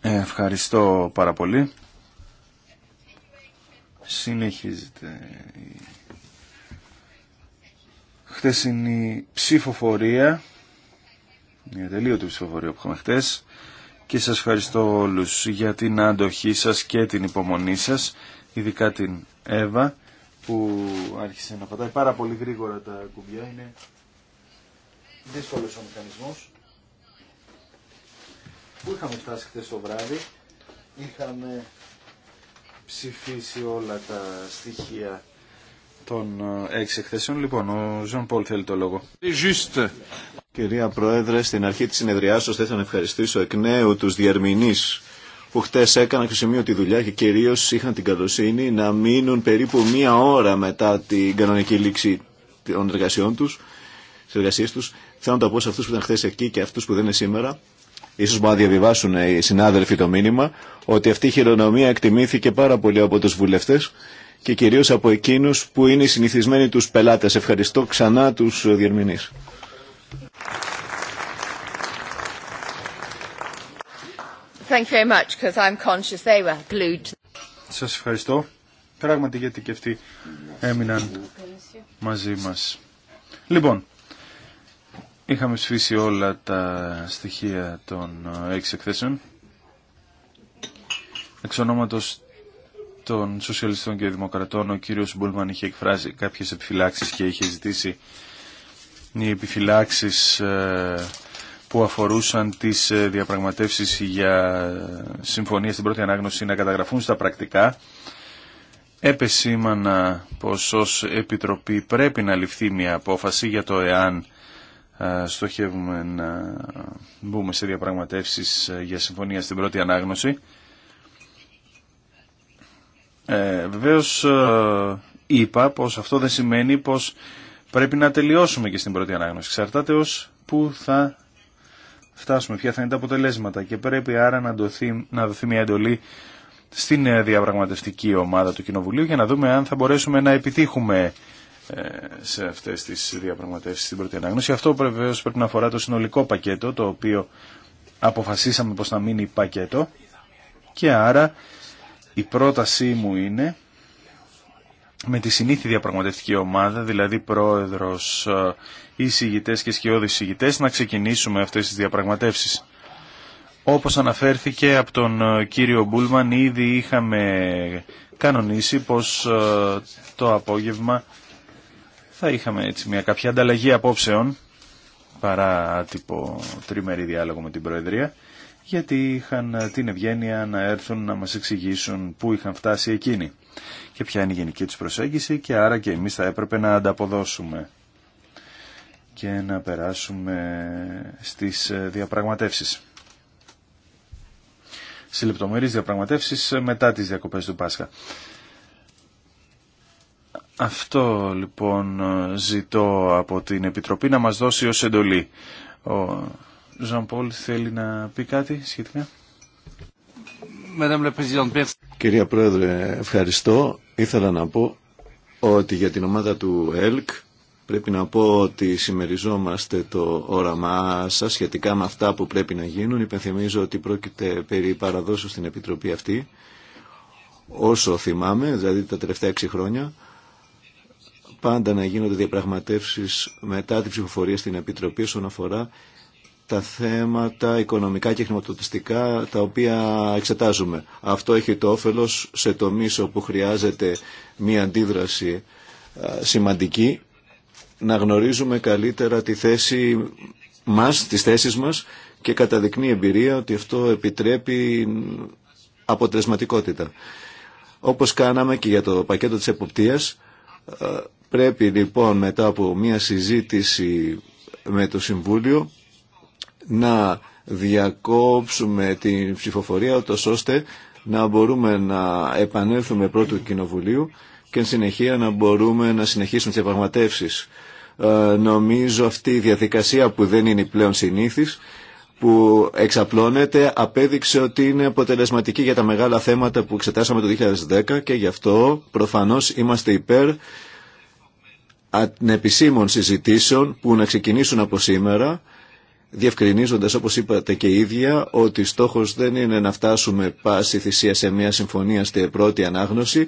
Ε, ευχαριστώ πάρα πολύ. Συνεχίζεται η ψηφοφορία, μια τελείωτη ψηφοφορία που είχαμε χθες, και σας ευχαριστώ όλους για την αντοχή σας και την υπομονή σας, ειδικά την Εύα που άρχισε να πατάει πάρα πολύ γρήγορα τα κουμπιά, είναι δύσκολος ο μηχανισμός. Πού είχαμε φτάσει χθε το βράδυ, είχαμε ψηφίσει όλα τα στοιχεία των ε, έξι εκθέσεων. Λοιπόν, ο Ζων Πολ θέλει το λόγο. Κυρία Πρόεδρε, στην αρχή της συνεδριάσεως θέλω να ευχαριστήσω εκ νέου τους διερμηνείς που χτε έκαναν και τη δουλειά και κυρίω είχαν την καλοσύνη να μείνουν περίπου μία ώρα μετά την κανονική λήξη των εργασιών του, τις εργασίες του Θέλω να τα πω σε αυτούς που ήταν χθε εκεί και αυτού που δεν είναι σήμερα. Ίσως μπορούν να διαβιβάσουν ε, οι συνάδελφοι το μήνυμα ότι αυτή η χειρονομία εκτιμήθηκε πάρα πολύ από τους βουλευτές και κυρίως από εκείνου που είναι οι συνηθισμένοι τους πελάτες. Ευχαριστώ ξανά του διερμηνείς. Thank Σας ευχαριστώ. Πράγματι γιατί και αυτοί έμειναν μαζί μας. Λοιπόν, Είχαμε σφίσει όλα τα στοιχεία των ε, έξι εκθέσεων. Εξ ονόματος των Σοσιαλιστών και Δημοκρατών, ο κύριος Μπούλμαν είχε εκφράσει κάποιες επιφυλάξεις και είχε ζητήσει οι επιφυλάξεις ε, που αφορούσαν τις ε, διαπραγματεύσεις για συμφωνία στην πρώτη ανάγνωση να καταγραφούν στα πρακτικά. Επεσήμανα πως ως Επιτροπή πρέπει να ληφθεί μια απόφαση για το εάν ε, στοχεύουμε να μπούμε σε διαπραγματεύσεις ε, για συμφωνία στην πρώτη ανάγνωση. Ε, βεβαίως ε, είπα πως αυτό δεν σημαίνει πως πρέπει να τελειώσουμε και στην πρώτη ανάγνωση. Ξαρτάται ως που θα φτάσουμε, ποια θα είναι τα αποτελέσματα και πρέπει άρα να δοθεί, να δοθεί μια εντολή στην διαπραγματευτική ομάδα του Κοινοβουλίου για να δούμε αν θα μπορέσουμε να επιτύχουμε ε, σε αυτές τις διαπραγματεύσεις στην πρώτη ανάγνωση. Αυτό βεβαίω πρέπει να αφορά το συνολικό πακέτο, το οποίο αποφασίσαμε πως να μείνει πακέτο και άρα η πρότασή μου είναι με τη συνήθη διαπραγματευτική ομάδα, δηλαδή πρόεδρος, ε, εισηγητές και σκιώδης εισηγητές, να ξεκινήσουμε αυτές τις διαπραγματεύσεις. Όπως αναφέρθηκε από τον ε, κύριο Μπούλμαν, ήδη είχαμε κανονίσει πως το απόγευμα θα είχαμε έτσι μια κάποια ανταλλαγή απόψεων παρά τύπο τριμερή διάλογο με την Προεδρία γιατί είχαν ε, την ευγένεια να έρθουν να μας εξηγήσουν πού είχαν φτάσει εκείνοι και ποια είναι η γενική τους προσέγγιση και άρα και εμείς θα έπρεπε να ανταποδώσουμε και να περάσουμε στις ε, διαπραγματεύσεις. Σε λεπτομέρειες διαπραγματεύσεις μετά τις διακοπές του Πάσχα. Αυτό λοιπόν ζητώ από την Επιτροπή να μας δώσει ως εντολή. Ο Ζαν θέλει να πει κάτι σχετικά. Κυρία Πρόεδρε, ευχαριστώ. Ήθελα να πω ότι για την ομάδα του ΕΛΚ πρέπει να πω ότι συμμεριζόμαστε το όραμά σας σχετικά με αυτά που πρέπει να γίνουν. Υπενθυμίζω ότι πρόκειται περί παραδόσεως στην Επιτροπή αυτή όσο θυμάμαι, δηλαδή τα τελευταία έξι χρόνια πάντα να γίνονται διαπραγματεύσεις μετά την ψηφοφορία στην Επιτροπή όσον αφορά τα θέματα οικονομικά και χρηματοδοτιστικά τα οποία εξετάζουμε. Αυτό έχει το όφελος σε τομείς όπου χρειάζεται μία αντίδραση σημαντική να γνωρίζουμε καλύτερα τη θέση μας, τις θέσεις μας και καταδεικνύει εμπειρία ότι αυτό επιτρέπει αποτελεσματικότητα. Όπως κάναμε και για το πακέτο της εποπτείας, Πρέπει λοιπόν μετά από μια συζήτηση με το Συμβούλιο να διακόψουμε την ψηφοφορία ώστε να μπορούμε να επανέλθουμε πρώτου Κοινοβουλίου και εν συνεχεία να μπορούμε να συνεχίσουμε τις διαπραγματεύσεις. Ε, νομίζω αυτή η διαδικασία που δεν είναι πλέον συνήθις που εξαπλώνεται απέδειξε ότι είναι αποτελεσματική για τα μεγάλα θέματα που εξετάσαμε το 2010 και γι' αυτό προφανώς είμαστε υπέρ ανεπισήμων συζητήσεων που να ξεκινήσουν από σήμερα, διευκρινίζοντας όπως είπατε και ίδια ότι στόχος δεν είναι να φτάσουμε πάση θυσία σε μια συμφωνία στη πρώτη ανάγνωση,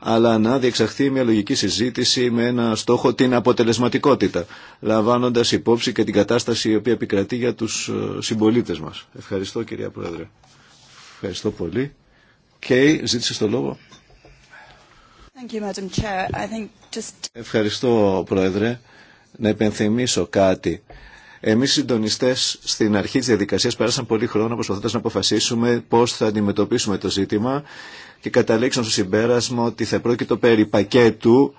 αλλά να διεξαχθεί μια λογική συζήτηση με ένα στόχο την αποτελεσματικότητα, λαμβάνοντας υπόψη και την κατάσταση η οποία επικρατεί για τους ε, συμπολίτε μας. Ευχαριστώ κυρία Πρόεδρε. Ευχαριστώ πολύ. Κέι, ζήτησε το λόγο. Ευχαριστώ, Πρόεδρε. Να υπενθυμίσω κάτι. Εμείς οι συντονιστές στην αρχή της διαδικασίας πέρασαν πολύ χρόνο προσπαθώντας να αποφασίσουμε πώς θα αντιμετωπίσουμε το ζήτημα και καταλήξαν στο συμπέρασμα ότι θα πρόκειτο περί πακέτου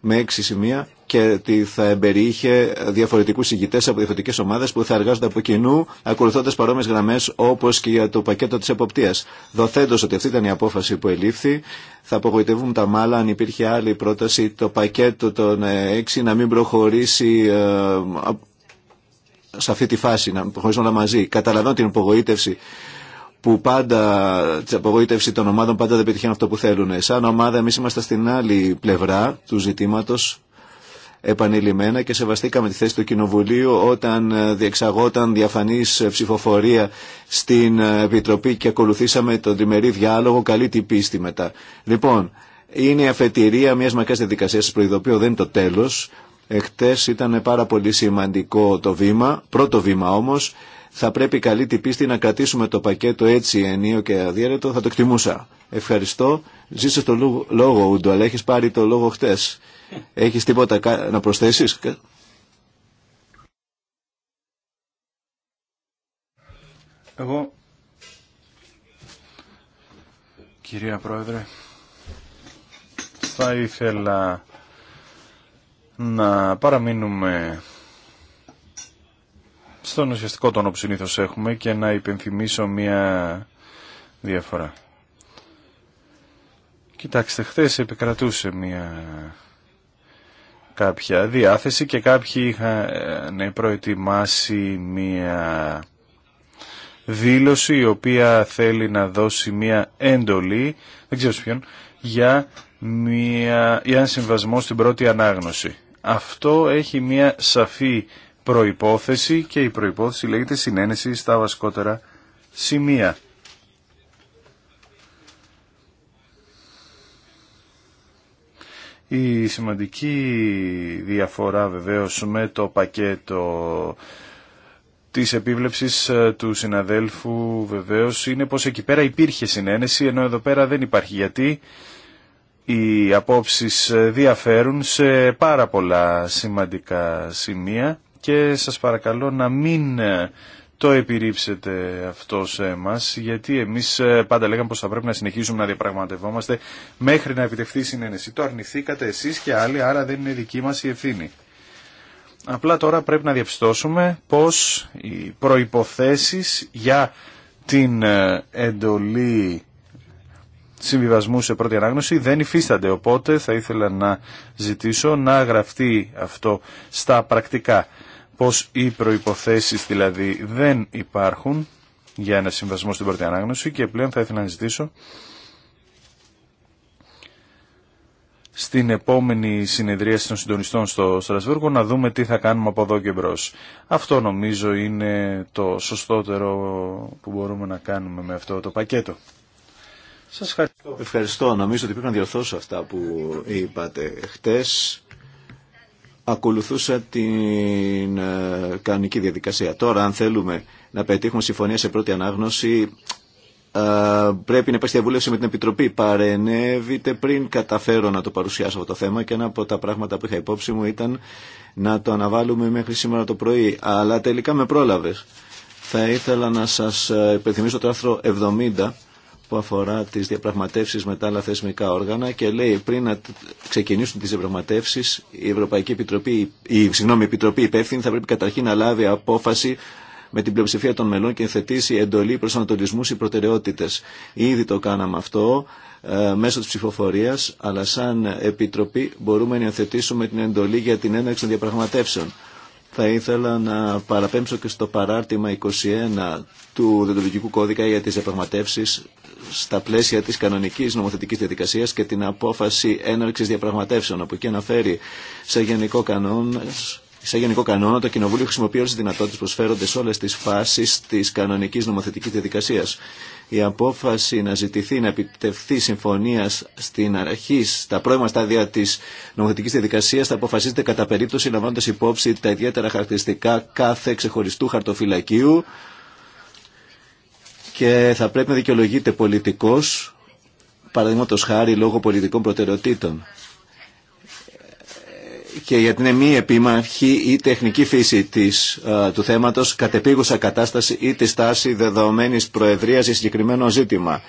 με έξι σημεία και ότι θα εμπεριείχε διαφορετικού ηγητέ από διαφορετικέ ομάδε που θα εργάζονται από κοινού, ακολουθώντα παρόμοιε γραμμέ όπω και για το πακέτο τη εποπτεία. Δοθέντω ότι αυτή ήταν η απόφαση που ελήφθη, θα απογοητεύουν τα μάλα αν υπήρχε άλλη πρόταση το πακέτο των 6 ε, να μην προχωρήσει ε, σε αυτή τη φάση, να προχωρήσουν όλα μαζί. Καταλαβαίνω την απογοήτευση που πάντα, τη απογοήτευση των ομάδων πάντα δεν πετυχαίνουν αυτό που θέλουν. Σαν ομάδα εμεί είμαστε στην άλλη πλευρά του ζητήματο επανειλημμένα και σεβαστήκαμε τη θέση του Κοινοβουλίου όταν ε, διεξαγόταν διαφανής ε, ψηφοφορία στην ε, Επιτροπή και ακολουθήσαμε τον τριμερή διάλογο καλή την πίστη μετά. Λοιπόν, είναι η αφετηρία μιας μακράς διαδικασίας, σας προειδοποιώ δεν είναι το τέλος. Εχθές ήταν πάρα πολύ σημαντικό το βήμα, πρώτο βήμα όμως, θα πρέπει καλή την πίστη να κρατήσουμε το πακέτο έτσι ενίο και αδιέρετο, θα το εκτιμούσα. Ευχαριστώ. Ζήσε το λόγο, Ούντο, αλλά έχει πάρει το λόγο χτες. Έχεις τίποτα να προσθέσεις. Εγώ, κυρία Πρόεδρε, θα ήθελα να παραμείνουμε στον ουσιαστικό τόνο που συνήθως έχουμε και να υπενθυμίσω μία διαφορά. Κοιτάξτε, χθες επικρατούσε μία κάποια διάθεση και κάποιοι είχαν ε, ναι, προετοιμάσει μία δήλωση η οποία θέλει να δώσει μία έντολη, δεν ξέρω για μια, συμβασμό στην πρώτη ανάγνωση. Αυτό έχει μία σαφή προϋπόθεση και η προϋπόθεση λέγεται συνένεση στα βασκότερα σημεία. Η σημαντική διαφορά βεβαίως με το πακέτο της επίβλεψης ε, του συναδέλφου βεβαίως είναι πως εκεί πέρα υπήρχε συνένεση ενώ εδώ πέρα δεν υπάρχει γιατί οι απόψεις ε, διαφέρουν σε πάρα πολλά σημαντικά σημεία και σας παρακαλώ να μην ε, το επιρρύψετε αυτό σε εμάς, γιατί εμείς ε, πάντα λέγαμε πως θα πρέπει να συνεχίζουμε να διαπραγματευόμαστε μέχρι να επιτευχθεί η συνένεση. Το αρνηθήκατε εσείς και άλλοι, άρα δεν είναι δική μας η ευθύνη. Απλά τώρα πρέπει να διαπιστώσουμε πως οι προϋποθέσεις για την ε, εντολή συμβιβασμού σε πρώτη ανάγνωση δεν υφίστανται. Οπότε θα ήθελα να ζητήσω να γραφτεί αυτό στα πρακτικά πως οι προϋποθέσεις δηλαδή δεν υπάρχουν για ένα συμβασμό στην πρώτη ανάγνωση και πλέον θα ήθελα να ζητήσω στην επόμενη συνεδρίαση των συντονιστών στο Στρασβούργο να δούμε τι θα κάνουμε από εδώ και μπρο. Αυτό νομίζω είναι το σωστότερο που μπορούμε να κάνουμε με αυτό το πακέτο. Σας ευχαριστώ. Ευχαριστώ. Νομίζω ότι πρέπει να διορθώσω αυτά που είπατε χτες ακολουθούσα την ε, κανονική διαδικασία. Τώρα, αν θέλουμε να πετύχουμε συμφωνία σε πρώτη ανάγνωση, ε, πρέπει να υπάρχει διαβούλευση με την Επιτροπή. Παρενεύεται πριν καταφέρω να το παρουσιάσω αυτό το θέμα και ένα από τα πράγματα που είχα υπόψη μου ήταν να το αναβάλουμε μέχρι σήμερα το πρωί. Αλλά τελικά με πρόλαβες. Θα ήθελα να σας ε, υπενθυμίσω το άρθρο 70 που αφορά τις διαπραγματεύσεις με τα άλλα θεσμικά όργανα και λέει πριν να ξεκινήσουν τις διαπραγματεύσεις η Ευρωπαϊκή Επιτροπή, η, συγγνώμη, η Επιτροπή Υπεύθυνη θα πρέπει καταρχήν να λάβει απόφαση με την πλειοψηφία των μελών και θετήσει εντολή προς ανατολισμούς ή προτεραιότητε. Ήδη το κάναμε αυτό ε, μέσω της ψηφοφορίας αλλά σαν επιτροπή μπορούμε να υιοθετήσουμε την εντολή για την έναρξη των διαπραγματεύσεων θα ήθελα να παραπέμψω και στο παράρτημα 21 του Δεντολογικού Κώδικα για τις διαπραγματεύσεις στα πλαίσια της κανονικής νομοθετικής διαδικασίας και την απόφαση έναρξης διαπραγματεύσεων, από εκεί αναφέρει σε γενικό κανόνα σε γενικό κανόνα, το Κοινοβούλιο χρησιμοποιεί όλε τι δυνατότητε που προσφέρονται σε όλε τι φάσει τη κανονική νομοθετική διαδικασία. Η απόφαση να ζητηθεί να επιτευχθεί συμφωνία στην αρχή, στα πρώιμα στάδια τη νομοθετική διαδικασία, θα αποφασίζεται κατά περίπτωση λαμβάνοντα υπόψη τα ιδιαίτερα χαρακτηριστικά κάθε ξεχωριστού χαρτοφυλακίου και θα πρέπει να δικαιολογείται πολιτικό, παραδείγματο χάρη λόγω πολιτικών προτεραιοτήτων και για την μη επίμαχη ή τεχνική φύση της, ε, του θέματος κατεπίγουσα κατάσταση ή τη στάση δεδομένης προεδρίας σε συγκεκριμένο ζήτημα.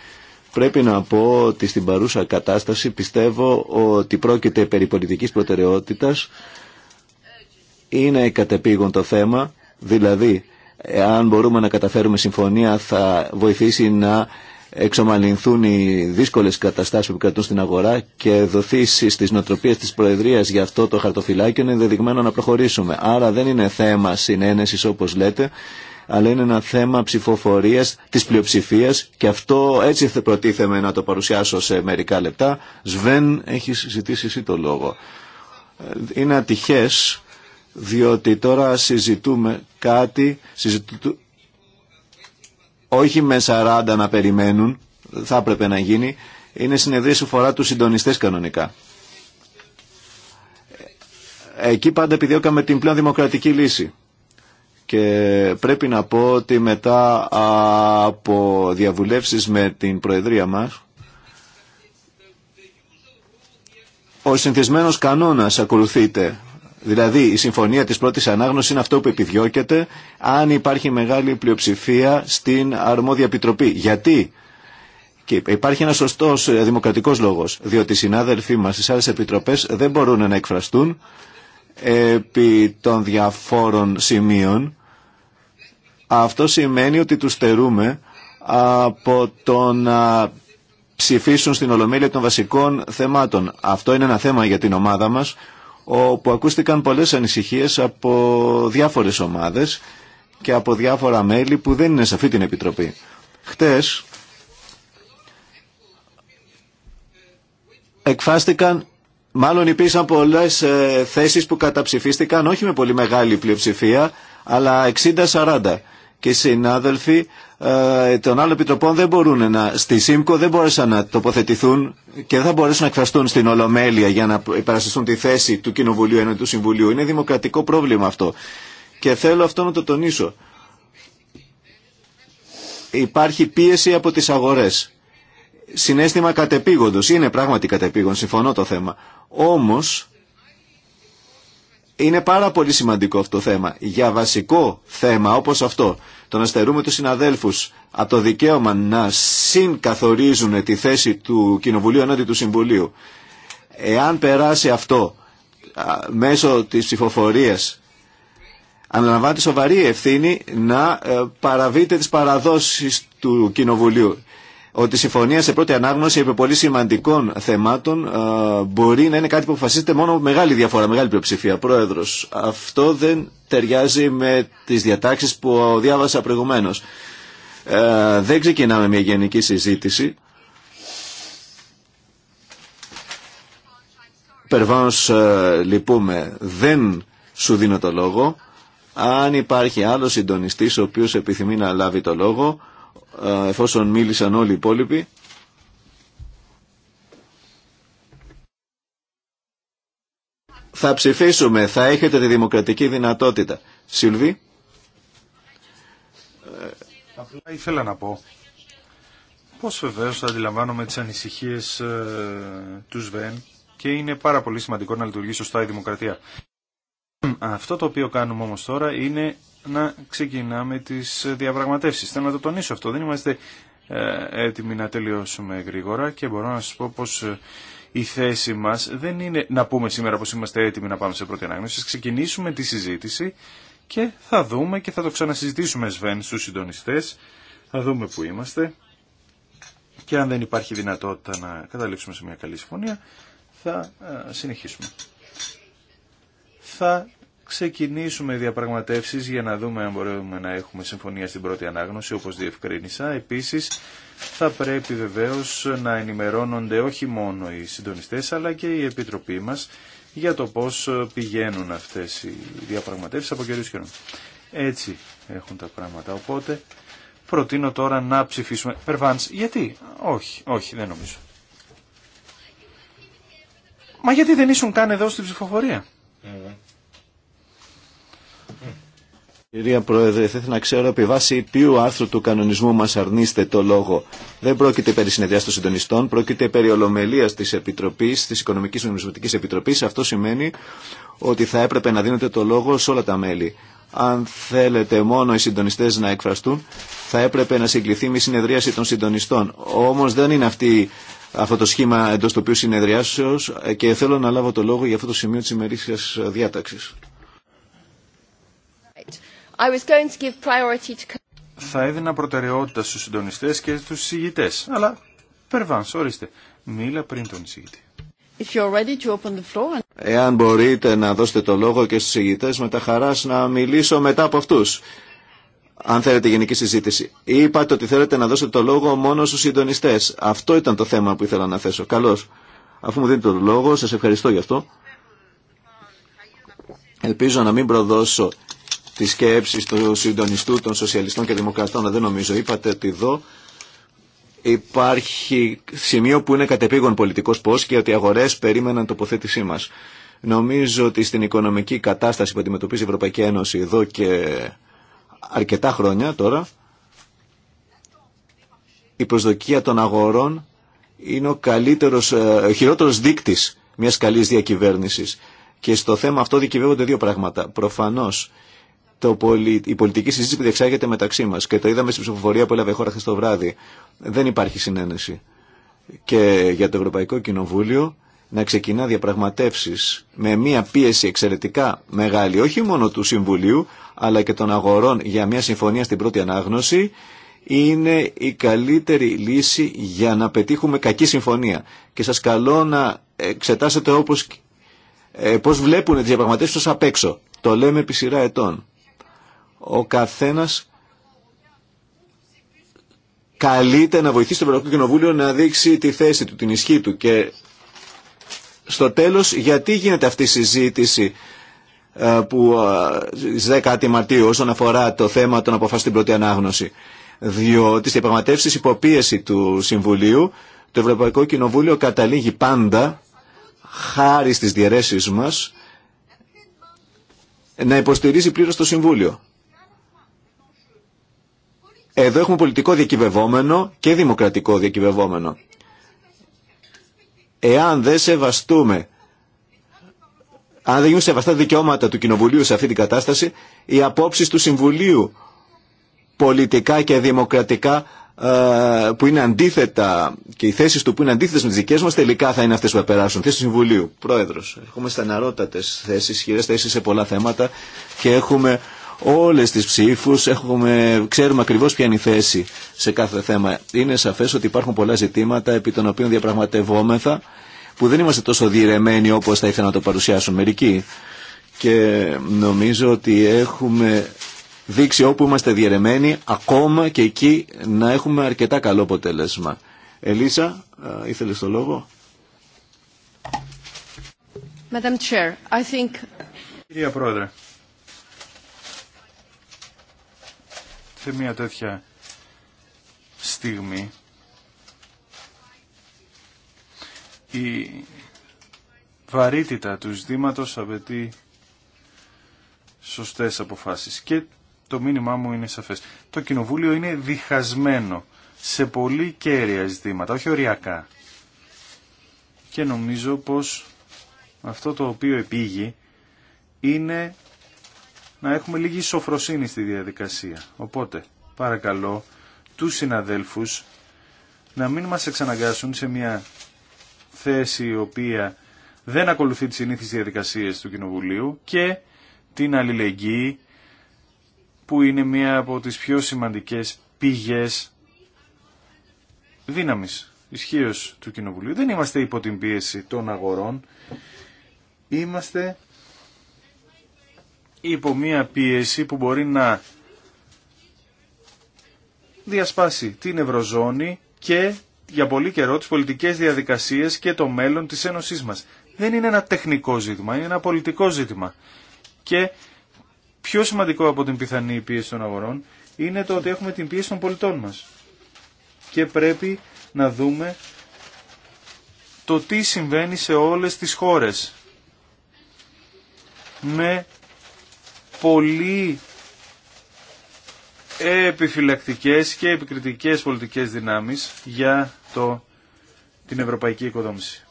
Πρέπει να πω ότι στην παρούσα κατάσταση πιστεύω ότι πρόκειται περί πολιτικής προτεραιότητας είναι κατεπήγον το θέμα, δηλαδή αν μπορούμε να καταφέρουμε συμφωνία θα βοηθήσει να εξομαλυνθούν οι δύσκολες καταστάσεις που κρατούν στην αγορά και δοθήσει στις νοτροπίες της Προεδρίας για αυτό το χαρτοφυλάκιο είναι δεδειγμένο να προχωρήσουμε. Άρα δεν είναι θέμα συνένεσης όπως λέτε, αλλά είναι ένα θέμα ψηφοφορίας της πλειοψηφίας και αυτό έτσι προτίθεμε προτίθεμαι να το παρουσιάσω σε μερικά λεπτά. Σβέν, έχει συζητήσει εσύ το λόγο. Ε, είναι ατυχές διότι τώρα συζητούμε κάτι, όχι με 40 να περιμένουν, θα έπρεπε να γίνει, είναι συνεδρία που φορά τους συντονιστές κανονικά. Εκεί πάντα επιδιώκαμε την πλέον δημοκρατική λύση. Και πρέπει να πω ότι μετά από διαβουλεύσεις με την Προεδρία μας, ο συνηθισμένος κανόνας ακολουθείται Δηλαδή η συμφωνία της πρώτης ανάγνωσης είναι αυτό που επιδιώκεται αν υπάρχει μεγάλη πλειοψηφία στην αρμόδια επιτροπή. Γιατί και υπάρχει ένα σωστό ε, δημοκρατικός λόγος, διότι οι συνάδελφοί μας στις άλλες επιτροπές δεν μπορούν να εκφραστούν επί των διαφόρων σημείων. Αυτό σημαίνει ότι τους στερούμε από το να ψηφίσουν στην Ολομέλεια των βασικών θεμάτων. Αυτό είναι ένα θέμα για την ομάδα μας όπου ακούστηκαν πολλές ανησυχίες από διάφορες ομάδες και από διάφορα μέλη που δεν είναι σε αυτή την Επιτροπή. Χτες εκφάστηκαν, μάλλον υπήρξαν πολλές ε, θέσεις που καταψηφίστηκαν, όχι με πολύ μεγάλη πλειοψηφία, αλλά 60-40 και οι συνάδελφοι ε, των άλλων επιτροπών δεν μπορούν να, στη ΣΥΜΚΟ δεν μπόρεσαν να τοποθετηθούν και δεν θα μπορέσουν να εκφραστούν στην Ολομέλεια για να υπερασπιστούν τη θέση του Κοινοβουλίου ενώ του Συμβουλίου. Είναι δημοκρατικό πρόβλημα αυτό. Και θέλω αυτό να το τονίσω. Υπάρχει πίεση από τις αγορές. Συνέστημα κατεπήγοντος. Είναι πράγματι κατεπήγον, συμφωνώ το θέμα. Όμως, είναι πάρα πολύ σημαντικό αυτό το θέμα. Για βασικό θέμα όπως αυτό, το να στερούμε τους συναδέλφους από το δικαίωμα να συγκαθορίζουν τη θέση του Κοινοβουλίου ενάντια του Συμβουλίου. Εάν περάσει αυτό μέσω της ψηφοφορίας, αναλαμβάνεται σοβαρή ευθύνη να ε, παραβείτε τις παραδόσεις του Κοινοβουλίου ότι η συμφωνία σε πρώτη ανάγνωση επί πολύ σημαντικών θεμάτων ε, μπορεί να είναι κάτι που αποφασίζεται μόνο με μεγάλη διαφορά, μεγάλη πλειοψηφία. Πρόεδρο, αυτό δεν ταιριάζει με τι διατάξει που διάβασα προηγουμένω. Ε, δεν ξεκινάμε μια γενική συζήτηση. Περβάνος, ε, λυπούμε, δεν σου δίνω το λόγο. Αν υπάρχει άλλος συντονιστή ο οποίο επιθυμεί να λάβει το λόγο, εφόσον μίλησαν όλοι οι υπόλοιποι. Θα ψηφίσουμε, θα έχετε τη δημοκρατική δυνατότητα. Σιλβί. Ε, απλά ήθελα να πω πως βεβαίως θα αντιλαμβάνομαι τις ανησυχίες ε, του ΣΒΕΝ και είναι πάρα πολύ σημαντικό να λειτουργεί σωστά η δημοκρατία. Αυτό το οποίο κάνουμε όμως τώρα είναι να ξεκινάμε τις διαπραγματεύσεις. Θέλω να το τονίσω αυτό. Δεν είμαστε ε, έτοιμοι να τελειώσουμε γρήγορα και μπορώ να σας πω πως ε, η θέση μας δεν είναι να πούμε σήμερα πως είμαστε έτοιμοι να πάμε σε πρώτη ανάγνωση. Ξεκινήσουμε τη συζήτηση και θα δούμε και θα το ξανασυζητήσουμε Σβέν στους συντονιστές. Θα δούμε που είμαστε και αν δεν υπάρχει δυνατότητα να καταλήξουμε σε μια καλή συμφωνία θα ε, συνεχίσουμε. Θα ξεκινήσουμε διαπραγματεύσεις για να δούμε αν μπορούμε να έχουμε συμφωνία στην πρώτη ανάγνωση, όπως διευκρίνησα. Επίσης, θα πρέπει βεβαίως να ενημερώνονται όχι μόνο οι συντονιστές, αλλά και η Επιτροπή μας για το πώς πηγαίνουν αυτές οι διαπραγματεύσεις από καιρούς καιρών. Έτσι έχουν τα πράγματα. Οπότε, προτείνω τώρα να ψηφίσουμε. Περβάνς, γιατί? Όχι, όχι, δεν νομίζω. Μα γιατί δεν ήσουν καν εδώ στην ψηφοφορία. Ε, Κυρία Πρόεδρε, θα ήθελα να ξέρω επί βάση ποιου άρθρου του κανονισμού μα αρνείστε το λόγο. Δεν πρόκειται περί συνεδρία των συντονιστών, πρόκειται περί ολομελίας της Επιτροπής, της Οικονομικής Νομισματική Επιτροπής. Αυτό σημαίνει ότι θα έπρεπε να δίνετε το λόγο σε όλα τα μέλη. Αν θέλετε μόνο οι συντονιστέ να εκφραστούν, θα έπρεπε να συγκληθεί με συνεδρίαση των συντονιστών. Όμω δεν είναι αυτή αυτό το σχήμα εντό του οποίου συνεδριάσεω ε, και θέλω να λάβω το λόγο για αυτό το σημείο τη ημερήσια διάταξη. Θα έδινα προτεραιότητα στους συντονιστές και στους συγητές. Αλλά, περβάνς, ορίστε, μίλα πριν τον συγητή. If you're ready to open the floor and... Εάν μπορείτε να δώσετε το λόγο και στους συγητές, με τα χαράς να μιλήσω μετά από αυτούς. Αν θέλετε γενική συζήτηση. Είπατε ότι θέλετε να δώσετε το λόγο μόνο στους συντονιστές. Αυτό ήταν το θέμα που ήθελα να θέσω. Καλώς. Αφού μου δίνετε το λόγο, σας ευχαριστώ γι' αυτό. Ελπίζω να μην προδώσω τη σκέψη του συντονιστού των σοσιαλιστών και δημοκρατών, δεν νομίζω. Είπατε ότι εδώ υπάρχει σημείο που είναι κατεπήγον πολιτικό πώ και ότι οι αγορές περίμεναν τοποθέτησή μα. Νομίζω ότι στην οικονομική κατάσταση που αντιμετωπίζει η Ευρωπαϊκή Ένωση εδώ και αρκετά χρόνια τώρα, η προσδοκία των αγορών είναι ο, καλύτερος, ε, ο χειρότερος δείκτης μιας καλής διακυβέρνησης. Και στο θέμα αυτό δικηβεύονται δύο πράγματα. Προφανώς το πολι... η πολιτική συζήτηση που διεξάγεται μεταξύ μα και το είδαμε στην ψηφοφορία που έλαβε η χώρα χθε το βράδυ. Δεν υπάρχει συνένεση. Και για το Ευρωπαϊκό Κοινοβούλιο να ξεκινά διαπραγματεύσει με μια πίεση εξαιρετικά μεγάλη, όχι μόνο του Συμβουλίου, αλλά και των αγορών για μια συμφωνία στην πρώτη ανάγνωση, είναι η καλύτερη λύση για να πετύχουμε κακή συμφωνία. Και σας καλώ να εξετάσετε όπως, ε, πώς βλέπουν τις διαπραγματεύσεις τους απ' έξω. Το λέμε επί σειρά ετών ο καθένας καλείται να βοηθήσει το Ευρωπαϊκό Κοινοβούλιο να δείξει τη θέση του, την ισχύ του και στο τέλος γιατί γίνεται αυτή η συζήτηση ε, που στις ε, 10 Μαρτίου όσον αφορά το θέμα των αποφάσεων στην πρώτη ανάγνωση. Διότι στις διαπραγματεύσεις υποπίεση του Συμβουλίου το Ευρωπαϊκό Κοινοβούλιο καταλήγει πάντα χάρη στις διαιρέσεις μας να υποστηρίζει πλήρως το Συμβούλιο. Εδώ έχουμε πολιτικό διακυβευόμενο και δημοκρατικό διακυβευόμενο. Εάν δεν σεβαστούμε, αν δεν γίνουν σεβαστά δικαιώματα του Κοινοβουλίου σε αυτή την κατάσταση, οι απόψει του Συμβουλίου πολιτικά και δημοκρατικά ε, που είναι αντίθετα και οι θέσει του που είναι αντίθετε με τι δικέ μα τελικά θα είναι αυτέ που θα περάσουν. Θέσει του Συμβουλίου. Πρόεδρο. Έχουμε στεναρότατε θέσει, ισχυρέ θέσει σε πολλά θέματα και έχουμε όλες τις ψήφους, έχουμε, ξέρουμε ακριβώς ποια είναι η θέση σε κάθε θέμα. Είναι σαφές ότι υπάρχουν πολλά ζητήματα επί των οποίων διαπραγματευόμεθα που δεν είμαστε τόσο διαιρεμένοι όπως θα ήθελα να το παρουσιάσουν μερικοί. Και νομίζω ότι έχουμε δείξει όπου είμαστε διαιρεμένοι ακόμα και εκεί να έχουμε αρκετά καλό αποτέλεσμα. Ελίσα, ήθελε το λόγο. Madam Chair, I think... Κυρία Πρόεδρε, σε μια τέτοια στιγμή η βαρύτητα του ζητήματος απαιτεί σωστές αποφάσεις και το μήνυμά μου είναι σαφές. Το κοινοβούλιο είναι διχασμένο σε πολύ κέρια ζητήματα, όχι οριακά. Και νομίζω πως αυτό το οποίο επήγει είναι να έχουμε λίγη σοφροσύνη στη διαδικασία. Οπότε, παρακαλώ τους συναδέλφους να μην μας εξαναγκάσουν σε μια θέση η οποία δεν ακολουθεί τις συνήθεις διαδικασίες του Κοινοβουλίου και την αλληλεγγύη που είναι μία από τις πιο σημαντικές πηγές δύναμης ισχύως του Κοινοβουλίου. Δεν είμαστε υπό την πίεση των αγορών, είμαστε υπό μία πίεση που μπορεί να διασπάσει την Ευρωζώνη και για πολύ καιρό τις πολιτικές διαδικασίες και το μέλλον της Ένωσής μας. Δεν είναι ένα τεχνικό ζήτημα, είναι ένα πολιτικό ζήτημα. Και πιο σημαντικό από την πιθανή πίεση των αγορών είναι το ότι έχουμε την πίεση των πολιτών μας. Και πρέπει να δούμε το τι συμβαίνει σε όλες τις χώρες με πολύ επιφυλακτικές και επικριτικές πολιτικές δυνάμεις για το, την ευρωπαϊκή οικοδόμηση.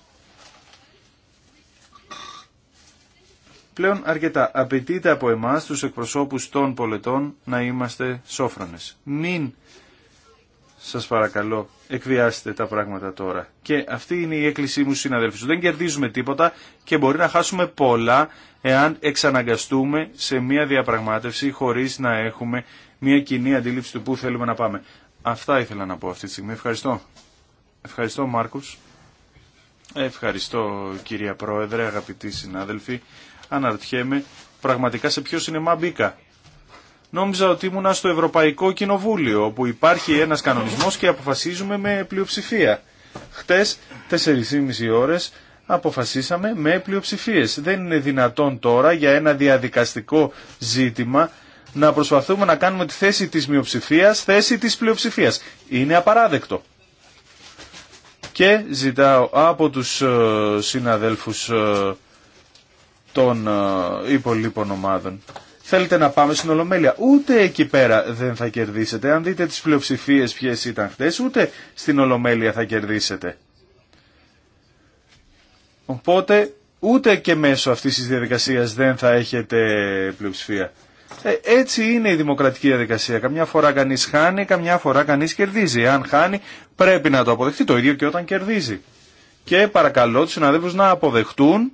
Πλέον αρκετά απαιτείται από εμάς τους εκπροσώπους των πολιτών να είμαστε σόφρονες. Μην σας παρακαλώ εκβιάστε τα πράγματα τώρα. Και αυτή είναι η έκκλησή μου στους συναδέλφους. Δεν κερδίζουμε τίποτα και μπορεί να χάσουμε πολλά εάν εξαναγκαστούμε σε μια διαπραγμάτευση χωρίς να έχουμε μια κοινή αντίληψη του πού θέλουμε να πάμε. Αυτά ήθελα να πω αυτή τη στιγμή. Ευχαριστώ. Ευχαριστώ Μάρκους. Ευχαριστώ κυρία Πρόεδρε, αγαπητοί συνάδελφοι. Αναρωτιέμαι πραγματικά σε ποιο σινεμά μπήκα. Νόμιζα ότι ήμουνα στο Ευρωπαϊκό Κοινοβούλιο, όπου υπάρχει ένας κανονισμός και αποφασίζουμε με πλειοψηφία. Χτες, 4,5 ώρες, αποφασίσαμε με πλειοψηφίε. Δεν είναι δυνατόν τώρα για ένα διαδικαστικό ζήτημα να προσπαθούμε να κάνουμε τη θέση της μειοψηφία θέση της πλειοψηφίας. Είναι απαράδεκτο. Και ζητάω από τους ε, συναδέλφους ε, των ε, υπολείπων ομάδων. Θέλετε να πάμε στην Ολομέλεια. Ούτε εκεί πέρα δεν θα κερδίσετε. Αν δείτε τις πλειοψηφίες ποιες ήταν χτες, ούτε στην Ολομέλεια θα κερδίσετε. Οπότε ούτε και μέσω αυτής της διαδικασίας δεν θα έχετε πλειοψηφία. Ε, έτσι είναι η δημοκρατική διαδικασία. Καμιά φορά κανείς χάνει, καμιά φορά κανείς κερδίζει. Αν χάνει πρέπει να το αποδεχτεί το ίδιο και όταν κερδίζει. Και παρακαλώ τους συναδέλφους να αποδεχτούν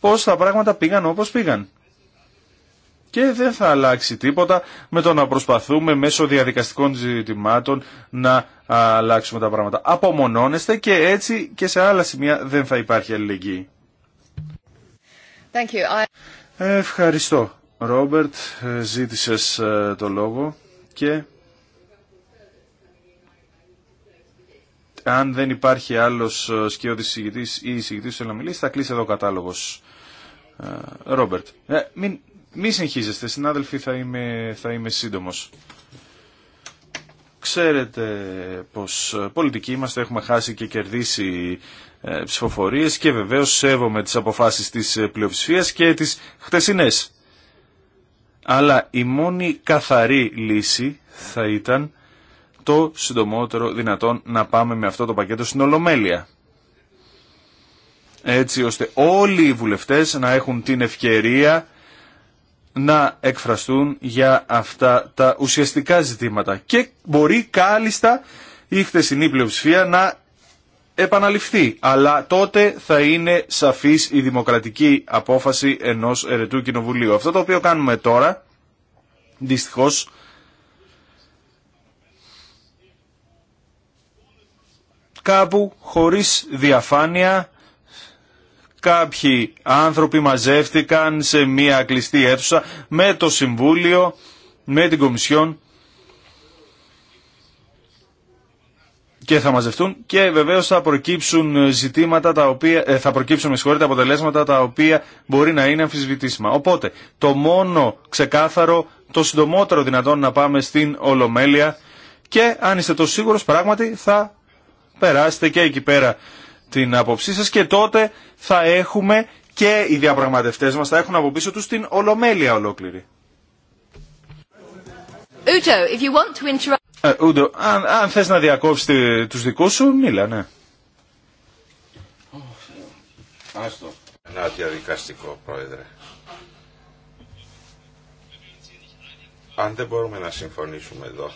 πώς τα πράγματα πήγαν όπως πήγαν και δεν θα αλλάξει τίποτα με το να προσπαθούμε μέσω διαδικαστικών ζητημάτων να αλλάξουμε τα πράγματα. Απομονώνεστε και έτσι και σε άλλα σημεία δεν θα υπάρχει αλληλεγγύη. Thank you. Ευχαριστώ. Ρόμπερτ, ζήτησες ε, το λόγο και αν δεν υπάρχει άλλος ε, σκιώδης συγητής ή συγητής που θέλει να μιλήσει θα κλείσει εδώ ο κατάλογος. Ε, Ρόμπερτ, μην μη συγχύζεστε, συνάδελφοι, θα είμαι, θα είμαι σύντομος. Ξέρετε πως πολιτικοί είμαστε, έχουμε χάσει και κερδίσει ψηφοφορίε ψηφοφορίες και βεβαίως σέβομαι τις αποφάσεις της ε, πλειοψηφίας και τις χτεσινές. Αλλά η μόνη καθαρή λύση θα ήταν το συντομότερο δυνατόν να πάμε με αυτό το πακέτο στην Ολομέλεια. Έτσι ώστε όλοι οι βουλευτές να έχουν την ευκαιρία να εκφραστούν για αυτά τα ουσιαστικά ζητήματα. Και μπορεί κάλλιστα η χτεσινή πλειοψηφία να επαναληφθεί. Αλλά τότε θα είναι σαφής η δημοκρατική απόφαση ενός ερετού κοινοβουλίου. Αυτό το οποίο κάνουμε τώρα, δυστυχώς, κάπου χωρίς διαφάνεια Κάποιοι άνθρωποι μαζεύτηκαν σε μια κλειστή αίθουσα με το Συμβούλιο, με την Κομισιόν και θα μαζευτούν και βεβαίως θα προκύψουν ζητήματα τα οποία, ε, θα προκύψουν συγχωρείτε αποτελέσματα τα οποία μπορεί να είναι αμφισβητήσιμα. Οπότε το μόνο ξεκάθαρο, το συντομότερο δυνατόν να πάμε στην Ολομέλεια και αν είστε το σίγουρος πράγματι θα περάσετε και εκεί πέρα την άποψή σας και τότε θα έχουμε και οι διαπραγματευτές μας θα έχουν από πίσω τους την ολομέλεια ολόκληρη. Ούτω, ε, αν, αν θες να διακόψεις τους δικούς σου, μίλα, ναι. Άστο. Ένα διαδικαστικό, πρόεδρε. Αν δεν μπορούμε να συμφωνήσουμε εδώ,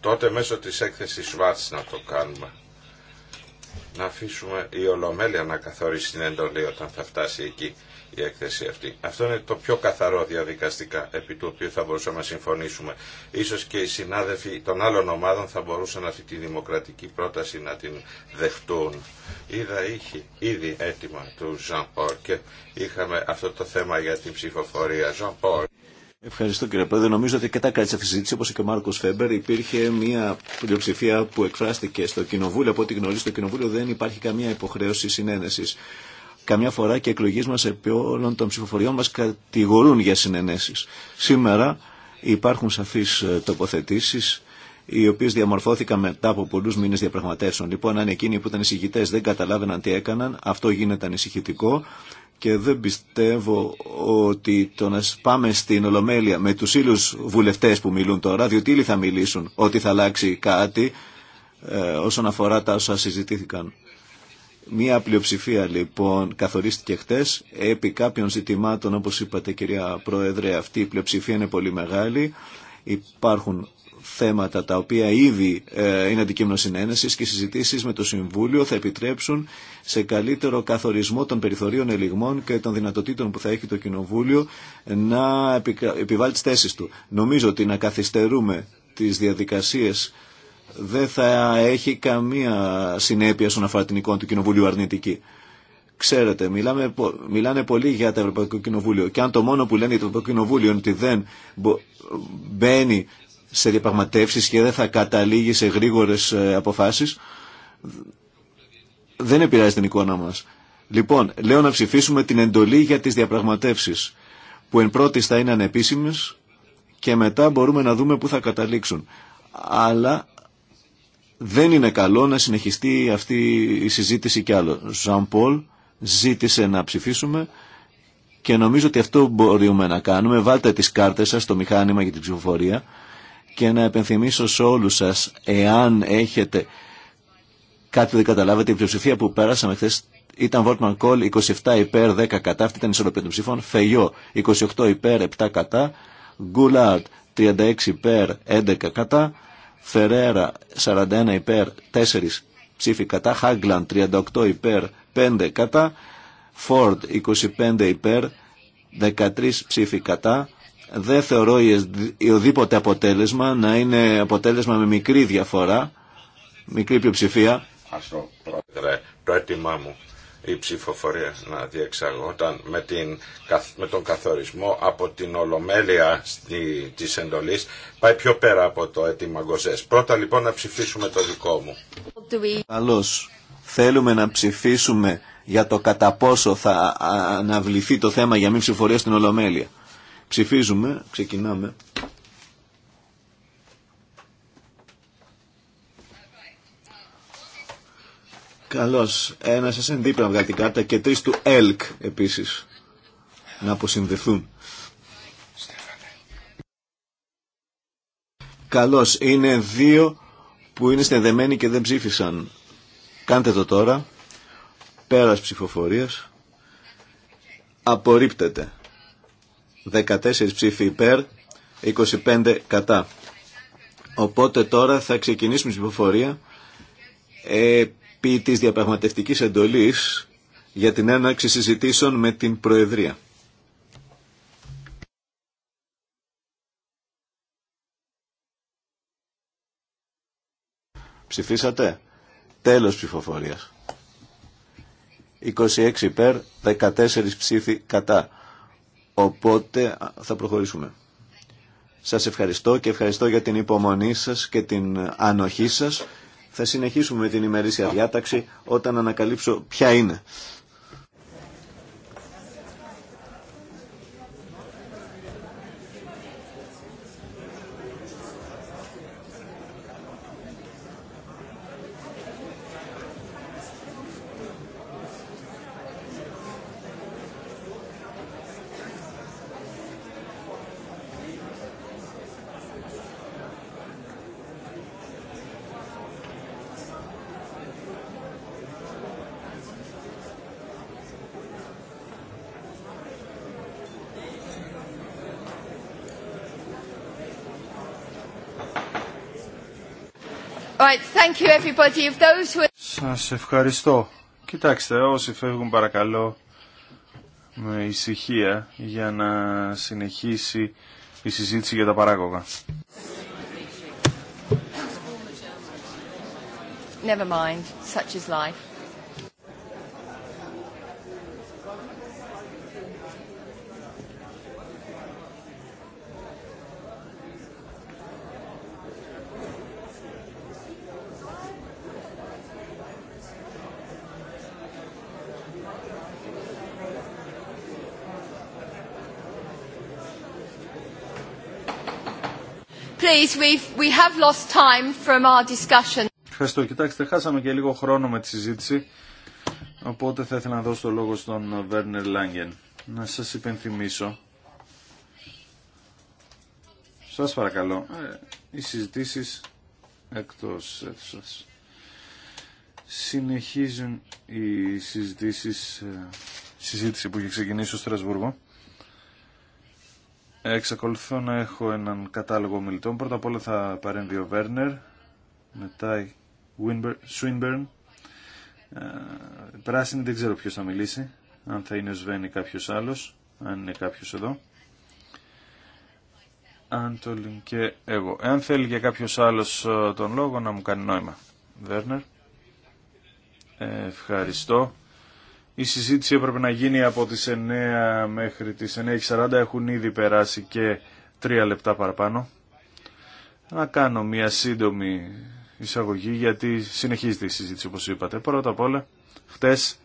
τότε μέσω της έκθεσης Σβάτς να το κάνουμε να αφήσουμε η Ολομέλεια να καθορίσει την εντολή όταν θα φτάσει εκεί η έκθεση αυτή. Αυτό είναι το πιο καθαρό διαδικαστικά επί του οποίου θα μπορούσαμε να συμφωνήσουμε. Ίσως και οι συνάδελφοι των άλλων ομάδων θα μπορούσαν αυτή τη δημοκρατική πρόταση να την δεχτούν. Είδα είχε ήδη έτοιμα του Ζαν και είχαμε αυτό το θέμα για την ψηφοφορία. Ζαν Ευχαριστώ κύριε Πρόεδρε. Νομίζω ότι τα κράτησε αυτή τη συζήτηση όπω και ο Μάρκο Φέμπερ. Υπήρχε μια πλειοψηφία που εκφράστηκε στο Κοινοβούλιο. Από ό,τι γνωρίζει, στο Κοινοβούλιο δεν υπάρχει καμία υποχρέωση συνένεση. Καμιά φορά και εκλογέ μα επί όλων των ψηφοφοριών μα κατηγορούν για συνενέσει. Σήμερα υπάρχουν σαφεί ε, τοποθετήσει οι οποίε διαμορφώθηκαν μετά από πολλού μήνε διαπραγματεύσεων. Λοιπόν, αν εκείνοι που ήταν εισηγητέ δεν καταλάβαιναν τι έκαναν, αυτό γίνεται ανησυχητικό και δεν πιστεύω ότι το να πάμε στην Ολομέλεια με τους ήλιους βουλευτές που μιλούν τώρα, διότι ήλοι θα μιλήσουν ότι θα αλλάξει κάτι ε, όσον αφορά τα όσα συζητήθηκαν. Μία πλειοψηφία λοιπόν καθορίστηκε χτες επί κάποιων ζητημάτων όπως είπατε κυρία Πρόεδρε αυτή η πλειοψηφία είναι πολύ μεγάλη υπάρχουν θέματα τα οποία ήδη ε, είναι αντικείμενο συνένεσης και συζητήσεις με το Συμβούλιο θα επιτρέψουν σε καλύτερο καθορισμό των περιθωρίων ελιγμών και των δυνατοτήτων που θα έχει το Κοινοβούλιο να επιβάλλει τις θέσεις του. Νομίζω ότι να καθυστερούμε τις διαδικασίες δεν θα έχει καμία συνέπεια στον αφορά την εικόνα του Κοινοβουλίου αρνητική. Ξέρετε, μιλάμε, μιλάνε πολύ για το Ευρωπαϊκό Κοινοβούλιο. Και αν το μόνο που λένε το Ευρωπαϊκό Κοινοβούλιο είναι ότι δεν μπαίνει σε διαπραγματεύσεις και δεν θα καταλήγει σε γρήγορες ε, αποφάσεις, δεν επηρεάζει την εικόνα μας. Λοιπόν, λέω να ψηφίσουμε την εντολή για τις διαπραγματεύσεις, που εν πρώτη θα είναι ανεπίσημες και μετά μπορούμε να δούμε πού θα καταλήξουν. Αλλά δεν είναι καλό να συνεχιστεί αυτή η συζήτηση κι άλλο. Ζαν Πολ ζήτησε να ψηφίσουμε και νομίζω ότι αυτό μπορούμε να κάνουμε. Βάλτε τις κάρτες σας στο μηχάνημα για την ψηφοφορία και να επενθυμίσω σε όλους σας, εάν έχετε κάτι δεν καταλάβετε, η πλειοψηφία που πέρασαμε χθε ήταν Βόρτμαν Κόλ 27 υπέρ 10 κατά, αυτή ήταν η ισορροπία των ψήφων, Φεγιό 28 υπέρ 7 κατά, Γκουλάρτ 36 υπέρ 11 κατά, Φερέρα 41 υπέρ 4 ψήφοι κατά, Χάγκλαν 38 υπέρ 5 κατά, Φόρντ 25 υπέρ 13 ψήφοι κατά, δεν θεωρώ οδήποτε αποτέλεσμα να είναι αποτέλεσμα με μικρή διαφορά, μικρή πλειοψηφία. Αυτό, πρόεδρε, το έτοιμά μου η ψηφοφορία να διεξαγόταν με, την, με τον καθορισμό από την Ολομέλεια στη, της εντολής πάει πιο πέρα από το αίτημα Γκοζές. Πρώτα λοιπόν να ψηφίσουμε το δικό μου. Καλώς. Θέλουμε να ψηφίσουμε για το κατά πόσο θα αναβληθεί το θέμα για μη ψηφοφορία στην Ολομέλεια. Ψηφίζουμε, ξεκινάμε. Καλώς. Ένα σας εντύπωνα βγάλει την κάρτα και τρεις του ΕΛΚ επίσης να αποσυνδεθούν. Καλώς. Είναι δύο που είναι στενδεμένοι και δεν ψήφισαν. Κάντε το τώρα. Πέρας ψηφοφορίας. Απορρίπτεται. 14 ψήφοι υπέρ, 25 κατά. Οπότε τώρα θα ξεκινήσουμε την ψηφοφορία επί της διαπραγματευτικής εντολής για την έναρξη συζητήσεων με την Προεδρία. Ψηφίσατε. Τέλος ψηφοφορίας. 26 υπέρ, 14 ψήφοι κατά. Οπότε θα προχωρήσουμε. Σας ευχαριστώ και ευχαριστώ για την υπομονή σας και την ανοχή σας. Θα συνεχίσουμε με την ημερήσια διάταξη όταν ανακαλύψω ποια είναι. Σας ευχαριστώ. Κοιτάξτε, όσοι φεύγουν παρακαλώ με ησυχία για να συνεχίσει η συζήτηση για τα παράγωγα. Never mind, such is life. Ευχαριστώ. Κοιτάξτε, χάσαμε και λίγο χρόνο με τη συζήτηση, οπότε θα ήθελα να δώσω το λόγο στον Βέρνερ Λάγγεν. Να σας υπενθυμίσω. Σας παρακαλώ, ε, οι συζητήσεις εκτός σας. Συνεχίζουν οι συζητήσεις, ε, συζήτηση που είχε ξεκινήσει στο Στρασβούργο. Εξακολουθώ να έχω έναν κατάλογο μιλητών. Πρώτα απ' όλα θα παρέμβει ο Βέρνερ, μετά η Swinburne. Ε, πράσινη δεν ξέρω ποιος θα μιλήσει, αν θα είναι ο Σβέν ή κάποιος άλλος, αν είναι κάποιος εδώ. Αντολίν και εγώ. Εάν θέλει για κάποιος άλλος ε, τον λόγο να μου κάνει νόημα. Βέρνερ. Ε, ευχαριστώ. Η συζήτηση έπρεπε να γίνει από τις 9 μέχρι τις 9.40. Έχουν ήδη περάσει και τρία λεπτά παραπάνω. Να κάνω μια σύντομη εισαγωγή γιατί συνεχίζεται η συζήτηση όπως είπατε. Πρώτα απ' όλα, χτες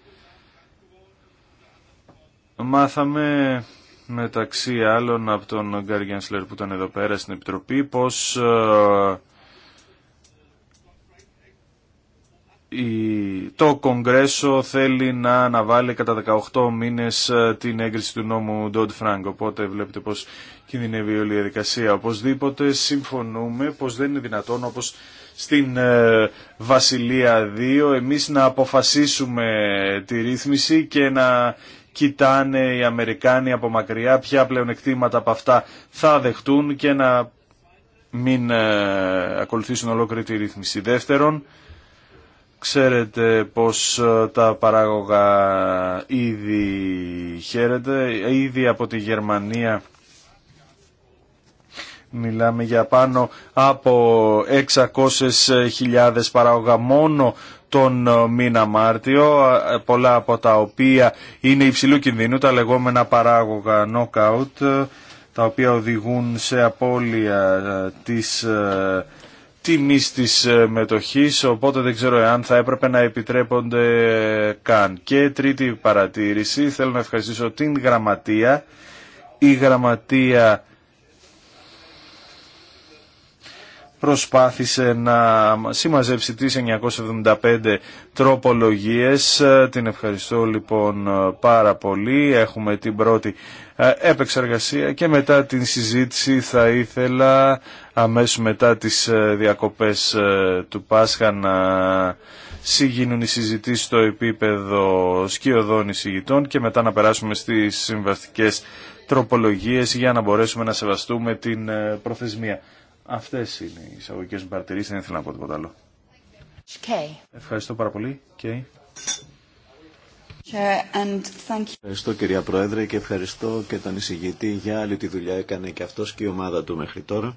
μάθαμε μεταξύ άλλων από τον Γιάνσλερ που ήταν εδώ πέρα στην Επιτροπή πως ε, το Κογκρέσο θέλει να αναβάλει κατά 18 μήνες ε, την έγκριση του νόμου Ντόντ Frank, οπότε βλέπετε πως κινδυνεύει όλη η διαδικασία. Οπωσδήποτε συμφωνούμε πως δεν είναι δυνατόν όπως στην ε, Βασιλεία 2 εμείς να αποφασίσουμε τη ρύθμιση και να κοιτάνε οι Αμερικάνοι από μακριά ποια πλεονεκτήματα από αυτά θα δεχτούν και να μην ε, ακολουθήσουν ολόκληρη τη ρύθμιση. Δεύτερον, Ξέρετε πως ε, τα παράγωγα ήδη χαίρεται, ήδη από τη Γερμανία μιλάμε για πάνω από 600.000 παράγωγα μόνο τον ε, μήνα Μάρτιο, ε, πολλά από τα οποία είναι υψηλού κινδύνου, τα λεγόμενα παράγωγα knockout, τα οποία οδηγούν σε απώλεια της Τιμή τη ε, μετοχής, οπότε δεν ξέρω εάν θα έπρεπε να επιτρέπονται καν. Και τρίτη παρατήρηση, θέλω να ευχαριστήσω την γραμματεία. Η γραμματεία προσπάθησε να συμμαζέψει τις 975 τροπολογίες. Ε, την ευχαριστώ λοιπόν πάρα πολύ. Έχουμε την πρώτη ε, επεξεργασία και μετά την συζήτηση θα ήθελα αμέσως μετά τις ε, διακοπές ε, του Πάσχα να συγκινούν οι συζητήσεις στο επίπεδο σκιωδών εισηγητών και μετά να περάσουμε στις συμβαστικές τροπολογίες για να μπορέσουμε να σεβαστούμε την ε, προθεσμία. Αυτές είναι οι εισαγωγικέ μου παρατηρήσεις, δεν ήθελα να πω τίποτα άλλο. Okay. Ευχαριστώ πάρα πολύ. Okay. Ευχαριστώ κυρία Πρόεδρε και ευχαριστώ και τον εισηγητή για άλλη τη δουλειά έκανε και αυτός και η ομάδα του μέχρι τώρα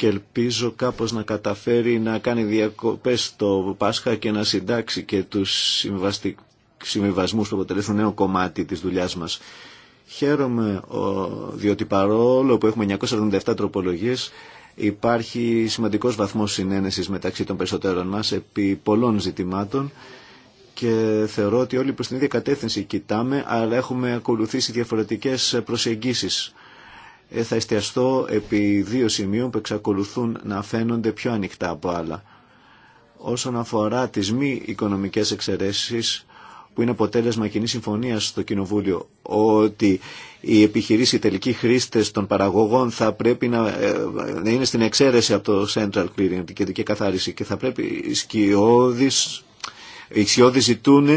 και ελπίζω κάπως να καταφέρει να κάνει διακοπές το Πάσχα και να συντάξει και τους συμβιβασμού συμβιβασμούς που αποτελέσουν νέο κομμάτι της δουλειάς μας. Χαίρομαι διότι παρόλο που έχουμε 977 τροπολογίες υπάρχει σημαντικός βαθμός συνένεσης μεταξύ των περισσότερων μας επί πολλών ζητημάτων και θεωρώ ότι όλοι προς την ίδια κατεύθυνση κοιτάμε αλλά έχουμε ακολουθήσει διαφορετικές προσεγγίσεις ε, θα εστιαστώ επί δύο σημείων που εξακολουθούν να φαίνονται πιο ανοιχτά από άλλα. Όσον αφορά τις μη οικονομικές εξαιρέσεις που είναι αποτέλεσμα κοινή συμφωνία στο Κοινοβούλιο ότι οι επιχειρήσει οι τελικοί χρήστες των παραγωγών θα πρέπει να, ε, να είναι στην εξαίρεση από το Central Clearing, την κεντρική καθάριση και θα πρέπει οι ζητούν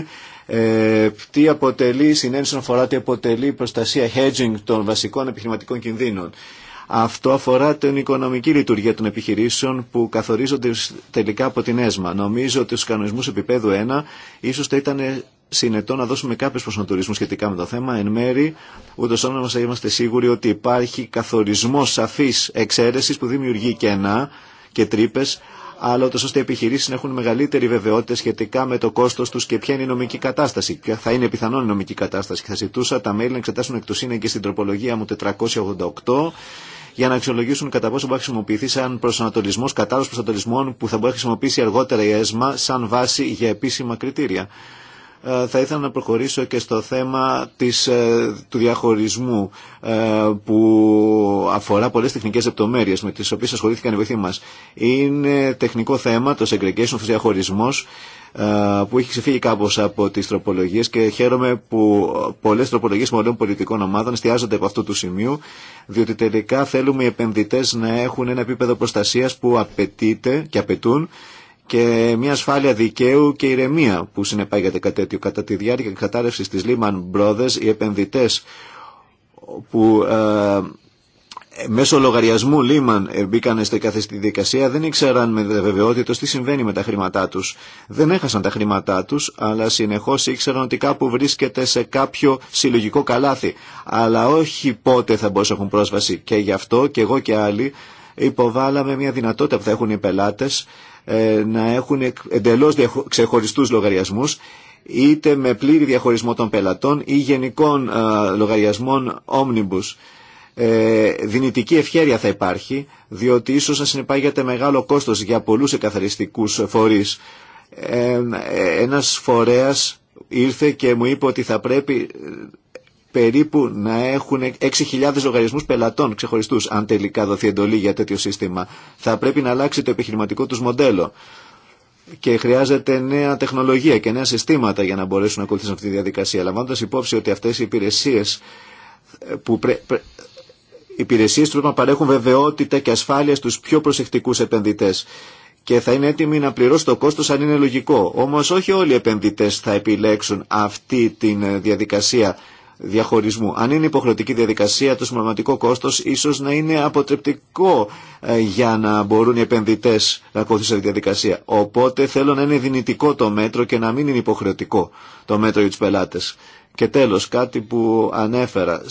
ε, τι αποτελεί συνένεση αφορά τι αποτελεί προστασία hedging των βασικών επιχειρηματικών κινδύνων. Αυτό αφορά την οικονομική λειτουργία των επιχειρήσεων που καθορίζονται τελικά από την ΕΣΜΑ. Νομίζω ότι στου κανονισμού επίπεδου 1 ίσω θα ήταν συνετό να δώσουμε κάποιου προσανατολισμού σχετικά με το θέμα, εν μέρη, ούτω όμως, να είμαστε σίγουροι ότι υπάρχει καθορισμό σαφή εξαίρεση που δημιουργεί κενά και τρύπε, Άλλο ούτως ώστε οι επιχειρήσει να έχουν μεγαλύτερη βεβαιότητα σχετικά με το κόστο του και ποια είναι η νομική κατάσταση. Ποια θα είναι πιθανόν η νομική κατάσταση. θα ζητούσα τα μέλη να εξετάσουν εκ του και στην τροπολογία μου 488 για να αξιολογήσουν κατά πόσο μπορεί να χρησιμοποιηθεί σαν προσανατολισμό, κατάλληλο προσανατολισμών που θα μπορεί να χρησιμοποιήσει αργότερα η ΕΣΜΑ σαν βάση για επίσημα κριτήρια. Ε, θα ήθελα να προχωρήσω και στο θέμα της, ε, του διαχωρισμού ε, που αφορά πολλές τεχνικές λεπτομέρειες με τις οποίες ασχολήθηκαν οι βοηθοί μας. Είναι τεχνικό θέμα το segregation, ο διαχωρισμός που έχει ξεφύγει κάπως από τις τροπολογίες και χαίρομαι που πολλές τροπολογίες πολλών πολιτικών ομάδων εστιάζονται από αυτού του σημείου διότι τελικά θέλουμε οι επενδυτές να έχουν ένα επίπεδο προστασίας που απαιτείται και απαιτούν και μια ασφάλεια δικαίου και ηρεμία που συνεπάγεται κατά τέτοιο. Κατά τη διάρκεια κατάρρευσης της Lehman Brothers, οι επενδυτές που ε, μέσω λογαριασμού Lehman μπήκαν στην καθεστή δικασία δεν ήξεραν με βεβαιότητα τι συμβαίνει με τα χρήματά τους. Δεν έχασαν τα χρήματά τους, αλλά συνεχώς ήξεραν ότι κάπου βρίσκεται σε κάποιο συλλογικό καλάθι. Αλλά όχι πότε θα μπορούσαν να έχουν πρόσβαση. Και γι' αυτό και εγώ και άλλοι υποβάλαμε μια δυνατότητα που θα έχουν οι πελάτες ε, να έχουν εντελώς ξεχωριστούς λογαριασμούς είτε με πλήρη διαχωρισμό των πελατών ή γενικών ε, λογαριασμών omnibus. Ε, δυνητική ευχέρεια θα υπάρχει διότι ίσως να συνεπάγεται μεγάλο κόστος για πολλούς εκαθαριστικούς φορείς. Ένας φορέας ήρθε και μου είπε ότι θα πρέπει περίπου να έχουν 6.000 λογαριασμού πελατών ξεχωριστού αν τελικά δοθεί εντολή για τέτοιο σύστημα. Θα πρέπει να αλλάξει το επιχειρηματικό του μοντέλο και χρειάζεται νέα τεχνολογία και νέα συστήματα για να μπορέσουν να ακολουθήσουν αυτή τη διαδικασία. Λαμβάνοντα υπόψη ότι αυτέ οι υπηρεσίε ε, που πρέ... υπηρεσίες πρέπει να παρέχουν βεβαιότητα και ασφάλεια στους πιο προσεκτικούς επενδυτές και θα είναι έτοιμοι να πληρώσουν το κόστος αν είναι λογικό. Όμως όχι όλοι οι επενδυτές θα επιλέξουν αυτή τη ε, διαδικασία διαχωρισμού. Αν είναι υποχρεωτική διαδικασία, το συμπληρωματικό κόστο ίσως να είναι αποτρεπτικό ε, για να μπορούν οι επενδυτές να ακολουθήσουν τη διαδικασία. Οπότε θέλω να είναι δυνητικό το μέτρο και να μην είναι υποχρεωτικό το μέτρο για του πελάτες. Και τέλος, κάτι που ανέφερα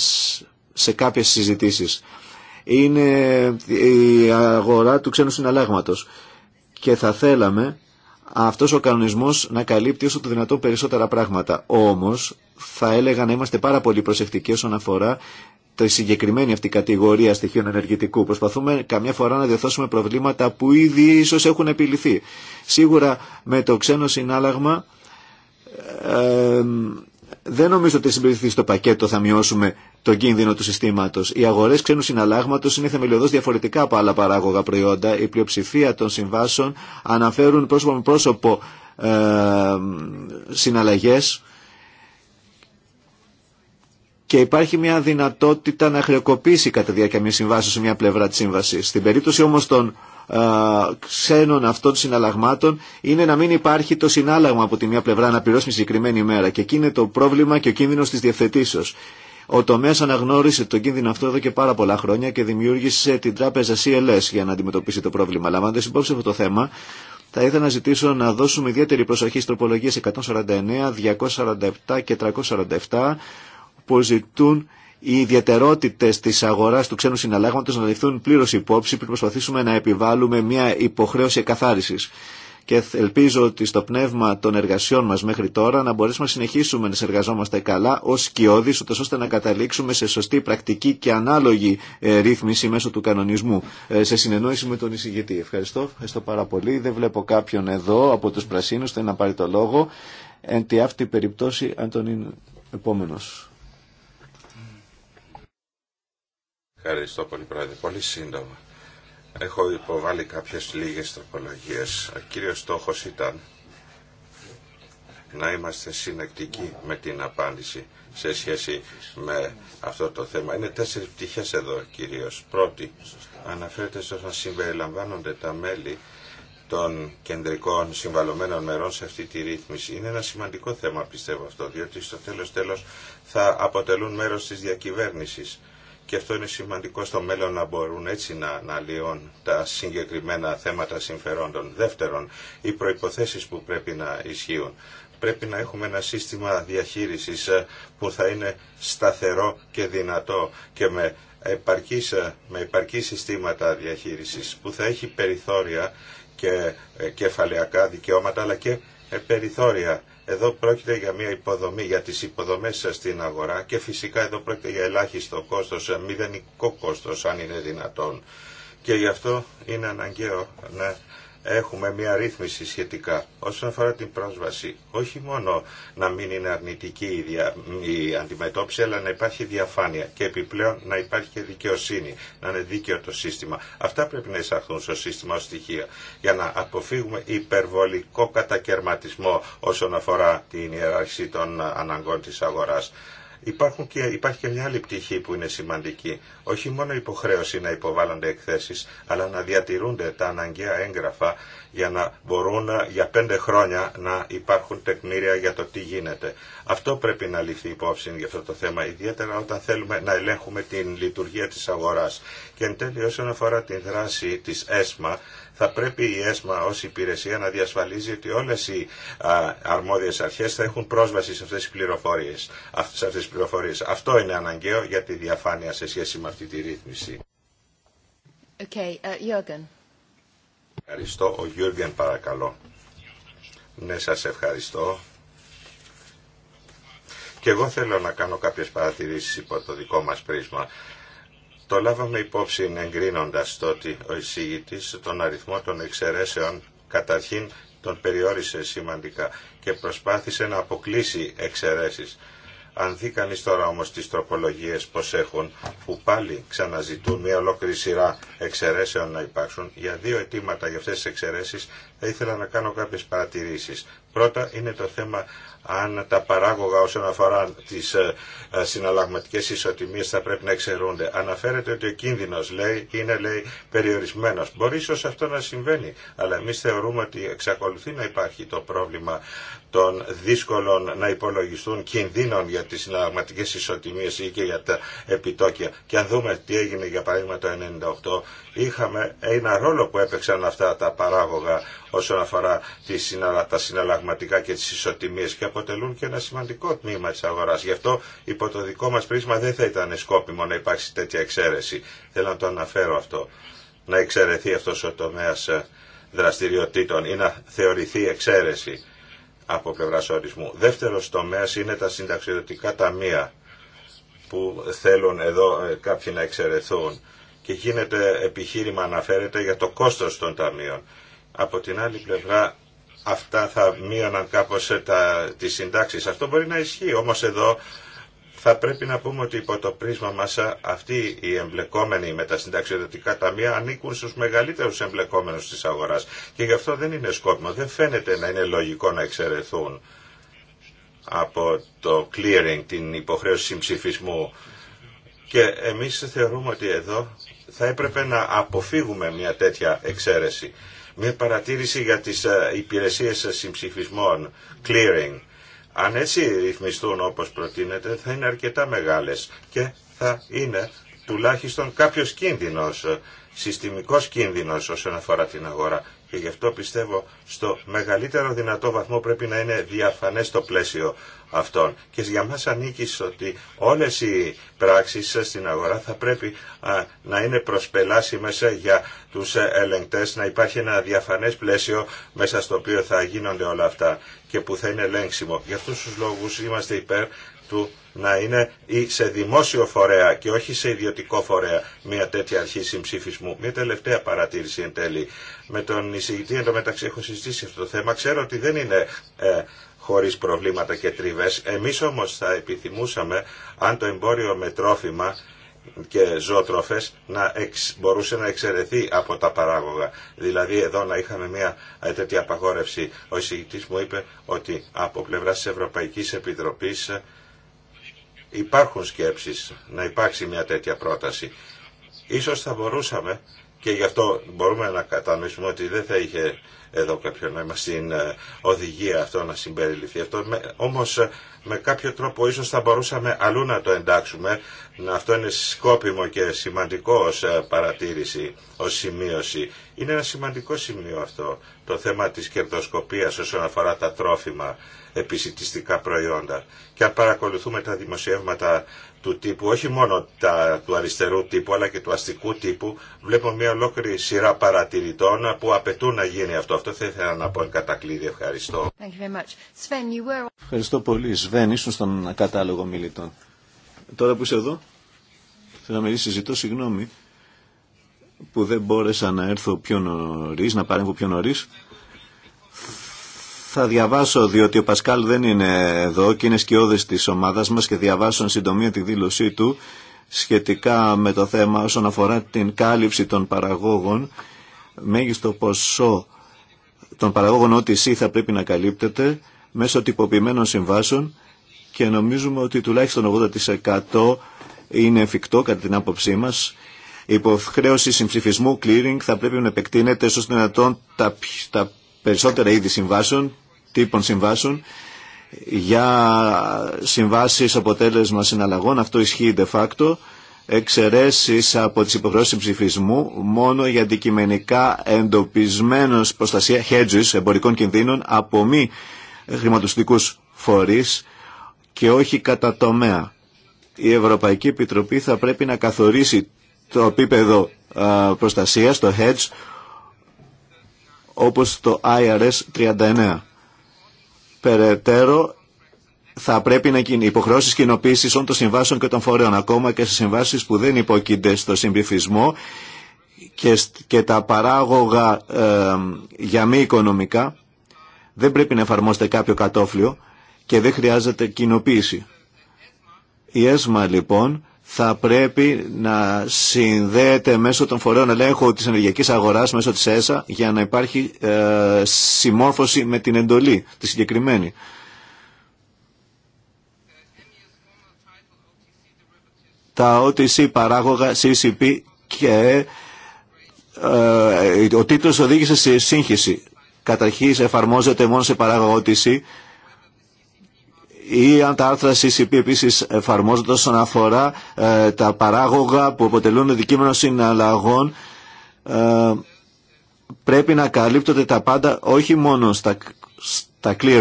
σε κάποιες συζητήσεις, είναι η αγορά του ξένου συναλλάγματος. Και θα θέλαμε αυτός ο κανονισμός να καλύπτει όσο το δυνατόν περισσότερα πράγματα. Όμως θα έλεγα να είμαστε πάρα πολύ προσεκτικοί όσον αφορά τη συγκεκριμένη αυτή κατηγορία στοιχείων ενεργητικού. Προσπαθούμε καμιά φορά να διορθώσουμε προβλήματα που ήδη ίσω έχουν επιληθεί. Σίγουρα με το ξένο συνάλλαγμα ε, δεν νομίζω ότι συμπληρωθεί στο πακέτο θα μειώσουμε τον κίνδυνο του συστήματο. Οι αγορέ ξένου συναλλάγματο είναι θεμελιωδώ διαφορετικά από άλλα παράγωγα προϊόντα. Η πλειοψηφία των συμβάσεων αναφέρουν πρόσωπο με πρόσωπο ε, και υπάρχει μια δυνατότητα να χρεοκοπήσει κατά διάρκεια μια συμβάση σε μια πλευρά τη σύμβαση. Στην περίπτωση όμω των ε, ξένων αυτών συναλλαγμάτων είναι να μην υπάρχει το συνάλλαγμα από τη μια πλευρά να πληρώσει μια συγκεκριμένη ημέρα. Και εκεί είναι το πρόβλημα και ο κίνδυνο τη διευθετήσεω. Ο τομέα αναγνώρισε τον κίνδυνο αυτό εδώ και πάρα πολλά χρόνια και δημιούργησε την τράπεζα CLS για να αντιμετωπίσει το πρόβλημα. Λαμβάνοντα υπόψη αυτό το θέμα, θα ήθελα να ζητήσω να δώσουμε ιδιαίτερη προσοχή στι τροπολογίε 149, 247 και 347 που ζητούν οι ιδιαιτερότητε τη αγορά του ξένου συναλλάγματο να ληφθούν πλήρω υπόψη πριν προσπαθήσουμε να επιβάλλουμε μια υποχρέωση εκαθάριση. Και ελπίζω ότι στο πνεύμα των εργασιών μα μέχρι τώρα να μπορέσουμε να συνεχίσουμε να συνεργαζόμαστε καλά ω σκιώδη, ώστε να καταλήξουμε σε σωστή πρακτική και ανάλογη ε, ρύθμιση μέσω του κανονισμού. Ε, σε συνεννόηση με τον εισηγητή. Ευχαριστώ. Ευχαριστώ πάρα πολύ. Δεν βλέπω κάποιον εδώ από του Πρασίνου. Θέλει να πάρει το λόγο. Εν τη αυτή περιπτώσει, αν τον είναι επόμενο. Ευχαριστώ πολύ πρόεδρε. Πολύ σύντομα. Έχω υποβάλει κάποιε λίγε τροπολογίε. Ο κύριο στόχος ήταν να είμαστε συνεκτικοί με την απάντηση σε σχέση με αυτό το θέμα. Είναι τέσσερι πτυχές εδώ κυρίω. Πρώτη, αναφέρεται στο να συμπεριλαμβάνονται τα μέλη των κεντρικών συμβαλωμένων μερών σε αυτή τη ρύθμιση. Είναι ένα σημαντικό θέμα πιστεύω αυτό, διότι στο τέλος τέλος θα αποτελούν μέρος της διακυβέρνησης και αυτό είναι σημαντικό στο μέλλον να μπορούν έτσι να αναλύουν τα συγκεκριμένα θέματα συμφερόντων. Δεύτερον, οι προϋποθέσεις που πρέπει να ισχύουν. Πρέπει να έχουμε ένα σύστημα διαχείρισης ε, που θα είναι σταθερό και δυνατό και με επαρκής, ε, με επαρκή συστήματα διαχείρισης που θα έχει περιθώρια και ε, κεφαλαιακά δικαιώματα αλλά και περιθώρια εδώ πρόκειται για μια υποδομή, για τις υποδομές σας στην αγορά και φυσικά εδώ πρόκειται για ελάχιστο κόστος, μηδενικό κόστος αν είναι δυνατόν. Και γι' αυτό είναι αναγκαίο να έχουμε μια ρύθμιση σχετικά όσον αφορά την πρόσβαση. Όχι μόνο να μην είναι αρνητική η, δια... η αντιμετώπιση, αλλά να υπάρχει διαφάνεια και επιπλέον να υπάρχει και δικαιοσύνη, να είναι δίκαιο το σύστημα. Αυτά πρέπει να εισαχθούν στο σύστημα ως στοιχεία για να αποφύγουμε υπερβολικό κατακαιρματισμό όσον αφορά την ιεράρχηση των αναγκών της αγοράς υπάρχουν και, υπάρχει και μια άλλη πτυχή που είναι σημαντική. Όχι μόνο υποχρέωση να υποβάλλονται εκθέσεις, αλλά να διατηρούνται τα αναγκαία έγγραφα για να μπορούν για πέντε χρόνια να υπάρχουν τεκμήρια για το τι γίνεται. Αυτό πρέπει να ληφθεί υπόψη για αυτό το θέμα, ιδιαίτερα όταν θέλουμε να ελέγχουμε την λειτουργία της αγοράς. Και εν τέλει όσον αφορά την δράση της ΕΣΜΑ, θα πρέπει η ΕΣΜΑ ως υπηρεσία να διασφαλίζει ότι όλες οι αρμόδιες αρχές θα έχουν πρόσβαση σε αυτές τις πληροφορίες. αυτές τις πληροφορίες. Αυτό είναι αναγκαίο για τη διαφάνεια σε σχέση με αυτή τη ρύθμιση. Okay, uh, ευχαριστώ. Ο Γιούργεν παρακαλώ. Ναι, σας ευχαριστώ. Και εγώ θέλω να κάνω κάποιες παρατηρήσεις υπό το δικό μας πρίσμα. Το λάβαμε υπόψη εγκρίνοντας το ότι ο εισηγητής τον αριθμό των εξαιρέσεων καταρχήν τον περιόρισε σημαντικά και προσπάθησε να αποκλείσει εξαιρέσεις. Αν δει κανεί τώρα όμως τις τροπολογίες πως έχουν, που πάλι ξαναζητούν μια ολόκληρη σειρά εξαιρέσεων να υπάρξουν, για δύο αιτήματα για αυτές τις εξαιρέσεις θα ήθελα να κάνω κάποιες παρατηρήσεις. Πρώτα είναι το θέμα αν τα παράγωγα όσον αφορά τις ε, ε, συναλλαγματικές ισοτιμίες θα πρέπει να εξαιρούνται. Αναφέρεται ότι ο κίνδυνος λέει, είναι λέει, περιορισμένος. Μπορεί ίσως αυτό να συμβαίνει, αλλά εμείς θεωρούμε ότι εξακολουθεί να υπάρχει το πρόβλημα των δύσκολων να υπολογιστούν κινδύνων για τις συναλλαγματικές ισοτιμίες ή και για τα επιτόκια. Και αν δούμε τι έγινε για παράδειγμα το 1998 είχαμε ένα ρόλο που έπαιξαν αυτά τα παράγωγα όσον αφορά τα συναλλαγματικά και τις ισοτιμίες και αποτελούν και ένα σημαντικό τμήμα της αγοράς. Γι' αυτό υπό το δικό μας πρίσμα δεν θα ήταν σκόπιμο να υπάρξει τέτοια εξαίρεση. Θέλω να το αναφέρω αυτό, να εξαιρεθεί αυτός ο τομέας ε, δραστηριοτήτων ή να θεωρηθεί εξαίρεση από πλευρά ορισμού. Δεύτερο τομέα είναι τα συνταξιδοτικά ταμεία που θέλουν εδώ ε, κάποιοι να εξαιρεθούν και γίνεται επιχείρημα αναφέρεται για το κόστος των ταμείων. Από την άλλη πλευρά αυτά θα μείωναν κάπως ε, τα, τις συντάξεις. Αυτό μπορεί να ισχύει, όμως εδώ θα πρέπει να πούμε ότι υπό το πρίσμα μας αυτοί οι εμπλεκόμενοι με τα συνταξιοδοτικά ταμεία ανήκουν στους μεγαλύτερους εμπλεκόμενους της αγοράς και γι' αυτό δεν είναι σκόπιμο, δεν φαίνεται να είναι λογικό να εξαιρεθούν από το clearing, την υποχρέωση συμψηφισμού και εμείς θεωρούμε ότι εδώ θα έπρεπε να αποφύγουμε μια τέτοια εξαίρεση. Μια παρατήρηση για τις ε, υπηρεσίες συμψηφισμών, clearing. Αν έτσι ρυθμιστούν όπως προτείνεται θα είναι αρκετά μεγάλες και θα είναι τουλάχιστον κάποιος κίνδυνος ε, συστημικός κίνδυνος όσον αφορά την αγορά και γι' αυτό πιστεύω στο μεγαλύτερο δυνατό βαθμό πρέπει να είναι διαφανές το πλαίσιο αυτών. Και για μας ανήκει ότι όλες οι πράξεις στην αγορά θα πρέπει να είναι προσπελάσιμες για τους ελεγκτές, να υπάρχει ένα διαφανές πλαίσιο μέσα στο οποίο θα γίνονται όλα αυτά και που θα είναι ελέγξιμο. Γι' αυτούς τους λόγους είμαστε υπέρ να είναι ή σε δημόσιο φορέα και όχι σε ιδιωτικό φορέα μια τέτοια αρχή συμψήφισμού. Μια τελευταία παρατήρηση εν τέλει. Με τον εισηγητή εντωμεταξύ έχω συζητήσει αυτό το θέμα. Ξέρω ότι δεν είναι ε, χωρίς προβλήματα και τριβές. Εμείς όμως θα επιθυμούσαμε αν το εμπόριο με τρόφιμα και ζωοτροφές να εξ, μπορούσε να εξαιρεθεί από τα παράγωγα. Δηλαδή εδώ να είχαμε μια ε, τέτοια απαγόρευση. Ο εισηγητής μου είπε ότι από πλευρά της Ευρωπαϊκής Επιτροπής ε, υπάρχουν σκέψεις να υπάρξει μια τέτοια πρόταση. Ίσως θα μπορούσαμε και γι' αυτό μπορούμε να κατανοήσουμε ότι δεν θα είχε εδώ κάποιο νόημα στην ε, οδηγία αυτό να συμπεριληφθεί. Αυτό με, όμως ε, με κάποιο τρόπο ίσως θα μπορούσαμε αλλού να το εντάξουμε. Αυτό είναι σκόπιμο και σημαντικό ως ε, παρατήρηση, ως σημείωση. Είναι ένα σημαντικό σημείο αυτό το θέμα της κερδοσκοπίας όσον αφορά τα τρόφιμα επισητιστικά προϊόντα. Και αν παρακολουθούμε τα δημοσιεύματα του τύπου, όχι μόνο τα, του αριστερού τύπου αλλά και του αστικού τύπου, βλέπω μια ολόκληρη σειρά παρατηρητών που απαιτούν να γίνει αυτό. Αυτό θα ήθελα να πω εν κατακλείδη. Ευχαριστώ. Sven, were... Ευχαριστώ πολύ. Σβέν, ήσουν στον κατάλογο μιλητών. Τώρα που είσαι εδώ, θέλω να μιλήσει, ζητώ συγγνώμη που δεν μπόρεσα να έρθω πιο νωρί, να παρέμβω πιο νωρί. Θα διαβάσω, διότι ο Πασκάλ δεν είναι εδώ και είναι σκιώδης της ομάδας μας και διαβάσω συντομία τη δήλωσή του σχετικά με το θέμα όσον αφορά την κάλυψη των παραγόγων. Μέγιστο ποσό των παραγόγων ό,τι η θα πρέπει να καλύπτεται μέσω τυποποιημένων συμβάσεων και νομίζουμε ότι τουλάχιστον 80% είναι εφικτό κατά την άποψή μας. Η υποχρέωση συμψηφισμού clearing θα πρέπει να επεκτείνεται στους δυνατόν τα, τα περισσότερα είδη συμβάσεων τύπων συμβάσεων για συμβάσεις αποτέλεσμα συναλλαγών. Αυτό ισχύει de facto. Εξαιρέσεις από τις υποχρεώσεις ψηφισμού μόνο για αντικειμενικά εντοπισμένος προστασία hedges εμπορικών κινδύνων από μη χρηματοστικούς φορείς και όχι κατά τομέα. Η Ευρωπαϊκή Επιτροπή θα πρέπει να καθορίσει το επίπεδο προστασία το hedge, όπως το IRS 39. Περαιτέρω, θα πρέπει να υποχρεώσει κοινοποίηση όλων των συμβάσεων και των φορέων, ακόμα και σε συμβάσει που δεν υπόκεινται στο συμπληθισμό και, και τα παράγωγα ε, για μη οικονομικά. Δεν πρέπει να εφαρμόσετε κάποιο κατόφλιο και δεν χρειάζεται κοινοποίηση. Η ΕΣΜΑ λοιπόν θα πρέπει να συνδέεται μέσω των φορέων ελέγχου της ενεργειακής αγοράς, μέσω της ΕΣΑ, για να υπάρχει ε, συμμόρφωση με την εντολή, τη συγκεκριμένη. Τα OTC παράγωγα CCP και ε, ο τίτλος οδήγησε σε σύγχυση. Καταρχήν εφαρμόζεται μόνο σε παράγωγα OTC ή αν τα άρθρα CCP επίσης εφαρμόζονται όσον αφορά ε, τα παράγωγα που αποτελούν δικείμενο συναλλαγών ε, πρέπει να καλύπτονται τα πάντα όχι μόνο στα, στα κλή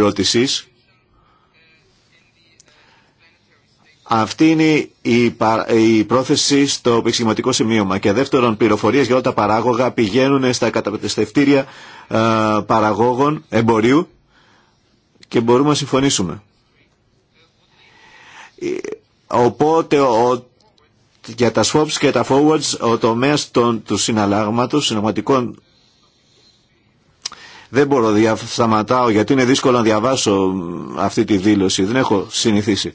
Αυτή είναι η, η πρόθεση στο επεξηγηματικό σημείωμα. Και δεύτερον, πληροφορίες για όλα τα παράγωγα πηγαίνουν στα καταπαιτευτευτήρια ε, παραγόγων εμπορίου και μπορούμε να συμφωνήσουμε. Οπότε ο, για τα swaps και τα forwards ο τομέας του συναλλάγματος, συναλλαγματικών δεν μπορώ, να σταματάω γιατί είναι δύσκολο να διαβάσω αυτή τη δήλωση. Δεν έχω συνηθίσει.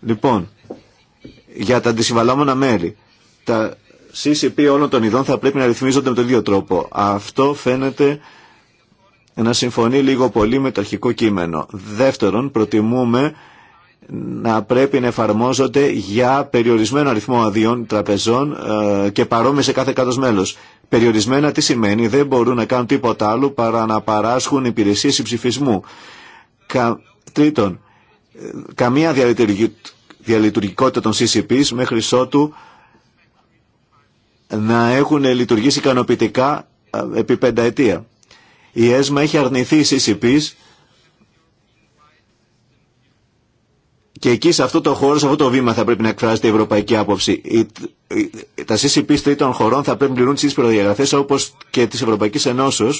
Λοιπόν, για τα αντισυμβαλόμενα μέλη Τα CCP όλων των ειδών θα πρέπει να ρυθμίζονται με τον ίδιο τρόπο. Αυτό φαίνεται να συμφωνεί λίγο πολύ με το αρχικό κείμενο. Δεύτερον, προτιμούμε να πρέπει να εφαρμόζονται για περιορισμένο αριθμό αδειών τραπεζών ε, και παρόμοιες σε κάθε κράτος Περιορισμένα τι σημαίνει, δεν μπορούν να κάνουν τίποτα άλλο παρά να παράσχουν υπηρεσίες υψηφισμού. Τρίτον, ε, καμία διαλειτουργικότητα των CCPs μέχρι ότου να έχουν λειτουργήσει ικανοποιητικά ε, επί πενταετία. Η ΕΣΜΑ έχει αρνηθεί οι CCPs Και εκεί σε αυτό το χώρο, σε αυτό το βήμα θα πρέπει να εκφράζεται η ευρωπαϊκή άποψη. Τα CCP των χωρών θα πρέπει να πληρούν τι προδιαγραφές όπως και τη Ευρωπαϊκή Ενώσεω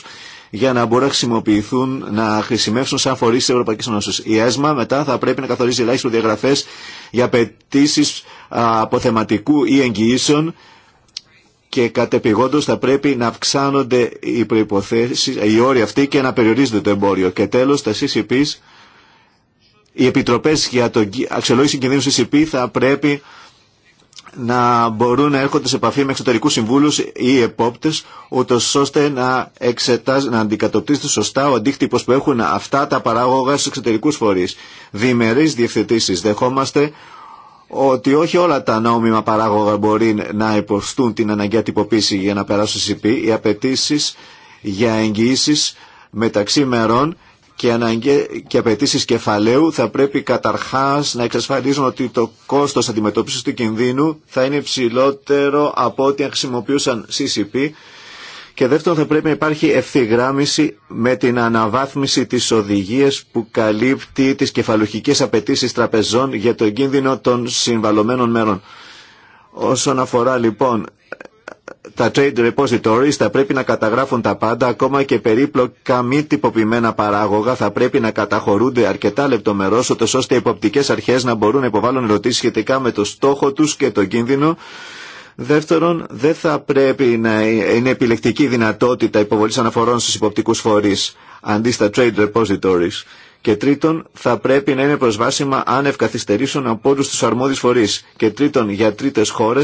για να μπορούν να χρησιμοποιηθούν, να χρησιμεύσουν σαν φορείς τη Ευρωπαϊκή Ενώσεω. Η ΕΣΜΑ μετά θα πρέπει να καθορίζει ελάχιστε προδιαγραφές για απαιτήσει αποθεματικού ή εγγυήσεων και κατεπηγόντω θα πρέπει να αυξάνονται οι οι όροι αυτοί και να περιορίζονται το εμπόριο. Και τέλο, τα CCPs οι επιτροπές για το αξιολόγηση κινδύνου CCP θα πρέπει να μπορούν να έρχονται σε επαφή με εξωτερικούς συμβούλους ή επόπτες, ούτως ώστε να, εξετάζ, να αντικατοπτήσουν σωστά ο αντίκτυπος που έχουν αυτά τα παράγωγα στους εξωτερικούς φορείς. Διμερείς διευθετήσεις. Δεχόμαστε ότι όχι όλα τα νόμιμα παράγωγα μπορεί να υποστούν την αναγκαία τυποποίηση για να περάσουν CCP. Οι απαιτήσει για εγγυήσει μεταξύ μερών και, αναγκέ και απαιτήσει κεφαλαίου θα πρέπει καταρχάς να εξασφαλίζουν ότι το κόστος αντιμετώπισης του κινδύνου θα είναι υψηλότερο από ό,τι αν χρησιμοποιούσαν CCP και δεύτερον θα πρέπει να υπάρχει ευθυγράμμιση με την αναβάθμιση της οδηγίας που καλύπτει τις κεφαλουχικές απαιτήσει τραπεζών για τον κίνδυνο των συμβαλωμένων μέρων. Όσον αφορά λοιπόν τα trade repositories θα πρέπει να καταγράφουν τα πάντα, ακόμα και περίπλοκα μη τυποποιημένα παράγωγα θα πρέπει να καταχωρούνται αρκετά λεπτομερώς, ώστε οι υποπτικές αρχές να μπορούν να υποβάλουν ερωτήσεις σχετικά με το στόχο τους και το κίνδυνο. Δεύτερον, δεν θα πρέπει να είναι επιλεκτική δυνατότητα υποβολής αναφορών στου υποπτικούς φορείς, αντί στα trade repositories. Και τρίτον, θα πρέπει να είναι προσβάσιμα αν ευκαθυστερήσουν από όλου του αρμόδιου φορεί. Και τρίτον, για τρίτε χώρε,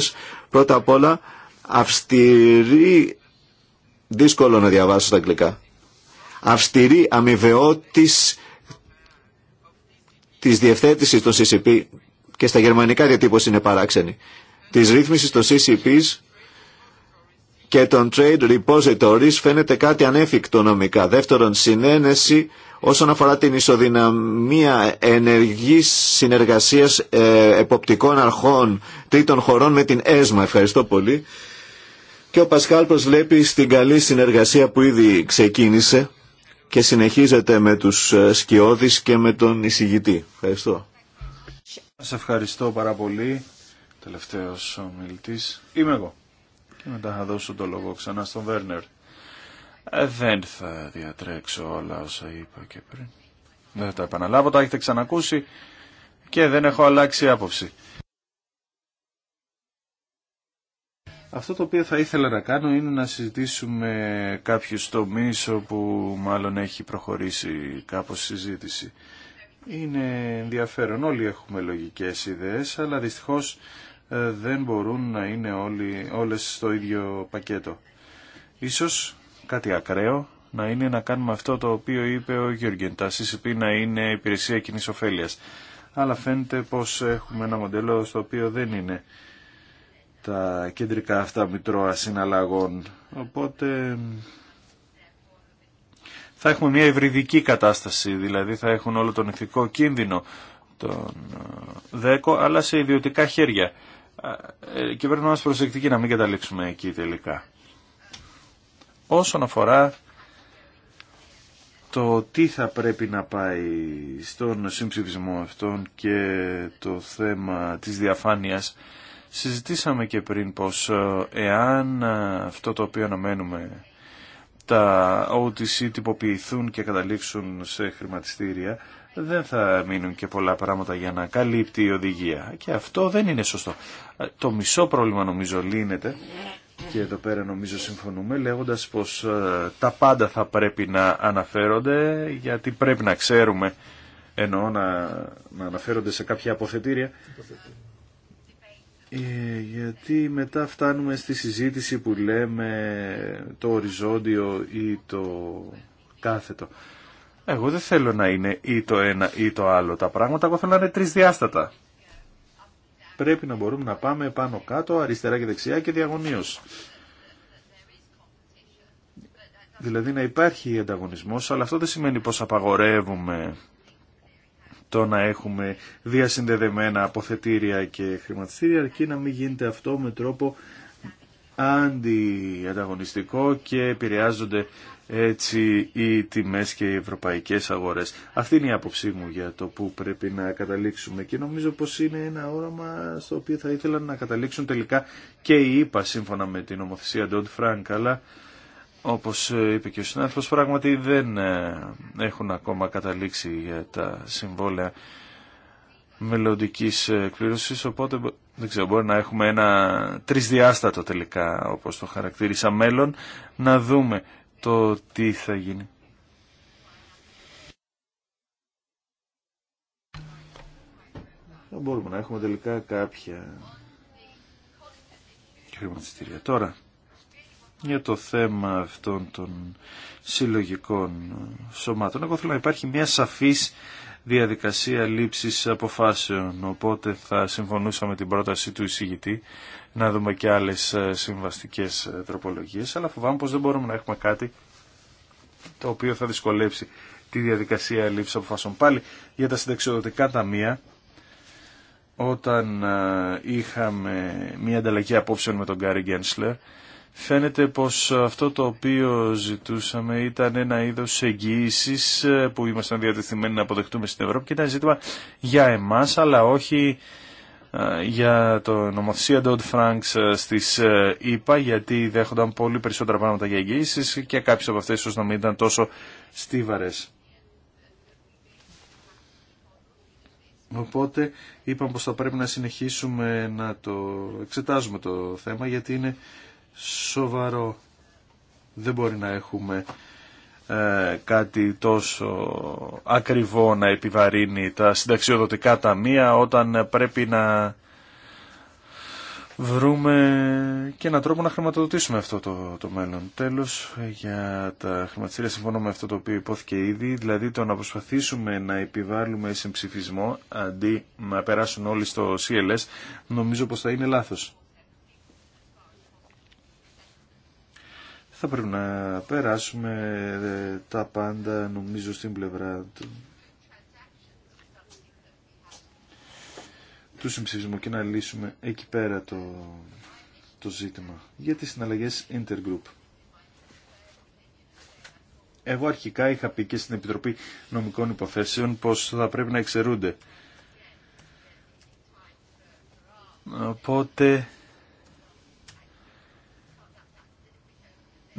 πρώτα απ' όλα Αυστηρή, δύσκολο να διαβάσω στα αγγλικά, αυστηρή αμοιβαιότης της διευθέτησης των CCP και στα γερμανικά διατύπωση είναι παράξενη, της ρύθμισης των CCP και των trade repositories φαίνεται κάτι ανέφικτο νομικά. Δεύτερον, συνένεση όσον αφορά την ισοδυναμία ενεργής συνεργασίας ε, εποπτικών αρχών τρίτων χωρών με την ΕΣΜΑ. Ευχαριστώ πολύ. Και ο Πασκάλ προσβλέπει στην καλή συνεργασία που ήδη ξεκίνησε και συνεχίζεται με τους ε, σκιώδεις και με τον εισηγητή. Ευχαριστώ. Σας ευχαριστώ πάρα πολύ. Τελευταίος ομιλητής είμαι εγώ. Και μετά θα δώσω το λόγο ξανά στον Βέρνερ. Ε, δεν θα διατρέξω όλα όσα είπα και πριν. Δεν θα τα επαναλάβω, τα έχετε ξανακούσει και δεν έχω αλλάξει άποψη. Αυτό το οποίο θα ήθελα να κάνω είναι να συζητήσουμε κάποιους τομείς όπου μάλλον έχει προχωρήσει κάπως συζήτηση. Είναι ενδιαφέρον, όλοι έχουμε λογικές ιδέες, αλλά δυστυχώς ε, δεν μπορούν να είναι όλοι, όλες στο ίδιο πακέτο. Ίσως κάτι ακραίο να είναι να κάνουμε αυτό το οποίο είπε ο Γιώργεν, τα CCP να είναι υπηρεσία κοινή ωφέλεια. Αλλά φαίνεται πως έχουμε ένα μοντέλο στο οποίο δεν είναι τα κεντρικά αυτά μητρώα συναλλαγών. Οπότε θα έχουμε μια ευρυδική κατάσταση, δηλαδή θα έχουν όλο τον ηθικό κίνδυνο τον ε, ΔΕΚΟ, αλλά σε ιδιωτικά χέρια. Και πρέπει να είμαστε προσεκτικοί να μην καταλήξουμε εκεί τελικά. Όσον αφορά το τι θα πρέπει να πάει στον συμψηφισμό αυτόν και το θέμα της διαφάνειας Συζητήσαμε και πριν πως ε, εάν ε, αυτό το οποίο αναμένουμε τα OTC τυποποιηθούν και καταλήξουν σε χρηματιστήρια, δεν θα μείνουν και πολλά πράγματα για να καλύπτει η οδηγία. Και αυτό δεν είναι σωστό. Ε, το μισό πρόβλημα νομίζω λύνεται και εδώ πέρα νομίζω συμφωνούμε λέγοντας πως τα πάντα θα πρέπει να αναφέρονται γιατί πρέπει να ξέρουμε ενώ να, να αναφέρονται σε κάποια αποθετήρια ε, γιατί μετά φτάνουμε στη συζήτηση που λέμε το οριζόντιο ή το κάθετο. Εγώ δεν θέλω να είναι ή το ένα ή το άλλο τα πράγματα, εγώ θέλω να είναι τρισδιάστατα. Πρέπει να μπορούμε να πάμε πάνω κάτω, αριστερά και δεξιά και διαγωνίως. Δηλαδή να υπάρχει ανταγωνισμός, αλλά αυτό δεν σημαίνει πως απαγορεύουμε το να έχουμε διασυνδεδεμένα αποθετήρια και χρηματιστήρια, αρκεί να μην γίνεται αυτό με τρόπο αντιανταγωνιστικό και επηρεάζονται έτσι οι τιμές και οι ευρωπαϊκές αγορές. Αυτή είναι η άποψή μου για το που πρέπει να καταλήξουμε και νομίζω πως είναι ένα όραμα στο οποίο θα ήθελαν να καταλήξουν τελικά και οι ΙΠΑ σύμφωνα με την ομοθεσία Ντόντ Φρανκ αλλά όπως ε, είπε και ο συνάδελφος, πράγματι δεν ε, έχουν ακόμα καταλήξει για τα συμβόλαια μελλοντική ε, εκπλήρωση. Οπότε δεν ξέρω, μπορεί να έχουμε ένα τρισδιάστατο τελικά, όπως το χαρακτήρισα, μέλλον, να δούμε το τι θα γίνει. μπορούμε να έχουμε τελικά κάποια χρηματιστήρια. Τώρα, για το θέμα αυτών των συλλογικών σωμάτων. Εγώ θέλω να υπάρχει μια σαφής διαδικασία λήψης αποφάσεων, οπότε θα συμφωνούσαμε την πρόταση του εισηγητή να δούμε και άλλες ε, συμβαστικές ε, τροπολογίες, αλλά φοβάμαι πως δεν μπορούμε να έχουμε κάτι το οποίο θα δυσκολέψει τη διαδικασία λήψης αποφάσεων. Πάλι για τα συνταξιοδοτικά ταμεία, όταν ε, είχαμε μια ανταλλαγή απόψεων με τον Γκάρι Γκένσλερ, Φαίνεται πως αυτό το οποίο ζητούσαμε ήταν ένα είδος εγγύησης ε, που ήμασταν διατεθειμένοι να αποδεχτούμε στην Ευρώπη και ήταν ζήτημα για εμάς αλλά όχι ε, για το νομοθεσία Dodd Franks ε, στις ΗΠΑ γιατί δέχονταν πολύ περισσότερα πράγματα για εγγύησης και κάποιες από αυτές ίσως να μην ήταν τόσο στίβαρες. Οπότε είπαμε πως θα πρέπει να συνεχίσουμε να το εξετάζουμε το θέμα γιατί είναι σοβαρό. Δεν μπορεί να έχουμε ε, κάτι τόσο ακριβό να επιβαρύνει τα συνταξιοδοτικά ταμεία όταν πρέπει να βρούμε και έναν τρόπο να χρηματοδοτήσουμε αυτό το, το μέλλον. Τέλος, για τα χρηματιστήρια συμφωνώ με αυτό το οποίο υπόθηκε ήδη, δηλαδή το να προσπαθήσουμε να επιβάλλουμε συμψηφισμό αντί να περάσουν όλοι στο CLS, νομίζω πως θα είναι λάθος. θα πρέπει να περάσουμε ε, τα πάντα νομίζω στην πλευρά του, του συμψηφισμού και να λύσουμε εκεί πέρα το, το ζήτημα για τις συναλλαγές Intergroup. Εγώ αρχικά είχα πει και στην Επιτροπή Νομικών Υποθέσεων πως θα πρέπει να εξαιρούνται. Οπότε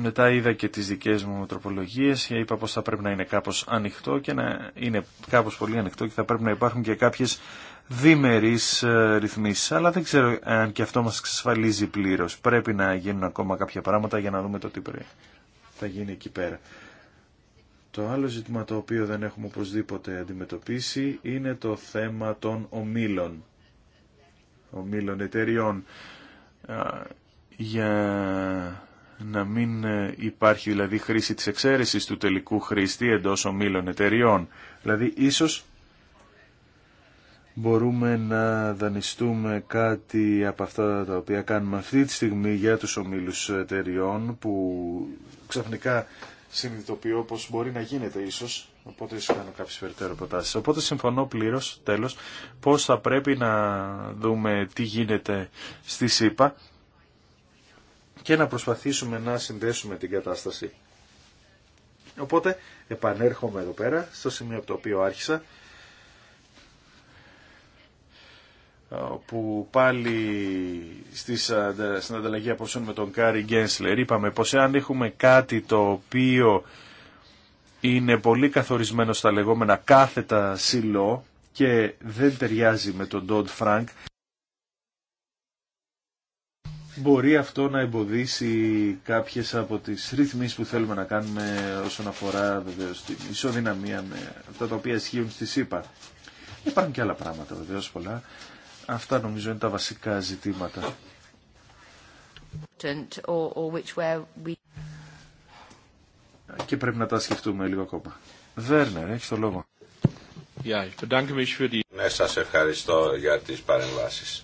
Μετά είδα και τις δικές μου τροπολογίες και είπα πως θα πρέπει να είναι κάπως ανοιχτό και να είναι κάπως πολύ ανοιχτό και θα πρέπει να υπάρχουν και κάποιες διμερείς ε, ρυθμίσεις. Αλλά δεν ξέρω αν και αυτό μας εξασφαλίζει πλήρως. Πρέπει να γίνουν ακόμα κάποια πράγματα για να δούμε το τι πρέπει. θα γίνει εκεί πέρα. Το άλλο ζήτημα το οποίο δεν έχουμε οπωσδήποτε αντιμετωπίσει είναι το θέμα των ομίλων. Ομίλων εταιριών. Για να μην ε, υπάρχει δηλαδή χρήση της εξαίρεσης του τελικού χρήστη εντός ομίλων εταιριών. Δηλαδή ίσως μπορούμε να δανειστούμε κάτι από αυτά τα οποία κάνουμε αυτή τη στιγμή για τους ομίλους εταιριών που ξαφνικά συνειδητοποιώ πως μπορεί να γίνεται ίσως οπότε ίσως κάνω κάποιες περιττέρω προτάσεις οπότε συμφωνώ πλήρως τέλος πως θα πρέπει να δούμε τι γίνεται στη ΣΥΠΑ και να προσπαθήσουμε να συνδέσουμε την κατάσταση. Οπότε επανέρχομαι εδώ πέρα στο σημείο από το οποίο άρχισα που πάλι στις, στην ανταλλαγή απόψεων με τον Κάρι Γκένσλερ είπαμε πως εάν έχουμε κάτι το οποίο είναι πολύ καθορισμένο στα λεγόμενα κάθετα σύλλο και δεν ταιριάζει με τον Ντόντ Φρανκ μπορεί αυτό να εμποδίσει κάποιες από τις ρυθμίσεις που θέλουμε να κάνουμε όσον αφορά βεβαίως την ισοδυναμία με αυτά τα οποία ισχύουν στη ΣΥΠΑ. Υπάρχουν και άλλα πράγματα βεβαίως πολλά. Αυτά νομίζω είναι τα βασικά ζητήματα. Και πρέπει να τα σκεφτούμε λίγο ακόμα. Βέρνερ, έχει το λόγο. Ναι, σας ευχαριστώ για τις παρεμβάσεις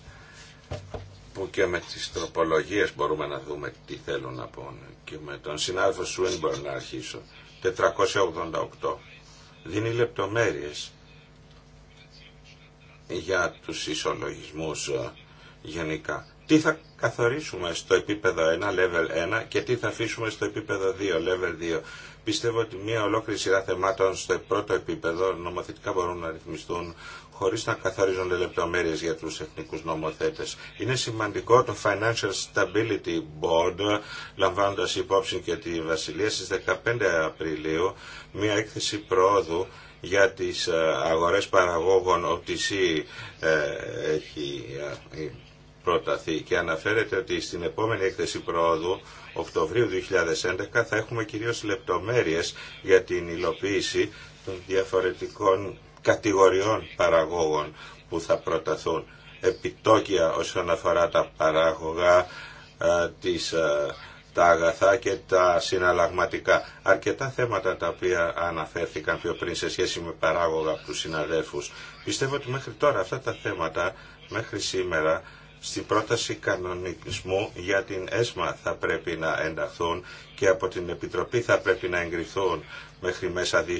που και με τις τροπολογίες μπορούμε να δούμε τι θέλουν να πούνε. Και με τον συνάδελφο Σουίνμπορ να αρχίσω. 488. Δίνει λεπτομέρειες για τους ισολογισμούς ε, γενικά. Τι θα καθορίσουμε στο επίπεδο 1, level 1 και τι θα αφήσουμε στο επίπεδο 2, level 2. Πιστεύω ότι μια ολόκληρη σειρά θεμάτων στο πρώτο επίπεδο νομοθετικά μπορούν να ρυθμιστούν χωρίς να καθαρίζονται λεπτομέρειες για τους εθνικούς νομοθέτες. Είναι σημαντικό το Financial Stability Board, λαμβάνοντας υπόψη και τη Βασιλεία στις 15 Απριλίου, μια έκθεση προόδου για τις ε, αγορές παραγόγων OTC ε, έχει ε, προταθεί και αναφέρεται ότι στην επόμενη έκθεση προόδου Οκτωβρίου 2011 θα έχουμε κυρίως λεπτομέρειες για την υλοποίηση των διαφορετικών κατηγοριών παραγόγων που θα προταθούν επιτόκια όσον αφορά τα παράγωγα, ε, τις, ε, τα αγαθά και τα συναλλαγματικά. Αρκετά θέματα τα οποία αναφέρθηκαν πιο πριν σε σχέση με παράγωγα από τους συναδέλφους. Πιστεύω ότι μέχρι τώρα αυτά τα θέματα, μέχρι σήμερα, στην πρόταση κανονισμού για την ΕΣΜΑ θα πρέπει να ενταχθούν και από την Επιτροπή θα πρέπει να εγκριθούν μέχρι μέσα 2012,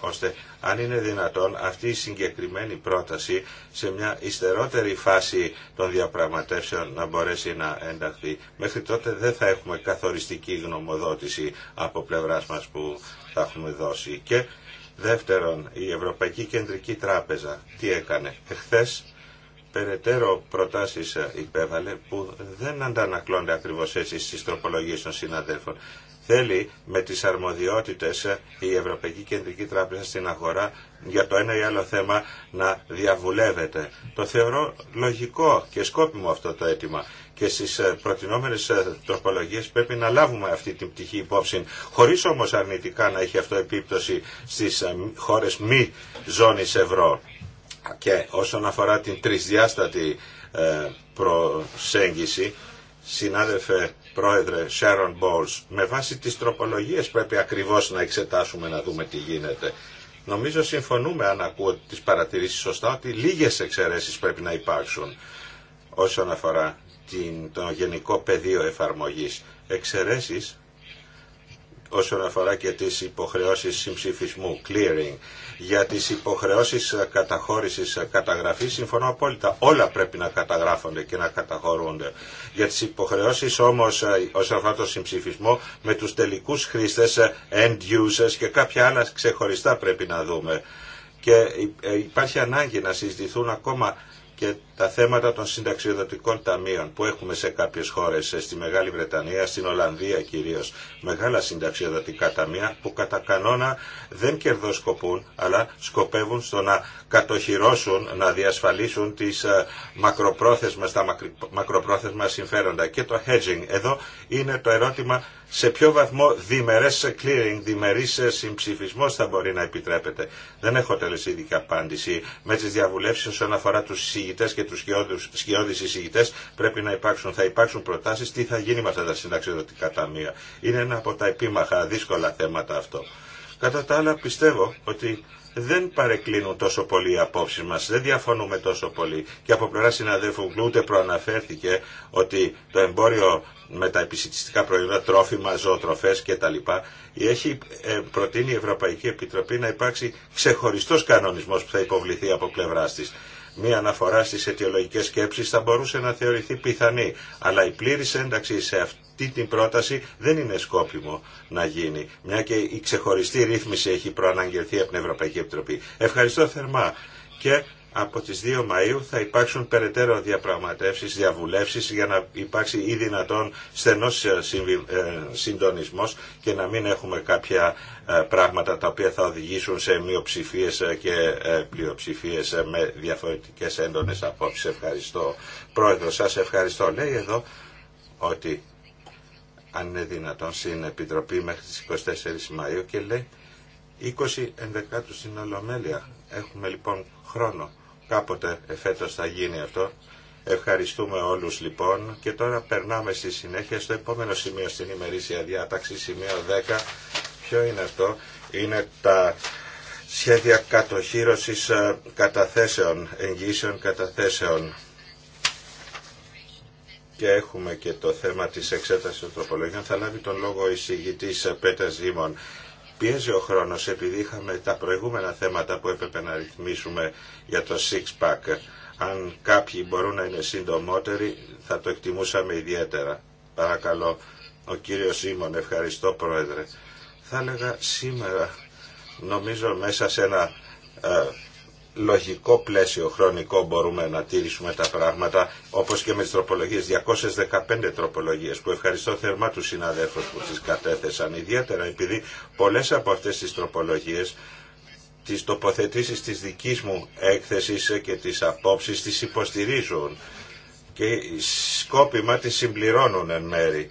ώστε αν είναι δυνατόν αυτή η συγκεκριμένη πρόταση σε μια ιστερότερη φάση των διαπραγματεύσεων να μπορέσει να ενταχθεί. Μέχρι τότε δεν θα έχουμε καθοριστική γνωμοδότηση από πλευράς μας που θα έχουμε δώσει. Και δεύτερον, η Ευρωπαϊκή Κεντρική Τράπεζα τι έκανε. Εχθές περαιτέρω προτάσεις ε, υπέβαλε που δεν αντανακλώνται ακριβώς έτσι στις τροπολογίες των συναδέλφων. Θέλει με τις αρμοδιότητες ε, η Ευρωπαϊκή Κεντρική Τράπεζα στην αγορά για το ένα ή άλλο θέμα να διαβουλεύεται. Το θεωρώ λογικό και σκόπιμο αυτό το αίτημα και στις ε, προτινόμενες τροπολογίες πρέπει να λάβουμε αυτή την πτυχή υπόψη, χωρίς όμως αρνητικά να έχει αυτό επίπτωση στις χώρες μη ζώνης ευρώ. Και όσον αφορά την τρισδιάστατη ε, προσέγγιση, συνάδελφε πρόεδρε Sharon Bowles, με βάση τις τροπολογίες πρέπει ακριβώς να εξετάσουμε να δούμε τι γίνεται. Νομίζω συμφωνούμε αν ακούω τις παρατηρήσεις σωστά ότι λίγες εξαιρέσεις πρέπει να υπάρξουν όσον αφορά την, το γενικό πεδίο εφαρμογής. Εξαιρέσεις όσον αφορά και τις υποχρεώσεις συμψηφισμού, clearing. Για τις υποχρεώσεις καταχώρησης καταγραφής συμφωνώ απόλυτα. Όλα πρέπει να καταγράφονται και να καταχωρούνται. Για τις υποχρεώσεις όμως ε, όσον αφορά το συμψηφισμό με τους τελικούς χρήστες, ε, end users και κάποια άλλα ξεχωριστά πρέπει να δούμε. Και ε, υπάρχει ανάγκη να συζητηθούν ακόμα και τα θέματα των συνταξιοδοτικών ταμείων που έχουμε σε κάποιες χώρες, ε, στη Μεγάλη Βρετανία, στην Ολλανδία κυρίως, μεγάλα συνταξιοδοτικά ταμεία που κατά κανόνα δεν κερδοσκοπούν αλλά σκοπεύουν στο να κατοχυρώσουν, να διασφαλίσουν τις ε, μακροπρόθεσμες, τα μακροπρόθεσμα συμφέροντα. Και το hedging εδώ είναι το ερώτημα σε ποιο βαθμό διμερές clearing, διμερής ε, συμψηφισμός θα μπορεί να επιτρέπεται. Δεν έχω τελεσίδικη απάντηση. Με τις διαβουλεύσεις όσον αφορά τους συγητές και τους σκιώδεις συγητές πρέπει να υπάρξουν. Θα υπάρξουν προτάσεις τι θα γίνει με αυτά τα συνταξιδοτικά ταμεία. Είναι ένα από τα επίμαχα δύσκολα θέματα αυτό. Κατά τα άλλα πιστεύω ότι δεν παρεκκλίνουν τόσο πολύ οι απόψει μα, δεν διαφωνούμε τόσο πολύ. Και από πλευρά συναδέλφου ούτε προαναφέρθηκε ότι το εμπόριο με τα επισητιστικά προϊόντα, τρόφιμα, ζωοτροφέ κτλ. Έχει ε, προτείνει η Ευρωπαϊκή Επιτροπή να υπάρξει ξεχωριστό κανονισμό που θα υποβληθεί από πλευρά τη μία αναφορά στι αιτιολογικές σκέψεις θα μπορούσε να θεωρηθεί πιθανή, αλλά η πλήρης ένταξη σε αυτή την πρόταση δεν είναι σκόπιμο να γίνει, μια και η ξεχωριστή ρύθμιση έχει προαναγγελθεί από την Ευρωπαϊκή Επιτροπή. Ευχαριστώ θερμά και από τις 2 Μαΐου θα υπάρξουν περαιτέρω διαπραγματεύσεις, διαβουλεύσεις για να υπάρξει ή δυνατόν στενός ε, ε, συντονισμός και να μην έχουμε κάποια ε, πράγματα τα οποία θα οδηγήσουν σε μειοψηφίες και πλειοψηφίες με διαφορετικές έντονες απόψεις. Ευχαριστώ. Πρόεδρο, σας ευχαριστώ. Λέει εδώ ότι αν είναι δυνατόν στην Επιτροπή μέχρι τις 24 Μαΐου και λέει 20 ενδεκάτου στην Ολομέλεια. Έχουμε λοιπόν χρόνο κάποτε εφέτος θα γίνει αυτό. Ευχαριστούμε όλους λοιπόν και τώρα περνάμε στη συνέχεια στο επόμενο σημείο στην ημερήσια διάταξη, σημείο 10. Ποιο είναι αυτό, είναι τα σχέδια κατοχύρωσης ε, καταθέσεων, εγγύσεων καταθέσεων. Και έχουμε και το θέμα της εξέτασης των τροπολογιών. Θα λάβει τον λόγο ο εισηγητής ε, Πέτας Δήμων. Πιέζει ο χρόνος επειδή είχαμε τα προηγούμενα θέματα που έπρεπε να ρυθμίσουμε για το six pack. Αν κάποιοι μπορούν να είναι συντομότεροι θα το εκτιμούσαμε ιδιαίτερα. Παρακαλώ. Ο κύριος Σίμων, ευχαριστώ πρόεδρε. Θα έλεγα σήμερα νομίζω μέσα σε ένα ε, λογικό πλαίσιο χρονικό μπορούμε να τήρησουμε τα πράγματα όπως και με τις τροπολογίες 215 τροπολογίες που ευχαριστώ θερμά τους συναδέλφους που τις κατέθεσαν ιδιαίτερα επειδή πολλές από αυτές τις τροπολογίες τις τοποθετήσεις της δικής μου έκθεσης και τις απόψεις τις υποστηρίζουν και σκόπιμα τις συμπληρώνουν εν μέρη.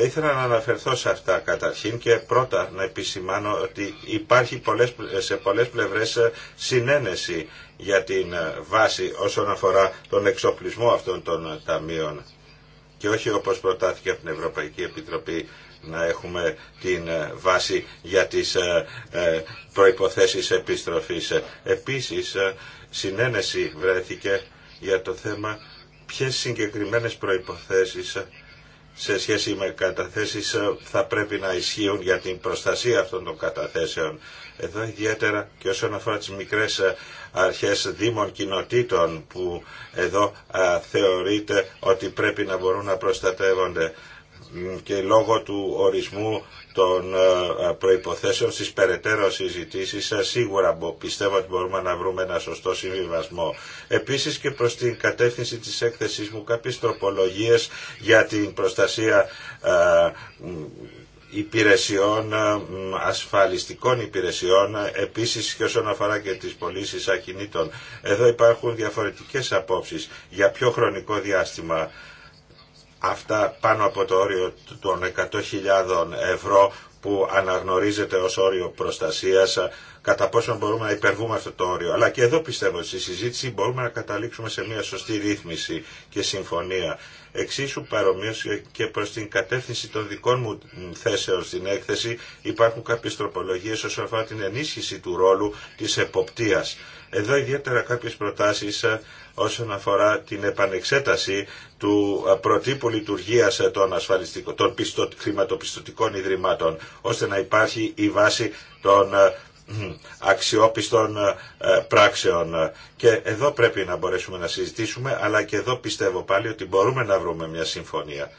Θα ήθελα να αναφερθώ σε αυτά καταρχήν και πρώτα να επισημάνω ότι υπάρχει πολλές, σε πολλές πλευρές συνένεση για την βάση όσον αφορά τον εξοπλισμό αυτών των ταμείων και όχι όπως προτάθηκε από την Ευρωπαϊκή Επιτροπή να έχουμε την βάση για τις ε, ε, προϋποθέσεις επιστροφής. Επίσης, ε, συνένεση βρέθηκε για το θέμα ποιες συγκεκριμένες προϋποθέσεις σε σχέση με καταθέσεις ε, θα πρέπει να ισχύουν για την προστασία αυτών των καταθέσεων. Εδώ ιδιαίτερα και όσον αφορά τις μικρές ε, αρχές δήμων κοινοτήτων που εδώ ε, θεωρείται ότι πρέπει να μπορούν να προστατεύονται και λόγω του ορισμού των ε, ε, προϋποθέσεων στις περαιτέρω συζητήσεις ε, σίγουρα πιστεύω ότι μπορούμε να βρούμε ένα σωστό συμβιβασμό. Επίσης και προς την κατεύθυνση της έκθεσης μου κάποιες τροπολογίες για την προστασία υπηρεσιών, ασφαλιστικών υπηρεσιών, επίσης και όσον αφορά και τις πωλήσει ακινήτων. Εδώ υπάρχουν διαφορετικές απόψεις για πιο χρονικό διάστημα αυτά πάνω από το όριο των 100.000 ευρώ που αναγνωρίζεται ως όριο προστασίας κατά πόσο μπορούμε να υπερβούμε αυτό το όριο. Αλλά και εδώ πιστεύω στη συζήτηση μπορούμε να καταλήξουμε σε μια σωστή ρύθμιση και συμφωνία. Εξίσου παρομοίως και προς την κατεύθυνση των δικών μου θέσεων στην έκθεση υπάρχουν κάποιες τροπολογίες όσον αφορά την ενίσχυση του ρόλου της εποπτείας. Εδώ ιδιαίτερα κάποιες προτάσεις όσον αφορά την επανεξέταση του προτύπου λειτουργίας των, των πιστο, χρηματοπιστωτικών ιδρυμάτων, ώστε να υπάρχει η βάση των ε, αξιόπιστων ε, πράξεων. Και εδώ πρέπει να μπορέσουμε να συζητήσουμε, αλλά και εδώ πιστεύω πάλι ότι μπορούμε να βρούμε μια συμφωνία.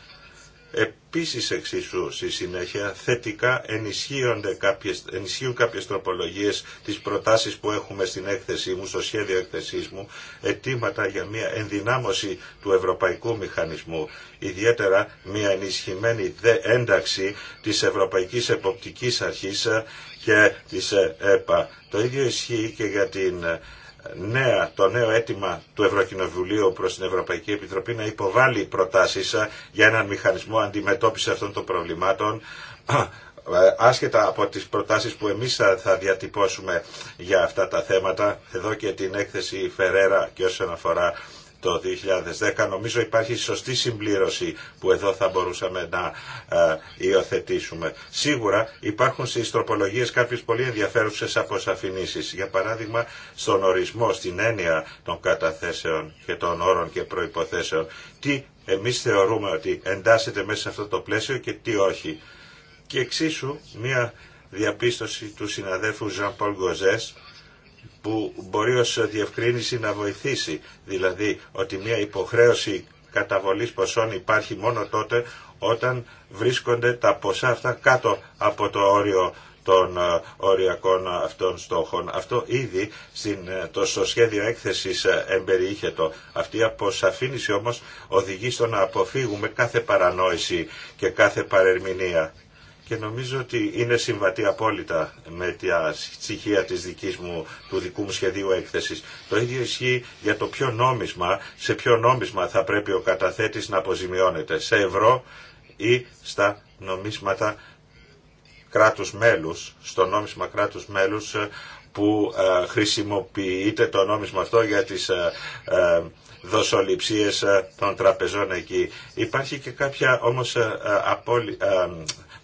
Επίσης εξίσου στη συνέχεια θετικά ενισχύονται κάποιες, ενισχύουν κάποιες τροπολογίες τις προτάσεις που έχουμε στην έκθεσή μου, στο σχέδιο έκθεσής μου, αιτήματα για μια ενδυνάμωση του ευρωπαϊκού μηχανισμού, ιδιαίτερα μια ενισχυμένη δε ένταξη της Ευρωπαϊκής Εποπτικής Αρχής και της ε, ΕΠΑ. Το ίδιο ισχύει και για την νέα, το νέο αίτημα του Ευρωκοινοβουλίου προς την Ευρωπαϊκή Επιτροπή να υποβάλει προτάσεις για έναν μηχανισμό αντιμετώπισης αυτών των προβλημάτων άσχετα από τις προτάσεις που εμείς θα, διατυπώσουμε για αυτά τα θέματα εδώ και την έκθεση Φερέρα και όσον αφορά το 2010. Νομίζω υπάρχει σωστή συμπλήρωση που εδώ θα μπορούσαμε να ε, υιοθετήσουμε. Σίγουρα υπάρχουν στι τροπολογίε κάποιε πολύ ενδιαφέρουσε αποσαφηνήσει. Για παράδειγμα, στον ορισμό, στην έννοια των καταθέσεων και των όρων και προποθέσεων, Τι εμείς θεωρούμε ότι εντάσσεται μέσα σε αυτό το πλαίσιο και τι όχι. Και εξίσου μια διαπίστωση του συναδέλφου Jean-Paul Gauzès που μπορεί ως διευκρίνηση να βοηθήσει. Δηλαδή ότι μια υποχρέωση καταβολής ποσών υπάρχει μόνο τότε όταν βρίσκονται τα ποσά αυτά κάτω από το όριο των ε, οριακών αυτών στόχων. Αυτό ήδη στην, ε, το, στο σχέδιο έκθεσης ε, εμπεριείχε Αυτή η αποσαφήνιση όμως οδηγεί στο να αποφύγουμε κάθε παρανόηση και κάθε παρερμηνία και νομίζω ότι είναι συμβατή απόλυτα με τη στοιχεία της δικής μου, του δικού μου σχεδίου έκθεσης. Το ίδιο ισχύει για το ποιο νόμισμα, σε ποιο νόμισμα θα πρέπει ο καταθέτης να αποζημιώνεται, σε ευρώ ή στα νομίσματα κράτους μέλους, στο νόμισμα κράτους μέλους ε, που ε, χρησιμοποιείται το νόμισμα αυτό για τις ε, δοσοληψίες των τραπεζών εκεί. Υπάρχει και κάποια όμως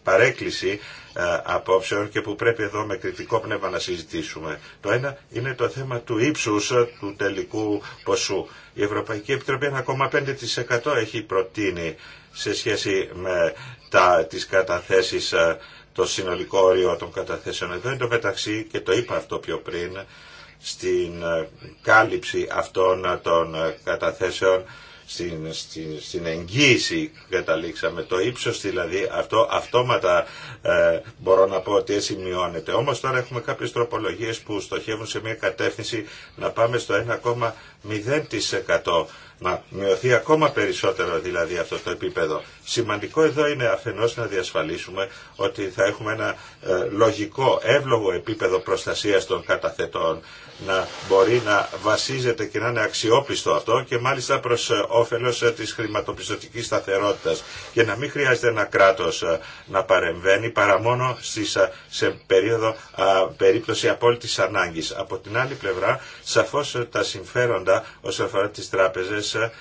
παρέκκληση ε, απόψεων και που πρέπει εδώ με κριτικό πνεύμα να συζητήσουμε. Το ένα είναι το θέμα του ύψους ε, του τελικού ποσού. Η Ευρωπαϊκή Επιτροπή 1,5% έχει προτείνει σε σχέση με τα, τις καταθέσεις, ε, το συνολικό όριο των καταθέσεων. Εδώ είναι το μεταξύ, και το είπα αυτό πιο πριν, στην κάλυψη αυτών των καταθέσεων στην, στην, στην εγγύηση καταλήξαμε, το ύψος δηλαδή αυτό αυτόματα ε, μπορώ να πω ότι έτσι μειώνεται. Όμως τώρα έχουμε κάποιες τροπολογίες που στοχεύουν σε μια κατεύθυνση να πάμε στο 1,0% να μειωθεί ακόμα περισσότερο δηλαδή αυτό το επίπεδο. Σημαντικό εδώ είναι αφενός να διασφαλίσουμε ότι θα έχουμε ένα ε, λογικό, εύλογο επίπεδο προστασίας των καταθετών να μπορεί να βασίζεται και να είναι αξιόπιστο αυτό και μάλιστα προς ε, όφελος ε, της χρηματοπιστωτικής σταθερότητας και να μην χρειάζεται ένα κράτος να παρεμβαίνει παρά μόνο σε περίοδο, περίπτωση απόλυτης ανάγκης. Από την άλλη πλευρά, σαφώς τα συμφέροντα όσον αφορά τις τράπεζες σε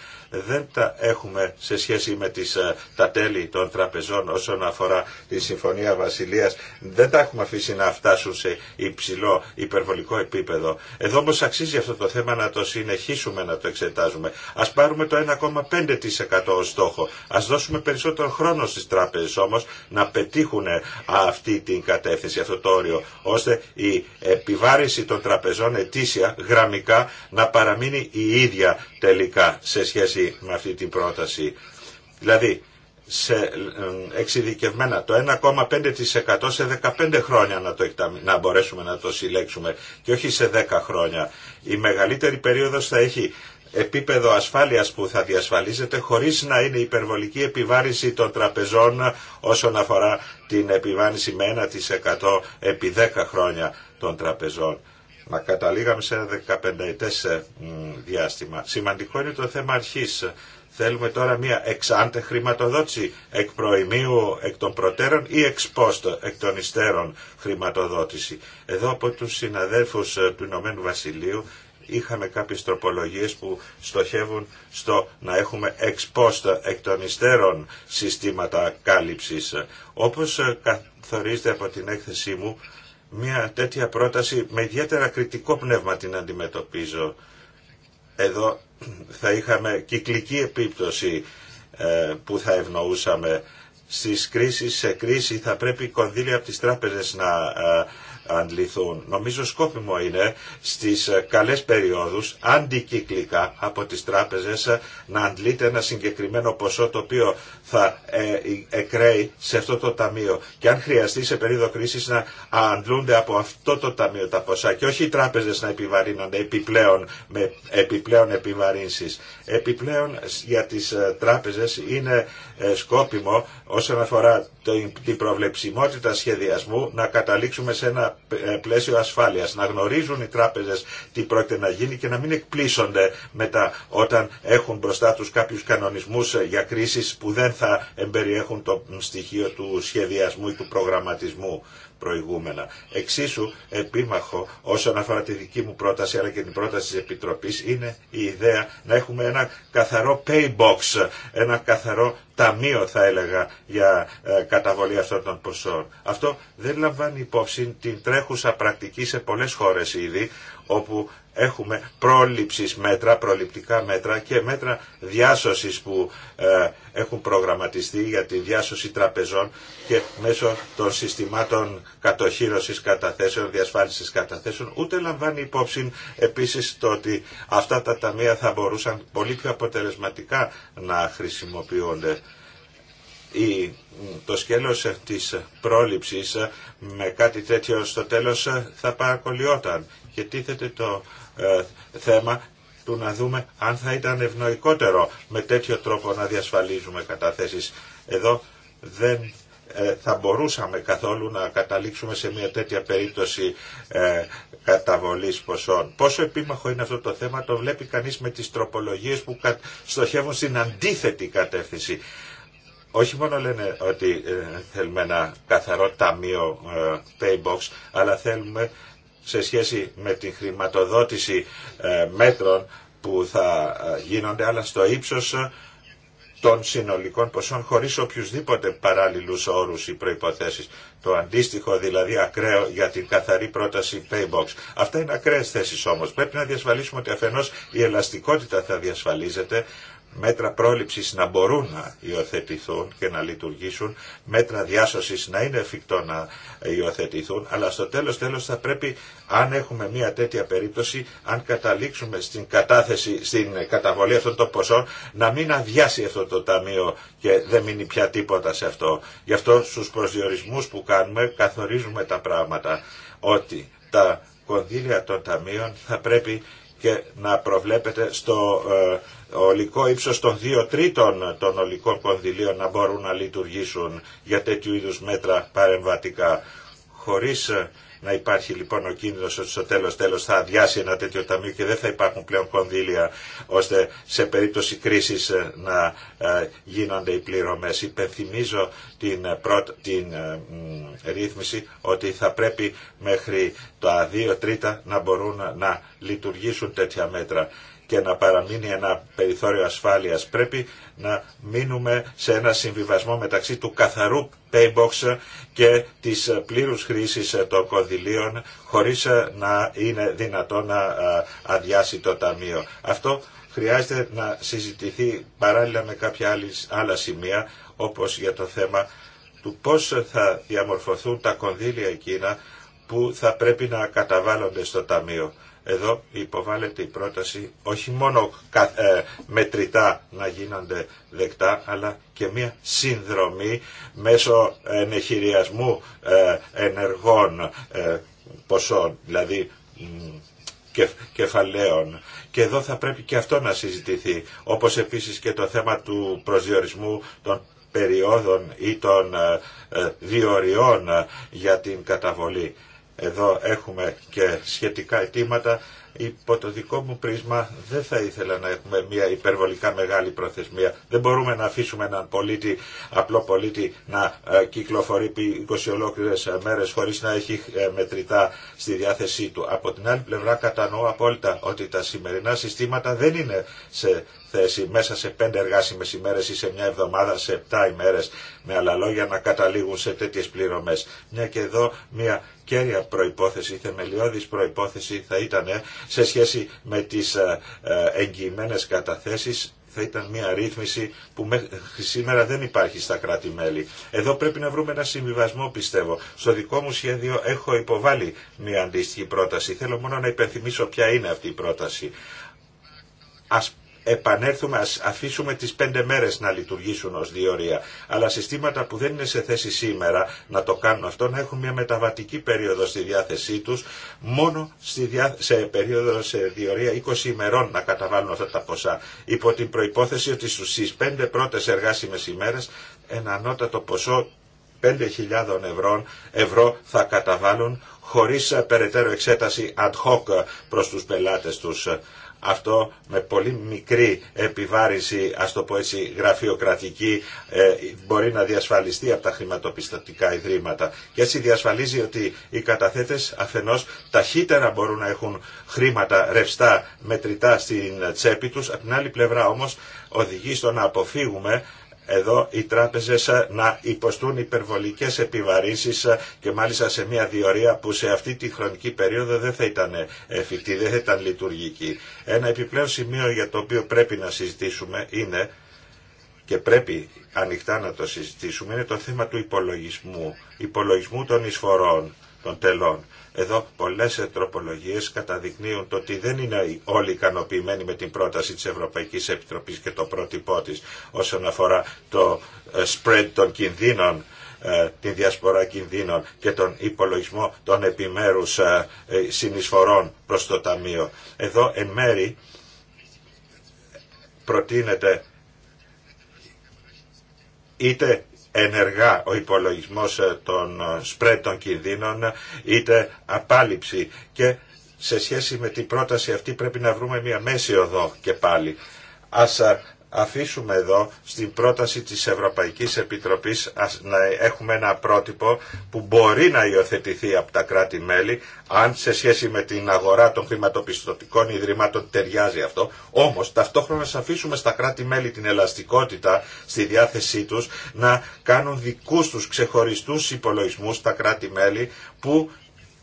δεν τα έχουμε σε σχέση με τις, ε, τα τέλη των τραπεζών όσον αφορά τη Συμφωνία Βασιλείας. Δεν τα έχουμε αφήσει να φτάσουν σε υψηλό υπερβολικό επίπεδο. Εδώ όμως αξίζει αυτό το θέμα να το συνεχίσουμε να το εξετάζουμε. Ας πάρουμε το 1,5% ως στόχο. Ας δώσουμε περισσότερο χρόνο στις τράπεζες όμως να πετύχουν αυτή την κατεύθυνση, αυτό το όριο, ώστε η επιβάρηση των τραπεζών ετήσια γραμμικά να παραμείνει η ίδια τελικά σε σχέση με αυτή την πρόταση. Δηλαδή, σε εξειδικευμένα το 1,5% σε 15 χρόνια να, το, να μπορέσουμε να το συλλέξουμε και όχι σε 10 χρόνια. Η μεγαλύτερη περίοδος θα έχει επίπεδο ασφάλειας που θα διασφαλίζεται χωρίς να είναι υπερβολική επιβάρηση των τραπεζών όσον αφορά την επιβάρηση με 1% επί 10 χρόνια των τραπεζών να καταλήγαμε σε ένα 15 ε, διάστημα. Σημαντικό είναι το θέμα αρχής. Θέλουμε τώρα μια εξάντε χρηματοδότηση εκ προημίου, εκ των προτέρων ή εξ πόστο, εκ των υστέρων χρηματοδότηση. Εδώ από τους συναδέλφους ε, του Ηνωμένου Βασιλείου είχαμε κάποιες τροπολογίες που στοχεύουν στο να έχουμε εξ πόστο, εκ των υστέρων συστήματα κάλυψης. Όπως ε, καθορίζεται από την έκθεσή μου, μια τέτοια πρόταση με ιδιαίτερα κριτικό πνεύμα την αντιμετωπίζω. Εδώ θα είχαμε κυκλική επίπτωση ε, που θα ευνοούσαμε στις κρίσεις σε κρίση θα πρέπει κονδύλια από τις τράπεζες να ε, Νομίζω σκόπιμο είναι στις ε, καλές περιόδους αντικυκλικά από τις τράπεζες ε, να αντλείται ένα συγκεκριμένο ποσό το οποίο θα ε, εκραίει σε αυτό το ταμείο και αν χρειαστεί σε περίοδο κρίσης να αντλούνται από αυτό το ταμείο τα ποσά και όχι οι τράπεζες να επιβαρύνονται επιπλέον με επιπλέον επιβαρύνσεις. Επιπλέον για τις τράπεζες είναι σκόπιμο όσον αφορά την προβλεψιμότητα σχεδιασμού να καταλήξουμε σε ένα ε, πλαίσιο ασφάλειας, να γνωρίζουν οι τράπεζες τι πρόκειται να γίνει και να μην εκπλήσονται μετά όταν έχουν μπροστά τους κάποιους κανονισμούς ε, για κρίσεις που δεν θα εμπεριέχουν το στοιχείο του σχεδιασμού ή του προγραμματισμού προηγούμενα. Εξίσου επίμαχο όσον αφορά τη δική μου πρόταση αλλά και την πρόταση της Επιτροπής είναι η ιδέα να έχουμε ένα καθαρό pay box, ένα καθαρό ταμείο θα έλεγα για ε, καταβολή αυτών των ποσών. Αυτό δεν λαμβάνει υπόψη την τρέχουσα πρακτική σε πολλές χώρες ήδη όπου έχουμε πρόληψης μέτρα, προληπτικά μέτρα και μέτρα διάσωσης που ε, έχουν προγραμματιστεί για τη διάσωση τραπεζών και μέσω των συστημάτων κατοχήρωσης καταθέσεων, διασφάλισης καταθέσεων, ούτε λαμβάνει υπόψη επίσης το ότι αυτά τα ταμεία θα μπορούσαν πολύ πιο αποτελεσματικά να χρησιμοποιούνται το σκέλος της πρόληψης με κάτι τέτοιο στο τέλος θα παρακολιόταν και τίθεται το ε, θέμα του να δούμε αν θα ήταν ευνοϊκότερο με τέτοιο τρόπο να διασφαλίζουμε καταθέσεις. Εδώ δεν ε, θα μπορούσαμε καθόλου να καταλήξουμε σε μια τέτοια περίπτωση ε, καταβολής ποσών. Πόσο επίμαχο είναι αυτό το θέμα το βλέπει κανείς με τις τροπολογίες που στοχεύουν στην αντίθετη κατεύθυνση. Όχι μόνο λένε ότι θέλουμε ένα καθαρό ταμείο box, αλλά θέλουμε σε σχέση με τη χρηματοδότηση ε, μέτρων που θα ε, γίνονται, αλλά στο ύψος ε, των συνολικών ποσών χωρίς οποιουσδήποτε παράλληλους όρους ή προϋποθέσεις. Το αντίστοιχο δηλαδή ακραίο για την καθαρή πρόταση Paybox. Αυτά είναι ακραίες θέσεις όμως. Πρέπει να διασφαλίσουμε ότι αφενός η ελαστικότητα θα διασφαλίζεται, μέτρα πρόληψης να μπορούν να υιοθετηθούν και να λειτουργήσουν, μέτρα διάσωσης να είναι εφικτό να υιοθετηθούν, αλλά στο τέλος τέλος θα πρέπει αν έχουμε μια τέτοια περίπτωση, αν καταλήξουμε στην κατάθεση, στην καταβολή αυτών των ποσών, να μην αδειάσει αυτό το ταμείο και δεν μείνει πια τίποτα σε αυτό. Γι' αυτό στους προσδιορισμούς που κάνουμε καθορίζουμε τα πράγματα ότι τα κονδύλια των ταμείων θα πρέπει και να προβλέπετε στο ε, ολικό ύψος των δύο τρίτων των ολικών κονδυλίων να μπορούν να λειτουργήσουν για τέτοιου είδους μέτρα παρεμβατικά. Χωρίς ε, να υπάρχει λοιπόν ο κίνδυνο ότι στο τέλο τέλο θα αδειάσει ένα τέτοιο ταμείο και δεν θα υπάρχουν πλέον κονδύλια ώστε σε περίπτωση κρίση ε, να ε, γίνονται οι πληρωμέ. Υπενθυμίζω την, πρώτη, την ρύθμιση ότι θα πρέπει μέχρι τα δύο τρίτα να μπορούν να λειτουργήσουν τέτοια μέτρα και να παραμείνει ένα περιθώριο ασφάλειας. Πρέπει να μείνουμε σε ένα συμβιβασμό μεταξύ του καθαρού paybox και της πλήρους χρήσης των κονδυλίων χωρίς να είναι δυνατό να αδειάσει το Ταμείο. Αυτό χρειάζεται να συζητηθεί παράλληλα με κάποια άλλα σημεία όπως για το θέμα του πώς θα διαμορφωθούν τα κονδύλια εκείνα που θα πρέπει να καταβάλλονται στο Ταμείο. Εδώ υποβάλλεται η πρόταση όχι μόνο ε, μετρητά να γίνονται δεκτά, αλλά και μια συνδρομή μέσω ενεχειριασμού ε, ενεργών ε, ποσών, δηλαδή κεφαλαίων. Και εδώ θα πρέπει και αυτό να συζητηθεί, όπως επίσης και το θέμα του προσδιορισμού των περιόδων ή των διοριών για την καταβολή. Εδώ έχουμε και σχετικά αιτήματα. Υπό το δικό μου πρίσμα δεν θα ήθελα να έχουμε μια υπερβολικά μεγάλη προθεσμία. Δεν μπορούμε να αφήσουμε έναν πολίτη, απλό πολίτη να ε, κυκλοφορεί 20 ολόκληρες ε, μέρες χωρίς να έχει ε, μετρητά στη διάθεσή του. Από την άλλη πλευρά κατανοώ απόλυτα ότι τα σημερινά συστήματα δεν είναι σε θέση μέσα σε πέντε εργάσιμες ημέρες ή σε μια εβδομάδα, σε 7 ημέρες με άλλα λόγια να καταλήγουν σε τέτοιες πληρωμές. Μια και εδώ μια κέρια προϋπόθεση, θεμελιώδης προϋπόθεση θα ήταν ε, σε σχέση με τις ε, ε, εγγυημένες καταθέσεις θα ήταν μια ρύθμιση που μέχρι σήμερα δεν υπάρχει στα κράτη-μέλη. Εδώ πρέπει να βρούμε ένα συμβιβασμό πιστεύω. Στο δικό μου σχέδιο έχω υποβάλει μια αντίστοιχη πρόταση. Θέλω μόνο να υπενθυμίσω ποια είναι αυτή η πρόταση. Ας επανέλθουμε, ας αφήσουμε τις πέντε μέρες να λειτουργήσουν ως διορία. Αλλά συστήματα που δεν είναι σε θέση σήμερα να το κάνουν αυτό, να έχουν μια μεταβατική περίοδο στη διάθεσή τους, μόνο σε περίοδο σε διορία 20 ημερών να καταβάλουν αυτά τα ποσά. Υπό την προϋπόθεση ότι στις πέντε πρώτες εργάσιμες ημέρες ένα ανώτατο ποσό 5.000 ευρώ, ευρώ θα καταβάλουν χωρίς ε, περαιτέρω εξέταση ad hoc ε, προς τους πελάτες τους αυτό με πολύ μικρή επιβάρηση, ας το πω έτσι, γραφειοκρατική ε, μπορεί να διασφαλιστεί από τα χρηματοπιστωτικά ιδρύματα. Και έτσι διασφαλίζει ότι οι καταθέτες αφενός ταχύτερα μπορούν να έχουν χρήματα ρευστά μετρητά στην τσέπη τους, από την άλλη πλευρά όμως οδηγεί στο να αποφύγουμε εδώ οι τράπεζες ε, να υποστούν υπερβολικές επιβαρύνσεις ε, και μάλιστα σε μια διορία που σε αυτή τη χρονική περίοδο δεν θα ήταν ε, εφικτή, δεν θα ήταν λειτουργική. Ένα επιπλέον σημείο για το οποίο πρέπει να συζητήσουμε είναι και πρέπει ανοιχτά να το συζητήσουμε είναι το θέμα του υπολογισμού, υπολογισμού των εισφορών, των τελών. Εδώ πολλές τροπολογίε καταδεικνύουν το ότι δεν είναι όλοι ικανοποιημένοι με την πρόταση της Ευρωπαϊκής Επιτροπής και το πρότυπό τη όσον αφορά το ε, spread των κινδύνων ε, την διασπορά κινδύνων και τον υπολογισμό των επιμέρους ε, συνεισφορών προς το Ταμείο. Εδώ εν μέρη προτείνεται είτε ενεργά ο υπολογισμός ε, των σπρέτ ε, των κινδύνων ε, είτε απάλληψη και σε σχέση με την πρόταση αυτή πρέπει να βρούμε μια μέση οδό και πάλι. Ας αφήσουμε εδώ στην πρόταση της Ευρωπαϊκής Επιτροπής να έχουμε ένα πρότυπο που μπορεί να υιοθετηθεί από τα κράτη-μέλη αν σε σχέση με την αγορά των χρηματοπιστωτικών ιδρυμάτων ταιριάζει αυτό. Όμως ταυτόχρονα αφήσουμε στα κράτη-μέλη την ελαστικότητα στη διάθεσή τους να κάνουν δικούς τους ξεχωριστούς υπολογισμούς τα κράτη-μέλη που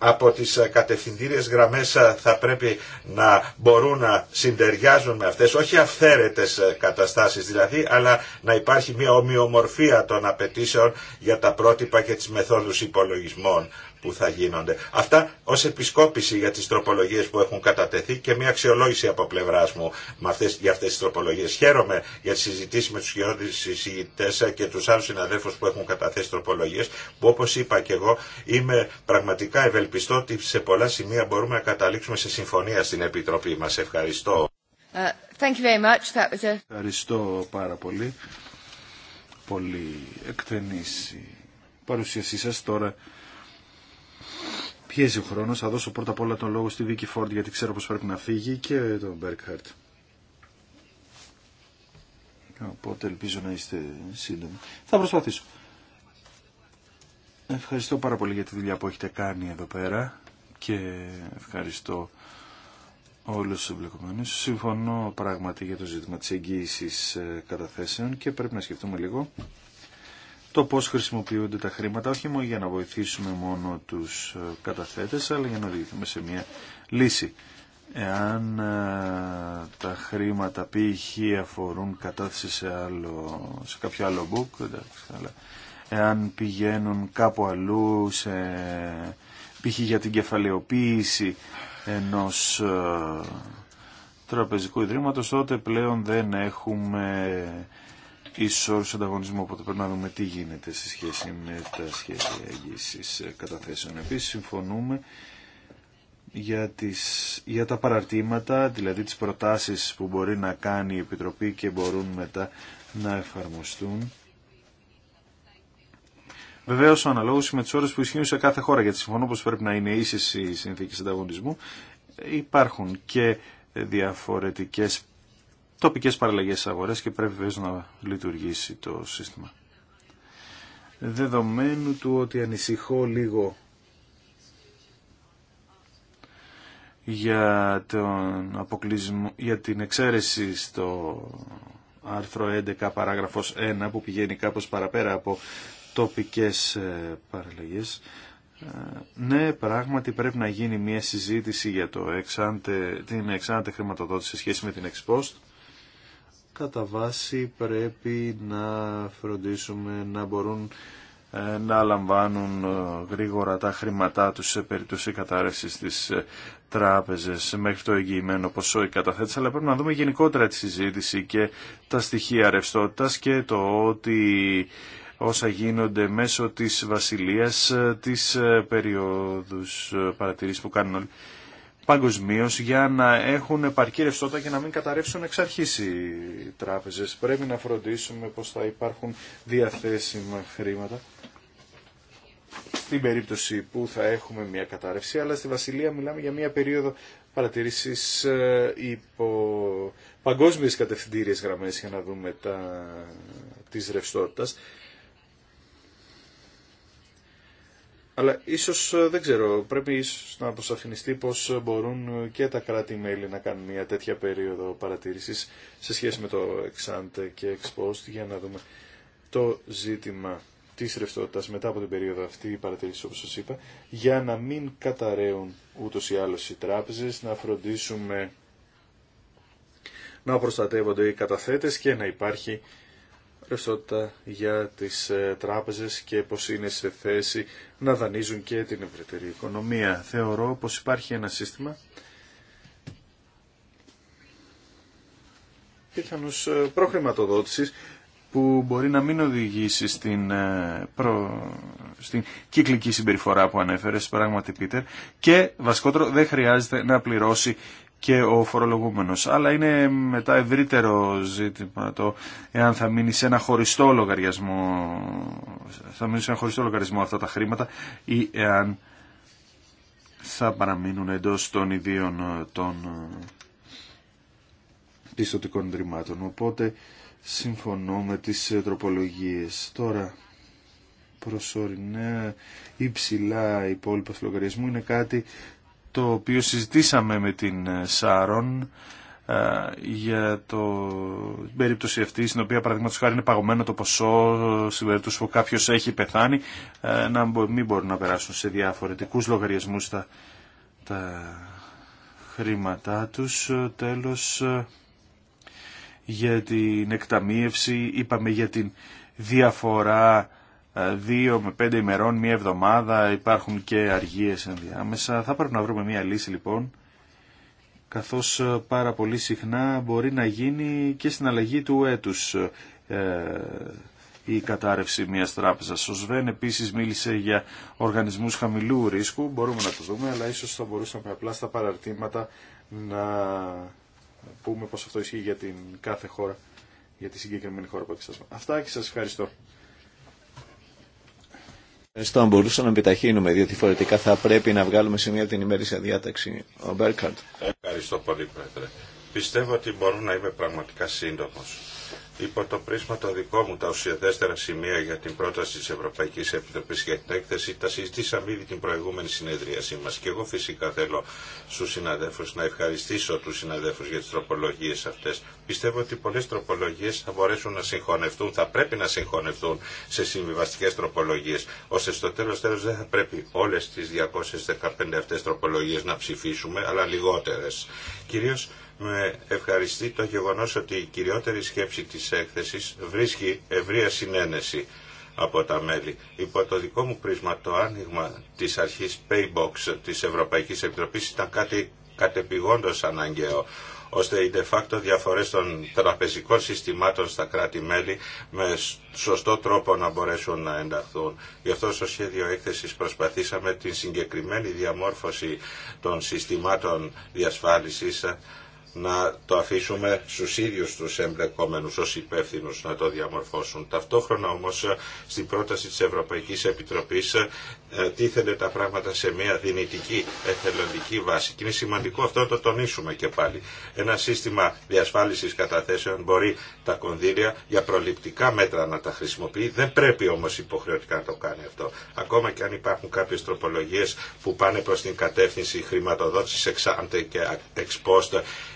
από τις ε, κατευθυντήριες γραμμές ε, θα πρέπει να μπορούν να συντεριάζουν με αυτές, όχι αυθαίρετες ε, καταστάσεις δηλαδή, αλλά να υπάρχει μια ομοιομορφία των απαιτήσεων για τα πρότυπα και τις μεθόδους υπολογισμών που θα γίνονται. Αυτά ω επισκόπηση για τι τροπολογίε που έχουν κατατεθεί και μια αξιολόγηση από πλευρά μου αυτές, για αυτέ τι τροπολογίε. Χαίρομαι για τι συζητήσεις με τους γεώδεις συζητητέ και του άλλου συναδέλφους που έχουν καταθέσει τροπολογίε που όπω είπα και εγώ είμαι πραγματικά ευελπιστό ότι σε πολλά σημεία μπορούμε να καταλήξουμε σε συμφωνία στην Επιτροπή μα. Ευχαριστώ. Ε, thank you very much. That was a... Ευχαριστώ πάρα πολύ. Πολύ εκτενής η παρουσίασή τώρα πιέζει ο χρόνος. Θα δώσω πρώτα απ' όλα τον λόγο στη Βίκη Φόρντ γιατί ξέρω πως πρέπει να φύγει και τον Μπέρκχαρτ. Οπότε ελπίζω να είστε σύντομοι. Θα προσπαθήσω. Ευχαριστώ πάρα πολύ για τη δουλειά που έχετε κάνει εδώ πέρα και ευχαριστώ όλους τους εμπλεκομένους. Συμφωνώ πράγματι για το ζήτημα της εγγύησης ε, καταθέσεων και πρέπει να σκεφτούμε λίγο το πώς χρησιμοποιούνται τα χρήματα, όχι μόνο για να βοηθήσουμε μόνο τους ε, καταθέτες, αλλά για να οδηγηθούμε σε μια λύση. Εάν ε, τα χρήματα π.χ. αφορούν κατάθεση σε, άλλο, σε κάποιο άλλο book, εντάξει, αλλά εάν πηγαίνουν κάπου αλλού, σε, π.χ. για την κεφαλαιοποίηση ενός ε, τραπεζικού ιδρύματος, τότε πλέον δεν έχουμε ίσως ανταγωνισμού, οπότε πρέπει να δούμε τι γίνεται σε σχέση με τα σχέδια εγγύησης καταθέσεων. Επίσης συμφωνούμε για, τις, για τα παραρτήματα, δηλαδή τις προτάσεις που μπορεί να κάνει η Επιτροπή και μπορούν μετά να εφαρμοστούν. Βεβαίω, ο αναλόγω με τι ώρε που ισχύουν σε κάθε χώρα, γιατί συμφωνώ πω πρέπει να είναι ίσε οι συνθήκε ανταγωνισμού, υπάρχουν και διαφορετικέ τοπικές παραλλαγές στις αγορές και πρέπει βέβαια να λειτουργήσει το σύστημα. Δεδομένου του ότι ανησυχώ λίγο για, τον αποκλεισμό, για την εξαίρεση στο άρθρο 11 παράγραφος 1 που πηγαίνει κάπως παραπέρα από τοπικές ε, παραλλαγές. Ε, ναι, πράγματι πρέπει να γίνει μια συζήτηση για το εξάντε, την εξάντε χρηματοδότηση σε σχέση με την εξπόστ κατά βάση πρέπει να φροντίσουμε να μπορούν ε, να λαμβάνουν ε, γρήγορα τα χρήματά τους σε περίπτωση κατάρρευσης της ε, τράπεζες μέχρι το εγγυημένο ποσό η καταθέτηση, αλλά πρέπει να δούμε γενικότερα τη συζήτηση και τα στοιχεία ρευστότητα και το ότι όσα γίνονται μέσω της βασιλείας, της περίοδους παρατηρήσεις που κάνουν όλοι παγκοσμίω για να έχουν επαρκή ρευστότητα και να μην καταρρεύσουν εξ αρχή οι τράπεζες. Πρέπει να φροντίσουμε πώ θα υπάρχουν διαθέσιμα χρήματα στην περίπτωση που θα έχουμε μια κατάρρευση, αλλά στη Βασιλεία μιλάμε για μια περίοδο παρατηρήσεις ε, υπό παγκόσμιε κατευθυντήριες γραμμές για να δούμε τα... της Αλλά ίσως ε, δεν ξέρω, πρέπει ίσως να αποσαφινιστεί πώς μπορούν και τα κράτη-μέλη να κάνουν μια τέτοια περίοδο παρατήρησης σε σχέση με το εξάντε και εξπόστ για να δούμε το ζήτημα τη ρευστότητα μετά από την περίοδο αυτή η παρατήρηση όπως σα είπα για να μην καταραίουν ούτω ή άλλως οι τράπεζε να φροντίσουμε να προστατεύονται οι καταθέτες και να υπάρχει ρευστότητα για τις ε, τράπεζες και πως είναι σε θέση να δανείζουν και την ευρύτερη οικονομία. Θεωρώ πως υπάρχει ένα σύστημα πιθανούς ε, προχρηματοδότησης που μπορεί να μην οδηγήσει στην, ε, στην κύκλική συμπεριφορά που ανέφερε, πράγματι Πίτερ, και βασικότερο δεν χρειάζεται να πληρώσει και ο φορολογούμενος. Αλλά είναι μετά ευρύτερο ζήτημα το εάν θα μείνει σε ένα χωριστό λογαριασμό, θα μείνει σε ένα χωριστό λογαριασμό αυτά τα χρήματα ή εάν θα παραμείνουν εντός των ιδίων των ε, πιστοτικών ιδρυμάτων. Οπότε συμφωνώ με τις ε, τροπολογίες. Τώρα προσωρινά υψηλά υπόλοιπα λογαριασμού είναι κάτι το οποίο συζητήσαμε με την ε, Σάρον ε, για το την περίπτωση αυτή, στην οποία παραδείγματος χάρη είναι παγωμένο το ποσό, στην περίπτωση που κάποιος έχει πεθάνει, ε, να μην μπορούν να περάσουν σε διαφορετικούς λογαριασμούς τα, τα χρήματά τους. Τέλος, για την εκταμίευση, είπαμε για την διαφορά δύο με πέντε ημερών, μία εβδομάδα, υπάρχουν και αργίες ενδιάμεσα. Θα πρέπει να βρούμε μία λύση λοιπόν, καθώς ε, πάρα πολύ συχνά μπορεί να γίνει και στην αλλαγή του έτους ε, η κατάρρευση μιας τράπεζας. Ο Σβέν επίσης μίλησε για οργανισμούς χαμηλού ρίσκου, μπορούμε να το δούμε, αλλά ίσως θα μπορούσαμε απλά στα παραρτήματα να πούμε πως αυτό ισχύει για την κάθε χώρα, για τη συγκεκριμένη χώρα που εξετάζουμε. Αυτά και σας ευχαριστώ. Ευχαριστώ. Αν μπορούσα να επιταχύνουμε, διότι φορετικά θα πρέπει να βγάλουμε σε μια την σε διάταξη. Ο Μπέρκαρτ. Ευχαριστώ πολύ, Πρόεδρε. Πιστεύω ότι μπορώ να είμαι πραγματικά σύντομο υπό το πρίσμα το δικό μου τα ουσιαδέστερα σημεία για την πρόταση της Ευρωπαϊκής Επιτροπής για την έκθεση τα συζητήσαμε ήδη την προηγούμενη συνεδρίασή μας και εγώ φυσικά θέλω στους συναδέλφους να ευχαριστήσω τους συναδέλφους για τις τροπολογίες αυτές. Πιστεύω ότι πολλές τροπολογίες θα μπορέσουν να συγχωνευτούν, θα πρέπει να συγχωνευτούν σε συμβιβαστικές τροπολογίες, ώστε στο τέλος τέλος δεν θα πρέπει όλες τις 215 αυτές τροπολογίες να ψηφίσουμε, αλλά λιγότερες. Κυρίως με ευχαριστεί το γεγονός ότι η κυριότερη σκέψη της έκθεσης βρίσκει ευρεία συνένεση από τα μέλη. Υπό το δικό μου πρίσμα το άνοιγμα της αρχής Paybox της Ευρωπαϊκής Επιτροπής ήταν κάτι κατεπηγόντως αναγκαίο ώστε οι de facto διαφορές των τραπεζικών συστημάτων στα κράτη-μέλη με σωστό τρόπο να μπορέσουν να ενταχθούν. Γι' αυτό στο σχέδιο έκθεσης προσπαθήσαμε την συγκεκριμένη διαμόρφωση των συστημάτων διασφάλισης να το αφήσουμε στους ίδιους τους εμπλεκόμενους ως υπεύθυνους να το διαμορφώσουν. Ταυτόχρονα όμως στην πρόταση της Ευρωπαϊκής Επιτροπής ε, τίθενται τα πράγματα σε μια δυνητική εθελοντική βάση και είναι σημαντικό αυτό να το τονίσουμε και πάλι. Ένα σύστημα διασφάλισης καταθέσεων μπορεί τα κονδύλια για προληπτικά μέτρα να τα χρησιμοποιεί, δεν πρέπει όμως υποχρεωτικά να το κάνει αυτό. Ακόμα και αν υπάρχουν κάποιες τροπολογίες που πάνε προς την κατεύθυνση χρηματοδότησης εξάντε και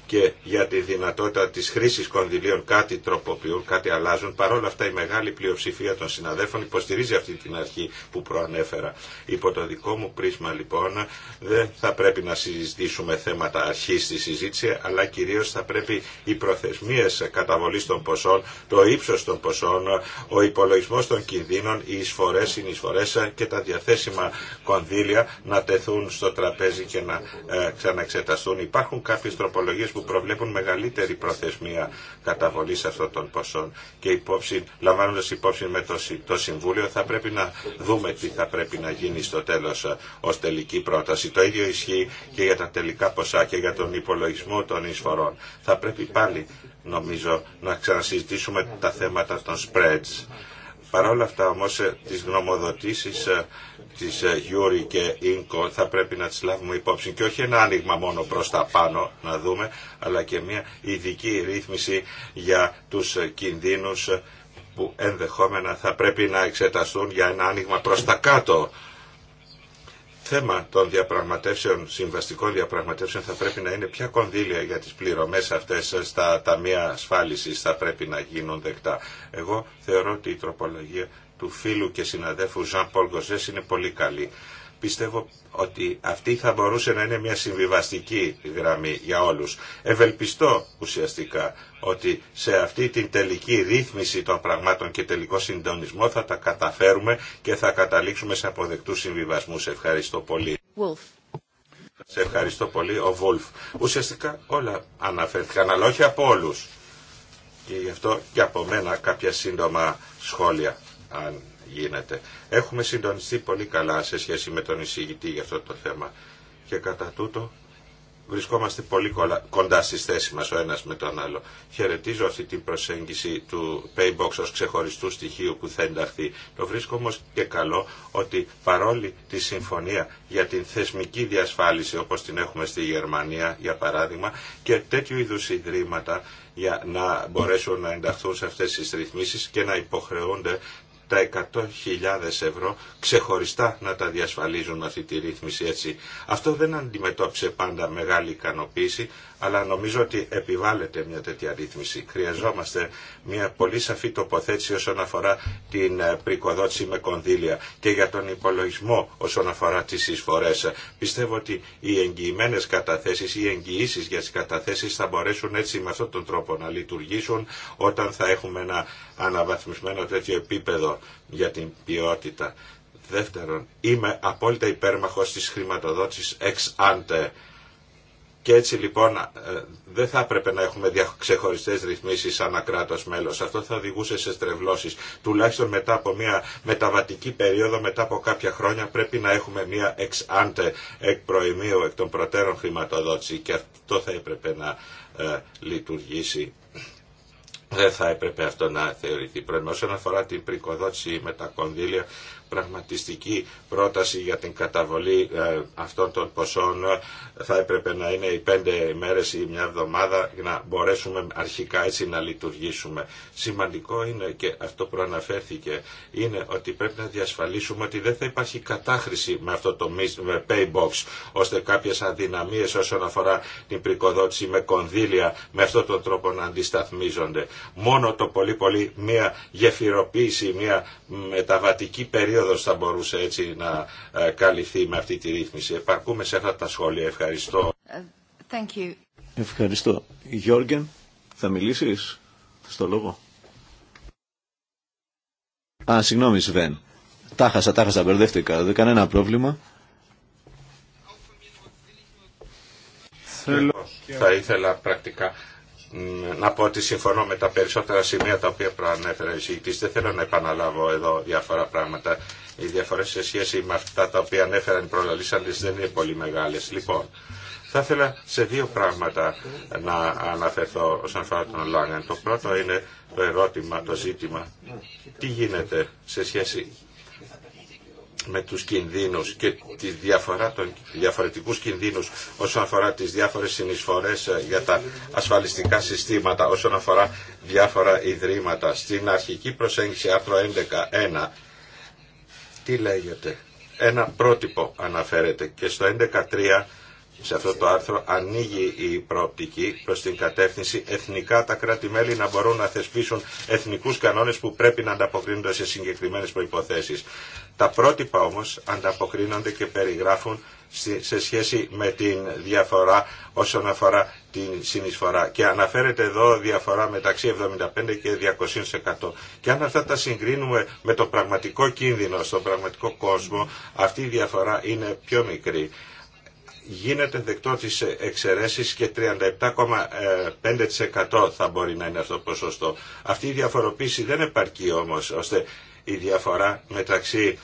και για τη δυνατότητα της χρήσης κονδυλίων κάτι τροποποιούν, κάτι αλλάζουν. Παρ' όλα αυτά η μεγάλη πλειοψηφία των συναδέλφων υποστηρίζει αυτή την αρχή που προανέφερα. Υπό το δικό μου πρίσμα λοιπόν δεν θα πρέπει να συζητήσουμε θέματα αρχής στη συζήτηση αλλά κυρίως θα πρέπει οι προθεσμίες καταβολής των ποσών, το ύψος των ποσών, ο υπολογισμός των κινδύνων, οι εισφορές, συνεισφορές και τα διαθέσιμα κονδύλια να τεθούν στο τραπέζι και να ε, ξαναεξεταστούν. Υπάρχουν κάποιες τροπολογίες που προβλέπουν μεγαλύτερη προθεσμία καταβολής αυτών των ποσών και υπόψη, λαμβάνοντας υπόψη με το, το Συμβούλιο θα πρέπει να δούμε τι θα πρέπει να γίνει στο τέλος ε, ως τελική πρόταση. Το ίδιο ισχύει και για τα τελικά ποσά και για τον υπολογισμό των εισφορών. Θα πρέπει πάλι νομίζω να ξανασυζητήσουμε τα θέματα των spreads Παρ' όλα αυτά όμως ε, τις γνωμοδοτήσεις ε, της ε, Γιούρι και Ίνκο θα πρέπει να τις λάβουμε υπόψη και όχι ένα άνοιγμα μόνο προς τα πάνω να δούμε αλλά και μια ειδική ρύθμιση για τους κινδύνους που ενδεχόμενα θα πρέπει να εξεταστούν για ένα άνοιγμα προς τα κάτω θέμα των διαπραγματεύσεων, συμβαστικών διαπραγματεύσεων θα πρέπει να είναι ποια κονδύλια για τις πληρωμές αυτές στα ταμεία ασφάλισης θα πρέπει να γίνουν δεκτά. Εγώ θεωρώ ότι η τροπολογία του φίλου και συναδέφου Ζαν Πολ Γκοζές είναι πολύ καλή πιστεύω ότι αυτή θα μπορούσε να είναι μια συμβιβαστική γραμμή για όλους. Ευελπιστώ ουσιαστικά ότι σε αυτή την τελική ρύθμιση των πραγμάτων και τελικό συντονισμό θα τα καταφέρουμε και θα καταλήξουμε σε αποδεκτούς συμβιβασμούς. Ευχαριστώ πολύ. Wolf. Σε ευχαριστώ πολύ, ο Βούλφ. Ουσιαστικά όλα αναφέρθηκαν, αλλά όχι από όλους. Και γι' αυτό και από μένα κάποια σύντομα σχόλια, αν Έχουμε συντονιστεί πολύ καλά σε σχέση με τον εισηγητή για αυτό το θέμα και κατά τούτο βρισκόμαστε πολύ κοντά στις θέσεις μας ο ένας με τον άλλο. Χαιρετίζω αυτή την προσέγγιση του Paybox ως ξεχωριστού στοιχείου που θα ενταχθεί. Το βρίσκω όμως και καλό ότι παρόλη τη συμφωνία για την θεσμική διασφάλιση όπως την έχουμε στη Γερμανία για παράδειγμα και τέτοιου είδους ιδρύματα για να μπορέσουν να ενταχθούν σε αυτές τις ρυθμίσεις και να υποχρεούνται τα 100.000 ευρώ ξεχωριστά να τα διασφαλίζουν αυτή τη ρύθμιση έτσι. Αυτό δεν αντιμετώπισε πάντα μεγάλη ικανοποίηση, αλλά νομίζω ότι επιβάλλεται μια τέτοια ρύθμιση. Χρειαζόμαστε μια πολύ σαφή τοποθέτηση όσον αφορά την ε, πρικοδότηση με κονδύλια και για τον υπολογισμό όσον αφορά τις εισφορές. Πιστεύω ότι οι εγγυημένε καταθέσεις οι εγγυήσει για τις καταθέσεις θα μπορέσουν έτσι με αυτόν τον τρόπο να λειτουργήσουν όταν θα έχουμε ένα αναβαθμισμένο τέτοιο επίπεδο για την ποιότητα. Δεύτερον, είμαι απόλυτα υπέρμαχος της χρηματοδότησης ex ante. Και έτσι λοιπόν ε, δεν θα έπρεπε να έχουμε ξεχωριστέ ρυθμίσει σαν κράτο μέλο. Αυτό θα οδηγούσε σε στρεβλώσει. Τουλάχιστον μετά από μια μεταβατική περίοδο, μετά από κάποια χρόνια, πρέπει να έχουμε μια εξ άντε εκ προημίου, εκ των προτέρων χρηματοδότηση. Και αυτό θα έπρεπε να ε, λειτουργήσει δεν θα έπρεπε αυτό να θεωρηθεί πρόβλημα. Όσον αφορά την πρικοδότηση με τα κονδύλια, πραγματιστική πρόταση για την καταβολή ε, αυτών των ποσών θα έπρεπε να είναι οι πέντε μέρες ή μια εβδομάδα για να μπορέσουμε αρχικά έτσι να λειτουργήσουμε. Σημαντικό είναι και αυτό που αναφέρθηκε είναι ότι πρέπει να διασφαλίσουμε ότι δεν θα υπάρχει κατάχρηση με αυτό το pay box ώστε κάποιες αδυναμίες όσον αφορά την πρικοδότηση με κονδύλια με αυτόν τον τρόπο να αντισταθμίζονται. Μόνο το πολύ πολύ μια γεφυροποίηση, μια μεταβατική περίοδο θα μπορούσε έτσι να ε, καλυφθεί με αυτή τη ρύθμιση. Επαρκούμε σε αυτά τα σχόλια. Ευχαριστώ. Ε, thank you. Ευχαριστώ. Γιώργεν, θα μιλήσεις στο λόγο. Α, συγγνώμη Σβέν. Τάχασα, χασα, μπερδεύτηκα. Δεν κανένα πρόβλημα. Θέλω... Θα ήθελα πρακτικά να πω ότι συμφωνώ με τα περισσότερα σημεία τα οποία προανέφερε η εισηγητής. Δεν θέλω να επαναλάβω εδώ διάφορα πράγματα. Οι διαφορές σε σχέση με αυτά τα οποία ανέφεραν οι προλαλήσαντες δεν είναι πολύ μεγάλες. Λοιπόν, θα ήθελα σε δύο πράγματα να αναφερθώ όσον αφορά τον Λάγκαν. Το πρώτο είναι το ερώτημα, το ζήτημα, τι γίνεται σε σχέση με τους κινδύνους και τη διαφορά των διαφορετικούς κινδύνους όσον αφορά τις διάφορες συνεισφορές ε, για τα ασφαλιστικά συστήματα, όσον αφορά διάφορα ιδρύματα. Στην αρχική προσέγγιση άρθρο 11.1 τι λέγεται. Ένα πρότυπο αναφέρεται και στο 11.3 σε αυτό το άρθρο ανοίγει η προοπτική προς την κατεύθυνση εθνικά τα κράτη-μέλη να μπορούν να θεσπίσουν εθνικούς κανόνες που πρέπει να ανταποκρίνονται σε συγκεκριμένες προϋποθέσεις. Τα πρότυπα όμως ανταποκρίνονται και περιγράφουν σε σχέση με την διαφορά όσον αφορά την συνεισφορά. Και αναφέρεται εδώ διαφορά μεταξύ 75% και 200%. Και αν αυτά τα συγκρίνουμε με το πραγματικό κίνδυνο στον πραγματικό κόσμο, αυτή η διαφορά είναι πιο μικρή γίνεται δεκτό τις εξαιρέσεις και 37,5% θα μπορεί να είναι αυτό το ποσοστό. Αυτή η διαφοροποίηση δεν επαρκεί όμως ώστε η διαφορά μεταξύ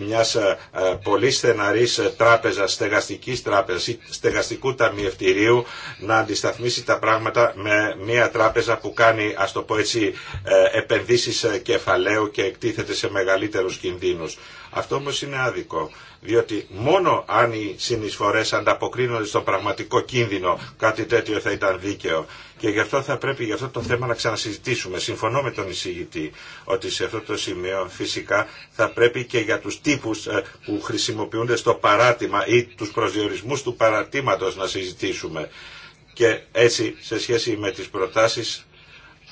μιας ε, πολύ στεναρής ε, τράπεζας, στεγαστικής τράπεζας ή στεγαστικού ταμιευτηρίου να αντισταθμίσει τα πράγματα με μια τράπεζα που κάνει, ας το πω έτσι, ε, επενδύσεις κεφαλαίου και εκτίθεται σε μεγαλύτερους κινδύνους. Αυτό όμως είναι άδικο, διότι μόνο αν οι συνεισφορές ανταποκρίνονται στον πραγματικό κίνδυνο κάτι τέτοιο θα ήταν δίκαιο. Και γι' αυτό θα πρέπει για αυτό το θέμα να ξανασυζητήσουμε. Συμφωνώ με τον εισηγητή ότι σε αυτό το σημείο φυσικά θα πρέπει και για τους τύπους ε, που χρησιμοποιούνται στο παράτημα ή τους προσδιορισμούς του παρατήματος να συζητήσουμε. Και έτσι σε σχέση με τις προτάσεις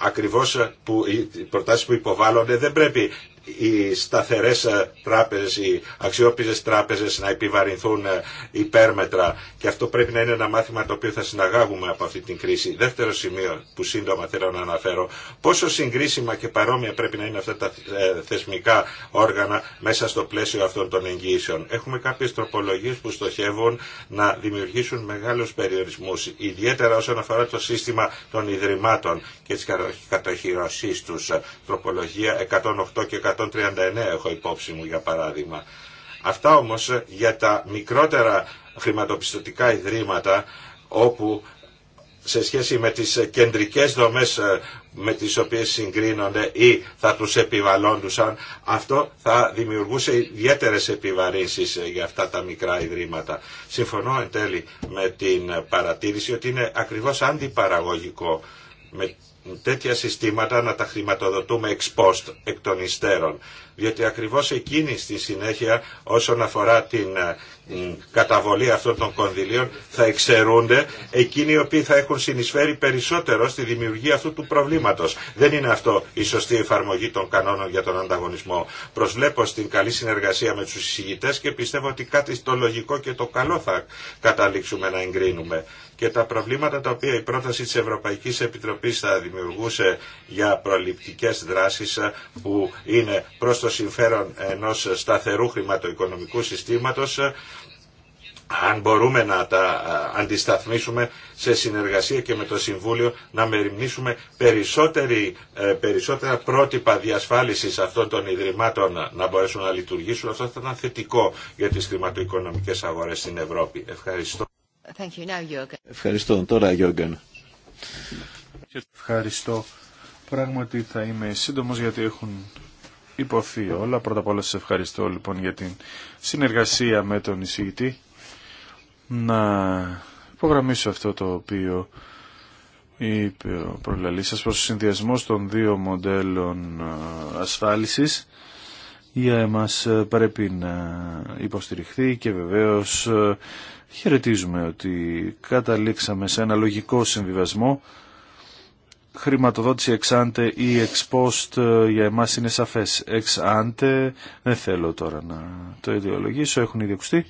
ακριβώς ε, που οι προτάσεις που υποβάλλονται δεν πρέπει οι σταθερές ε, τράπεζες, οι αξιόπιζες τράπεζες να επιβαρυνθούν ε, υπέρμετρα και αυτό πρέπει να είναι ένα μάθημα το οποίο θα συναγάγουμε από αυτή την κρίση. Δεύτερο σημείο που σύντομα θέλω να αναφέρω, πόσο συγκρίσιμα και παρόμοια πρέπει να είναι αυτά τα ε, θεσμικά όργανα μέσα στο πλαίσιο αυτών των εγγύσεων. Έχουμε κάποιες τροπολογίες που στοχεύουν να δημιουργήσουν μεγάλους περιορισμούς, ιδιαίτερα όσον αφορά το σύστημα των ιδρυμάτων και της κατοχυρωσής τους, τροπολογία 108 και 139 έχω υπόψη μου για παράδειγμα. Αυτά όμως για τα μικρότερα χρηματοπιστωτικά ιδρύματα όπου σε σχέση με τις κεντρικές δομές ε, με τις οποίες συγκρίνονται ή θα τους επιβαλόντουσαν, αυτό θα δημιουργούσε ιδιαίτερε επιβαρύνσεις ε, για αυτά τα μικρά ιδρύματα. Συμφωνώ εν τέλει με την παρατήρηση ότι είναι ακριβώς αντιπαραγωγικό με τέτοια συστήματα να τα χρηματοδοτούμε εξ post, εκ των υστέρων διότι ακριβώς εκείνη στη συνέχεια όσον αφορά ε, την καταβολή αυτών των κονδυλίων θα εξαιρούνται εκείνοι οι οποίοι θα έχουν συνεισφέρει περισσότερο στη δημιουργία αυτού του προβλήματος. Δεν είναι αυτό η σωστή εφαρμογή των κανόνων για τον ανταγωνισμό. Προσβλέπω στην καλή συνεργασία με τους εισηγητές και πιστεύω ότι κάτι στο λογικό και το καλό θα καταλήξουμε να εγκρίνουμε. Και τα προβλήματα τα οποία η πρόταση της Ευρωπαϊκής Επιτροπής θα δημιουργούσε για προληπτικές δράσεις ε, που είναι προς στο συμφέρον ενός σταθερού χρηματοοικονομικού συστήματος αν μπορούμε να τα αντισταθμίσουμε σε συνεργασία και με το Συμβούλιο να μεριμνήσουμε ε, περισσότερα πρότυπα διασφάλισης αυτών των ιδρυμάτων να μπορέσουν να λειτουργήσουν. Αυτό θα ήταν θετικό για τις χρηματοοικονομικές αγορές στην Ευρώπη. Ευχαριστώ. Ευχαριστώ. Τώρα, Γιώργεν. Ευχαριστώ. Πράγματι θα είμαι σύντομος γιατί έχουν υποθεί όλα. Πρώτα απ' όλα σας ευχαριστώ λοιπόν για την συνεργασία με τον εισηγητή. Να υπογραμμίσω αυτό το οποίο είπε ο προλαλής σας προς των δύο μοντέλων ασφάλισης για εμάς πρέπει να υποστηριχθεί και βεβαίως ε, χαιρετίζουμε ότι καταλήξαμε σε ένα λογικό συμβιβασμό χρηματοδότηση εξάντε ή εξπόστ για εμάς είναι σαφές. Εξάντε δεν θέλω τώρα να το ιδεολογήσω, έχουν ακουστεί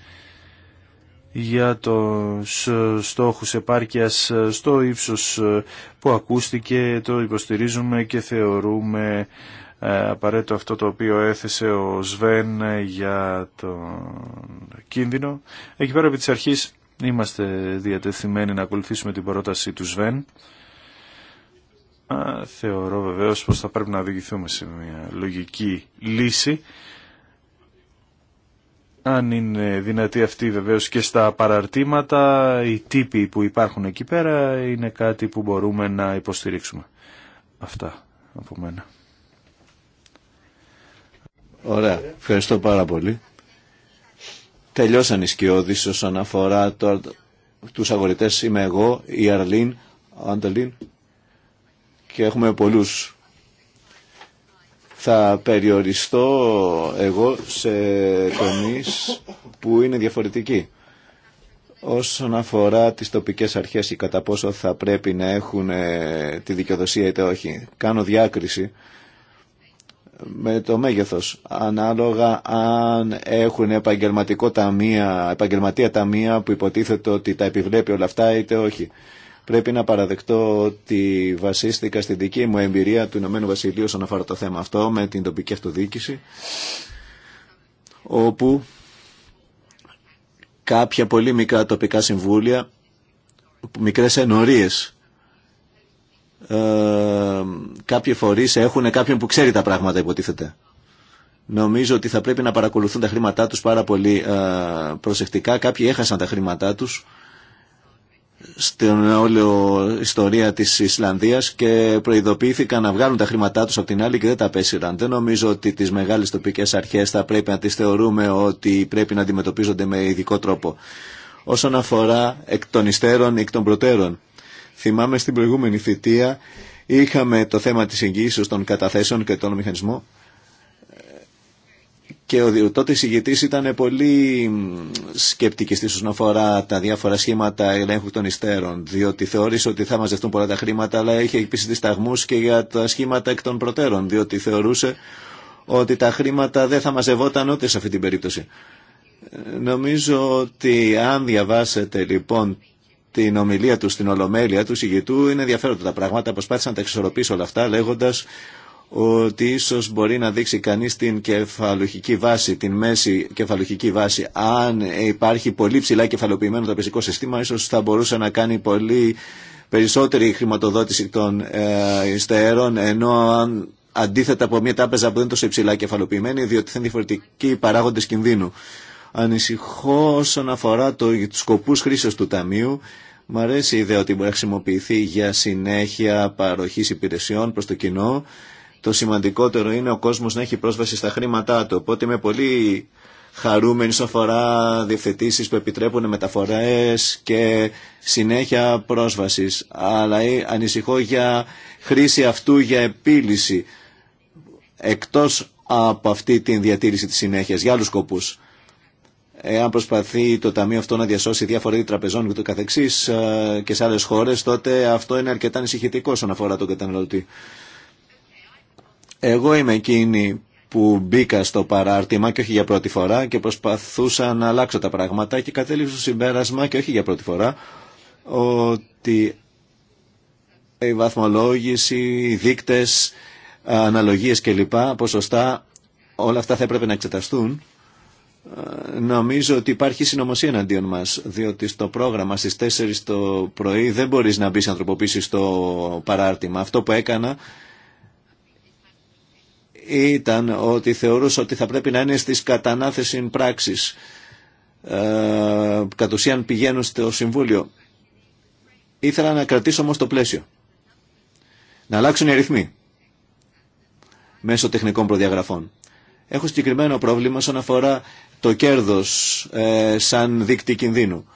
για τους ε, στόχους επάρκειας ε, στο ύψος ε, που ακούστηκε, το υποστηρίζουμε και θεωρούμε απαραίτητο αυτό το οποίο έθεσε ο Σβέν για τον κίνδυνο. Εκεί πέρα επί της είμαστε διατεθειμένοι να ακολουθήσουμε την πρόταση του Σβέν Α, θεωρώ βεβαίως πως θα πρέπει να οδηγηθούμε σε μια λογική λύση. Αν είναι δυνατή αυτή βεβαίως και στα παραρτήματα, οι τύποι που υπάρχουν εκεί πέρα είναι κάτι που μπορούμε να υποστηρίξουμε. Αυτά από μένα. Ωραία. Ευχαριστώ πάρα πολύ. Τελειώσαν οι σκιώδεις όσον αφορά το, τους αγορητές. Είμαι εγώ, η Αρλίν, ο Αντελίν και έχουμε πολλούς. Θα περιοριστώ εγώ σε τομείς που είναι διαφορετικοί. Όσον αφορά τις τοπικές αρχές ή κατά πόσο θα πρέπει να έχουν ε, τη δικαιοδοσία είτε όχι, κάνω διάκριση με το μέγεθος, ανάλογα αν έχουν επαγγελματικό ταμεία, επαγγελματία ταμεία που υποτίθεται ότι τα επιβλέπει όλα αυτά είτε όχι. Πρέπει να παραδεχτώ ότι βασίστηκα στην δική μου εμπειρία του Ηνωμένου Βασιλείου όσον αφορά το θέμα αυτό με την τοπική αυτοδιοίκηση όπου κάποια πολύ μικρά τοπικά συμβούλια, μικρές ενορίες, ε, κάποιοι φορείς έχουν κάποιον που ξέρει τα πράγματα υποτίθεται. Νομίζω ότι θα πρέπει να παρακολουθούν τα χρήματά τους πάρα πολύ ε, προσεκτικά. Κάποιοι έχασαν τα χρήματά τους στην όλη ιστορία της Ισλανδίας και προειδοποιήθηκαν να βγάλουν τα χρήματά τους από την άλλη και δεν τα πέσυραν. Δεν νομίζω ότι τις μεγάλες τοπικές αρχές θα πρέπει να τις θεωρούμε ότι πρέπει να αντιμετωπίζονται με ειδικό τρόπο. Όσον αφορά εκ των υστέρων, εκ των προτέρων. Θυμάμαι στην προηγούμενη θητεία είχαμε το θέμα της εγγύησης των καταθέσεων και των μηχανισμών και ο τότε ηγητή ήταν πολύ σκεπτική όσον αφορά τα διάφορα σχήματα ελέγχου των υστέρων, διότι θεώρησε ότι θα μαζευτούν πολλά τα χρήματα, αλλά είχε επίση δισταγμού και για τα σχήματα εκ των προτέρων, διότι θεωρούσε ότι τα χρήματα δεν θα μαζευόταν ούτε σε αυτή την περίπτωση. Ε, νομίζω ότι αν διαβάσετε λοιπόν την ομιλία του στην Ολομέλεια του ηγητού είναι ενδιαφέροντα τα πράγματα. Προσπάθησα να τα εξορροπήσω όλα αυτά λέγοντα ότι ίσως μπορεί να δείξει κανείς την κεφαλοχική βάση, την μέση κεφαλοχική βάση. Αν υπάρχει πολύ ψηλά κεφαλοποιημένο τραπεζικό σύστημα, ίσως θα μπορούσε να κάνει πολύ περισσότερη χρηματοδότηση των ε, ενώ αντίθετα από μια τράπεζα που δεν είναι τόσο υψηλά κεφαλοποιημένη, διότι θα είναι διαφορετικοί παράγοντε κινδύνου. Ανησυχώ όσον αφορά το, τους σκοπούς χρήσεως του Ταμείου, Μ' αρέσει η ιδέα ότι μπορεί να χρησιμοποιηθεί για συνέχεια παροχής υπηρεσιών προς το κοινό το σημαντικότερο είναι ο κόσμος να έχει πρόσβαση στα χρήματά του. Οπότε είμαι πολύ χαρούμενη όσον αφορά διευθετήσεις που επιτρέπουν μεταφορές και συνέχεια πρόσβασης. Αλλά ε, ανησυχώ για χρήση αυτού για επίλυση εκτός από αυτή την διατήρηση της συνέχειας για άλλους σκοπούς. Εάν προσπαθεί το Ταμείο αυτό να διασώσει διάφορα τραπεζών και το καθεξής ε, και σε άλλες χώρες, τότε αυτό είναι αρκετά ανησυχητικό όσον αφορά τον καταναλωτή. Εγώ είμαι εκείνη που μπήκα στο παράρτημα και όχι για πρώτη φορά και προσπαθούσα να αλλάξω τα πράγματα και κατέληξα στο συμπέρασμα και όχι για πρώτη φορά ότι η βαθμολόγηση, οι δείκτες, αναλογίες κλπ, ποσοστά, όλα αυτά θα έπρεπε να εξεταστούν. Νομίζω ότι υπάρχει συνωμοσία εναντίον μας, διότι στο πρόγραμμα στις 4 το πρωί δεν μπορείς να μπει ανθρωποποίηση στο παράρτημα. Αυτό που έκανα ήταν ότι θεωρούσα ότι θα πρέπει να είναι στις κατανάθεσιν πράξεις Ε, κατ' ουσίαν πηγαίνουν στο Συμβούλιο. Ήθελα να κρατήσω όμως το πλαίσιο. Να αλλάξουν οι αριθμοί μέσω τεχνικών προδιαγραφών. Έχω συγκεκριμένο πρόβλημα όσον αφορά το κέρδος ε, σαν δίκτυ κινδύνου.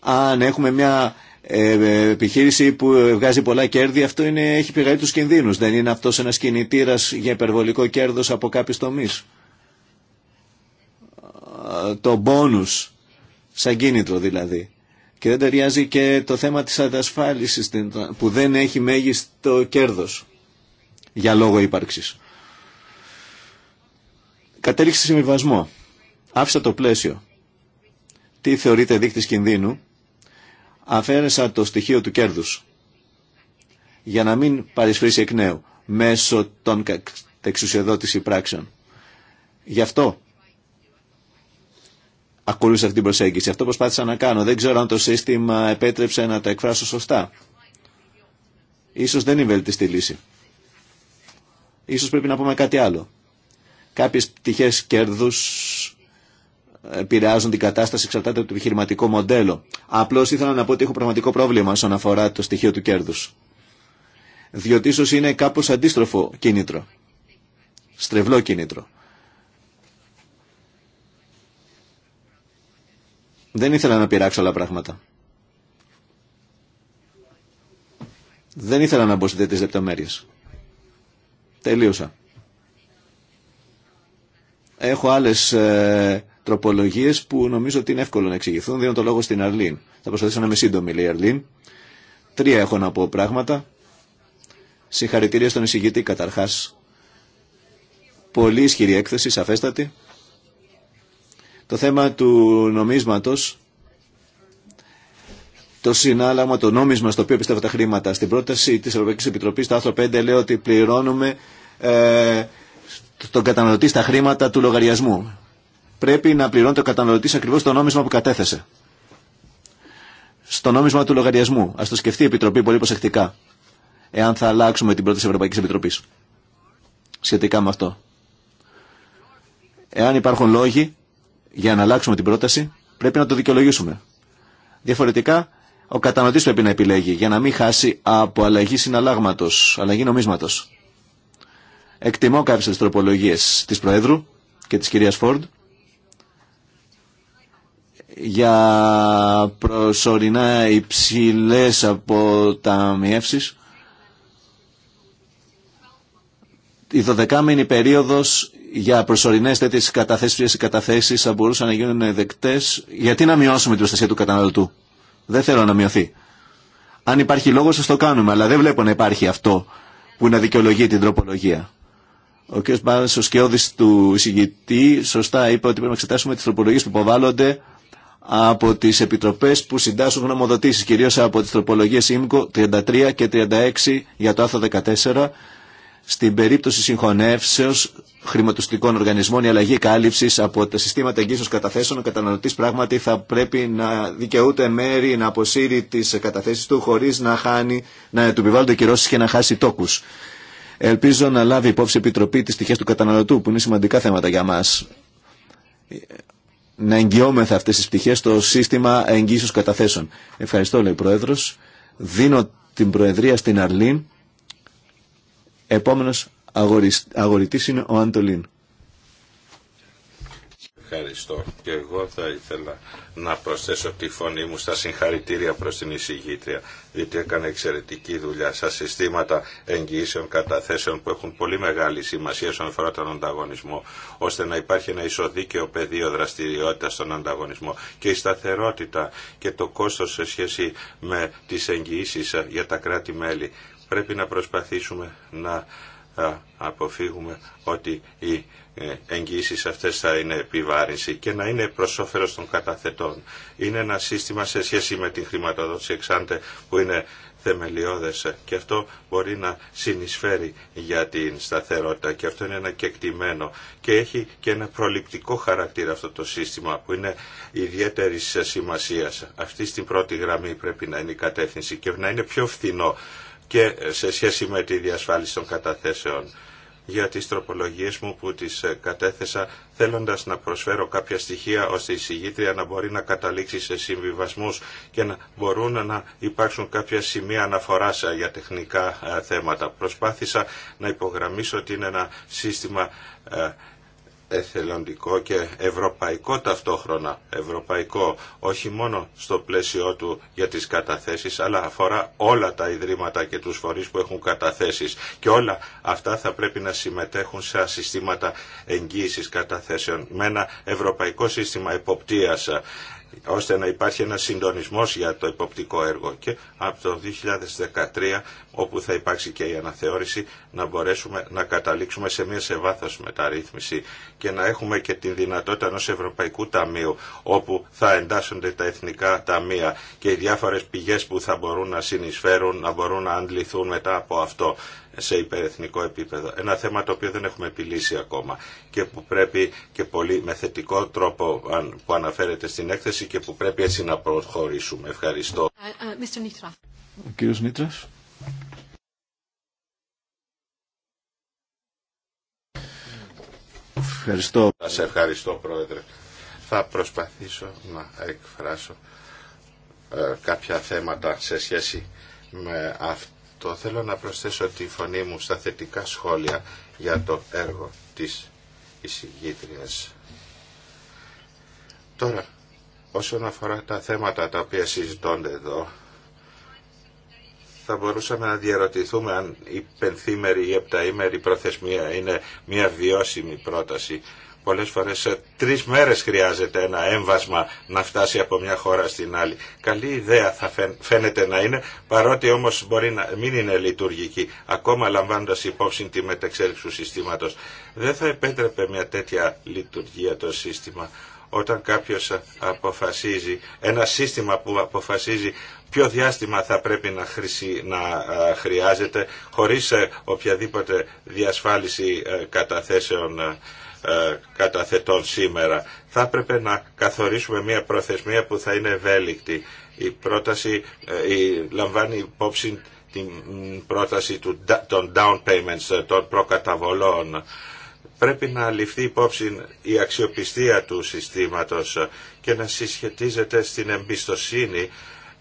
Αν έχουμε μια ε, ε, επιχείρηση που βγάζει πολλά κέρδη, αυτό είναι, έχει πηγαίνει τους κινδύνους. Δεν είναι αυτό ένα κινητήρα για υπερβολικό κέρδο από κάποιε τομεί. Ε, το μπόνους, σαν κίνητρο δηλαδή. Και δεν ταιριάζει και το θέμα της αντασφάλισης που δεν έχει μέγιστο κέρδος για λόγο ύπαρξης. Κατέληξε συμβιβασμό. Άφησα το πλαίσιο. Τι θεωρείται δείκτης κινδύνου αφαίρεσα το στοιχείο του κέρδους για να μην παρισφρήσει εκ νέου μέσω των εξουσιοδότηση πράξεων. Γι' αυτό ακολούθησα αυτή την προσέγγιση. Αυτό προσπάθησα να κάνω. Δεν ξέρω αν το σύστημα επέτρεψε να τα εκφράσω σωστά. Ίσως δεν είναι βέλτιστη λύση. Ίσως πρέπει να πούμε κάτι άλλο. Κάποιες πτυχές κέρδους επηρεάζουν την κατάσταση εξαρτάται από το επιχειρηματικό μοντέλο. Απλώ ήθελα να πω ότι έχω πραγματικό πρόβλημα όσον αφορά το στοιχείο του κέρδου. Διότι ίσω είναι κάπω αντίστροφο κίνητρο. Στρεβλό κίνητρο. Δεν ήθελα να πειράξω άλλα πράγματα. Δεν ήθελα να μπω σε τέτοιες λεπτομέρειες. Τελείωσα. Έχω άλλες ε, τροπολογίε που νομίζω ότι είναι εύκολο να εξηγηθούν. Δίνω το λόγο στην Αρλίν. Θα προσπαθήσω να είμαι σύντομη, λέει η Αρλίν. Τρία έχω να πω πράγματα. Συγχαρητήρια στον εισηγητή καταρχά. Πολύ ισχυρή έκθεση, σαφέστατη. Το θέμα του νομίσματος, το συνάλλαγμα, το νόμισμα στο οποίο πιστεύω τα χρήματα. Στην πρόταση της Ευρωπαϊκή Επιτροπής, το άρθρο 5 λέει ότι πληρώνουμε ε, τον καταναλωτή στα χρήματα του λογαριασμού πρέπει να πληρώνεται ο καταναλωτή ακριβώ το νόμισμα που κατέθεσε. Στο νόμισμα του λογαριασμού. Α το σκεφτεί η Επιτροπή πολύ προσεκτικά. Εάν θα αλλάξουμε την πρόταση Ευρωπαϊκή Επιτροπή. Σχετικά με αυτό. Εάν υπάρχουν λόγοι για να αλλάξουμε την πρόταση, πρέπει να το δικαιολογήσουμε. Διαφορετικά, ο καταναλωτή πρέπει να επιλέγει για να μην χάσει από αλλαγή συναλλάγματο, αλλαγή νομίσματο. Εκτιμώ κάποιε τροπολογίε τη Προέδρου και τη κυρία Φόρντ για προσωρινά υψηλές αποταμιεύσεις. Η δωδεκάμενη περίοδος για προσωρινέ τέτοιε καταθέσει, ή καταθέσει θα μπορούσαν να γίνουν δεκτέ, γιατί να μειώσουμε την προστασία του καταναλωτού. Δεν θέλω να μειωθεί. Αν υπάρχει λόγο, σα το κάνουμε, αλλά δεν βλέπω να υπάρχει αυτό που να δικαιολογεί την τροπολογία. Ο κ. Μπάρα, ο σκιώδη του εισηγητή, σωστά είπε ότι πρέπει να εξετάσουμε τι τροπολογίε που υποβάλλονται από τις επιτροπές που συντάσσουν γνωμοδοτήσεις, κυρίως από τις τροπολογίες ΙΜΚΟ 33 και 36 για το άρθρο 14, στην περίπτωση συγχωνεύσεως χρηματοστικών οργανισμών η αλλαγή κάλυψη από τα συστήματα εγγύσεως καταθέσεων ο καταναλωτής πράγματι θα πρέπει να δικαιούται μέρη να αποσύρει τις καταθέσεις του χωρίς να, χάνει, να του επιβάλλονται κυρώσεις και να χάσει τόκους. Ελπίζω να λάβει υπόψη η Επιτροπή τις στοιχείες του καταναλωτού που είναι σημαντικά θέματα για μας να εγγυόμεθα αυτές τις πτυχές στο σύστημα εγγύσεως καταθέσεων. Ευχαριστώ, λέει ο Πρόεδρος. Δίνω την Προεδρία στην Αρλίν. Επόμενος αγορητής είναι ο Αντολίν. Ευχαριστώ. Και εγώ θα ήθελα να προσθέσω τη φωνή μου στα συγχαρητήρια προς την εισηγήτρια, διότι έκανε εξαιρετική δουλειά στα συστήματα εγγυήσεων καταθέσεων που έχουν πολύ μεγάλη σημασία στον αφορά τον ανταγωνισμό, ώστε να υπάρχει ένα ισοδίκαιο πεδίο δραστηριότητας στον ανταγωνισμό και η σταθερότητα και το κόστος σε σχέση με τις εγγυήσεις για τα κράτη-μέλη. Πρέπει να προσπαθήσουμε να αποφύγουμε ότι η ε, εγγύησης αυτές θα είναι επιβάρυνση και να είναι προς όφελος των καταθετών. Είναι ένα σύστημα σε σχέση με την χρηματοδότηση εξάντε που είναι θεμελιώδες και αυτό μπορεί να συνεισφέρει για την σταθερότητα και αυτό είναι ένα κεκτημένο και έχει και ένα προληπτικό χαρακτήρα αυτό το σύστημα που είναι ιδιαίτερη σημασία. Αυτή στην πρώτη γραμμή πρέπει να είναι η κατεύθυνση και να είναι πιο φθηνό και σε σχέση με τη διασφάλιση των καταθέσεων για τις τροπολογίες μου που τις ε, κατέθεσα θέλοντας να προσφέρω κάποια στοιχεία ώστε η συγγήτρια να μπορεί να καταλήξει σε συμβιβασμούς και να μπορούν να υπάρξουν κάποια σημεία αναφοράς ε, για τεχνικά ε, θέματα. Προσπάθησα να υπογραμμίσω ότι είναι ένα σύστημα εθελοντικό και ευρωπαϊκό ταυτόχρονα, ευρωπαϊκό, όχι μόνο στο πλαίσιο του για τις καταθέσεις, αλλά αφορά όλα τα ιδρύματα και τους φορείς που έχουν καταθέσεις. Και όλα αυτά θα πρέπει να συμμετέχουν σε συστήματα εγγύησης καταθέσεων, με ένα ευρωπαϊκό σύστημα εποπτείας ώστε να υπάρχει ένα συντονισμός για το υποπτικό έργο. Και από το 2013 όπου θα υπάρξει και η αναθεώρηση, να μπορέσουμε να καταλήξουμε σε μια σε βάθος μεταρρύθμιση και να έχουμε και τη δυνατότητα ενός Ευρωπαϊκού Ταμείου, όπου θα εντάσσονται τα εθνικά ταμεία και οι διάφορες πηγές που θα μπορούν να συνεισφέρουν, να μπορούν να αντληθούν μετά από αυτό σε υπερεθνικό επίπεδο. Ένα θέμα το οποίο δεν έχουμε επιλύσει ακόμα και που πρέπει και πολύ με θετικό τρόπο που αναφέρεται στην έκθεση και που πρέπει έτσι να προχωρήσουμε. Ευχαριστώ. Ε, ε, Ευχαριστώ. Σας ευχαριστώ Πρόεδρε. Θα προσπαθήσω να εκφράσω ε, κάποια θέματα σε σχέση με αυτό. Θέλω να προσθέσω τη φωνή μου στα θετικά σχόλια για το έργο της εισηγήτριας. Τώρα, όσον αφορά τα θέματα τα οποία συζητώνται εδώ, θα μπορούσαμε να διαρωτηθούμε αν η πενθήμερη ή επταήμερη προθεσμία είναι μια βιώσιμη πρόταση. Πολλές φορές ε, τρεις μέρες χρειάζεται ένα έμβασμα να φτάσει από μια χώρα στην άλλη. Καλή ιδέα θα φαίνεται να είναι, παρότι όμως μπορεί να μην είναι λειτουργική, ακόμα λαμβάνοντας υπόψη τη μετεξέλιξη του συστήματος. Δεν θα επέτρεπε μια τέτοια λειτουργία το σύστημα όταν κάποιος αποφασίζει, ένα σύστημα που αποφασίζει ποιο διάστημα θα πρέπει να, χρησι, να ε, χρειάζεται χωρίς ε, οποιαδήποτε διασφάλιση ε, καταθέσεων καταθετών σήμερα. Θα έπρεπε να καθορίσουμε μια προθεσμία που θα είναι ευέλικτη. Η πρόταση η, λαμβάνει υπόψη την πρόταση του, των down payments, των προκαταβολών. Πρέπει να ληφθεί υπόψη η αξιοπιστία του συστήματος και να συσχετίζεται στην εμπιστοσύνη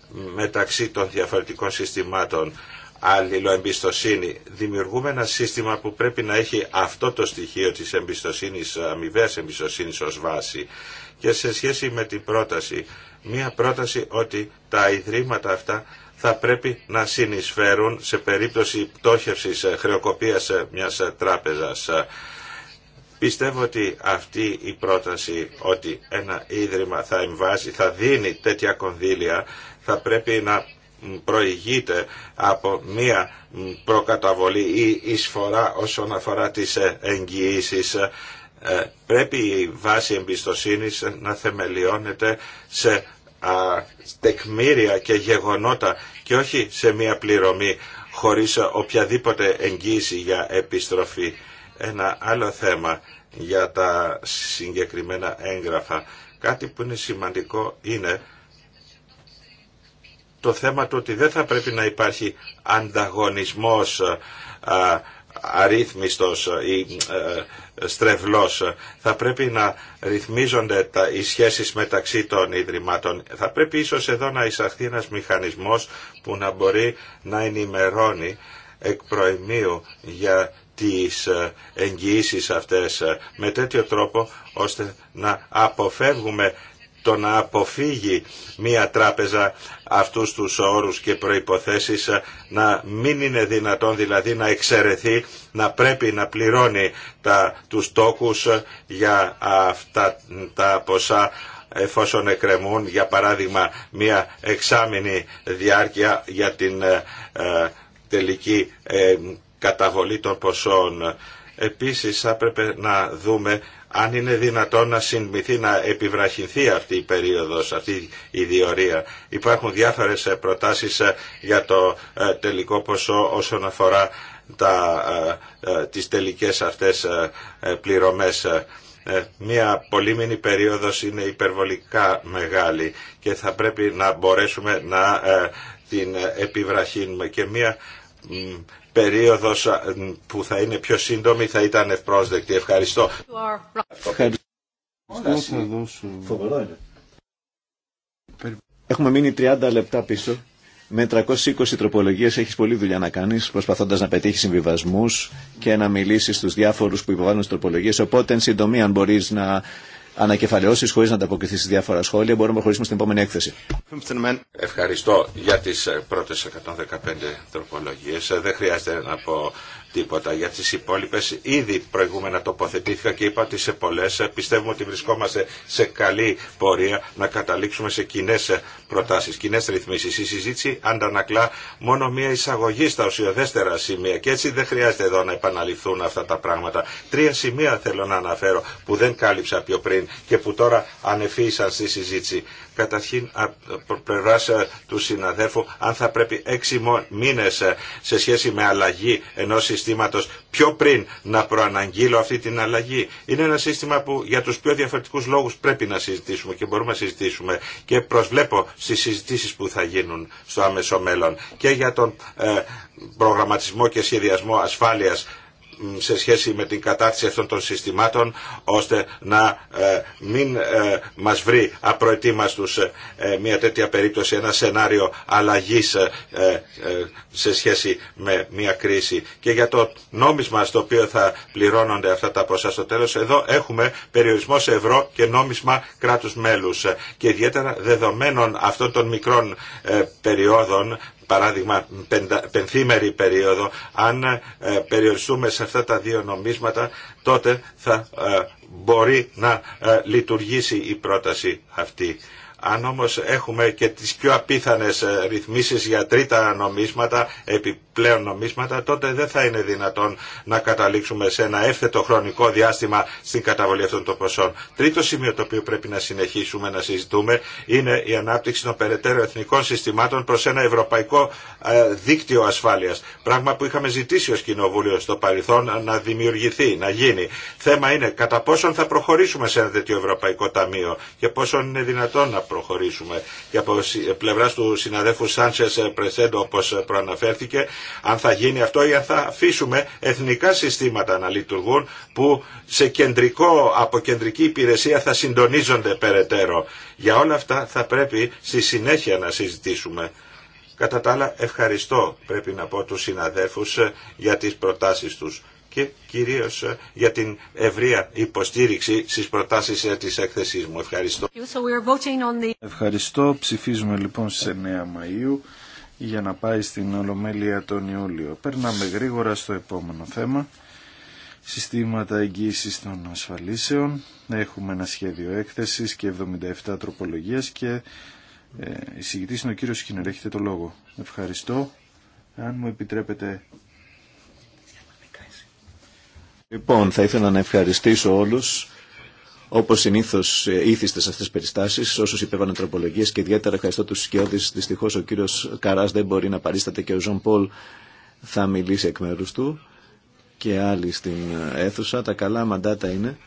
μεταξύ των διαφορετικών συστημάτων αλληλοεμπιστοσύνη. Δημιουργούμε ένα σύστημα που πρέπει να έχει αυτό το στοιχείο της εμπιστοσύνης, αμοιβαίας εμπιστοσύνης ως βάση. Και σε σχέση με την πρόταση, μία πρόταση ότι τα ιδρύματα αυτά θα πρέπει να συνεισφέρουν σε περίπτωση πτώχευσης ε, χρεοκοπίας ε, μιας ε, τράπεζας. Πιστεύω ότι αυτή η πρόταση ότι ένα ίδρυμα θα εμβάζει, θα δίνει τέτοια κονδύλια θα πρέπει να προηγείται από μία προκαταβολή ή εισφορά όσον αφορά τις ε, εγγυήσεις ε, πρέπει η βάση εμπιστοσύνης να θεμελιώνεται σε τεκμήρια και γεγονότα και όχι σε μία πληρωμή χωρίς οποιαδήποτε εγγύηση για επιστροφή. Ένα άλλο θέμα για τα συγκεκριμένα έγγραφα. Κάτι που είναι σημαντικό είναι το θέμα του ότι δεν θα πρέπει να υπάρχει ανταγωνισμός ε, αρρύθμιστος ή ε, στρεβλός. Θα πρέπει να ρυθμίζονται τα, οι σχέσεις μεταξύ των Ιδρυμάτων. Θα πρέπει ίσως εδώ να εισαχθεί ένας μηχανισμός που να μπορεί να ενημερώνει εκ προημίου για τις ε, εγγυήσεις αυτές με τέτοιο τρόπο ώστε να αποφεύγουμε το να αποφύγει μία τράπεζα αυτούς τους όρους και προϋποθέσεις ε, να μην είναι δυνατόν δηλαδή να εξαιρεθεί να πρέπει να πληρώνει τα, τους τόκους ε, για αυτά τα ποσά εφόσον εκκρεμούν για παράδειγμα μια εξάμηνη διάρκεια για την ε, τελική καταβολή των ποσών. Επίσης θα έπρεπε να δούμε αν είναι δυνατόν να συνμηθεί να επιβραχυνθεί αυτή η περίοδος, αυτή η διορία. Υπάρχουν διάφορες ε, προτάσεις ε, για το ε, τελικό ποσό όσον αφορά τα, τις τελικές αυτές πληρωμές. Μία πολύμηνη περίοδος είναι υπερβολικά μεγάλη και θα πρέπει να μπορέσουμε να την επιβραχύνουμε και μία περίοδος που θα είναι πιο σύντομη θα ήταν ευπρόσδεκτη. Ευχαριστώ. Έχουμε μείνει 30 λεπτά πίσω. Με 320 τροπολογίες έχεις πολλή δουλειά να κάνεις, προσπαθώντας να πετύχει συμβιβασμού και να μιλήσει στου διάφορους που υποβάλλουν τροπολογίε, τροπολογίες. Οπότε, εν συντομία, αν μπορεί να ανακεφαλαιώσει χωρί να ανταποκριθεί σε διάφορα σχόλια. Μπορούμε να προχωρήσουμε στην επόμενη έκθεση. Ευχαριστώ για τι ε, πρώτε 115 τροπολογίε. Ε, δεν χρειάζεται να πω τίποτα. Για τις υπόλοιπες ήδη προηγούμενα τοποθετήθηκα και είπα ότι σε πολλές ε, πιστεύουμε ότι βρισκόμαστε σε καλή πορεία να καταλήξουμε σε κοινέ ε, προτάσεις, κοινέ ρυθμίσεις. Η συζήτηση αντανακλά μόνο μια εισαγωγή στα ουσιοδέστερα σημεία και έτσι δεν χρειάζεται εδώ να επαναληφθούν αυτά τα πράγματα. Τρία σημεία θέλω να αναφέρω που δεν κάλυψα πιο πριν και που τώρα ανεφύησαν στη συζήτηση. Καταρχήν από πλευρά ε, του συναδέλφου αν θα πρέπει έξι μήνες σε σχέση με αλλαγή ενός συστήματος πιο πριν να προαναγγείλω αυτή την αλλαγή. Είναι ένα σύστημα που για τους πιο διαφορετικούς λόγους πρέπει να συζητήσουμε και μπορούμε να συζητήσουμε και προσβλέπω στις συζητήσεις που θα γίνουν στο άμεσο μέλλον και για τον ε, προγραμματισμό και σχεδιασμό ασφάλειας σε σχέση με την κατάρτιση αυτών των συστημάτων ώστε να ε, μην ε, μας βρει απροετοίμαστους ε, μια τέτοια περίπτωση, ένα σενάριο αλλαγής σε σχέση με μια κρίση. Και για το νόμισμα στο οποίο θα πληρώνονται αυτά τα ποσά στο τέλος, εδώ έχουμε περιορισμό σε ευρώ και νόμισμα κράτους μέλους. Και ιδιαίτερα δεδομένων αυτών των μικρών περιόδων παράδειγμα πενθήμερη περίοδο, αν ε, περιοριστούμε σε αυτά τα δύο νομίσματα, τότε θα ε, μπορεί να ε, λειτουργήσει η πρόταση αυτή. Αν όμως έχουμε και τις πιο απίθανες ρυθμίσεις για τρίτα νομίσματα, επί πλέον νομίσματα, τότε δεν θα είναι δυνατόν να καταλήξουμε σε ένα εύθετο χρονικό διάστημα στην καταβολή αυτών των ποσών. Τρίτο σημείο το οποίο πρέπει να συνεχίσουμε να συζητούμε είναι η ανάπτυξη των περαιτέρω εθνικών συστημάτων προ ένα ευρωπαϊκό ε, δίκτυο ασφάλεια. Πράγμα που είχαμε ζητήσει ω Κοινοβούλιο στο παρελθόν να δημιουργηθεί, να γίνει. Θέμα είναι κατά πόσον θα προχωρήσουμε σε ένα τέτοιο ευρωπαϊκό ταμείο και πόσον είναι δυνατόν να προχωρήσουμε. Και από πλευρά του συναδέλφου Σάντσε ε, Πρεσέντο, όπω ε, προαναφέρθηκε, αν θα γίνει αυτό ή αν θα αφήσουμε εθνικά συστήματα να λειτουργούν που σε κεντρικό, από κεντρική υπηρεσία θα συντονίζονται περαιτέρω. Για όλα αυτά θα πρέπει στη συνέχεια να συζητήσουμε. Κατά τα άλλα ευχαριστώ πρέπει να πω τους συναδέλφους ε, για τις προτάσεις τους και κυρίως ε, για την ευρεία υποστήριξη στις προτάσεις ε, της έκθεσής μου. Ευχαριστώ. Ευχαριστώ. Ψηφίζουμε λοιπόν στις 9 Μαΐου για να πάει στην Ολομέλεια τον Ιούλιο. Περνάμε γρήγορα στο επόμενο θέμα. Συστήματα εγγύηση των ασφαλίσεων. Έχουμε ένα σχέδιο έκθεσης και 77 τροπολογίες και ε, εισηγητής είναι ο κύριος Σκίνερ. το λόγο. Ευχαριστώ. Αν μου επιτρέπετε... Λοιπόν, θα ήθελα να ευχαριστήσω όλους Όπω συνήθω ε, ήθιστε σε αυτέ τι περιστάσει, όσου υπέβαναν τροπολογίε και ιδιαίτερα ευχαριστώ του Σκιώδη. Δυστυχώ ο κύριο Καρά δεν μπορεί να παρίσταται και ο Ζων Πολ θα μιλήσει εκ μέρου του και άλλοι στην αίθουσα. Τα καλά μαντάτα είναι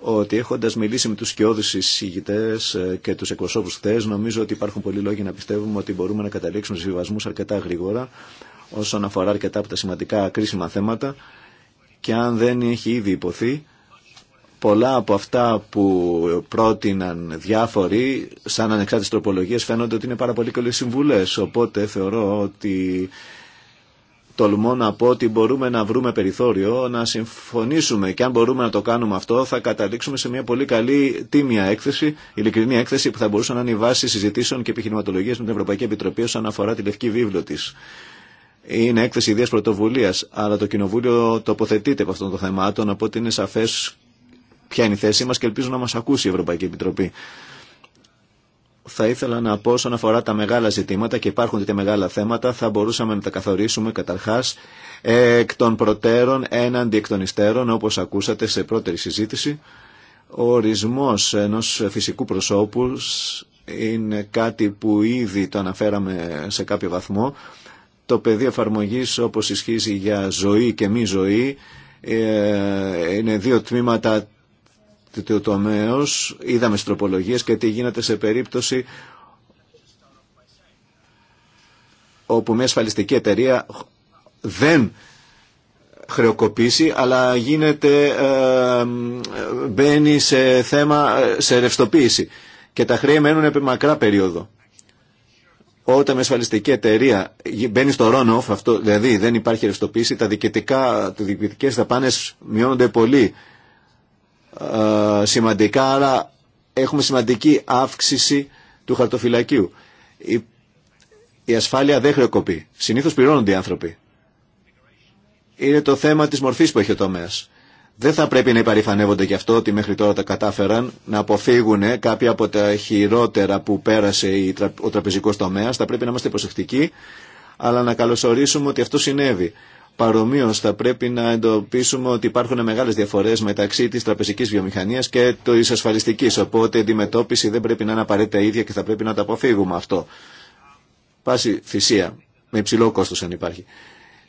ότι έχοντα μιλήσει με του Σκιώδη εισηγητέ ε, και του εκπροσώπου χθε, νομίζω ότι υπάρχουν πολλοί λόγοι να πιστεύουμε ότι μπορούμε να καταλήξουμε συμβιβασμού αρκετά γρήγορα όσον αφορά αρκετά από τα σημαντικά κρίσιμα θέματα και αν δεν έχει ήδη υποθεί Πολλά από αυτά που πρότειναν διάφοροι σαν ανεξάρτητες τροπολογίες φαίνονται ότι είναι πάρα πολύ καλές συμβουλές. Οπότε θεωρώ ότι τολμώ να πω ότι μπορούμε να βρούμε περιθώριο, να συμφωνήσουμε και αν μπορούμε να το κάνουμε αυτό θα καταλήξουμε σε μια πολύ καλή τίμια έκθεση, ειλικρινή έκθεση που θα μπορούσε να είναι η βάση συζητήσεων και επιχειρηματολογίας με την Ευρωπαϊκή Επιτροπή όσον αφορά τη λευκή βίβλο της. Είναι έκθεση ιδέα πρωτοβουλία, αλλά το Κοινοβούλιο τοποθετείται από το το θεμάτων, οπότε είναι σαφές ποια είναι η θέση μας και ελπίζω να μας ακούσει η Ευρωπαϊκή Επιτροπή. Θα ήθελα να πω όσον αφορά τα μεγάλα ζητήματα και υπάρχουν και μεγάλα θέματα, θα μπορούσαμε να τα καθορίσουμε καταρχάς εκ των προτέρων έναντι εκ των υστέρων, όπως ακούσατε σε πρώτερη συζήτηση. Ο ορισμός ενός φυσικού προσώπου είναι κάτι που ήδη το αναφέραμε σε κάποιο βαθμό. Το πεδίο εφαρμογή όπως ισχύει για ζωή και μη ζωή ε, είναι δύο τμήματα το τομέα είδαμε στροπολογίες και τι γίνεται σε περίπτωση όπου μια ασφαλιστική εταιρεία δεν χρεοκοπήσει, αλλά γίνεται, ε, μπαίνει σε θέμα, σε ρευστοποίηση. Και τα χρέη μένουν επί μακρά περίοδο. Όταν με ασφαλιστική εταιρεία μπαίνει στο run-off, δηλαδή δεν υπάρχει ρευστοποίηση, τα τα διοικητικές δαπάνες μειώνονται πολύ ε, σημαντικά, άρα έχουμε σημαντική αύξηση του χαρτοφυλακίου. Η, η ασφάλεια δεν χρεοκοπεί. Συνήθως πληρώνονται οι άνθρωποι. Είναι το θέμα της μορφής που έχει ο τομέας. Δεν θα πρέπει να υπαρηφανεύονται γι' αυτό ότι μέχρι τώρα τα κατάφεραν να αποφύγουν κάποια από τα χειρότερα που πέρασε ο τραπεζικός τομέας. Θα πρέπει να είμαστε προσεκτικοί, αλλά να καλωσορίσουμε ότι αυτό συνέβη. Παρομοίω, θα πρέπει να εντοπίσουμε ότι υπάρχουν μεγάλε διαφορέ μεταξύ τη τραπεζική βιομηχανία και τη ασφαλιστική. Οπότε η αντιμετώπιση δεν πρέπει να είναι απαραίτητα ίδια και θα πρέπει να τα αποφύγουμε αυτό. Πάση θυσία. Με υψηλό κόστο αν υπάρχει.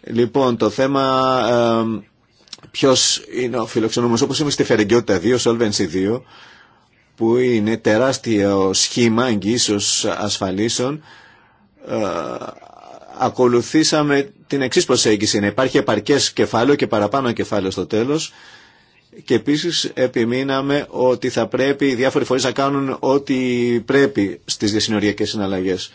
Λοιπόν, το θέμα ε, ποιο είναι ο φιλοξενούμενο. Όπω είμαι στη Φερεγκιότητα 2, Solvency 2, που είναι τεράστιο σχήμα εγγύσεω ασφαλίσεων. Ε, ακολουθήσαμε την εξή προσέγγιση, να υπάρχει επαρκέ κεφάλαιο και παραπάνω κεφάλαιο στο τέλος και επίσης επιμείναμε ότι θα πρέπει οι διάφοροι φορεί να κάνουν ό,τι πρέπει στις διασυνοριακέ. συναλλαγές.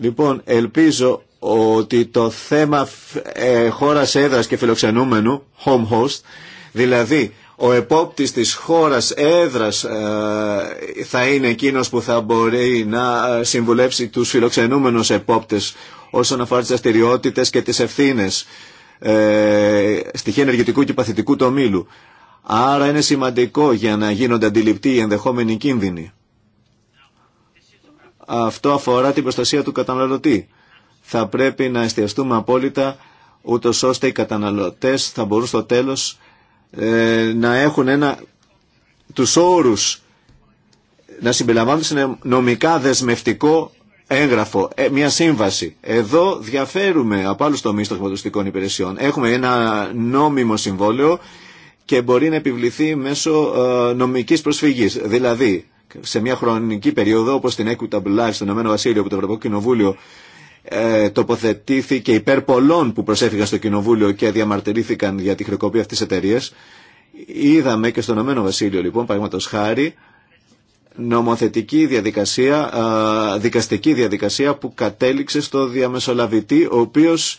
Λοιπόν, ελπίζω ότι το θέμα ε, χώρας έδρας και φιλοξενούμενου, home host, δηλαδή ο επόπτης της χώρας έδρας ε, θα είναι εκείνος που θα μπορεί να ε, συμβουλεύσει τους φιλοξενούμενους επόπτες όσον αφορά τι δραστηριότητε και τις ευθύνε ε, στοιχεία ενεργητικού και παθητικού τομήλου. Άρα είναι σημαντικό για να γίνονται αντιληπτοί οι ενδεχόμενοι κίνδυνοι. Αυτό αφορά την προστασία του καταναλωτή. Θα πρέπει να εστιαστούμε απόλυτα ούτω ώστε οι καταναλωτές θα μπορούν στο τέλος ε, να έχουν ένα, τους όρους να συμπεριλαμβάνουν σε νομικά δεσμευτικό έγγραφο, ε, μια σύμβαση. Εδώ διαφέρουμε από άλλου τομεί των χρηματοστικών υπηρεσιών. Έχουμε ένα νόμιμο συμβόλαιο και μπορεί να επιβληθεί μέσω ε, νομικής προσφυγής. Δηλαδή, σε μια χρονική περίοδο, όπως την Equitable Life στο Ηνωμένο Βασίλειο, που το Ευρωπαϊκό Κοινοβούλιο ε, τοποθετήθηκε υπέρ πολλών που προσέφηγαν στο Κοινοβούλιο και διαμαρτυρήθηκαν για τη χρεοκοπία αυτής της εταιρεία. Είδαμε και στο Ηνωμένο Βασίλειο, λοιπόν, παραδείγματο χάρη, νομοθετική διαδικασία, δικαστική διαδικασία που κατέληξε στο διαμεσολαβητή, ο οποίος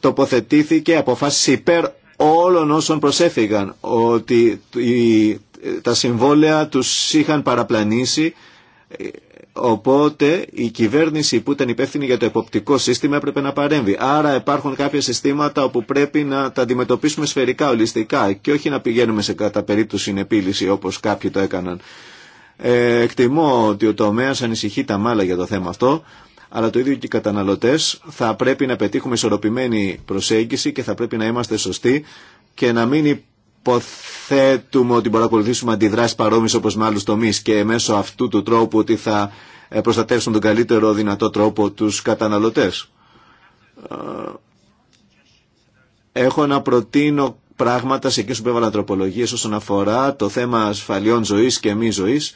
τοποθετήθηκε αποφάσει υπέρ όλων όσων προσέφηγαν ότι τα συμβόλαια τους είχαν παραπλανήσει οπότε η κυβέρνηση που ήταν υπεύθυνη για το εποπτικό σύστημα έπρεπε να παρέμβει. Άρα υπάρχουν κάποια συστήματα όπου πρέπει να τα αντιμετωπίσουμε σφαιρικά, ολιστικά και όχι να πηγαίνουμε σε κατά περίπτωση συνεπίληση όπως κάποιοι το έκαναν. Ε, εκτιμώ ότι ο τομέας ανησυχεί τα μάλα για το θέμα αυτό, αλλά το ίδιο και οι καταναλωτέ θα πρέπει να πετύχουμε ισορροπημένη προσέγγιση και θα πρέπει να είμαστε σωστοί και να μην υποθέτουμε ότι παρακολουθήσουμε αντιδράσει παρόμοιε όπω με άλλου τομεί και μέσω αυτού του τρόπου ότι θα ε, προστατεύσουν τον καλύτερο δυνατό τρόπο τους καταναλωτές. Ε, έχω να προτείνω πράγματα σε εκείνους που έβαλαν τροπολογίες όσον αφορά το θέμα ασφαλιών ζωής και μη ζωής.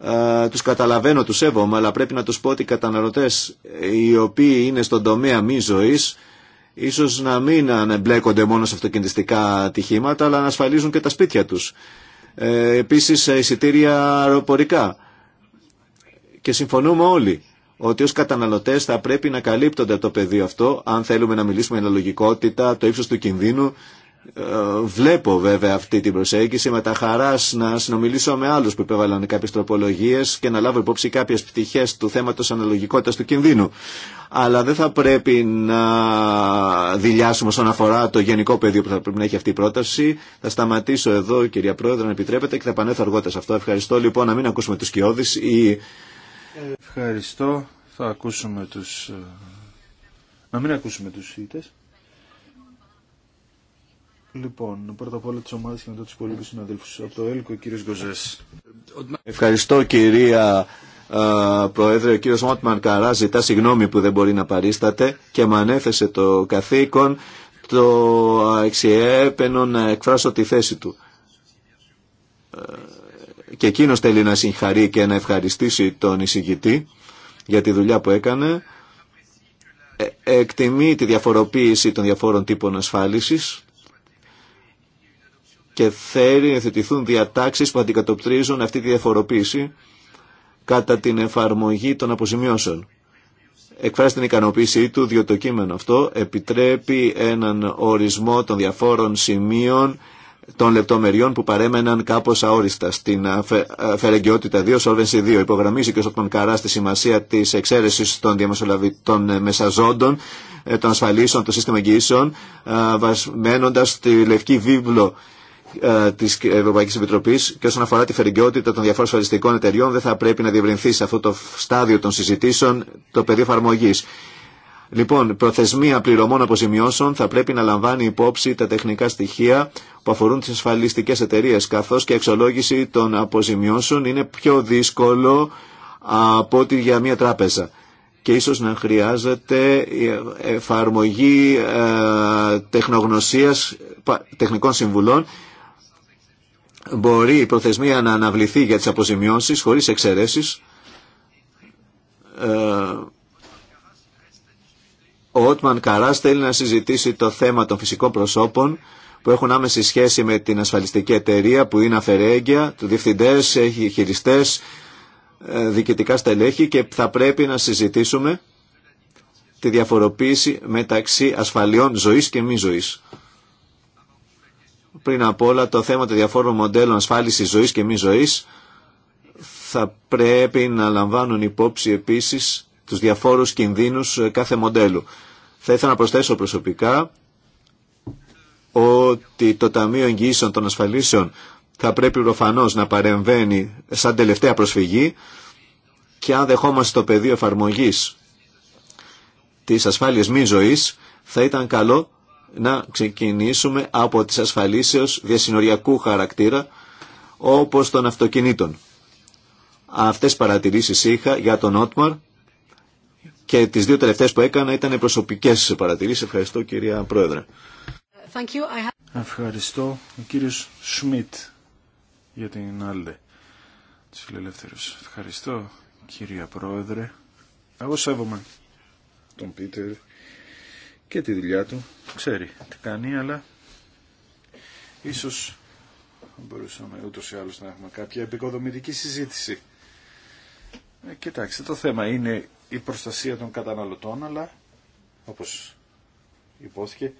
Ε, τους καταλαβαίνω, τους σέβομαι, αλλά πρέπει να τους πω ότι οι καταναλωτές οι οποίοι είναι στον τομέα μη ζωής ίσως να μην εμπλέκονται μόνο σε αυτοκινητιστικά ατυχήματα, αλλά να ασφαλίζουν και τα σπίτια τους. Ε, επίσης εισιτήρια αεροπορικά. Και συμφωνούμε όλοι ότι ως καταναλωτές θα πρέπει να καλύπτονται το πεδίο αυτό, αν θέλουμε να μιλήσουμε για λογικότητα, το ύψος του κινδύνου ε, βλέπω βέβαια αυτή την προσέγγιση με τα χαρά να συνομιλήσω με άλλου που υπέβαλαν κάποιε τροπολογίε και να λάβω υπόψη κάποιε πτυχέ του θέματο αναλογικότητα του κινδύνου. Αλλά δεν θα πρέπει να δηλιάσουμε όσον αφορά το γενικό πεδίο που θα πρέπει να έχει αυτή η πρόταση. Θα σταματήσω εδώ κυρία Πρόεδρε αν επιτρέπετε και θα επανέλθω αργότερα σε αυτό. Ευχαριστώ λοιπόν να μην ακούσουμε του κοιόδης ή... Ευχαριστώ. Θα ακούσουμε τους... Ε, να μην ακούσουμε του ήττε. Λοιπόν, πρώτα απ' όλα τις ομάδες και μετά τους υπολείπους ναι. συναδέλφους. Από το ΕΛΚΟ, κύριος Γκοζές. Ευχαριστώ κυρία ε, Προέδρε. Ο κύριος Μάτμαν Καρά ζητά συγγνώμη που δεν μπορεί να παρίσταται και με ανέθεσε το καθήκον το αξιέπαινο να εκφράσω τη θέση του. Ε, και εκείνο θέλει να συγχαρεί και να ευχαριστήσει τον εισηγητή για τη δουλειά που έκανε. Ε, εκτιμεί τη διαφοροποίηση των διαφόρων τύπων ασφάλισης και θέλει να θετηθούν διατάξεις που αντικατοπτρίζουν αυτή τη διαφοροποίηση κατά την εφαρμογή των αποζημιώσεων. Εκφράζει την ικανοποίησή του διότι το κείμενο αυτό επιτρέπει έναν ορισμό των διαφόρων σημείων των λεπτομεριών που παρέμεναν κάπω αόριστα στην αφαιρεγκαιότητα 2, Solvency 2. Υπογραμμίζει και ο Σόπτον Καρά στη σημασία τη εξαίρεση των, των ε, μεσαζόντων, ε, των ασφαλίσεων, των σύστημα εγγυήσεων, ε, βασμένοντα τη λευκή βίβλο ε, τη Ευρωπαϊκή Επιτροπή και όσον αφορά τη φερικαιότητα των διαφόρων ασφαλιστικών εταιριών δεν θα πρέπει να διευρυνθεί σε αυτό το στάδιο των συζητήσεων το πεδίο εφαρμογή. Λοιπόν, προθεσμία πληρωμών αποζημιώσεων θα πρέπει να λαμβάνει υπόψη τα τεχνικά στοιχεία που αφορούν τι ασφαλιστικέ εταιρείε, καθώ και η εξολόγηση των αποζημιώσεων είναι πιο δύσκολο από ό,τι για μια τράπεζα και ίσω να χρειάζεται εφαρμογή ε, τεχνογνωσίας τεχνικών συμβουλών μπορεί η προθεσμία να αναβληθεί για τις αποζημιώσεις χωρίς εξαιρέσεις ε, ο Ότμαν Καράς θέλει να συζητήσει το θέμα των φυσικών προσώπων που έχουν άμεση σχέση με την ασφαλιστική εταιρεία που είναι αφαιρέγγια, του διευθυντές, έχει χειριστές, ε, διοικητικά στελέχη και θα πρέπει να συζητήσουμε τη διαφοροποίηση μεταξύ ασφαλιών ζωής και μη ζωής. Πριν από όλα το θέμα των διαφόρων μοντέλων ασφάλισης ζωής και μη ζωής θα πρέπει να λαμβάνουν υπόψη επίσης τους διαφόρους κινδύνους ε, κάθε μοντέλου. Θα ήθελα να προσθέσω προσωπικά ότι το Ταμείο εγγύσεων των Ασφαλίσεων θα πρέπει προφανώ να παρεμβαίνει σαν τελευταία προσφυγή και αν δεχόμαστε το πεδίο εφαρμογή της ασφάλεια μη ζωή, θα ήταν καλό να ξεκινήσουμε από τις ασφαλίσεως διασυνοριακού χαρακτήρα όπως των αυτοκινήτων. Αυτές παρατηρήσεις είχα για τον Ότμαρ και τις δύο τελευταίες που έκανα ήταν προσωπικές παρατηρήσεις. Ευχαριστώ κυρία Πρόεδρε. Ευχαριστώ ο κύριος Σμιτ για την άλλη της Φιλελεύθερης. Ευχαριστώ κυρία Πρόεδρε. Εγώ σέβομαι τον Πίτερ και τη δουλειά του ξέρει τι κάνει, αλλά ίσως μπορούσαμε ούτως ή άλλως να έχουμε κάποια επικοδομητική συζήτηση. Ε, κοιτάξτε, το θέμα είναι η προστασία των καταναλωτών, αλλά όπως υπόθηκε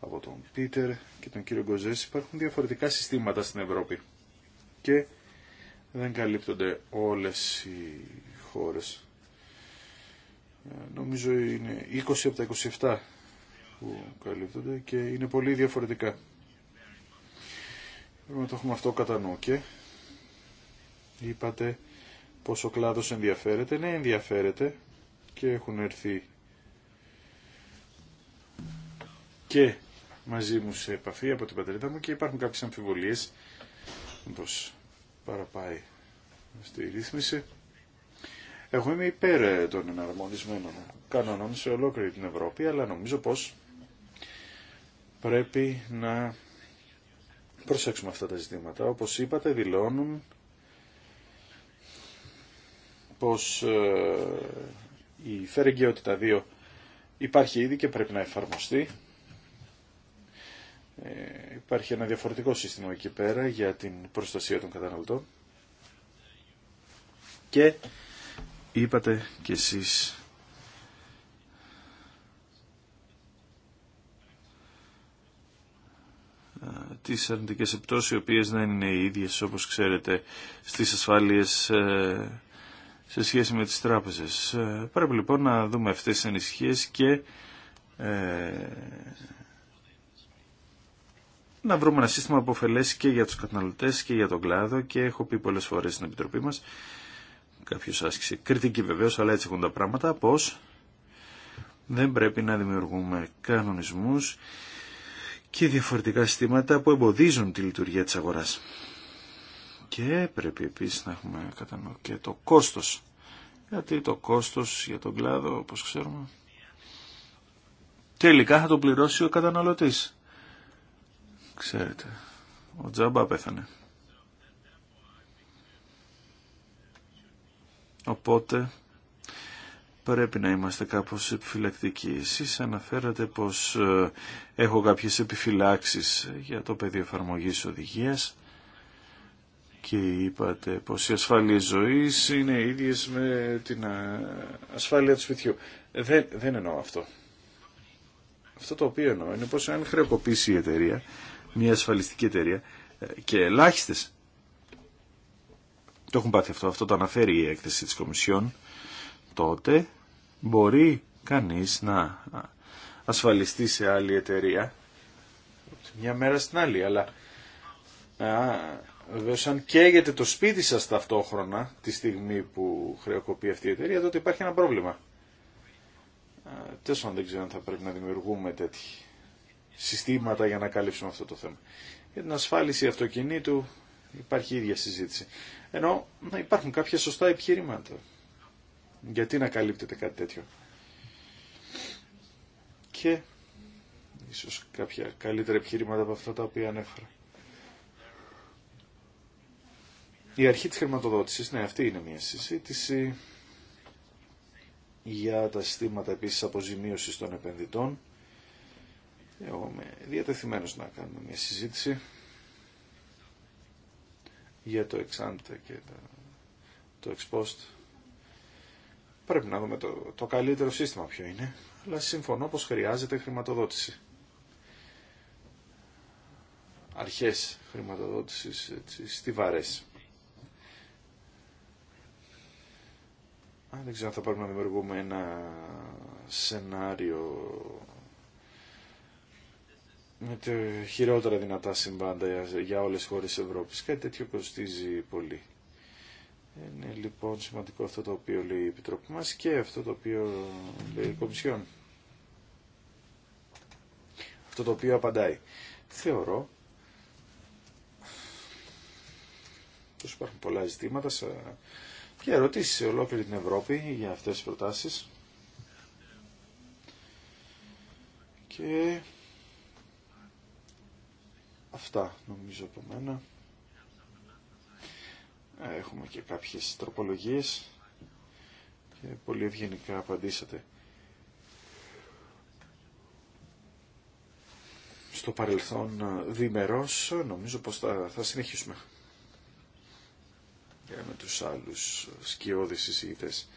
από τον Πίτερ και τον κύριο Γκοζές υπάρχουν διαφορετικά συστήματα στην Ευρώπη και δεν καλύπτονται όλες οι χώρες. Ε, νομίζω είναι 20 από τα 27 που καλύπτονται και είναι πολύ διαφορετικά. Πρέπει να το έχουμε αυτό κατά νου και είπατε πως ο κλάδος ενδιαφέρεται. Ναι, ενδιαφέρεται και έχουν έρθει και μαζί μου σε επαφή από την πατρίδα μου και υπάρχουν κάποιες αμφιβολίες πως παραπάει στη ρύθμιση. Εγώ είμαι υπέρ των εναρμονισμένων κανόνων σε ολόκληρη την Ευρώπη, αλλά νομίζω πως πρέπει να προσέξουμε αυτά τα ζητήματα. Όπως είπατε δηλώνουν πως ε, η φερεγγιότητα 2 υπάρχει ήδη και πρέπει να εφαρμοστεί. Ε, υπάρχει ένα διαφορετικό σύστημα εκεί πέρα για την προστασία των καταναλωτών. Και είπατε κι εσείς τις αρνητικές επιπτώσεις οι οποίες δεν είναι οι ίδιες όπως ξέρετε στις ασφάλειες ε, σε σχέση με τις τράπεζες. Ε, πρέπει λοιπόν να δούμε αυτές τις ανησυχίες και ε, να βρούμε ένα σύστημα αποφελές και για τους καταναλωτές και για τον κλάδο και έχω πει πολλές φορές στην Επιτροπή μας κάποιο άσκησε κριτική βεβαίω, αλλά έτσι έχουν τα πράγματα, πως δεν πρέπει να δημιουργούμε κανονισμούς και διαφορετικά συστήματα που εμποδίζουν τη λειτουργία της αγοράς. Και πρέπει επίσης να έχουμε κατά και το κόστος. Γιατί το κόστος για τον κλάδο, όπως ξέρουμε, τελικά θα το πληρώσει ο καταναλωτής. Ξέρετε, ο Τζάμπα πέθανε. Οπότε πρέπει να είμαστε κάπως επιφυλακτικοί. Εσείς αναφέρατε πως ε, έχω κάποιες επιφυλάξεις για το πεδίο εφαρμογής οδηγίας και είπατε πως η ασφάλεια ζωής είναι ίδιες με την ε, ασφάλεια του σπιτιού. Δεν, δεν εννοώ αυτό. Αυτό το οποίο εννοώ είναι πως αν χρεοκοπήσει η εταιρεία, μια ασφαλιστική εταιρεία ε, και ελάχιστε το έχουν πάθει αυτό, αυτό το αναφέρει η έκθεση της Κομισιόν τότε μπορεί κανείς να ασφαλιστεί σε άλλη εταιρεία μια μέρα στην άλλη. Αλλά βεβαίω αν καίγεται το σπίτι σας ταυτόχρονα τη στιγμή που χρεοκοπεί αυτή η εταιρεία τότε υπάρχει ένα πρόβλημα. Τέσσερα δεν ξέρω αν θα πρέπει να δημιουργούμε τέτοια συστήματα για να καλύψουμε αυτό το θέμα. Για την ασφάλιση αυτοκινήτου υπάρχει η ίδια συζήτηση. Ενώ να υπάρχουν κάποια σωστά επιχειρήματα. Γιατί να καλύπτεται κάτι τέτοιο. Και ίσως κάποια καλύτερα επιχειρήματα από αυτά τα οποία ανέφερα. Η αρχή της χρηματοδότησης, ναι αυτή είναι μια συζήτηση για τα συστήματα επίσης αποζημίωσης των επενδυτών. Εγώ είμαι διατεθειμένος να κάνουμε μια συζήτηση για το εξάντα και το εξπόστ. Πρέπει να δούμε το, το καλύτερο σύστημα ποιο είναι, αλλά συμφωνώ πως χρειάζεται χρηματοδότηση. Αρχές χρηματοδότησης έτσι, στιβαρές. δεν ξέρω αν θα πρέπει να δημιουργούμε ένα σενάριο με τα χειρότερα δυνατά συμβάντα για όλες τις χώρες της Ευρώπης. Κάτι τέτοιο κοστίζει πολύ. Είναι λοιπόν σημαντικό αυτό το οποίο λέει η Επιτροπή μας και αυτό το οποίο λέει η Κομισιόν. Αυτό το οποίο απαντάει. Θεωρώ πως υπάρχουν πολλά ζητήματα και ερωτήσεις σε ολόκληρη την Ευρώπη για αυτές τις προτάσεις. Και αυτά νομίζω από μένα. Έχουμε και κάποιες τροπολογίες και πολύ ευγενικά απαντήσατε. στο παρελθόν ε, διμερός, ε, νομίζω πως θα, συνεχίσουμε και με τους άλλους σκιώδεις συζήτητες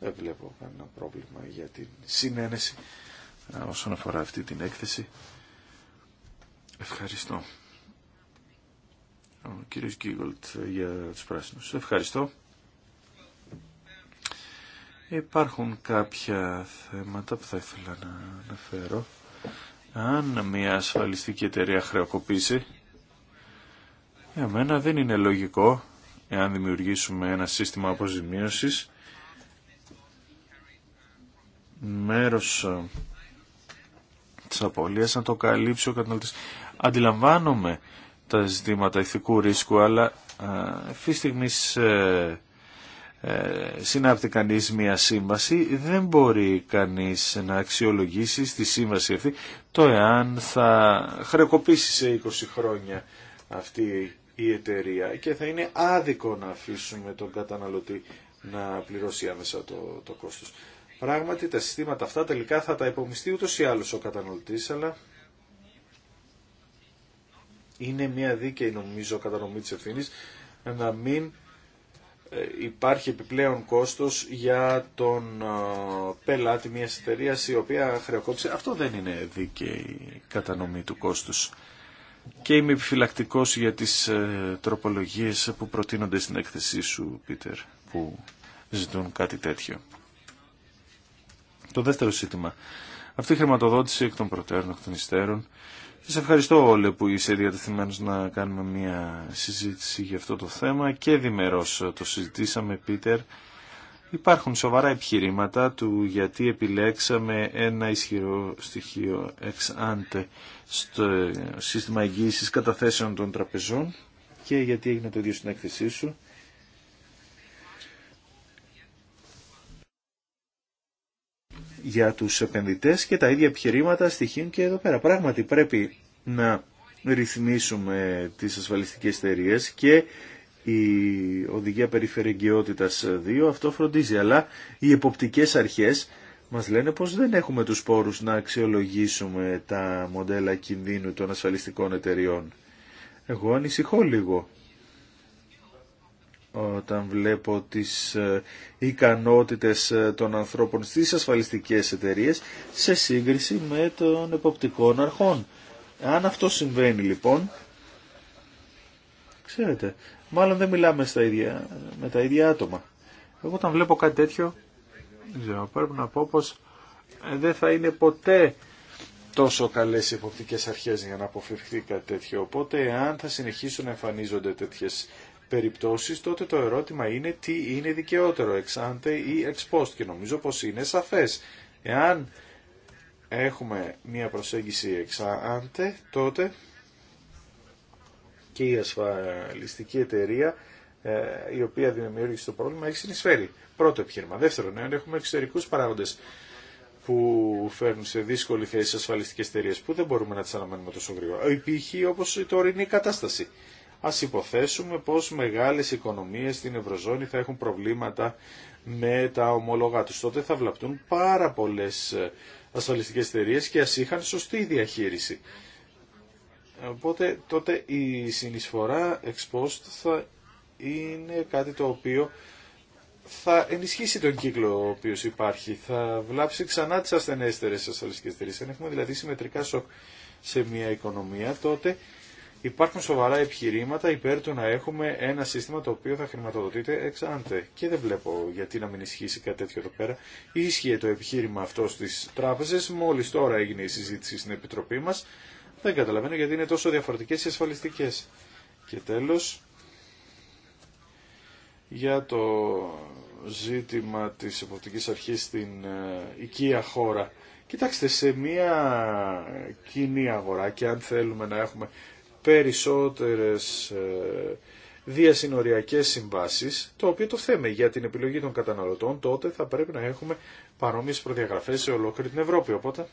Δεν βλέπω κανένα πρόβλημα για την συνένεση ε, όσον αφορά αυτή την έκθεση. Ευχαριστώ. Ο κύριος Γκίγολτ ε, για τους πράσινους. Ευχαριστώ. Υπάρχουν κάποια θέματα που θα ήθελα να αναφέρω. Αν μια ασφαλιστική εταιρεία χρεοκοπήσει, για μένα δεν είναι λογικό, εάν δημιουργήσουμε ένα σύστημα αποζημίωσης, μέρος ε, της απώλειας να το καλύψει ο καταναλωτής. Αντιλαμβάνομαι τα ζητήματα ηθικού ρίσκου, αλλά ε, αυτή τη στιγμή ε, ε, συνάπτει κανείς μια σύμβαση, δεν μπορεί κανείς να αξιολογήσει στη σύμβαση αυτή το εάν θα χρεοκοπήσει σε 20 χρόνια αυτή η εταιρεία και θα είναι άδικο να αφήσουμε τον καταναλωτή να πληρώσει άμεσα το, το κόστος. Πράγματι τα συστήματα αυτά τελικά θα τα υπομειστεί ούτως ή άλλως ο καταναλωτής, αλλά είναι μια δίκαιη νομίζω κατανομή της ευθύνη να μην ε, υπάρχει επιπλέον κόστος για τον πελάτη μιας εταιρεία η οποία χρεοκόπησε. Αυτό δεν είναι δίκαιη κατανομή του κόστους. Και είμαι επιφυλακτικό για τις ε, τροπολογίες που προτείνονται στην έκθεσή σου, Πίτερ, που ζητούν κάτι τέτοιο. Το δεύτερο σύντημα. Αυτή η χρηματοδότηση εκ των προτέρων, εκ των υστέρων, σας ευχαριστώ όλοι που είσαι διατεθειμένος να κάνουμε μια συζήτηση για αυτό το θέμα και διμερώς το συζητήσαμε Πίτερ. Υπάρχουν σοβαρά επιχειρήματα του γιατί επιλέξαμε ένα ισχυρό στοιχείο ex ante στο σύστημα εγγύησης καταθέσεων των τραπεζών και γιατί έγινε το ίδιο στην έκθεσή σου για τους επενδυτές και τα ίδια επιχειρήματα στοιχείων και εδώ πέρα. Πράγματι πρέπει να ρυθμίσουμε τις ασφαλιστικές εταιρείε και η Οδηγία Περιφερειακότητας 2 αυτό φροντίζει, αλλά οι εποπτικές αρχές μας λένε πως δεν έχουμε τους πόρους να αξιολογήσουμε τα μοντέλα κινδύνου των ασφαλιστικών εταιριών. Εγώ ανησυχώ λίγο όταν βλέπω τις ε, ικανότητες ε, των ανθρώπων στις ασφαλιστικές εταιρείες σε σύγκριση με των εποπτικών αρχών. Αν αυτό συμβαίνει λοιπόν, ξέρετε, μάλλον δεν μιλάμε στα ίδια, με τα ίδια άτομα. Εγώ όταν βλέπω κάτι τέτοιο, δεν ξέρω, πρέπει να πω πως ε, δεν θα είναι ποτέ τόσο καλές οι εποπτικές αρχές για να αποφευχθεί κάτι τέτοιο. Οπότε αν θα συνεχίσουν να εμφανίζονται τέτοιες περιπτώσεις, τότε το ερώτημα είναι τι είναι δικαιότερο, εξάντε ή εξπόστ. Και νομίζω πως είναι σαφέ. Εάν έχουμε μία προσέγγιση εξάντε, τότε και η ασφαλιστική εταιρεία ε, η οποία δημιούργησε το πρόβλημα έχει συνεισφέρει. Πρώτο επιχείρημα. Δεύτερον, εάν έχουμε εξωτερικούς παράγοντες που φέρνουν σε δύσκολη θέση ασφαλιστικέ εταιρείε που δεν μπορούμε να τι αναμένουμε τόσο γρήγορα. Υπήρχε όπω η τωρινή κατάσταση ας υποθέσουμε πως μεγάλες οικονομίες στην Ευρωζώνη θα έχουν προβλήματα με τα ομόλογα τους. Τότε θα βλαπτούν πάρα πολλές ε, ασφαλιστικές εταιρείε και ας είχαν σωστή διαχείριση. Οπότε τότε η συνεισφορά εξπόστ θα είναι κάτι το οποίο θα ενισχύσει τον κύκλο ο οποίο υπάρχει. Θα βλάψει ξανά τι ασθενέστερε ασφαλιστικέ εταιρείε. Αν έχουμε δηλαδή συμμετρικά σοκ σε μια οικονομία, τότε Υπάρχουν σοβαρά επιχειρήματα υπέρ του να έχουμε ένα σύστημα το οποίο θα χρηματοδοτείται εξ άντε. Και δεν βλέπω γιατί να μην ισχύσει κάτι τέτοιο εδώ πέρα. Ίσχυε το επιχείρημα αυτό στι τράπεζε, μόλι τώρα έγινε η συζήτηση στην Επιτροπή μα. Δεν καταλαβαίνω γιατί είναι τόσο διαφορετικέ οι ασφαλιστικέ. Και τέλο, για το ζήτημα τη εποπτική αρχή στην ε, οικία χώρα. Κοιτάξτε, σε μία κοινή αγορά και αν θέλουμε να έχουμε περισσότερες ε, διασυνοριακές συμβάσεις, το οποίο το θέμε για την επιλογή των καταναλωτών, τότε θα πρέπει να έχουμε παρόμοιες προδιαγραφές σε ολόκληρη την Ευρώπη. Οπότε,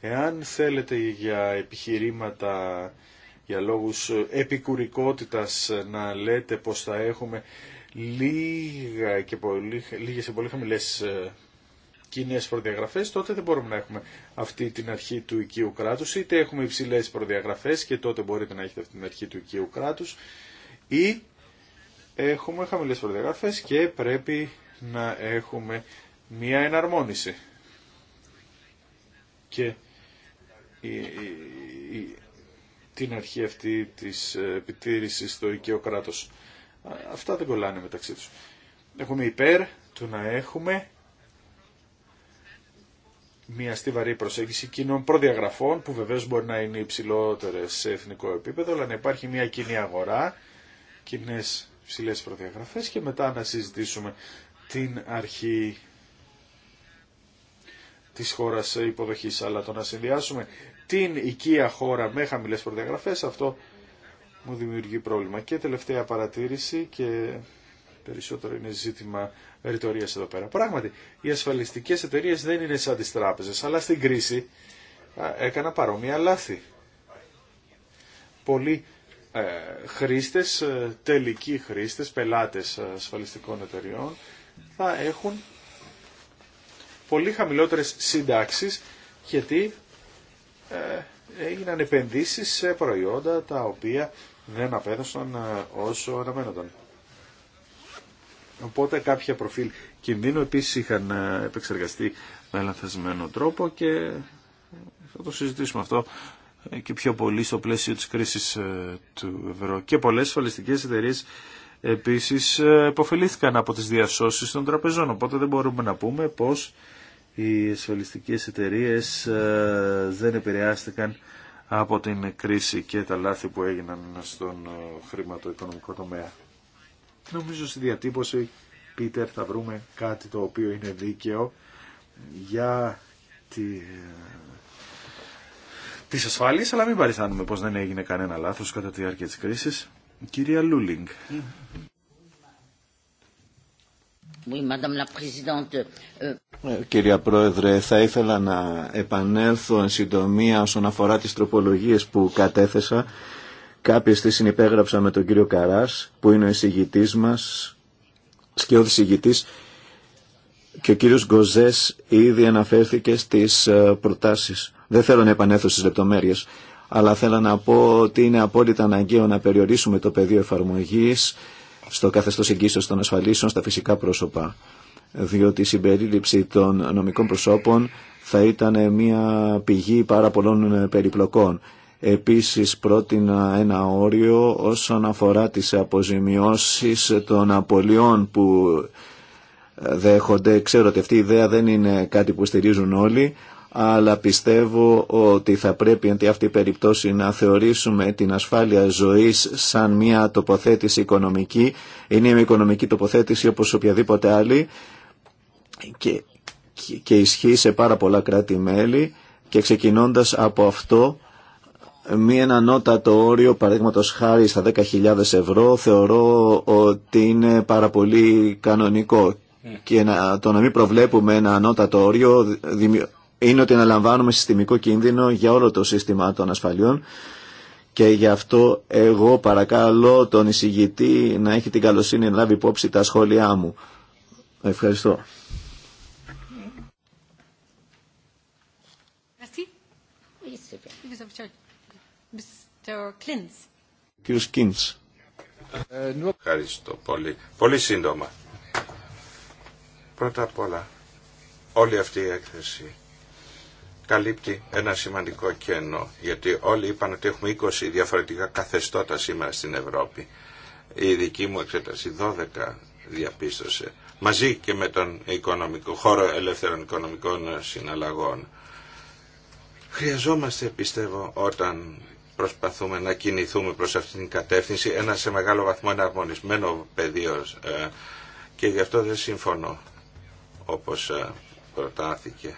εάν θέλετε για επιχειρήματα, για λόγους επικουρικότητας να λέτε πως θα έχουμε λίγα και πολύ, λίγες και πολύ χαμηλές ε, κοινέ προδιαγραφές, τότε δεν μπορούμε να έχουμε αυτή την αρχή του οικείου κράτου. είτε έχουμε υψηλέ προδιαγραφές και τότε μπορείτε να έχετε αυτή την αρχή του οικείου κράτου. ή έχουμε χαμηλές προδιαγραφές και πρέπει να έχουμε μία εναρμόνιση. Και η, η, την αρχή αυτή της ε, επιτήρησης στο οικείο κράτος. Αυτά δεν κολλάνε μεταξύ τους. Έχουμε υπέρ του να έχουμε μια στιβαρή προσέγγιση κοινών προδιαγραφών που βεβαίως μπορεί να είναι υψηλότερε σε εθνικό επίπεδο αλλά να υπάρχει μια κοινή αγορά, κοινέ ψηλέ προδιαγραφές και μετά να συζητήσουμε την αρχή της χώρας υποδοχής αλλά το να συνδυάσουμε την οικία χώρα με χαμηλές προδιαγραφές αυτό μου δημιουργεί πρόβλημα. Και τελευταία παρατήρηση και περισσότερο είναι ζήτημα ρητορίε εδώ πέρα. Πράγματι, οι ασφαλιστικές εταιρείε δεν είναι σαν τις τράπεζε, αλλά στην κρίση έκανα παρόμοια λάθη. Πολλοί ε, χρήστες, ε, τελικοί χρήστε, πελάτες ε, ασφαλιστικών εταιριών θα έχουν πολύ χαμηλότερες συντάξεις γιατί ε, έγιναν επενδύσεις σε προϊόντα τα οποία δεν απέδωσαν ε, όσο αναμένονταν. Οπότε κάποια προφίλ κινδύνου επίσης είχαν ε, επεξεργαστεί με λανθασμένο τρόπο και θα το συζητήσουμε αυτό ε, και πιο πολύ στο πλαίσιο της κρίσης ε, του ευρώ. Και πολλές ασφαλιστικές εταιρείε επίσης υποφελήθηκαν από τις διασώσεις των τραπεζών, οπότε δεν μπορούμε να πούμε πως οι ασφαλιστικές εταιρείε δεν επηρεάστηκαν από την κρίση και τα λάθη που έγιναν στον χρηματοοικονομικό τομέα. Νομίζω στη διατύπωση, Πίτερ, θα βρούμε κάτι το οποίο είναι δίκαιο για τη... Ε, τις αλλά μην παριθάνουμε πως δεν έγινε κανένα λάθος κατά τη διάρκεια της κρίσης. Κυρία Λούλινγκ. Euh, ε, κυρία Πρόεδρε, θα ήθελα να επανέλθω εν συντομία όσον αφορά τις τροπολογίες που κατέθεσα Κάποιε τι συνυπέγραψα με τον κύριο Καράς, που είναι ο εισηγητής μας, σκιώδης εισηγητής, και ο κύριος Γκοζέ ήδη αναφέρθηκε στις ε, προτάσεις. Δεν θέλω να επανέλθω στι λεπτομέρειες, αλλά θέλω να πω ότι είναι απόλυτα αναγκαίο να περιορίσουμε το πεδίο εφαρμογής στο καθεστώ εγγύσεω των ασφαλίσεων στα φυσικά πρόσωπα διότι η συμπερίληψη των νομικών προσώπων θα ήταν μια πηγή πάρα πολλών ε, περιπλοκών. Επίσης πρότεινα ένα όριο όσον αφορά τις αποζημιώσεις των απολειών που δέχονται. Ξέρω ότι αυτή η ιδέα δεν είναι κάτι που στηρίζουν όλοι, αλλά πιστεύω ότι θα πρέπει αντί αυτή η περιπτώση να θεωρήσουμε την ασφάλεια ζωής σαν μια τοποθέτηση οικονομική. Είναι μια οικονομική τοποθέτηση όπως οποιαδήποτε άλλη και, και ισχύει σε πάρα πολλά κράτη-μέλη και ξεκινώντας από αυτό Μία ανώτατο όριο, παραδείγματο χάρη στα 10.000 ευρώ, θεωρώ ότι είναι πάρα πολύ κανονικό. Και να, το να μην προβλέπουμε ένα ανώτατο όριο είναι ότι αναλαμβάνουμε συστημικό κίνδυνο για όλο το σύστημα των ασφαλιών και γι' αυτό εγώ παρακαλώ τον εισηγητή να έχει την καλοσύνη να λάβει υπόψη τα σχόλιά μου. Ευχαριστώ. Κύριος Κίντς. Ευχαριστώ πολύ. Πολύ σύντομα. Πρώτα απ' όλα, όλη αυτή η έκθεση καλύπτει ένα σημαντικό κενό, γιατί όλοι είπαν ότι έχουμε 20 διαφορετικά καθεστώτα σήμερα στην Ευρώπη. Η δική μου εξέταση 12 διαπίστωσε, μαζί και με τον οικονομικό, χώρο ελεύθερων οικονομικών συναλλαγών. Χρειαζόμαστε, πιστεύω, όταν προσπαθούμε να κινηθούμε προς αυτήν την κατεύθυνση, ένα σε μεγάλο βαθμό εναρμονισμένο πεδίο ε, και γι' αυτό δεν συμφωνώ όπως ε, προτάθηκε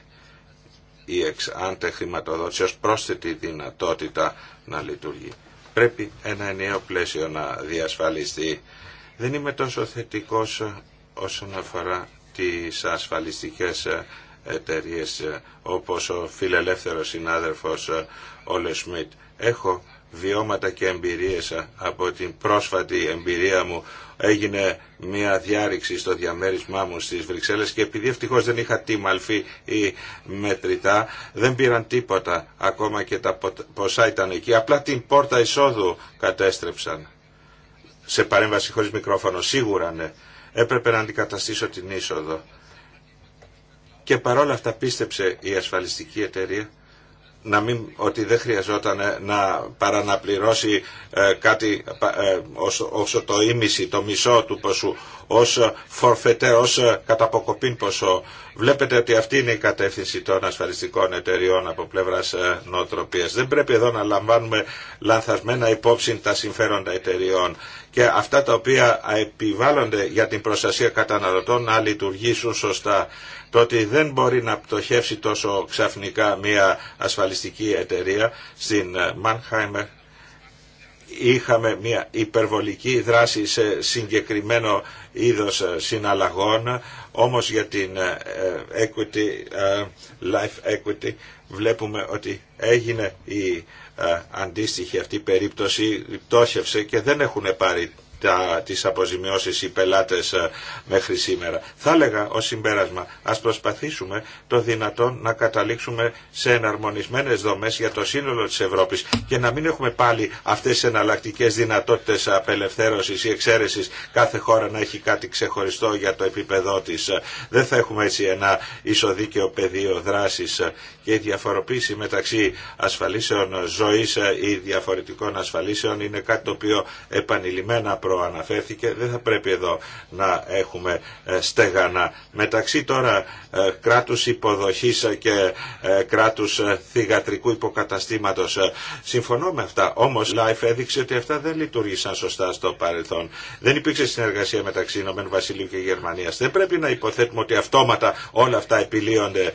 η εξάντε χρηματοδότηση ως πρόσθετη δυνατότητα να λειτουργεί. Πρέπει ένα ενιαίο πλαίσιο να διασφαλιστεί. Δεν είμαι τόσο θετικός ε, όσον αφορά τις ασφαλιστικές εταιρείε ε, όπως ο φιλελεύθερο συνάδελφο ε, Όλε Σμιτ. Έχω βιώματα και εμπειρίες ε, από την πρόσφατη εμπειρία μου έγινε μια διάρρηξη στο διαμέρισμά μου στις Βρυξέλλες και επειδή ευτυχώ δεν είχα τι μαλφή ή μετρητά δεν πήραν τίποτα ακόμα και τα ποσά ήταν εκεί απλά την πόρτα εισόδου κατέστρεψαν σε παρέμβαση χωρί μικρόφωνο σίγουρα ναι έπρεπε να αντικαταστήσω την είσοδο και παρόλα αυτά πίστεψε η ασφαλιστική εταιρεία να μην, ότι δεν χρειαζόταν να παραναπληρώσει ε, κάτι ε, όσο, όσο το ίμιση, το μισό του ποσού ως φορφετέ, ως ε, καταποκοπήν ποσό. Βλέπετε ότι αυτή είναι η κατεύθυνση των ασφαλιστικών εταιριών από πλευράς ε, νοοτροπίας. Δεν πρέπει εδώ να λαμβάνουμε λανθασμένα υπόψη τα συμφέροντα εταιριών και αυτά τα οποία επιβάλλονται για την προστασία καταναλωτών να λειτουργήσουν σωστά. Το ότι δεν μπορεί να πτωχεύσει τόσο ξαφνικά μια ασφαλιστική εταιρεία στην Μανχάιμερ είχαμε μια υπερβολική δράση σε συγκεκριμένο είδος ε, συναλλαγών, όμως για την ε, ε, equity, life equity βλέπουμε ότι έγινε η αντίστοιχη αυτή περίπτωση, πτώχευσε και δεν έχουν πάρει τα, τις αποζημιώσεις οι πελάτες ε, μέχρι σήμερα. Θα έλεγα ως συμπέρασμα, ας προσπαθήσουμε το δυνατόν να καταλήξουμε σε εναρμονισμένες δομές για το σύνολο της Ευρώπης και να μην έχουμε πάλι αυτές τις εναλλακτικέ δυνατότητες απελευθέρωσης ή εξαίρεσης κάθε χώρα να έχει κάτι ξεχωριστό για το επίπεδό της. Δεν θα έχουμε έτσι ένα ισοδίκαιο πεδίο δράσης και η διαφοροποίηση μεταξύ ασφαλίσεων ζωής ή διαφορετικών ασφαλίσεων είναι κάτι το οποίο επανειλημμένα προ προαναφέρθηκε δεν θα πρέπει εδώ να έχουμε ε, στεγανά. Μεταξύ τώρα ε, κράτους υποδοχής και ε, κράτους θηγατρικού υποκαταστήματος. Συμφωνώ με αυτά, όμως Life έδειξε ότι αυτά δεν λειτουργήσαν σωστά στο παρελθόν. Δεν υπήρξε συνεργασία μεταξύ Ηνωμένου Βασιλείου και Γερμανίας. Δεν πρέπει να υποθέτουμε ότι αυτόματα όλα αυτά επιλύονται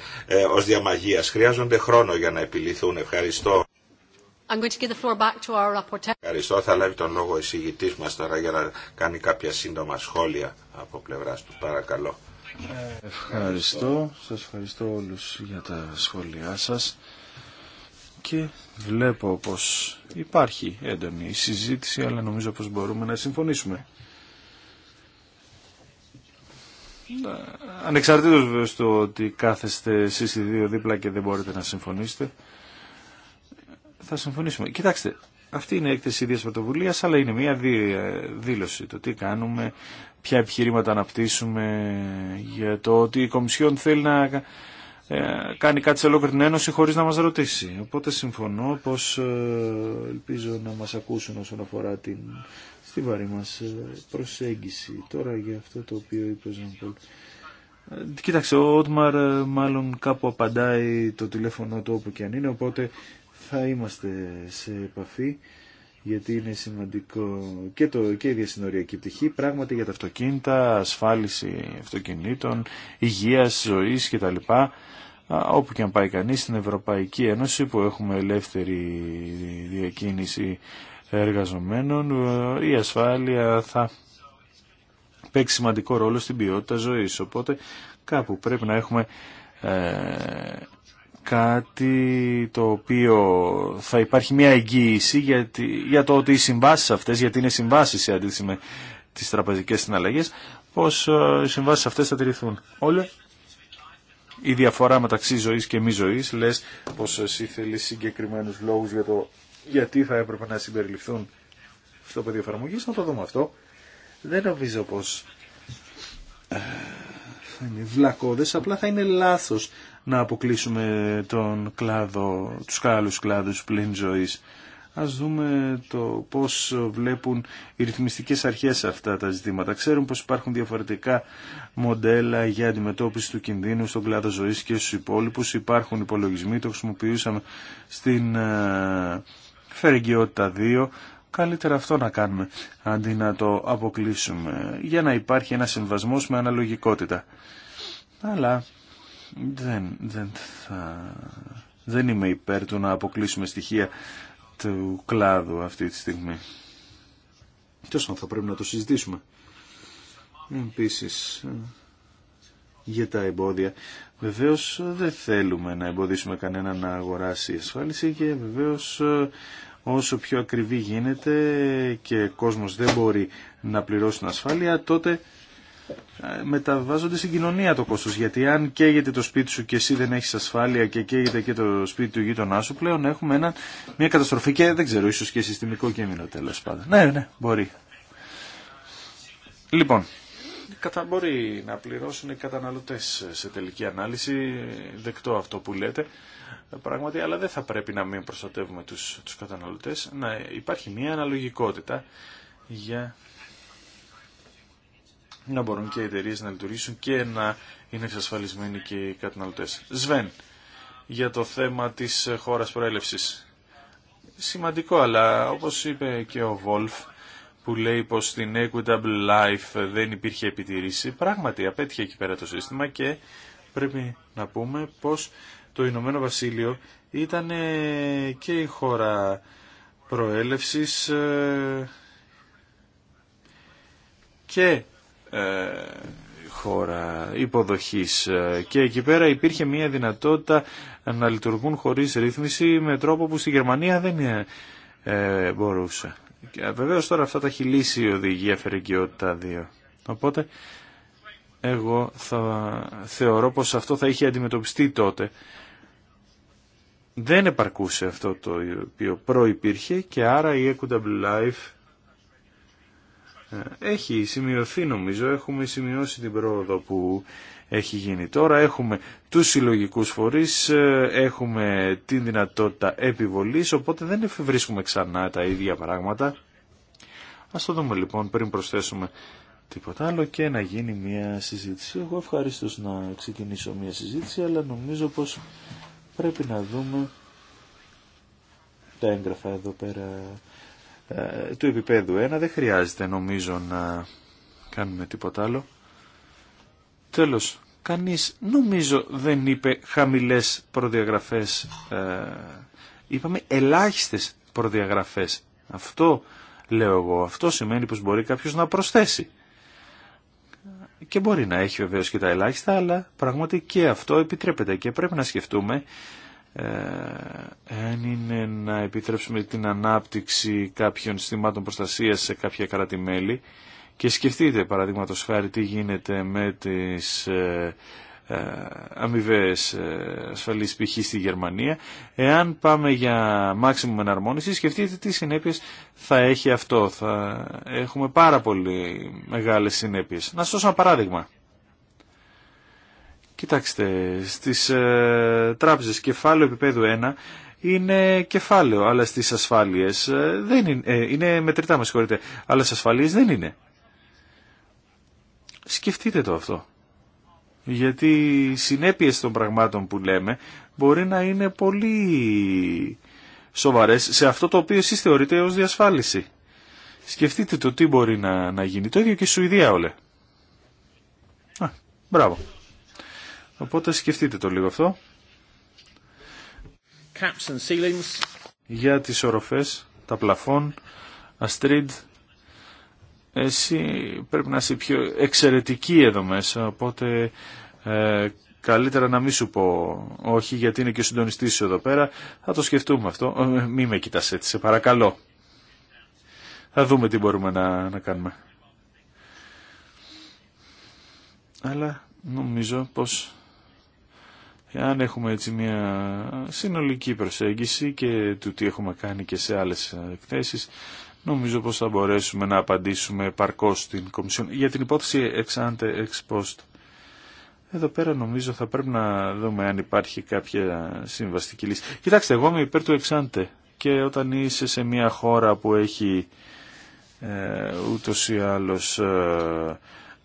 ως διαμαγείας. Χρειάζονται χρόνο για να επιληθούν. Ευχαριστώ. Ευχαριστώ. Θα λάβει τον λόγο εισηγητής μας τώρα για να κάνει κάποια σύντομα σχόλια από πλευράς του. Παρακαλώ. Ευχαριστώ. Σας ευχαριστώ όλους για τα σχόλιά σας. Και βλέπω πως υπάρχει έντονη συζήτηση, αλλά νομίζω πως μπορούμε να συμφωνήσουμε. Ανεξαρτήτως βέβαια στο ότι κάθεστε εσείς οι δύο δίπλα και δεν μπορείτε να συμφωνήσετε, θα συμφωνήσουμε. Κοιτάξτε, αυτή είναι η έκθεση ίδιας πρωτοβουλία, αλλά είναι μια δήλωση. Το τι κάνουμε, ποια επιχειρήματα αναπτύσσουμε για το ότι η Κομισιόν θέλει να ε, κάνει κάτι σε ολόκληρη την Ένωση χωρίς να μας ρωτήσει. Οπότε συμφωνώ πως ε, ελπίζω να μας ακούσουν όσον αφορά την στιβαρή μας ε, προσέγγιση. Τώρα για αυτό το οποίο είπε ο Ζανπολ. Κοίταξε, ο Ότμαρ μάλλον κάπου απαντάει το τηλέφωνο του όπου και αν είναι, οπότε θα είμαστε σε επαφή γιατί είναι σημαντικό και, το, και η διασυνοριακή πτυχή, πράγματι για τα αυτοκίνητα, ασφάλιση αυτοκινήτων, υγεία ζωής κτλ. Όπου και αν πάει κανείς στην Ευρωπαϊκή Ένωση που έχουμε ελεύθερη διακίνηση εργαζομένων, η ασφάλεια θα παίξει σημαντικό ρόλο στην ποιότητα ζωής. Οπότε κάπου πρέπει να έχουμε ε, κάτι το οποίο θα υπάρχει μια εγγύηση για, για το ότι οι συμβάσεις αυτές, γιατί είναι συμβάσεις σε αντίθεση με τις τραπεζικές συναλλαγές, πως ε, οι συμβάσεις αυτές θα τηρηθούν. Όλα η διαφορά μεταξύ ζωής και μη ζωής, λες πως εσύ θέλεις συγκεκριμένους λόγους για το γιατί θα έπρεπε να συμπεριληφθούν στο πεδίο εφαρμογή, να το δούμε αυτό. Δεν νομίζω πως ε, θα είναι βλακώδες, απλά θα είναι λάθος να αποκλείσουμε τον κλάδο, τους κάλους κλάδους πλήν ζωής. Ας δούμε το πώς βλέπουν οι ρυθμιστικές αρχές αυτά τα ζητήματα. Ξέρουν πως υπάρχουν διαφορετικά μοντέλα για αντιμετώπιση του κινδύνου στον κλάδο ζωής και στους υπόλοιπους. Υπάρχουν υπολογισμοί, το χρησιμοποιούσαμε στην ε, φερεγγιότητα 2. Καλύτερα αυτό να κάνουμε αντί να το αποκλείσουμε για να υπάρχει ένα συμβασμός με αναλογικότητα. Αλλά δεν, δεν, θα... δεν είμαι υπέρ του να αποκλείσουμε στοιχεία του κλάδου αυτή τη στιγμή. Τόσο θα πρέπει να το συζητήσουμε. Επίση. Ε, για τα εμπόδια. βεβαίω ε, δεν θέλουμε να εμποδίσουμε κανένα να αγοράσει ασφάλιση και βεβαίω ε, όσο πιο ακριβή γίνεται και κόσμος δεν μπορεί να πληρώσει την ασφάλεια, τότε μεταβάζονται στην κοινωνία το κόστος. Γιατί αν καίγεται το σπίτι σου και εσύ δεν έχεις ασφάλεια και καίγεται και το σπίτι του γείτονά σου, πλέον έχουμε ένα, μια καταστροφή και δεν ξέρω, ίσως και συστημικό κίνδυνο τέλος πάντων. Ναι, ναι, μπορεί. Λοιπόν, κατα... μπορεί να πληρώσουν οι καταναλωτές σε τελική ανάλυση, δεκτό αυτό που λέτε, πράγματι, αλλά δεν θα πρέπει να μην προστατεύουμε τους, τους καταναλωτές, να υπάρχει μια αναλογικότητα για να μπορούν και οι εταιρείε να λειτουργήσουν και να είναι εξασφαλισμένοι και οι καταναλωτές. Σβέν, για το θέμα της χώρας προέλευση. Σημαντικό, αλλά όπως είπε και ο Βόλφ, που λέει πως στην Equitable Life δεν υπήρχε επιτηρήση, πράγματι απέτυχε εκεί πέρα το σύστημα και πρέπει να πούμε πως το Ηνωμένο Βασίλειο ήταν ε, και η χώρα προέλευσης ε, και ε, χώρα υποδοχής ε, και εκεί πέρα υπήρχε μια δυνατότητα να λειτουργούν χωρίς ρύθμιση με τρόπο που στη Γερμανία δεν ε, ε μπορούσε. Βεβαίως τώρα αυτά τα έχει λύσει η οδηγία Φερικιότητα 2. Οπότε εγώ θα θεωρώ πως αυτό θα είχε αντιμετωπιστεί τότε. Δεν επαρκούσε αυτό το οποίο προϋπήρχε και άρα η Equitable Life έχει σημειωθεί νομίζω, έχουμε σημειώσει την πρόοδο που έχει γίνει τώρα. Έχουμε τους συλλογικού φορείς, ε, έχουμε την δυνατότητα επιβολής, οπότε δεν εφευρίσκουμε ξανά τα ίδια πράγματα. Ας το δούμε λοιπόν πριν προσθέσουμε τίποτα άλλο και να γίνει μια συζήτηση. Εγώ ευχαριστώ να ξεκινήσω μια συζήτηση, αλλά νομίζω πως πρέπει να δούμε τα έγγραφα εδώ πέρα ε, του επίπεδου 1 δεν χρειάζεται νομίζω να κάνουμε τίποτα άλλο. Τέλος, κανείς νομίζω δεν είπε χαμηλές προδιαγραφές, ε, είπαμε ελάχιστες προδιαγραφές. Αυτό λέω εγώ, αυτό σημαίνει πως μπορεί κάποιος να προσθέσει. Και μπορεί να έχει βεβαίω και τα ελάχιστα, αλλά πραγματικά και αυτό επιτρέπεται και πρέπει να σκεφτούμε ε, εάν είναι να επιτρέψουμε την ανάπτυξη κάποιων συστημάτων προστασίας σε κάποια και σκεφτείτε παραδείγματο χάρη τι γίνεται με τις ε, ε, αμοιβέ ε, ασφαλής π.χ. στη Γερμανία εάν πάμε για μάξιμου εναρμόνιση σκεφτείτε τι συνέπειες θα έχει αυτό θα έχουμε πάρα πολύ μεγάλες συνέπειες να σας δώσω ένα παράδειγμα Κοιτάξτε, στις ε, τράπεζες κεφάλαιο επίπεδου 1 είναι κεφάλαιο, αλλά στις ασφάλειες ε, δεν είναι, ε, μετρητά, με αλλά στις ασφάλειες δεν είναι. Σκεφτείτε το αυτό. Γιατί οι συνέπειες των πραγμάτων που λέμε μπορεί να είναι πολύ σοβαρές σε αυτό το οποίο εσείς θεωρείτε ως διασφάλιση. Σκεφτείτε το τι μπορεί να, να γίνει. Το ίδιο και η Σουηδία όλε. Α, μπράβο. Οπότε σκεφτείτε το λίγο αυτό. Caps and ceilings. Για τις οροφές, τα πλαφόν, Αστρίντ, εσύ πρέπει να είσαι πιο εξαιρετική εδώ μέσα, οπότε ε, καλύτερα να μην σου πω όχι γιατί είναι και ο συντονιστής σου εδώ πέρα. Θα το σκεφτούμε αυτό. Ε, μη με κοιτάς έτσι, σε παρακαλώ. Θα δούμε τι μπορούμε να, να κάνουμε. Αλλά νομίζω πως αν έχουμε έτσι μια συνολική προσέγγιση και του τι έχουμε κάνει και σε άλλες εκθέσεις, νομίζω πως θα μπορέσουμε να απαντήσουμε παρκώς στην Κομισιόν. Για την υπόθεση εξάντε Ex-post. post. Εδώ πέρα νομίζω θα πρέπει να δούμε αν υπάρχει κάποια συμβαστική λύση. Κοιτάξτε, εγώ είμαι υπέρ του εξάντε και όταν είσαι σε μια χώρα που έχει ε, ούτως ή άλλως ε,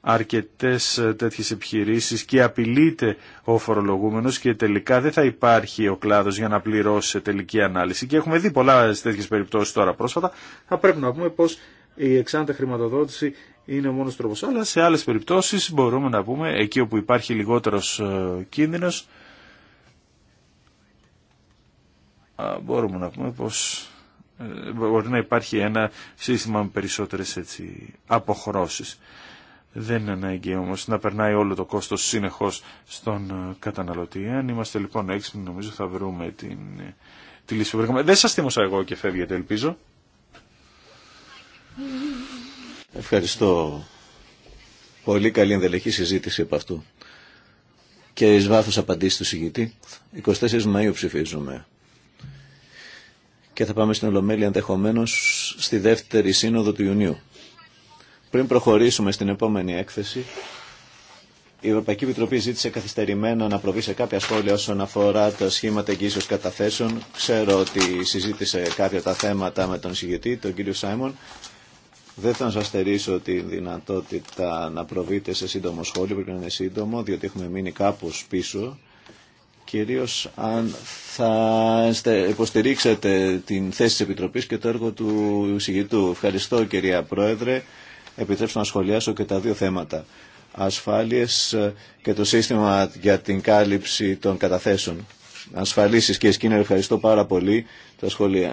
αρκετές ε, τέτοιες επιχειρήσεις και απειλείται ο φορολογούμενος και τελικά δεν θα υπάρχει ο κλάδος για να πληρώσει τελική ανάλυση και έχουμε δει πολλά τέτοιες περιπτώσεις τώρα πρόσφατα θα πρέπει να πούμε πως η εξάντα χρηματοδότηση είναι ο μόνος τρόπος αλλά σε άλλες περιπτώσεις μπορούμε να πούμε εκεί όπου υπάρχει λιγότερος ε, κίνδυνος μπορούμε να πούμε πως ε, μπορεί να υπάρχει ένα σύστημα με περισσότερες έτσι, αποχρώσεις. Δεν είναι ανάγκη όμω να περνάει όλο το κόστος συνεχώς στον ε, καταναλωτή. Αν είμαστε λοιπόν έξυπνοι νομίζω θα βρούμε την, ε, τη λύση που βρήκαμε. Δεν σα θύμωσα εγώ και φεύγετε ελπίζω. Ευχαριστώ. Πολύ καλή ενδελεχή συζήτηση από αυτού. Και εις βάθος απαντήσει του συγητή. 24 Μαΐου ψηφίζουμε. Και θα πάμε στην Ολομέλεια ενδεχομένω στη δεύτερη σύνοδο του Ιουνίου. Πριν προχωρήσουμε στην επόμενη έκθεση, η Ευρωπαϊκή Επιτροπή ζήτησε καθυστερημένα να προβεί σε κάποια σχόλια όσον αφορά τα σχήματα εγγύσεως καταθέσεων. Ξέρω ότι συζήτησε κάποια τα θέματα με τον συγγετή, τον κύριο Σάιμον. Δεν θα σας στερήσω τη δυνατότητα να προβείτε σε σύντομο σχόλιο, πρέπει να είναι σύντομο, διότι έχουμε μείνει κάπως πίσω. Κυρίως αν θα υποστηρίξετε την θέση της Επιτροπής και το έργο του εισηγητού. Ευχαριστώ κυρία Πρόεδρε επιτρέψω να σχολιάσω και τα δύο θέματα. Ασφάλειες ε, και το σύστημα για την κάλυψη των καταθέσεων. Ασφαλίσεις και Σκίνερ, ευχαριστώ πάρα πολύ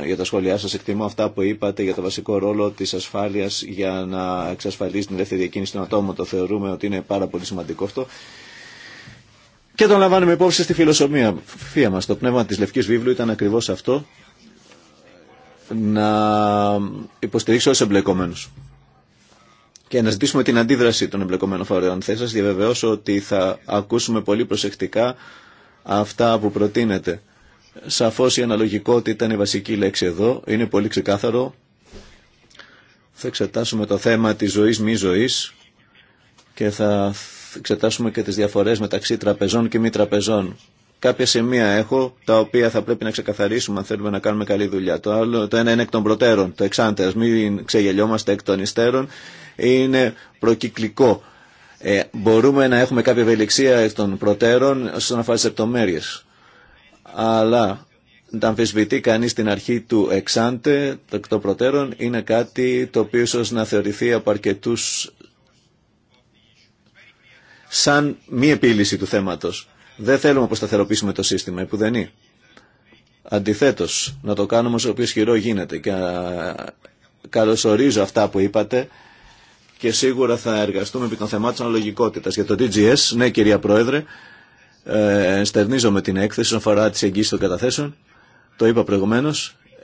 για τα σχόλιά σας. Εκτιμώ αυτά που είπατε για το βασικό ρόλο της ασφάλειας για να εξασφαλίσει την ελεύθερη διακίνηση των ατόμων. Το θεωρούμε ότι είναι πάρα πολύ σημαντικό αυτό. Και το λαμβάνουμε υπόψη στη φιλοσοφία Φία μας. Το πνεύμα της Λευκής Βίβλου ήταν ακριβώς αυτό να υποστηρίξει όλους εμπλεκόμενους και να ζητήσουμε την αντίδραση των εμπλεκομένων φορέων. Θα σας διαβεβαιώσω ότι θα ακούσουμε πολύ προσεκτικά αυτά που προτείνετε. Σαφώς η αναλογικότητα είναι η βασική λέξη εδώ, είναι πολύ ξεκάθαρο. Θα εξετάσουμε το θέμα της ζωής μη ζωής και θα εξετάσουμε και τις διαφορές μεταξύ τραπεζών και μη τραπεζών. Κάποια σημεία έχω τα οποία θα πρέπει να ξεκαθαρίσουμε αν θέλουμε να κάνουμε καλή δουλειά. Το, άλλο, το ένα είναι εκ των προτέρων, το Α μην ξεγελιόμαστε εκ των υστέρων, είναι προκυκλικό. Ε, μπορούμε να έχουμε κάποια ευελιξία εκ των προτέρων όσον αφορά τι λεπτομέρειε. Αλλά να αμφισβητεί κανεί την αρχή του εξάντε, το εκ των προτέρων, είναι κάτι το οποίο ίσω να θεωρηθεί από αρκετού σαν μη επίλυση του θέματος. Δεν θέλουμε να σταθεροποιήσουμε το σύστημα, που Αντιθέτως, να το κάνουμε όσο πιο ισχυρό γίνεται και καλωσορίζω αυτά που είπατε και σίγουρα θα εργαστούμε επί των θεμάτων αναλογικότητας. Για το DGS, ναι κυρία Πρόεδρε, ε, στερνίζομαι την έκθεση όσον αφορά τις εγγύσεις των καταθέσεων. Το είπα προηγουμένω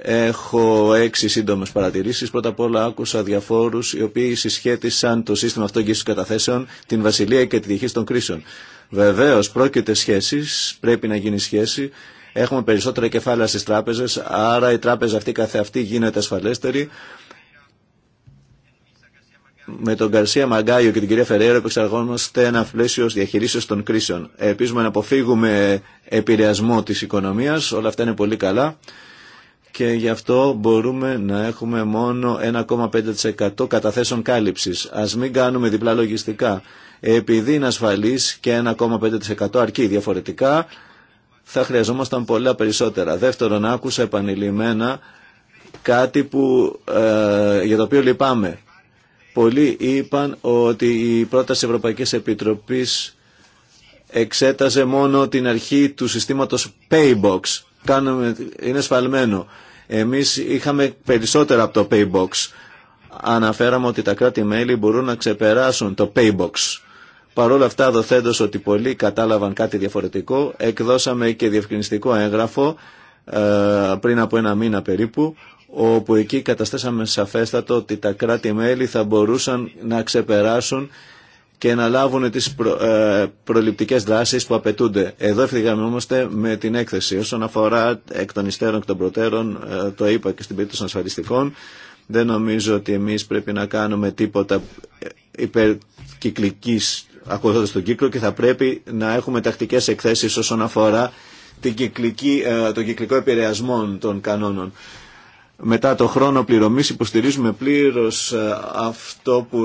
Έχω έξι σύντομε παρατηρήσει. Πρώτα απ' όλα άκουσα διαφόρου οι οποίοι συσχέτισαν το σύστημα αυτό των καταθέσεων, την Βασιλεία και τη διαχείριση των κρίσεων. Βεβαίω πρόκειται σχέσει, πρέπει να γίνει σχέση. Έχουμε περισσότερα κεφάλαια στι τράπεζε, άρα η τράπεζα αυτή καθεαυτή γίνεται ασφαλέστερη. Με τον Καρσία Μαγκάιο και την κυρία Φεραίρα επεξεργόμαστε ένα πλαίσιο διαχειρίσεω των κρίσεων. Ελπίζουμε να αποφύγουμε επηρεασμό τη οικονομία. Όλα αυτά είναι πολύ καλά και γι' αυτό μπορούμε να έχουμε μόνο 1,5% καταθέσεων κάλυψης. Α μην κάνουμε διπλά λογιστικά επειδή είναι ασφαλής και 1,5% αρκεί διαφορετικά θα χρειαζόμασταν πολλά περισσότερα. Δεύτερον, άκουσα επανειλημμένα κάτι που, ε, για το οποίο λυπάμαι. Πολλοί είπαν ότι η πρόταση Ευρωπαϊκής Επιτροπής εξέταζε μόνο την αρχή του συστήματος Paybox. Κάνουμε, είναι σφαλμένο. Εμείς είχαμε περισσότερα από το Paybox αναφέραμε ότι τα κράτη-μέλη μπορούν να ξεπεράσουν το paybox. Παρ' όλα αυτά, δοθέντως ότι πολλοί κατάλαβαν κάτι διαφορετικό, εκδώσαμε και διευκρινιστικό έγγραφο ε, πριν από ένα μήνα περίπου, όπου εκεί καταστέσαμε σαφέστατο ότι τα κράτη-μέλη θα μπορούσαν να ξεπεράσουν και να λάβουν τις προ, ε, προληπτικές δράσεις που απαιτούνται. Εδώ όμως με την έκθεση. Όσον αφορά εκ των υστέρων και των προτέρων, ε, το είπα και στην περίπτωση των ασφαλιστικών, δεν νομίζω ότι εμείς πρέπει να κάνουμε τίποτα υπερκυκλικής ακολουθώντας τον κύκλο και θα πρέπει να έχουμε τακτικές εκθέσεις όσον αφορά την κυκλική, ε, τον κυκλικό επηρεασμό των κανόνων. Μετά το χρόνο πληρωμής υποστηρίζουμε πλήρως ε, αυτό που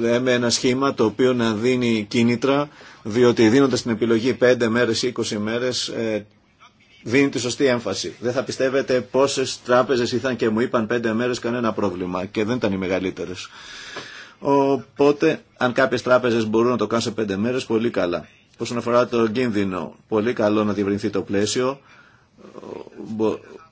λέμε ένα σχήμα το οποίο να δίνει κίνητρα διότι δίνοντας την επιλογή 5 μέρες ή 20 μέρες ε, δίνει τη σωστή έμφαση. Δεν θα πιστεύετε πόσε τράπεζε ήρθαν και μου είπαν πέντε μέρε κανένα πρόβλημα και δεν ήταν οι μεγαλύτερε. Οπότε, αν κάποιε τράπεζε μπορούν να το κάνουν σε πέντε μέρε, πολύ καλά. Όσον αφορά το κίνδυνο, πολύ καλό να διευρυνθεί το πλαίσιο.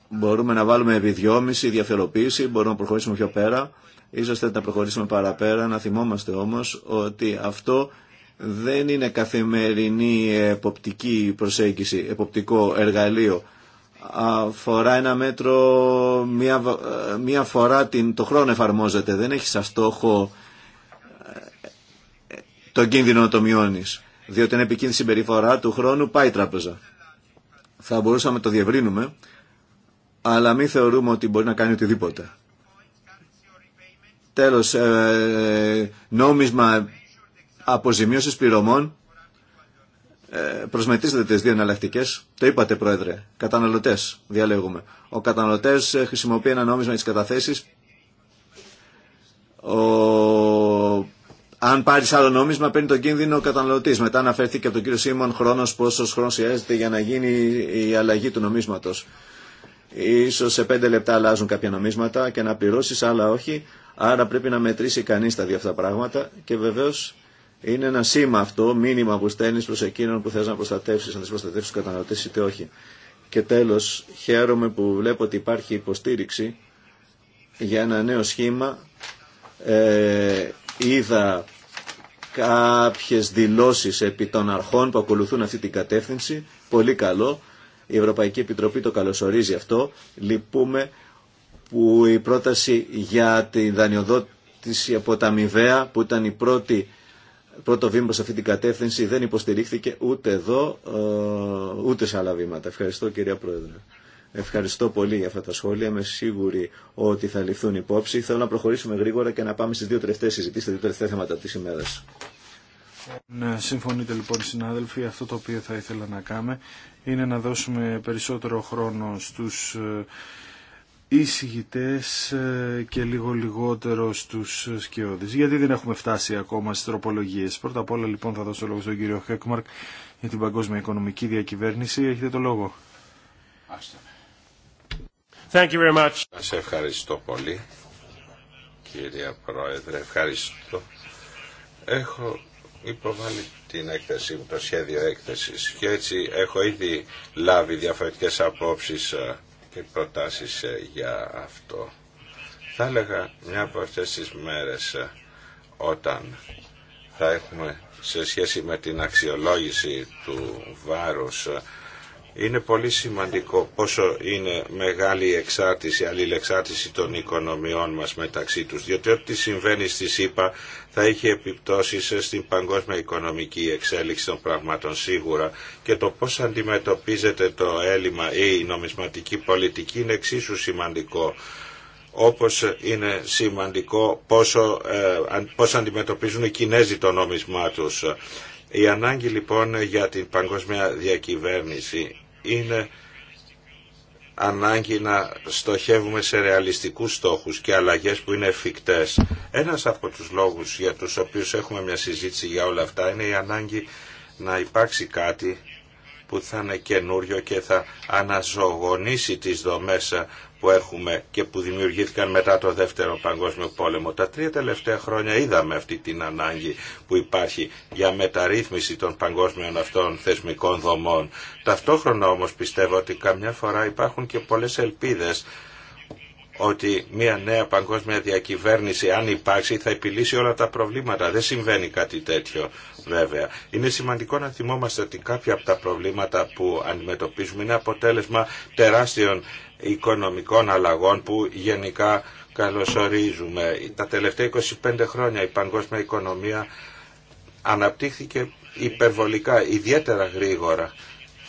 Μπορούμε να βάλουμε επιδιώμηση, διαφοροποίηση, μπορούμε να προχωρήσουμε πιο πέρα. Ίσως θέλετε να προχωρήσουμε παραπέρα, να θυμόμαστε όμως ότι αυτό δεν είναι καθημερινή εποπτική προσέγγιση, εποπτικό εργαλείο. Αφορά ένα μέτρο μία, μία φορά την, το χρόνο εφαρμόζεται. Δεν έχει σαν στόχο ε, το κίνδυνο να το μειώνει. Διότι είναι επικίνδυνη συμπεριφορά του χρόνου πάει η τράπεζα. Θα μπορούσαμε να το διευρύνουμε, αλλά μην θεωρούμε ότι μπορεί να κάνει οτιδήποτε. Τέλος, ε, νόμισμα αποζημίωσης πληρωμών ε, προσμετίζεται τις δύο εναλλακτικέ. Το είπατε, Πρόεδρε. Καταναλωτέ διαλέγουμε. Ο καταναλωτέ ε, χρησιμοποιεί ένα νόμισμα για τι καταθέσει. Ο... Αν πάρει άλλο νόμισμα, παίρνει τον κίνδυνο ο καταναλωτή. Μετά αναφέρθηκε από τον κύριο Σίμων χρόνο, πόσο χρόνο χρειάζεται για να γίνει η αλλαγή του νομίσματο. Ίσως σε πέντε λεπτά αλλάζουν κάποια νομίσματα και να πληρώσει, άλλα όχι. Άρα πρέπει να μετρήσει κανεί τα δύο αυτά πράγματα και βεβαίω είναι ένα σήμα αυτό, μήνυμα που στέλνει προ εκείνον που θε να προστατεύσει, να τι προστατεύσει του καταναλωτέ είτε όχι. Και τέλο, χαίρομαι που βλέπω ότι υπάρχει υποστήριξη για ένα νέο σχήμα. Ε, είδα κάποιες δηλώσεις επί των αρχών που ακολουθούν αυτή την κατεύθυνση. Πολύ καλό. Η Ευρωπαϊκή Επιτροπή το καλωσορίζει αυτό. Λυπούμε που η πρόταση για τη δανειοδότηση από τα μηδέα που ήταν η πρώτη πρώτο βήμα σε αυτή την κατεύθυνση δεν υποστηρίχθηκε ούτε εδώ ε, ούτε σε άλλα βήματα. Ευχαριστώ κυρία Πρόεδρε. Ευχαριστώ πολύ για αυτά τα σχόλια. Είμαι σίγουρη ότι θα ληφθούν υπόψη. Θέλω να προχωρήσουμε γρήγορα και να πάμε στι δύο τελευταίε συζητήσει, τα δύο τελευταία θέματα τη ημέρα. Ναι, συμφωνείτε λοιπόν συνάδελφοι, αυτό το οποίο θα ήθελα να κάνουμε είναι να δώσουμε περισσότερο χρόνο στους ε, εισηγητές ε, και λίγο λιγότερο στους σκιώδεις. Γιατί δεν έχουμε φτάσει ακόμα στις τροπολογίες. Πρώτα απ' όλα λοιπόν θα δώσω λόγο στον κύριο Χέκμαρκ για την παγκόσμια οικονομική διακυβέρνηση. Έχετε το λόγο. Thank you very much. Σας ευχαριστώ πολύ κύριε Πρόεδρε. Ευχαριστώ. Έχω υποβάλει την έκθεσή μου, το σχέδιο έκθεσης και έτσι έχω ήδη λάβει διαφορετικές απόψεις ε, και προτάσεις ε, για αυτό. Θα έλεγα μια από αυτές τις μέρες ε, όταν θα έχουμε σε σχέση με την αξιολόγηση του βάρους ε, είναι πολύ σημαντικό πόσο είναι μεγάλη η εξάρτηση, αλληλεξάρτηση των οικονομιών μας μεταξύ τους, διότι ό,τι συμβαίνει στη ΣΥΠΑ θα είχε επιπτώσεις στην παγκόσμια οικονομική εξέλιξη των πραγμάτων σίγουρα και το πώς αντιμετωπίζεται το έλλειμμα ή η νομισματική πολιτική είναι εξίσου σημαντικό όπως είναι σημαντικό πόσο, ε, πώς αντιμετωπίζουν οι Κινέζοι το νόμισμά τους. Η ανάγκη λοιπόν για την παγκόσμια διακυβέρνηση είναι ανάγκη να στοχεύουμε σε ρεαλιστικούς στόχους και αλλαγές που είναι εφικτές. Ένας από τους λόγους για τους οποίους έχουμε μια συζήτηση για όλα αυτά είναι η ανάγκη να υπάρξει κάτι που θα είναι καινούριο και θα αναζωογονήσει τις δομές που έχουμε και που δημιουργήθηκαν μετά το Δεύτερο Παγκόσμιο Πόλεμο. Τα τρία τελευταία χρόνια είδαμε αυτή την ανάγκη που υπάρχει για μεταρρύθμιση των παγκόσμιων αυτών θεσμικών δομών. Ταυτόχρονα όμως πιστεύω ότι καμιά φορά υπάρχουν και πολλές ελπίδες ότι μια νέα παγκόσμια διακυβέρνηση αν υπάρξει θα επιλύσει όλα τα προβλήματα. Δεν συμβαίνει κάτι τέτοιο βέβαια. Είναι σημαντικό να θυμόμαστε ότι κάποια από τα προβλήματα που αντιμετωπίζουμε είναι αποτέλεσμα τεράστιων οικονομικών αλλαγών που γενικά καλωσορίζουμε. Τα τελευταία 25 χρόνια η παγκόσμια οικονομία αναπτύχθηκε υπερβολικά, ιδιαίτερα γρήγορα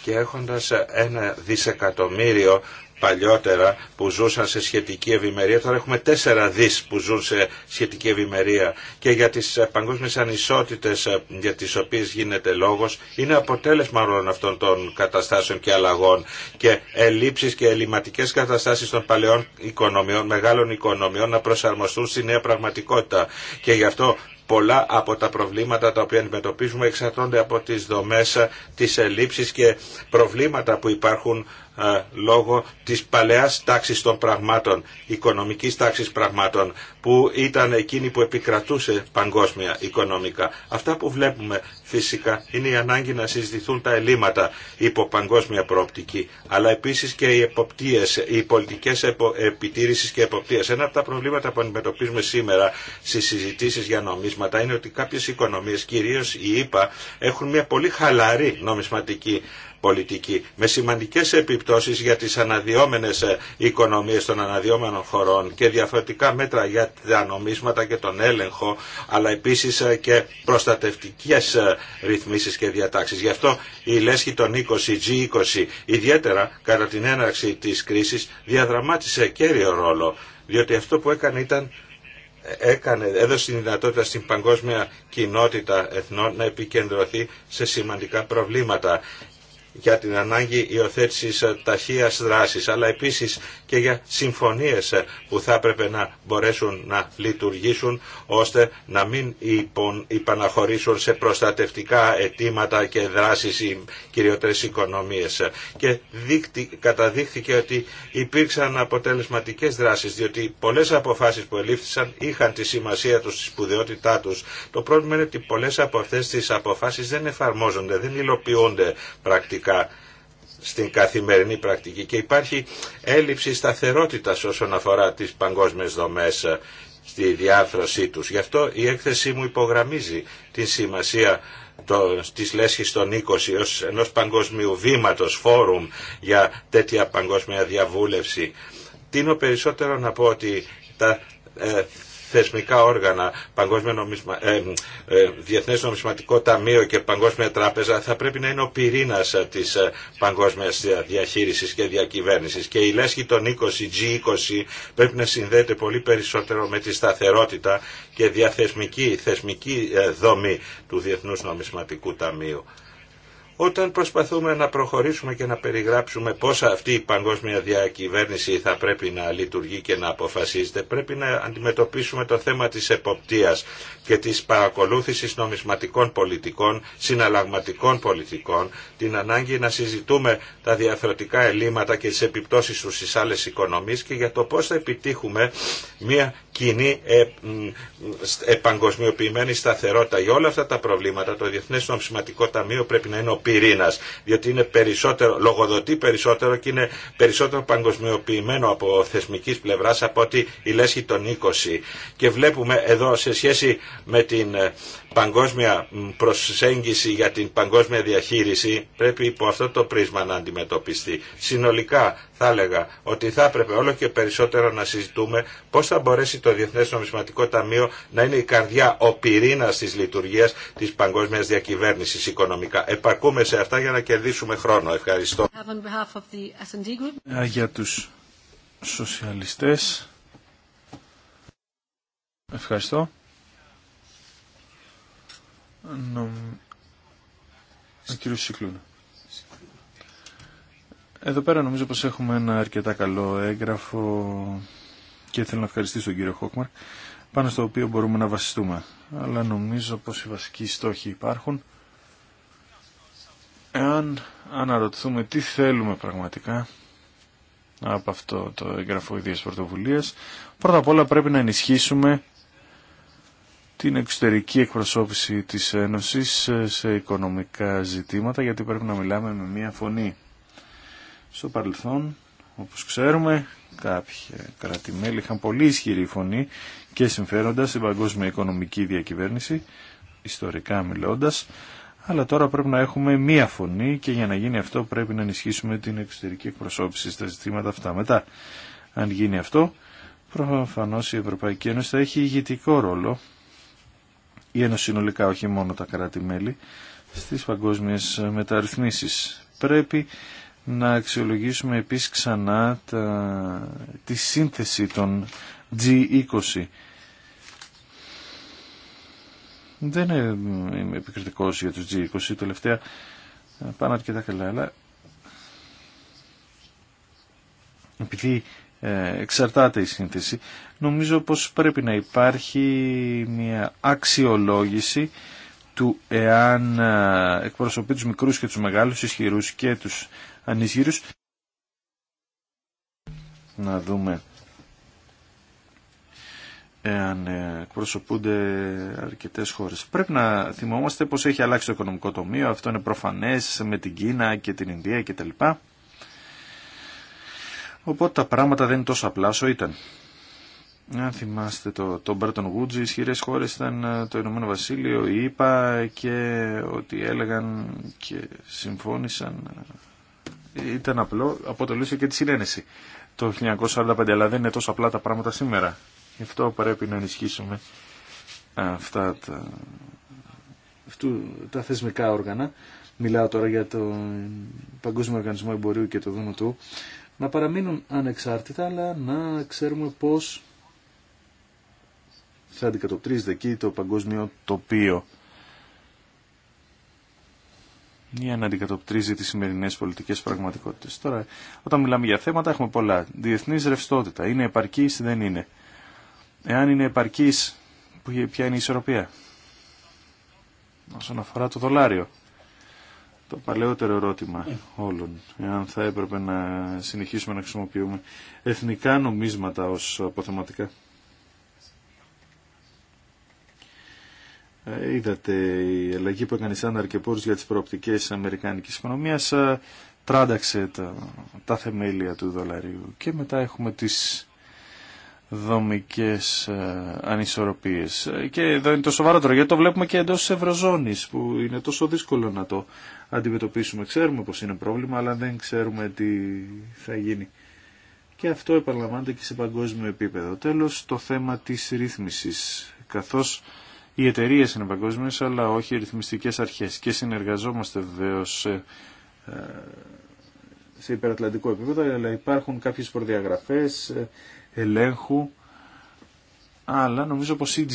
και έχοντας ένα δισεκατομμύριο παλιότερα που ζούσαν σε σχετική ευημερία, τώρα έχουμε τέσσερα δις που ζουν σε σχετική ευημερία και για τις ε, παγκόσμιες ανισότητες ε, για τις οποίες γίνεται λόγος είναι αποτέλεσμα όλων αυτών των καταστάσεων και αλλαγών και ελλείψεις και ελληματικές καταστάσεις των παλαιών οικονομιών, μεγάλων οικονομιών να προσαρμοστούν στη νέα πραγματικότητα και γι' αυτό πολλά από τα προβλήματα τα οποία αντιμετωπίζουμε εξαρτώνται από τις δομές, ε, της ελλείψεις και προβλήματα που υπάρχουν ε, λόγω της παλαιάς τάξης των πραγμάτων, οικονομικής τάξης πραγμάτων, που ήταν εκείνη που επικρατούσε παγκόσμια οικονομικά. Αυτά που βλέπουμε φυσικά είναι η ανάγκη να συζητηθούν τα ελλείμματα υπό παγκόσμια προοπτική, αλλά επίσης και οι, εποπτείες, οι πολιτικές επιτήρησης και εποπτείες. Ένα από τα προβλήματα που αντιμετωπίζουμε σήμερα στις συζητήσεις για νομίσματα είναι ότι κάποιες οικονομίες, κυρίως η ΕΠΑ, έχουν μια πολύ χαλαρή νομισματική πολιτική με σημαντικές επιπτώσεις για τις αναδιόμενες ε, οικονομίες των αναδυόμενων χωρών και διαφορετικά μέτρα για τα νομίσματα και τον έλεγχο αλλά επίσης ε, και προστατευτικές ε, ρυθμίσεις και διατάξεις. Γι' αυτό η λέσχη των 20 G20 ιδιαίτερα κατά την έναρξη της κρίσης διαδραμάτισε κέριο ρόλο διότι αυτό που έκανε ήταν έκανε, έδωσε τη δυνατότητα στην παγκόσμια κοινότητα εθνών να επικεντρωθεί σε σημαντικά προβλήματα για την ανάγκη υιοθέτησης ταχείας δράσης, αλλά επίσης και για συμφωνίες ε, που θα έπρεπε να μπορέσουν να λειτουργήσουν ώστε να μην υπαναχωρήσουν σε προστατευτικά αιτήματα και δράσεις οι κυριότερες οικονομίες. Ε, και καταδείχθηκε ότι υπήρξαν αποτελεσματικές δράσεις διότι πολλές αποφάσεις που ελήφθησαν είχαν τη σημασία τους, τη σπουδαιότητά τους. Το πρόβλημα είναι ότι πολλές από αυτές τις αποφάσεις δεν εφαρμόζονται, δεν υλοποιούνται πρακτικά στην καθημερινή πρακτική και υπάρχει έλλειψη σταθερότητας όσον αφορά τις παγκόσμιες δομές ε, στη διάρθρωσή τους. Γι' αυτό η έκθεσή μου υπογραμμίζει τη σημασία το, της λέσχης των 20 ως ενός παγκοσμίου βήματος, φόρουμ για τέτοια παγκόσμια διαβούλευση. Τίνω περισσότερο να πω ότι τα ε, θεσμικά όργανα, Παγκόσμιο ε, ε, Διεθνές Νομισματικό Ταμείο και Παγκόσμια Τράπεζα θα πρέπει να είναι ο πυρήνας ε, της παγκόσμιας διαχείρισης και διακυβέρνησης και η λέσχη των 20, G20 πρέπει να συνδέεται πολύ περισσότερο με τη σταθερότητα και διαθεσμική θεσμική δομή του Διεθνούς Νομισματικού Ταμείου. Όταν προσπαθούμε να προχωρήσουμε και να περιγράψουμε πώς αυτή η παγκόσμια διακυβέρνηση θα πρέπει να λειτουργεί και να αποφασίζεται, πρέπει να αντιμετωπίσουμε το θέμα της εποπτείας και της παρακολούθησης νομισματικών πολιτικών, συναλλαγματικών πολιτικών, την ανάγκη να συζητούμε τα διαθροτικά ελλείμματα και τις επιπτώσεις του στις άλλες οικονομίες και για το πώς θα επιτύχουμε μια κοινή επαγκοσμιοποιημένη ε, σταθερότητα. Για όλα αυτά τα προβλήματα το Διεθνές Νομισματικό Ταμείο πρέπει να είναι διότι είναι περισσότερο, λογοδοτεί περισσότερο και είναι περισσότερο παγκοσμιοποιημένο από θεσμικής πλευράς από ότι η λέσχη των 20. Και βλέπουμε εδώ σε σχέση με την ε, παγκόσμια προσέγγιση για την παγκόσμια διαχείριση πρέπει υπό αυτό το πρίσμα να αντιμετωπιστεί. Συνολικά θα έλεγα ότι θα έπρεπε όλο και περισσότερο να συζητούμε πώς θα μπορέσει το Διεθνές Νομισματικό Ταμείο να είναι η καρδιά, ο πυρήνας της λειτουργίας της παγκόσμιας διακυβέρνησης οικονομικά. Επαρκούμε σε αυτά για να κερδίσουμε χρόνο. Ευχαριστώ. Ε, για τους σοσιαλιστές. Ευχαριστώ. Ο κύριος εδώ πέρα νομίζω πως έχουμε ένα αρκετά καλό έγγραφο και θέλω να ευχαριστήσω τον κύριο Χόκμαρ πάνω στο οποίο μπορούμε να βασιστούμε. Αλλά νομίζω πως οι βασικοί στόχοι υπάρχουν. Εάν αναρωτηθούμε τι θέλουμε πραγματικά από αυτό το έγγραφο ιδίας πρωτοβουλίας, πρώτα απ' όλα πρέπει να ενισχύσουμε την εξωτερική εκπροσώπηση της Ένωσης σε οικονομικά ζητήματα, γιατί πρέπει να μιλάμε με μία φωνή. Στο παρελθόν, όπως ξέρουμε, κάποια κρατημέλη είχαν πολύ ισχυρή φωνή και συμφέροντα στην παγκόσμια οικονομική διακυβέρνηση, ιστορικά μιλώντας, αλλά τώρα πρέπει να έχουμε μία φωνή και για να γίνει αυτό πρέπει να ενισχύσουμε την εξωτερική εκπροσώπηση στα ζητήματα αυτά. Μετά, αν γίνει αυτό, προφανώ η Ευρωπαϊκή Ένωση θα έχει ηγητικό ρόλο, η Ένωση συνολικά, όχι μόνο τα κράτη-μέλη, στις παγκόσμιες μεταρρυθμίσεις. Πρέπει να αξιολογήσουμε επίσης ξανά τη σύνθεση των G20. Δεν ε, είμαι επικριτικός για τους G20 τελευταία, ε, πάνε αρκετά καλά, αλλά επειδή ε, εξαρτάται η σύνθεση, νομίζω πως πρέπει να υπάρχει μια αξιολόγηση του εάν εκπροσωπεί τους μικρούς και τους μεγάλους, ισχυρούς και τους ανισχυρούς. Να δούμε εάν ε, εκπροσωπούνται αρκετές χώρες. Πρέπει να θυμόμαστε πως έχει αλλάξει το οικονομικό τομείο, αυτό είναι προφανές με την Κίνα και την Ινδία κτλ. Οπότε τα πράγματα δεν είναι τόσο απλά όσο ήταν. Αν θυμάστε το, το Μπέρτον Γουτζ, οι ισχυρέ χώρε ήταν ε, το Ηνωμένο Βασίλειο, η ΕΠΑ και ότι έλεγαν και συμφώνησαν. Ε, ήταν απλό, αποτελούσε και τη συνένεση το 1945, αλλά δεν είναι τόσο απλά τα πράγματα σήμερα. Γι' αυτό πρέπει να ενισχύσουμε αυτά τα, αυτού, τα θεσμικά όργανα. Μιλάω τώρα για το Παγκόσμιο Οργανισμό Εμπορίου και το Δούνο του. Να παραμείνουν ανεξάρτητα, αλλά να ξέρουμε πώς θα αντικατοπτρίζεται εκεί το παγκόσμιο τοπίο για να αντικατοπτρίζει τις σημερινές πολιτικές πραγματικότητες. Τώρα, όταν μιλάμε για θέματα έχουμε πολλά. Διεθνή ρευστότητα, είναι η δεν είναι. Εάν είναι επαρκή ποια είναι η ισορροπία. Όσον αφορά το δολάριο. Το παλαιότερο ερώτημα όλων, εάν θα έπρεπε να συνεχίσουμε να χρησιμοποιούμε εθνικά νομίσματα ω αποθεματικά. Ε, είδατε η αλλαγή που έκανε σαν αρκεπόρους για τις προοπτικές της αμερικάνικης οικονομίας ε, τράνταξε τα, τα θεμέλια του δολαρίου και μετά έχουμε τις δομικές ε, ανισορροπίες. Και εδώ είναι το σοβαρότερο, γιατί το βλέπουμε και εντός της Ευρωζώνης, που είναι τόσο δύσκολο να το αντιμετωπίσουμε. Ξέρουμε πως είναι πρόβλημα, αλλά δεν ξέρουμε τι θα γίνει. Και αυτό επαναλαμβάνεται και σε παγκόσμιο επίπεδο. Τέλος, το θέμα της ρύθμισης, καθώς οι εταιρείε είναι παγκόσμιε, αλλά όχι οι ρυθμιστικέ αρχέ. Και συνεργαζόμαστε βεβαίω ε, ε, σε υπερατλαντικό επίπεδο, αλλά υπάρχουν κάποιε προδιαγραφέ ε, ελέγχου, αλλά νομίζω πως οι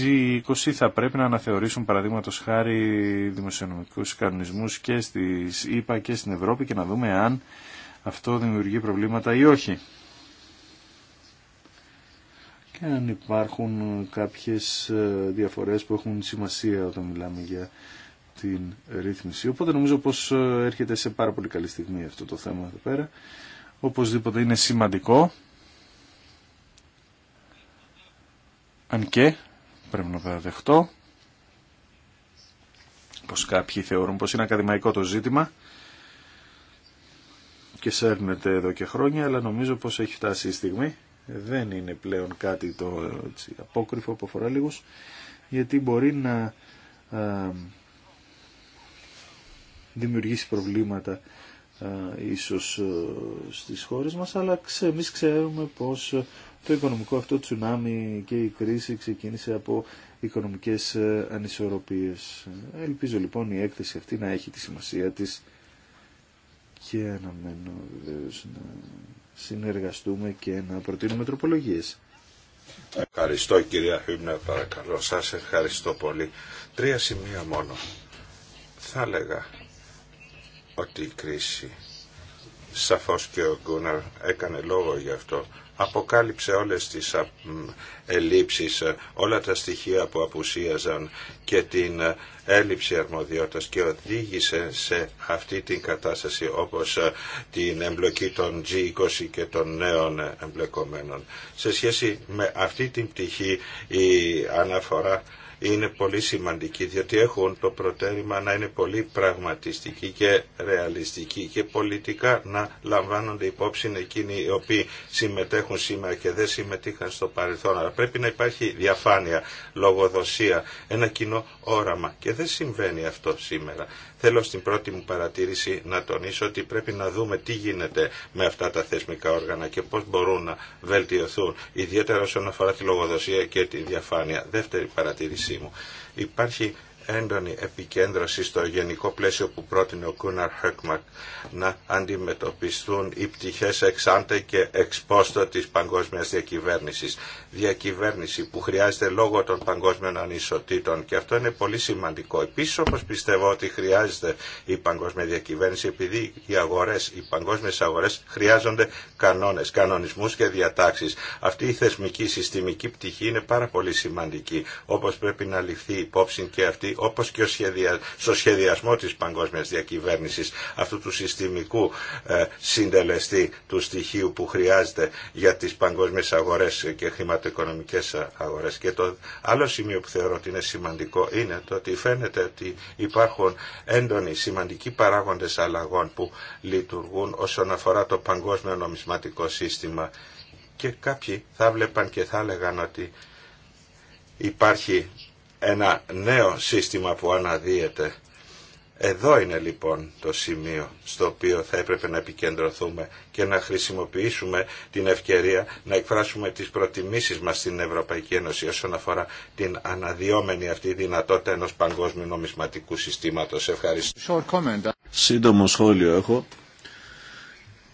G20 θα πρέπει να αναθεωρήσουν παραδείγματο χάρη δημοσιονομικούς κανονισμούς και στις ΗΠΑ και στην Ευρώπη και να δούμε αν αυτό δημιουργεί προβλήματα ή όχι αν υπάρχουν κάποιες ε, διαφορές που έχουν σημασία όταν μιλάμε για την ρύθμιση. Οπότε νομίζω πως ε, έρχεται σε πάρα πολύ καλή στιγμή αυτό το θέμα εδώ πέρα. Οπωσδήποτε είναι σημαντικό. Αν και πρέπει να τα δεχτώ πως κάποιοι θεωρούν πως είναι ακαδημαϊκό το ζήτημα και σέρνεται εδώ και χρόνια αλλά νομίζω πως έχει φτάσει η στιγμή δεν είναι πλέον κάτι το έτσι, απόκριφο που αφορά λίγους γιατί μπορεί να α, δημιουργήσει προβλήματα α, ίσως στις χώρες μας αλλά ξε, εμείς ξέρουμε πως το οικονομικό αυτό τσουνάμι και η κρίση ξεκίνησε από οικονομικές ε, ανισορροπίες. Ελπίζω λοιπόν η έκθεση αυτή να έχει τη σημασία της και αναμένω βεβαίως να συνεργαστούμε και να προτείνουμε τροπολογίες. Ευχαριστώ κυρία Χίμνα, παρακαλώ. Σας ευχαριστώ πολύ. Τρία σημεία μόνο. Θα έλεγα ότι η κρίση, σαφώς και ο Γκούναρ έκανε λόγο γι' αυτό, αποκάλυψε όλες τις ελλείψεις, ε, όλα τα στοιχεία που απουσίαζαν και την ε, έλλειψη αρμοδιότητας και οδήγησε σε αυτή την κατάσταση όπως ε, την εμπλοκή των G20 και των νέων εμπλεκομένων. Σε σχέση με αυτή την πτυχή η αναφορά είναι πολύ σημαντική, διότι έχουν το προτέρημα να είναι πολύ πραγματιστικοί και ρεαλιστικοί και πολιτικά να λαμβάνονται υπόψη εκείνοι οι οποίοι συμμετέχουν σήμερα και δεν συμμετείχαν στο παρελθόν. Αλλά πρέπει να υπάρχει διαφάνεια, λογοδοσία, ένα κοινό όραμα και δεν συμβαίνει αυτό σήμερα. Θέλω στην πρώτη μου παρατήρηση να τονίσω ότι πρέπει να δούμε τι γίνεται με αυτά τα θεσμικά όργανα και πώς μπορούν να βελτιωθούν, ιδιαίτερα όσον αφορά τη λογοδοσία και τη διαφάνεια. Δεύτερη παρατήρησή μου. Υπάρχει έντονη επικέντρωση στο γενικό πλαίσιο που πρότεινε ο Κούναρ Χέκμακ να αντιμετωπιστούν οι πτυχές εξάντε και εξπόστο της παγκόσμιας διακυβέρνησης. Διακυβέρνηση που χρειάζεται λόγω των παγκόσμιων ανισοτήτων και αυτό είναι πολύ σημαντικό. Επίσης όπως πιστεύω ότι χρειάζεται η παγκόσμια διακυβέρνηση επειδή οι αγορές, οι παγκόσμιες αγορές χρειάζονται κανόνες, κανονισμούς και διατάξεις. Αυτή η θεσμική συστημική πτυχή είναι πάρα πολύ σημαντική όπως πρέπει να ληφθεί υπόψη και αυτή όπως όπως και στο σχεδιασμό της παγκόσμιας διακυβέρνησης αυτού του συστημικού ε, συντελεστή του στοιχείου που χρειάζεται για τις παγκόσμιες αγορές και χρηματοοικονομικές αγορές. Και το άλλο σημείο που θεωρώ ότι είναι σημαντικό είναι το ότι φαίνεται ότι υπάρχουν έντονοι σημαντικοί παράγοντες αλλαγών που λειτουργούν όσον αφορά το παγκόσμιο νομισματικό σύστημα και κάποιοι θα βλέπαν και θα έλεγαν ότι υπάρχει ένα νέο σύστημα που αναδύεται. Εδώ είναι λοιπόν το σημείο στο οποίο θα έπρεπε να επικεντρωθούμε και να χρησιμοποιήσουμε την ευκαιρία να εκφράσουμε τις προτιμήσεις μας στην Ευρωπαϊκή Ένωση όσον αφορά την αναδυόμενη αυτή δυνατότητα ενός παγκόσμιου νομισματικού συστήματος. Ευχαριστώ. Σύντομο σχόλιο έχω.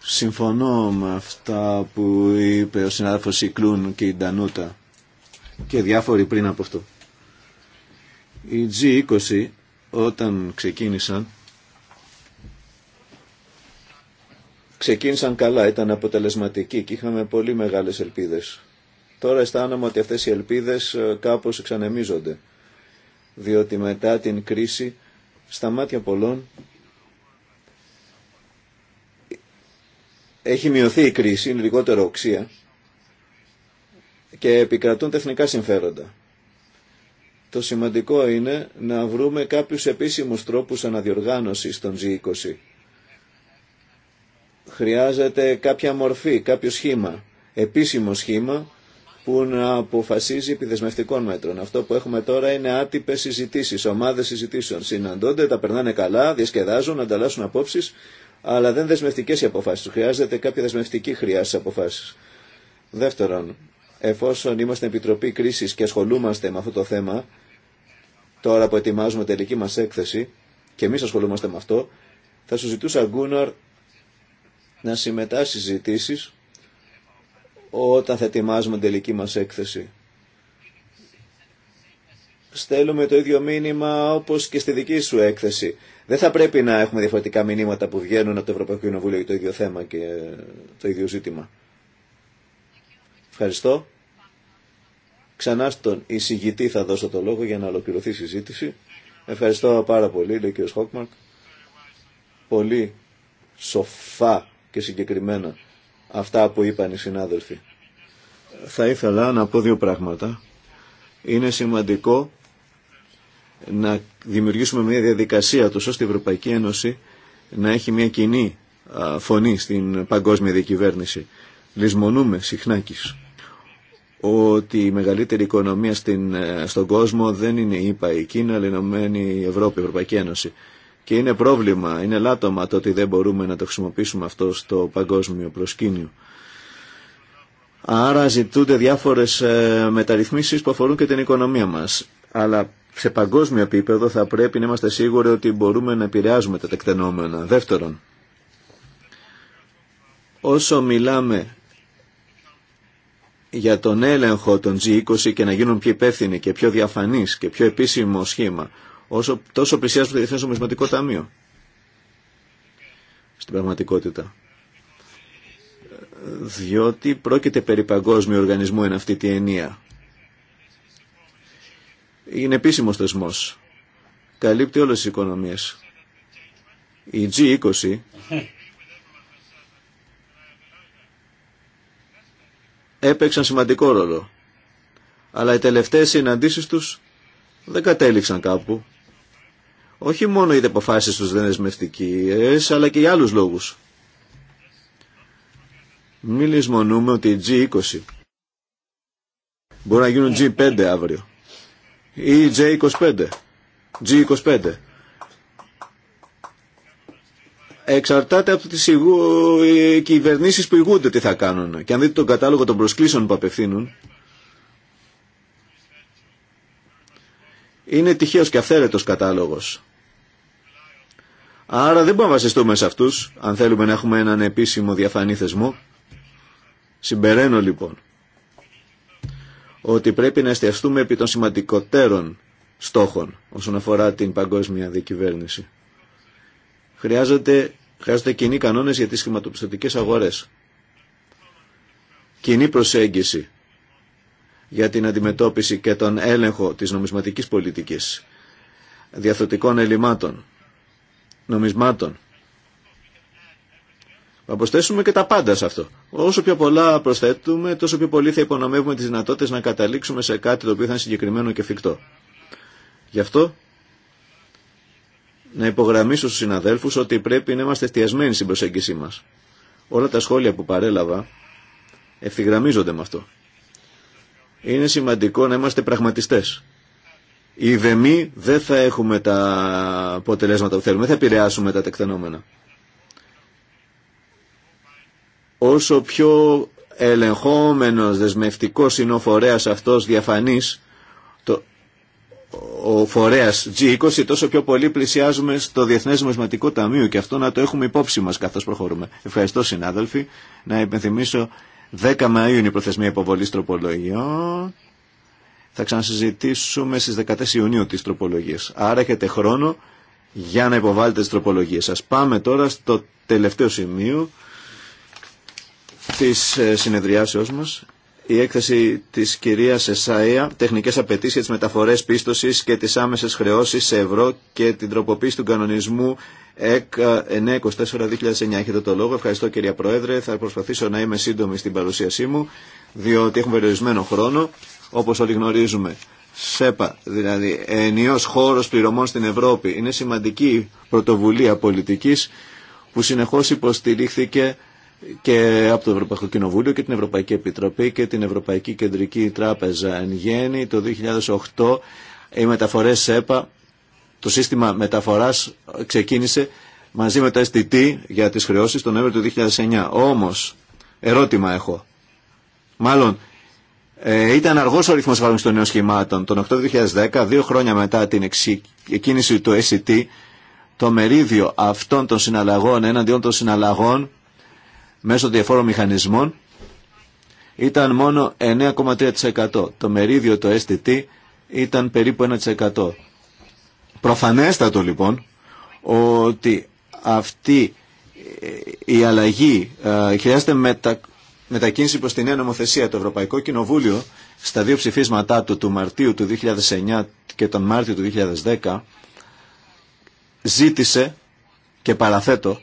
Συμφωνώ με αυτά που είπε ο συνάδελφος Ικλούν και η Ντανούτα και διάφοροι πριν από αυτό. Οι G20 όταν ξεκίνησαν ξεκίνησαν καλά, ήταν αποτελεσματικοί και είχαμε πολύ μεγάλες ελπίδες. Τώρα αισθάνομαι ότι αυτές οι ελπίδες ε, κάπως ξανεμίζονται διότι μετά την κρίση στα μάτια πολλών έχει μειωθεί η κρίση, είναι λιγότερο οξία και επικρατούν τεχνικά συμφέροντα. Το σημαντικό είναι να βρούμε κάποιους επίσημους τρόπους αναδιοργάνωσης των G20. Χρειάζεται κάποια μορφή, κάποιο σχήμα, επίσημο σχήμα που να αποφασίζει επιδεσμευτικών μέτρων. Αυτό που έχουμε τώρα είναι άτυπε συζητήσει, ομάδε συζητήσεων. Συναντώνται, τα περνάνε καλά, διασκεδάζουν, ανταλλάσσουν απόψει, αλλά δεν δεσμευτικέ οι αποφάσει. Χρειάζεται κάποια δεσμευτική χρειάση στι αποφάσει. Δεύτερον, εφόσον είμαστε Επιτροπή Κρίσης και ασχολούμαστε με αυτό το θέμα, τώρα που ετοιμάζουμε τελική μας έκθεση, και εμείς ασχολούμαστε με αυτό, θα σου ζητούσα Γκούναρ να συμμετάσχει συζητήσεις όταν θα ετοιμάζουμε τελική μας έκθεση. Στέλνουμε το ίδιο μήνυμα όπως και στη δική σου έκθεση. Δεν θα πρέπει να έχουμε διαφορετικά μηνύματα που βγαίνουν από το Ευρωπαϊκό Κοινοβούλιο για το ίδιο θέμα και το ίδιο ζήτημα. Ευχαριστώ. Ξανά στον εισηγητή θα δώσω το λόγο για να ολοκληρωθεί η συζήτηση. Ευχαριστώ πάρα πολύ, λέει ο κ. Χόκμαρκ. Πολύ σοφά και συγκεκριμένα αυτά που είπαν οι συνάδελφοι. Θα ήθελα να πω δύο πράγματα. Είναι σημαντικό να δημιουργήσουμε μια διαδικασία του ώστε η Ευρωπαϊκή Ένωση να έχει μια κοινή φωνή στην παγκόσμια διακυβέρνηση. Λυσμονούμε και ότι η μεγαλύτερη οικονομία στην, ε, στον κόσμο δεν είναι η ΕΠΑ, η Κίνα, αλλά η Ευρώπη, η Ευρωπαϊκή Ένωση. Και είναι πρόβλημα, είναι λάτωμα το ότι δεν μπορούμε να το χρησιμοποιήσουμε αυτό στο παγκόσμιο προσκήνιο. Άρα ζητούνται διάφορες ε, μεταρρυθμίσεις που αφορούν και την οικονομία μας. Αλλά σε παγκόσμιο επίπεδο θα πρέπει να είμαστε σίγουροι ότι μπορούμε να επηρεάζουμε τα τεκτενόμενα. Δεύτερον, όσο μιλάμε για τον έλεγχο των G20 και να γίνουν πιο υπεύθυνοι και πιο διαφανείς και πιο επίσημο σχήμα όσο, τόσο πλησιάζουν το Διεθνές Ομισματικό Ταμείο στην πραγματικότητα διότι πρόκειται περί παγκόσμιου οργανισμού εν αυτή τη ενία είναι επίσημος θεσμός καλύπτει όλες τις οικονομίες η G20 έπαιξαν σημαντικό ρόλο. Αλλά οι τελευταίες συναντήσεις τους δεν κατέληξαν κάπου. Όχι μόνο οι δεποφάσεις τους δεν δεσμευτικές, αλλά και για άλλους λόγους. Μην λησμονούμε ότι οι G20 μπορεί να γίνουν G5 αύριο ή G25. G25 εξαρτάται από τις υγου... κυβερνήσεις που ηγούνται τι θα κάνουν. Και αν δείτε τον κατάλογο των προσκλήσεων που απευθύνουν, είναι τυχαίος και αυθαίρετος κατάλογος. Άρα δεν μπορούμε να βασιστούμε σε αυτούς, αν θέλουμε να έχουμε έναν επίσημο διαφανή θεσμό. Συμπεραίνω λοιπόν ότι πρέπει να εστιαστούμε επί των σημαντικότερων στόχων όσον αφορά την παγκόσμια διακυβέρνηση. Χρειάζεται, χρειάζονται κοινοί κανόνες για τις χρηματοπιστωτικέ αγορές. Κοινή προσέγγιση για την αντιμετώπιση και τον έλεγχο της νομισματικής πολιτικής, διαθωτικών ελλημάτων, νομισμάτων. Θα προσθέσουμε και τα πάντα σε αυτό. Όσο πιο πολλά προσθέτουμε, τόσο πιο πολύ θα υπονομεύουμε τις δυνατότητες να καταλήξουμε σε κάτι το οποίο θα είναι συγκεκριμένο και φυκτό. Γι' αυτό να υπογραμμίσω στους συναδέλφους ότι πρέπει να είμαστε εστιασμένοι στην προσέγγιση μας. Όλα τα σχόλια που παρέλαβα ευθυγραμμίζονται με αυτό. Είναι σημαντικό να είμαστε πραγματιστές. Οι δεμοί δεν θα έχουμε τα αποτελέσματα που θέλουμε, δεν θα επηρεάσουμε τα τεκτενόμενα. Όσο πιο ελεγχόμενος, δεσμευτικός είναι ο φορέας αυτός διαφανής, ο φορέας G20 τόσο πιο πολύ πλησιάζουμε στο Διεθνές Νομισματικό Ταμείο και αυτό να το έχουμε υπόψη μας καθώς προχωρούμε. Ευχαριστώ συνάδελφοι. Να υπενθυμίσω 10 Μαΐου είναι η προθεσμία υποβολής τροπολογιών. Θα ξανασυζητήσουμε στις 14 Ιουνίου τις τροπολογίες. Άρα έχετε χρόνο για να υποβάλλετε τις τροπολογίες σας. Πάμε τώρα στο τελευταίο σημείο της ε, συνεδριάσεώς μας η έκθεση τη κυρία Εσάια, τεχνικέ απαιτήσει για τι μεταφορέ πίστοση και τι άμεσε χρεώσει σε ευρώ και την τροποποίηση του κανονισμού ΕΚ 924-2009. Έχετε το λόγο. Ευχαριστώ κυρία Πρόεδρε. Θα προσπαθήσω να είμαι σύντομη στην παρουσίασή μου, διότι έχουμε περιορισμένο χρόνο, Όπω όλοι γνωρίζουμε. ΣΕΠΑ, δηλαδή ενιαίος χώρο πληρωμών στην Ευρώπη, είναι σημαντική πρωτοβουλία πολιτική που συνεχώ υποστηρίχθηκε και από το Ευρωπαϊκό Κοινοβούλιο και την Ευρωπαϊκή Επιτροπή και την Ευρωπαϊκή Κεντρική Τράπεζα. Εν γέννη το 2008 οι μεταφορές ΕΠΑ, το σύστημα μεταφοράς ξεκίνησε μαζί με το STT για τις χρεώσεις τον Νοέμβριο του 2009. Όμως, ερώτημα έχω. Μάλλον, ε, ήταν αργός ο ρυθμός εφαρμογής των νέων σχημάτων. Τον Οκτώβριο 2010, δύο χρόνια μετά την εκκίνηση του STT το μερίδιο αυτών των συναλλαγών εναντίον των συναλλαγών μέσω διαφόρων μηχανισμών ήταν μόνο 9,3%. Το μερίδιο το STT ήταν περίπου 1%. Προφανέστατο λοιπόν ότι αυτή ε, η αλλαγή ε, χρειάζεται μετακίνηση προς την νέα νομοθεσία. Το Ευρωπαϊκό Κοινοβούλιο στα δύο ψηφίσματά του του Μαρτίου του 2009 και τον Μάρτιο του 2010 ζήτησε και παραθέτω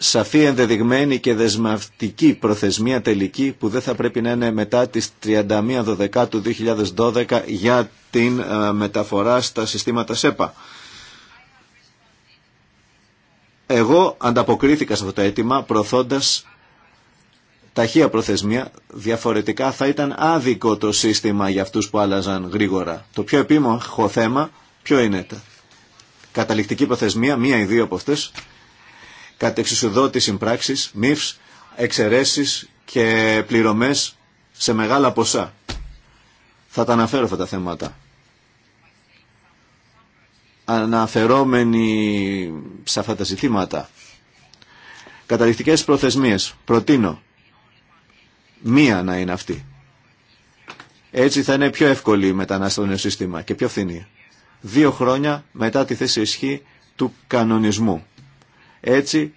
σαφή, ενδεδειγμένη και δεσμευτική προθεσμία τελική που δεν θα πρέπει να είναι μετά τις 31 του 2012 για την ε, μεταφορά στα συστήματα ΣΕΠΑ. Εγώ ανταποκρίθηκα σε αυτό το αίτημα προθώντας ταχεία προθεσμία, διαφορετικά θα ήταν άδικο το σύστημα για αυτούς που άλλαζαν γρήγορα. Το πιο επίμοχο θέμα ποιο είναι τα καταληκτική προθεσμία, μία ή δύο από αυτές, κατ' εξουσιοδότηση πράξης, μυφς, και πληρωμέ σε μεγάλα ποσά. Θα τα αναφέρω αυτά τα θέματα. Αναφερόμενοι σε αυτά τα ζητήματα. Καταληκτικέ προθεσμίες. Προτείνω. Μία να είναι αυτή. Έτσι θα είναι πιο εύκολη η μετανάστευση στο νέο σύστημα και πιο φθηνή. Δύο χρόνια μετά τη θέση ισχύ του κανονισμού έτσι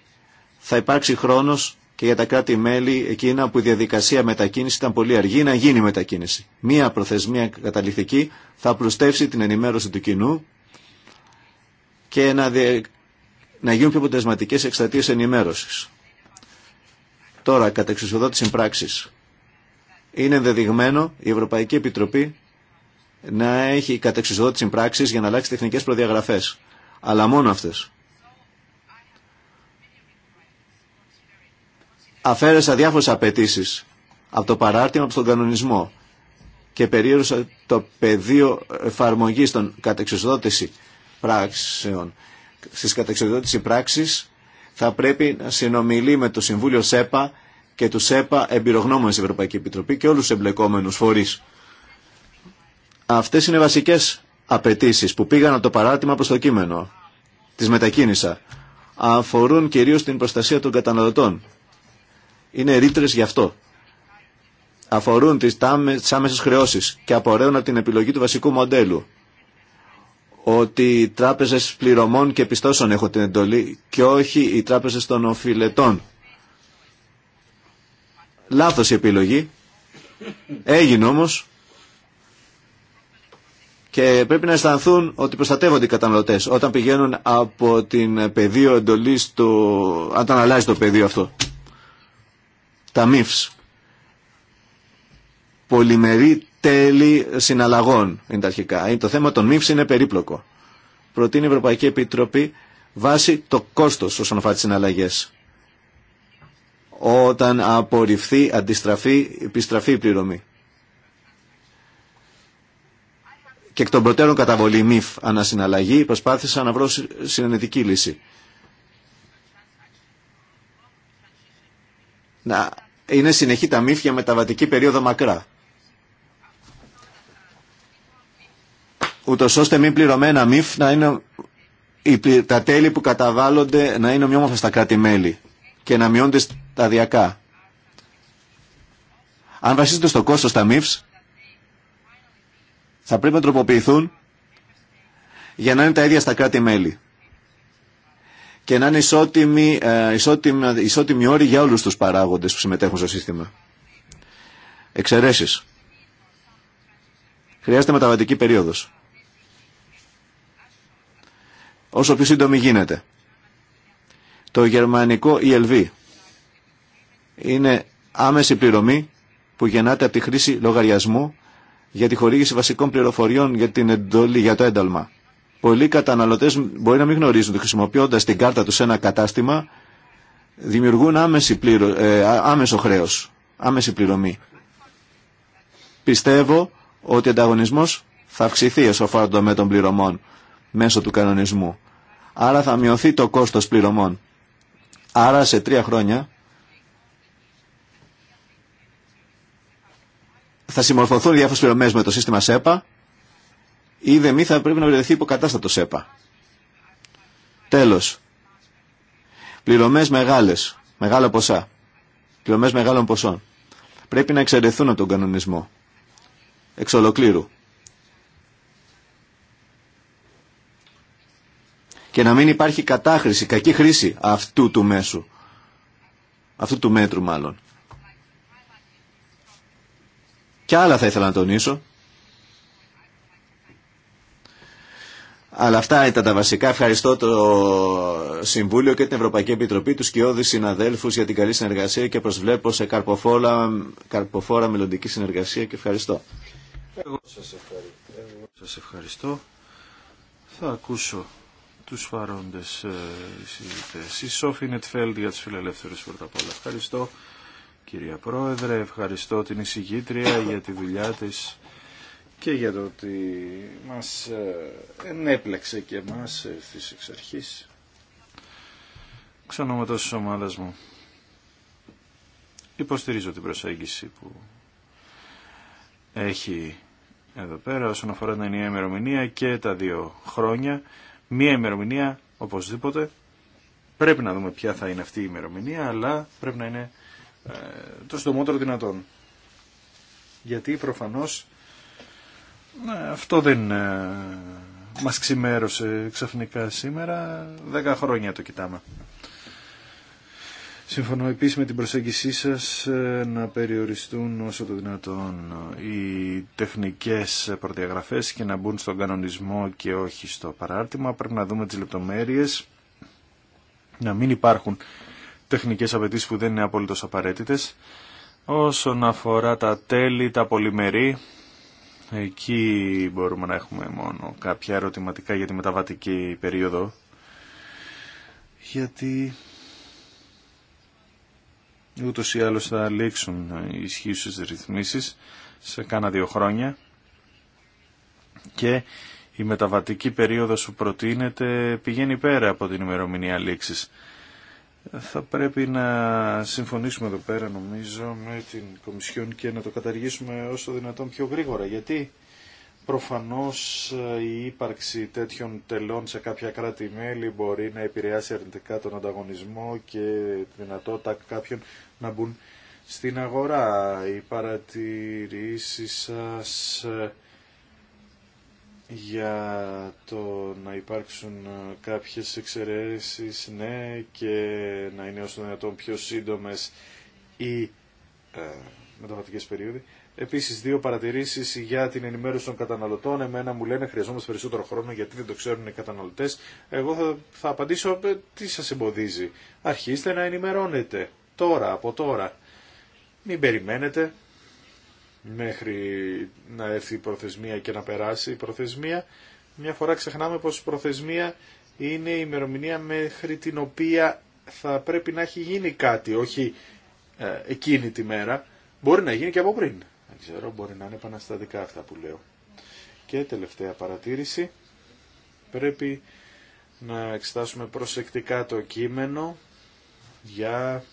θα υπάρξει χρόνος και για τα κράτη-μέλη εκείνα που η διαδικασία μετακίνηση ήταν πολύ αργή να γίνει μετακίνηση. Μία προθεσμία καταληκτική θα προστεύσει την ενημέρωση του κοινού και να, να γίνουν πιο αποτελεσματικέ εκστατείε ενημέρωση. Τώρα, κατά εξουσιοδότηση πράξη, είναι ενδεδειγμένο η Ευρωπαϊκή Επιτροπή να έχει κατά εξουσιοδότηση πράξη για να αλλάξει τεχνικέ προδιαγραφέ. Αλλά μόνο αυτέ. αφαίρεσα διάφορες απαιτήσει από το παράρτημα τον κανονισμό και περίεργα το πεδίο εφαρμογής των κατεξοδότηση πράξεων. Στις κατεξοδότηση πράξεις θα πρέπει να συνομιλεί με το Συμβούλιο ΣΕΠΑ και του ΣΕΠΑ εμπειρογνώμονες Ευρωπαϊκή Επιτροπή και όλους τους εμπλεκόμενους φορείς. Αυτές είναι βασικές απαιτήσει που πήγαν από το παράρτημα προς το κείμενο. Τις μετακίνησα. Αφορούν κυρίως την προστασία των καταναλωτών είναι ρήτρε γι' αυτό. Αφορούν τι άμεσε χρεώσει και απορρέουν από την επιλογή του βασικού μοντέλου. Ότι οι τράπεζε πληρωμών και πιστώσεων έχουν την εντολή και όχι οι τράπεζε των οφειλετών. Λάθος η επιλογή. Έγινε όμω, και πρέπει να αισθανθούν ότι προστατεύονται οι καταναλωτέ όταν πηγαίνουν από την πεδίο εντολή του. αν το πεδίο αυτό τα MIFS. Πολυμερή τέλη συναλλαγών είναι τα αρχικά. Το θέμα των MIFS είναι περίπλοκο. Προτείνει η Ευρωπαϊκή Επιτροπή βάσει το κόστος όσον αφορά τις συναλλαγές. Όταν απορριφθεί, αντιστραφεί, επιστραφεί η πληρωμή. Και εκ των προτέρων καταβολή μυφ ανασυναλλαγή προσπάθησα να βρω συνενετική λύση. Να είναι συνεχή τα μύφια για μεταβατική περίοδο μακρά. Ούτως ώστε μην πληρωμένα μύφ να είναι τα τέλη που καταβάλλονται να είναι ομοιόμορφα στα κράτη-μέλη και να μειώνται σταδιακά. Αν βασίζονται στο κόστος τα μύφ, θα πρέπει να τροποποιηθούν για να είναι τα ίδια στα κράτη-μέλη και να είναι ισότιμη ε, ισότιμοι, για όλους τους παράγοντες που συμμετέχουν στο σύστημα. Εξαιρέσεις. Χρειάζεται μεταβατική περίοδος. Όσο πιο σύντομη γίνεται. Το γερμανικό ELV είναι άμεση πληρωμή που γεννάται από τη χρήση λογαριασμού για τη χορήγηση βασικών πληροφοριών για, την εντολή, για το ένταλμα. Πολλοί καταναλωτές μπορεί να μην γνωρίζουν ότι χρησιμοποιώντα την κάρτα του σε ένα κατάστημα δημιουργούν άμεση ε, άμεσο χρέος, άμεση πληρωμή. Πιστεύω ότι ο ανταγωνισμός θα αυξηθεί όσο αφορά το με των πληρωμών μέσω του κανονισμού. Άρα θα μειωθεί το κόστος πληρωμών. Άρα σε τρία χρόνια θα συμμορφωθούν διάφορε πληρωμέ με το σύστημα ΣΕΠΑ ή δε μη θα πρέπει να βρεθεί υποκατάστατο ΣΕΠΑ. Τέλος. Πληρωμές μεγάλες, μεγάλα ποσά. Πληρωμές μεγάλων ποσών. Πρέπει να εξαιρεθούν από τον κανονισμό. Εξ ολοκλήρου. Και να μην υπάρχει κατάχρηση, κακή χρήση αυτού του μέσου. Αυτού του μέτρου μάλλον. Και άλλα θα ήθελα να τονίσω. Αλλά αυτά ήταν τα βασικά. Ευχαριστώ το Συμβούλιο και την Ευρωπαϊκή Επιτροπή, του κοιόδη συναδέλφου για την καλή συνεργασία και προσβλέπω σε καρποφόρα, καρποφόρα μελλοντική συνεργασία και ευχαριστώ. Εγώ σας ευχαριστώ. ευχαριστώ. Θα ακούσω τους φαρόντες ε, συζητητές. Η Σόφη Νετφέλντ για του φιλελεύθερου πρώτα απ' όλα. Ευχαριστώ κυρία Πρόεδρε, ευχαριστώ την εισηγήτρια για τη δουλειά τη και για το ότι μας ε, ενέπλεξε και μας ευθύς εξ αρχής. Ξανόματος της ομάδας μου. Υποστηρίζω την προσέγγιση που έχει εδώ πέρα όσον αφορά την ενιαία ημερομηνία και τα δύο χρόνια. Μία ημερομηνία οπωσδήποτε. Πρέπει να δούμε ποια θα είναι αυτή η ημερομηνία, αλλά πρέπει να είναι ε, το στομότερο δυνατόν. Γιατί προφανώς ναι, αυτό δεν ε, μας ξημέρωσε ξαφνικά σήμερα. Δέκα χρόνια το κοιτάμε. Συμφωνώ επίσης με την προσέγγισή σας ε, να περιοριστούν όσο το δυνατόν ε, οι τεχνικές προδιαγραφές και να μπουν στον κανονισμό και όχι στο παράρτημα. Πρέπει να δούμε τις λεπτομέρειες, να μην υπάρχουν τεχνικές απαιτήσει που δεν είναι απολύτως απαραίτητες. Όσον αφορά τα τέλη, τα πολυμερή, Εκεί μπορούμε να έχουμε μόνο κάποια ερωτηματικά για τη μεταβατική περίοδο. Γιατί ούτως ή άλλως θα λήξουν οι ισχύουσες ρυθμίσεις σε κάνα δύο χρόνια και η μεταβατική περίοδος που προτείνεται πηγαίνει πέρα από την ημερομηνία λήξης θα πρέπει να συμφωνήσουμε εδώ πέρα νομίζω με την Κομισιόν και να το καταργήσουμε όσο δυνατόν πιο γρήγορα γιατί προφανώς η ύπαρξη τέτοιων τελών σε κάποια κράτη-μέλη μπορεί να επηρεάσει αρνητικά τον ανταγωνισμό και τη δυνατότητα κάποιων να μπουν στην αγορά. Οι παρατηρήσεις σας για το να υπάρξουν ε, κάποιες εξαιρέσεις, ναι, και να είναι όσο δυνατόν πιο σύντομες οι ε, μεταβατικές περίοδοι. Επίσης, δύο παρατηρήσεις για την ενημέρωση των καταναλωτών. Εμένα μου λένε χρειαζόμαστε περισσότερο χρόνο γιατί δεν το ξέρουν οι καταναλωτές. Εγώ θα, θα απαντήσω ε, τι σας εμποδίζει. Αρχίστε να ενημερώνετε τώρα, από τώρα. Μην περιμένετε μέχρι να έρθει η προθεσμία και να περάσει η προθεσμία. Μια φορά ξεχνάμε πως η προθεσμία είναι η ημερομηνία μέχρι την οποία θα πρέπει να έχει γίνει κάτι, όχι ε, εκείνη τη μέρα. Μπορεί να γίνει και από πριν. Δεν ξέρω, μπορεί να είναι επαναστατικά αυτά που λέω. Και τελευταία παρατήρηση. Πρέπει να εξετάσουμε προσεκτικά το κείμενο για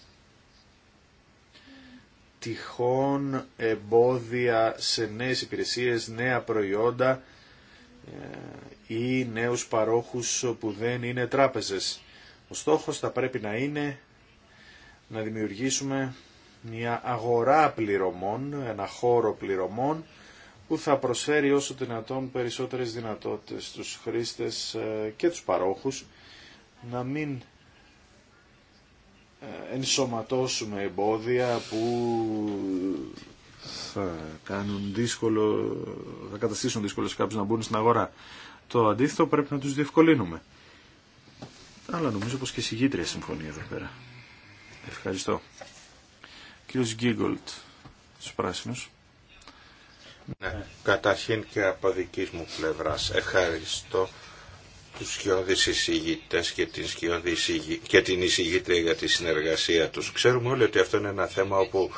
τυχόν εμπόδια σε νέες υπηρεσίες, νέα προϊόντα ε, ή νέους παρόχους που δεν είναι τράπεζες. Ο στόχος θα πρέπει να είναι να δημιουργήσουμε μια αγορά πληρωμών, ένα χώρο πληρωμών που θα προσφέρει όσο δυνατόν περισσότερες δυνατότητες στους χρήστες ε, και τους παρόχους να μην ε, ενσωματώσουμε εμπόδια που θα κάνουν δύσκολο, θα καταστήσουν δύσκολες κάποιους να μπουν στην αγορά. Το αντίθετο πρέπει να τους διευκολύνουμε. Αλλά νομίζω πως και η συγγήτρια συμφωνεί εδώ πέρα. Ευχαριστώ. Κύριος Γκίγκολτ, στους πράσινους. Ναι, καταρχήν και από δική μου πλευράς ευχαριστώ τους σκιώδεις εισηγητές και την, σκιώδη και την εισηγήτρια για τη συνεργασία τους. Ξέρουμε όλοι ότι αυτό είναι ένα θέμα όπου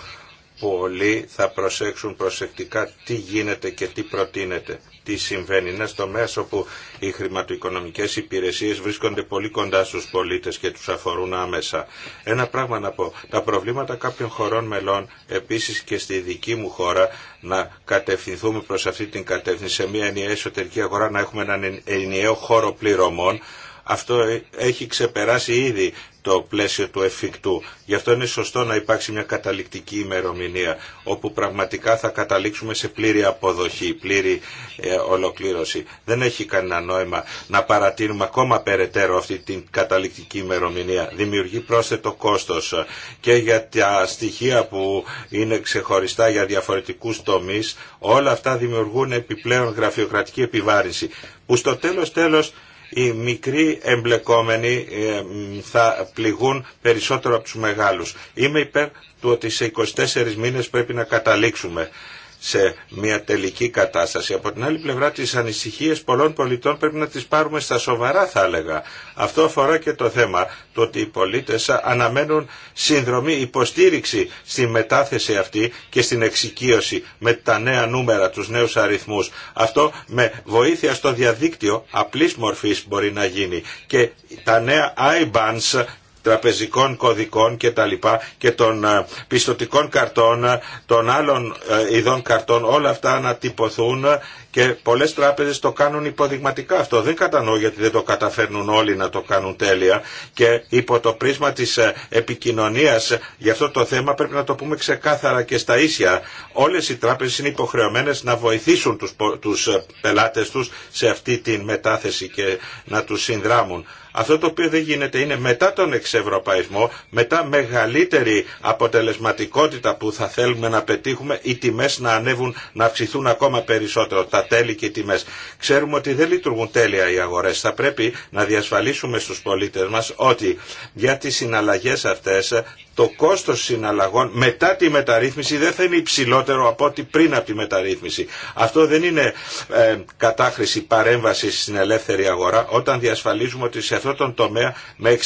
πολλοί θα προσέξουν προσεκτικά τι γίνεται και τι προτείνεται, τι συμβαίνει. Είναι στο μέσο που οι χρηματοοικονομικές υπηρεσίες βρίσκονται πολύ κοντά στους πολίτες και τους αφορούν άμεσα. Ένα πράγμα να πω, τα προβλήματα κάποιων χωρών μελών, επίσης και στη δική μου χώρα, να κατευθυνθούμε προς αυτή την κατεύθυνση σε μια ενιαία εσωτερική αγορά, να έχουμε έναν ενιαίο χώρο πληρωμών, αυτό ε, έχει ξεπεράσει ήδη το πλαίσιο του εφικτού. Γι' αυτό είναι σωστό να υπάρξει μια καταληκτική ημερομηνία όπου πραγματικά θα καταλήξουμε σε πλήρη αποδοχή, πλήρη ε, ολοκλήρωση. Δεν έχει κανένα νόημα να παρατείνουμε ακόμα περαιτέρω αυτή την καταληκτική ημερομηνία. Δημιουργεί πρόσθετο κόστος ε, και για τα στοιχεία που είναι ξεχωριστά για διαφορετικούς τομείς όλα αυτά δημιουργούν επιπλέον γραφειοκρατική επιβάρυνση που στο τέλος τέλος οι μικροί εμπλεκόμενοι ε, θα πληγούν περισσότερο από τους μεγάλους. Είμαι υπέρ του ότι σε 24 μήνες πρέπει να καταλήξουμε σε μια τελική κατάσταση. Από την άλλη πλευρά τις ανησυχίε πολλών πολιτών πρέπει να τις πάρουμε στα σοβαρά θα έλεγα. Αυτό αφορά και το θέμα το ότι οι πολίτες αναμένουν συνδρομή υποστήριξη στη μετάθεση αυτή και στην εξοικείωση με τα νέα νούμερα, τους νέους αριθμούς. Αυτό με βοήθεια στο διαδίκτυο απλή μορφή μπορεί να γίνει και τα νέα IBANs τραπεζικών κωδικών και τα λοιπά και των ε, πιστοτικών καρτών, ε, των άλλων ε, ειδών καρτών, όλα αυτά να τυπωθούν και πολλές τράπεζες το κάνουν υποδειγματικά αυτό. Δεν κατανοώ γιατί δεν το καταφέρνουν όλοι να το κάνουν τέλεια και υπό το πρίσμα της επικοινωνίας για αυτό το θέμα πρέπει να το πούμε ξεκάθαρα και στα ίσια. Όλες οι τράπεζες είναι υποχρεωμένες να βοηθήσουν τους πελάτες τους σε αυτή την μετάθεση και να τους συνδράμουν. Αυτό το οποίο δεν γίνεται είναι μετά τον εξευρωπαϊσμό, μετά μεγαλύτερη αποτελεσματικότητα που θα θέλουμε να πετύχουμε, οι τιμέ να ανέβουν, να αυξηθούν ακόμα περισσότερο, τα τέλη και οι τιμέ. Ξέρουμε ότι δεν λειτουργούν τέλεια οι αγορέ. Θα πρέπει να διασφαλίσουμε στου πολίτε μα ότι για τι συναλλαγέ αυτέ το κόστος συναλλαγών μετά τη μεταρρύθμιση δεν θα είναι υψηλότερο από ό,τι πριν από τη μεταρρύθμιση. Αυτό δεν είναι ε, κατάχρηση παρέμβαση στην ελεύθερη αγορά όταν διασφαλίζουμε ότι σε αυτόν τον τομέα με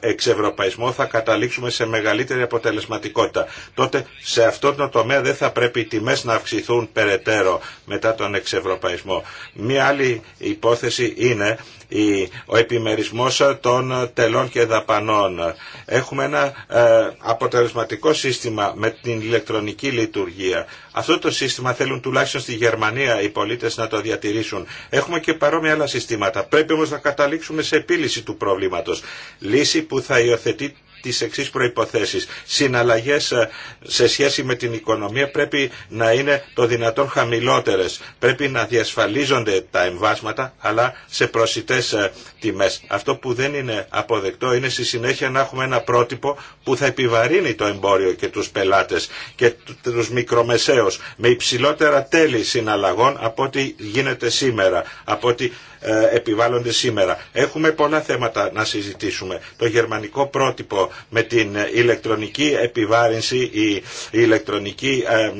εξευρωπαϊσμό θα καταλήξουμε σε μεγαλύτερη αποτελεσματικότητα. Τότε σε αυτόν τον τομέα δεν θα πρέπει οι τιμές να αυξηθούν περαιτέρω μετά τον εξευρωπαϊσμό. Μία άλλη υπόθεση είναι ο επιμερισμός των τελών και δαπανών. Έχουμε ένα ε, αποτελεσματικό σύστημα με την ηλεκτρονική λειτουργία. Αυτό το σύστημα θέλουν τουλάχιστον στη Γερμανία οι πολίτες να το διατηρήσουν. Έχουμε και παρόμοια άλλα συστήματα. Πρέπει όμως να καταλήξουμε σε επίλυση του προβλήματος. Λύση που θα υιοθετεί τις εξής προϋποθέσεις. Συναλλαγές ε, σε σχέση με την οικονομία πρέπει να είναι το δυνατόν χαμηλότερες. Πρέπει να διασφαλίζονται τα εμβάσματα αλλά σε προσιτές ε, τιμές. Αυτό που δεν είναι αποδεκτό είναι στη συνέχεια να έχουμε ένα πρότυπο που θα επιβαρύνει το εμπόριο και τους πελάτες και τους μικρομεσαίους με υψηλότερα τέλη συναλλαγών από ό,τι γίνεται σήμερα. Από ότι ε, επιβάλλονται σήμερα. Έχουμε πολλά θέματα να συζητήσουμε. Το γερμανικό πρότυπο με την ηλεκτρονική επιβάρυνση, η ηλεκτρονική ε,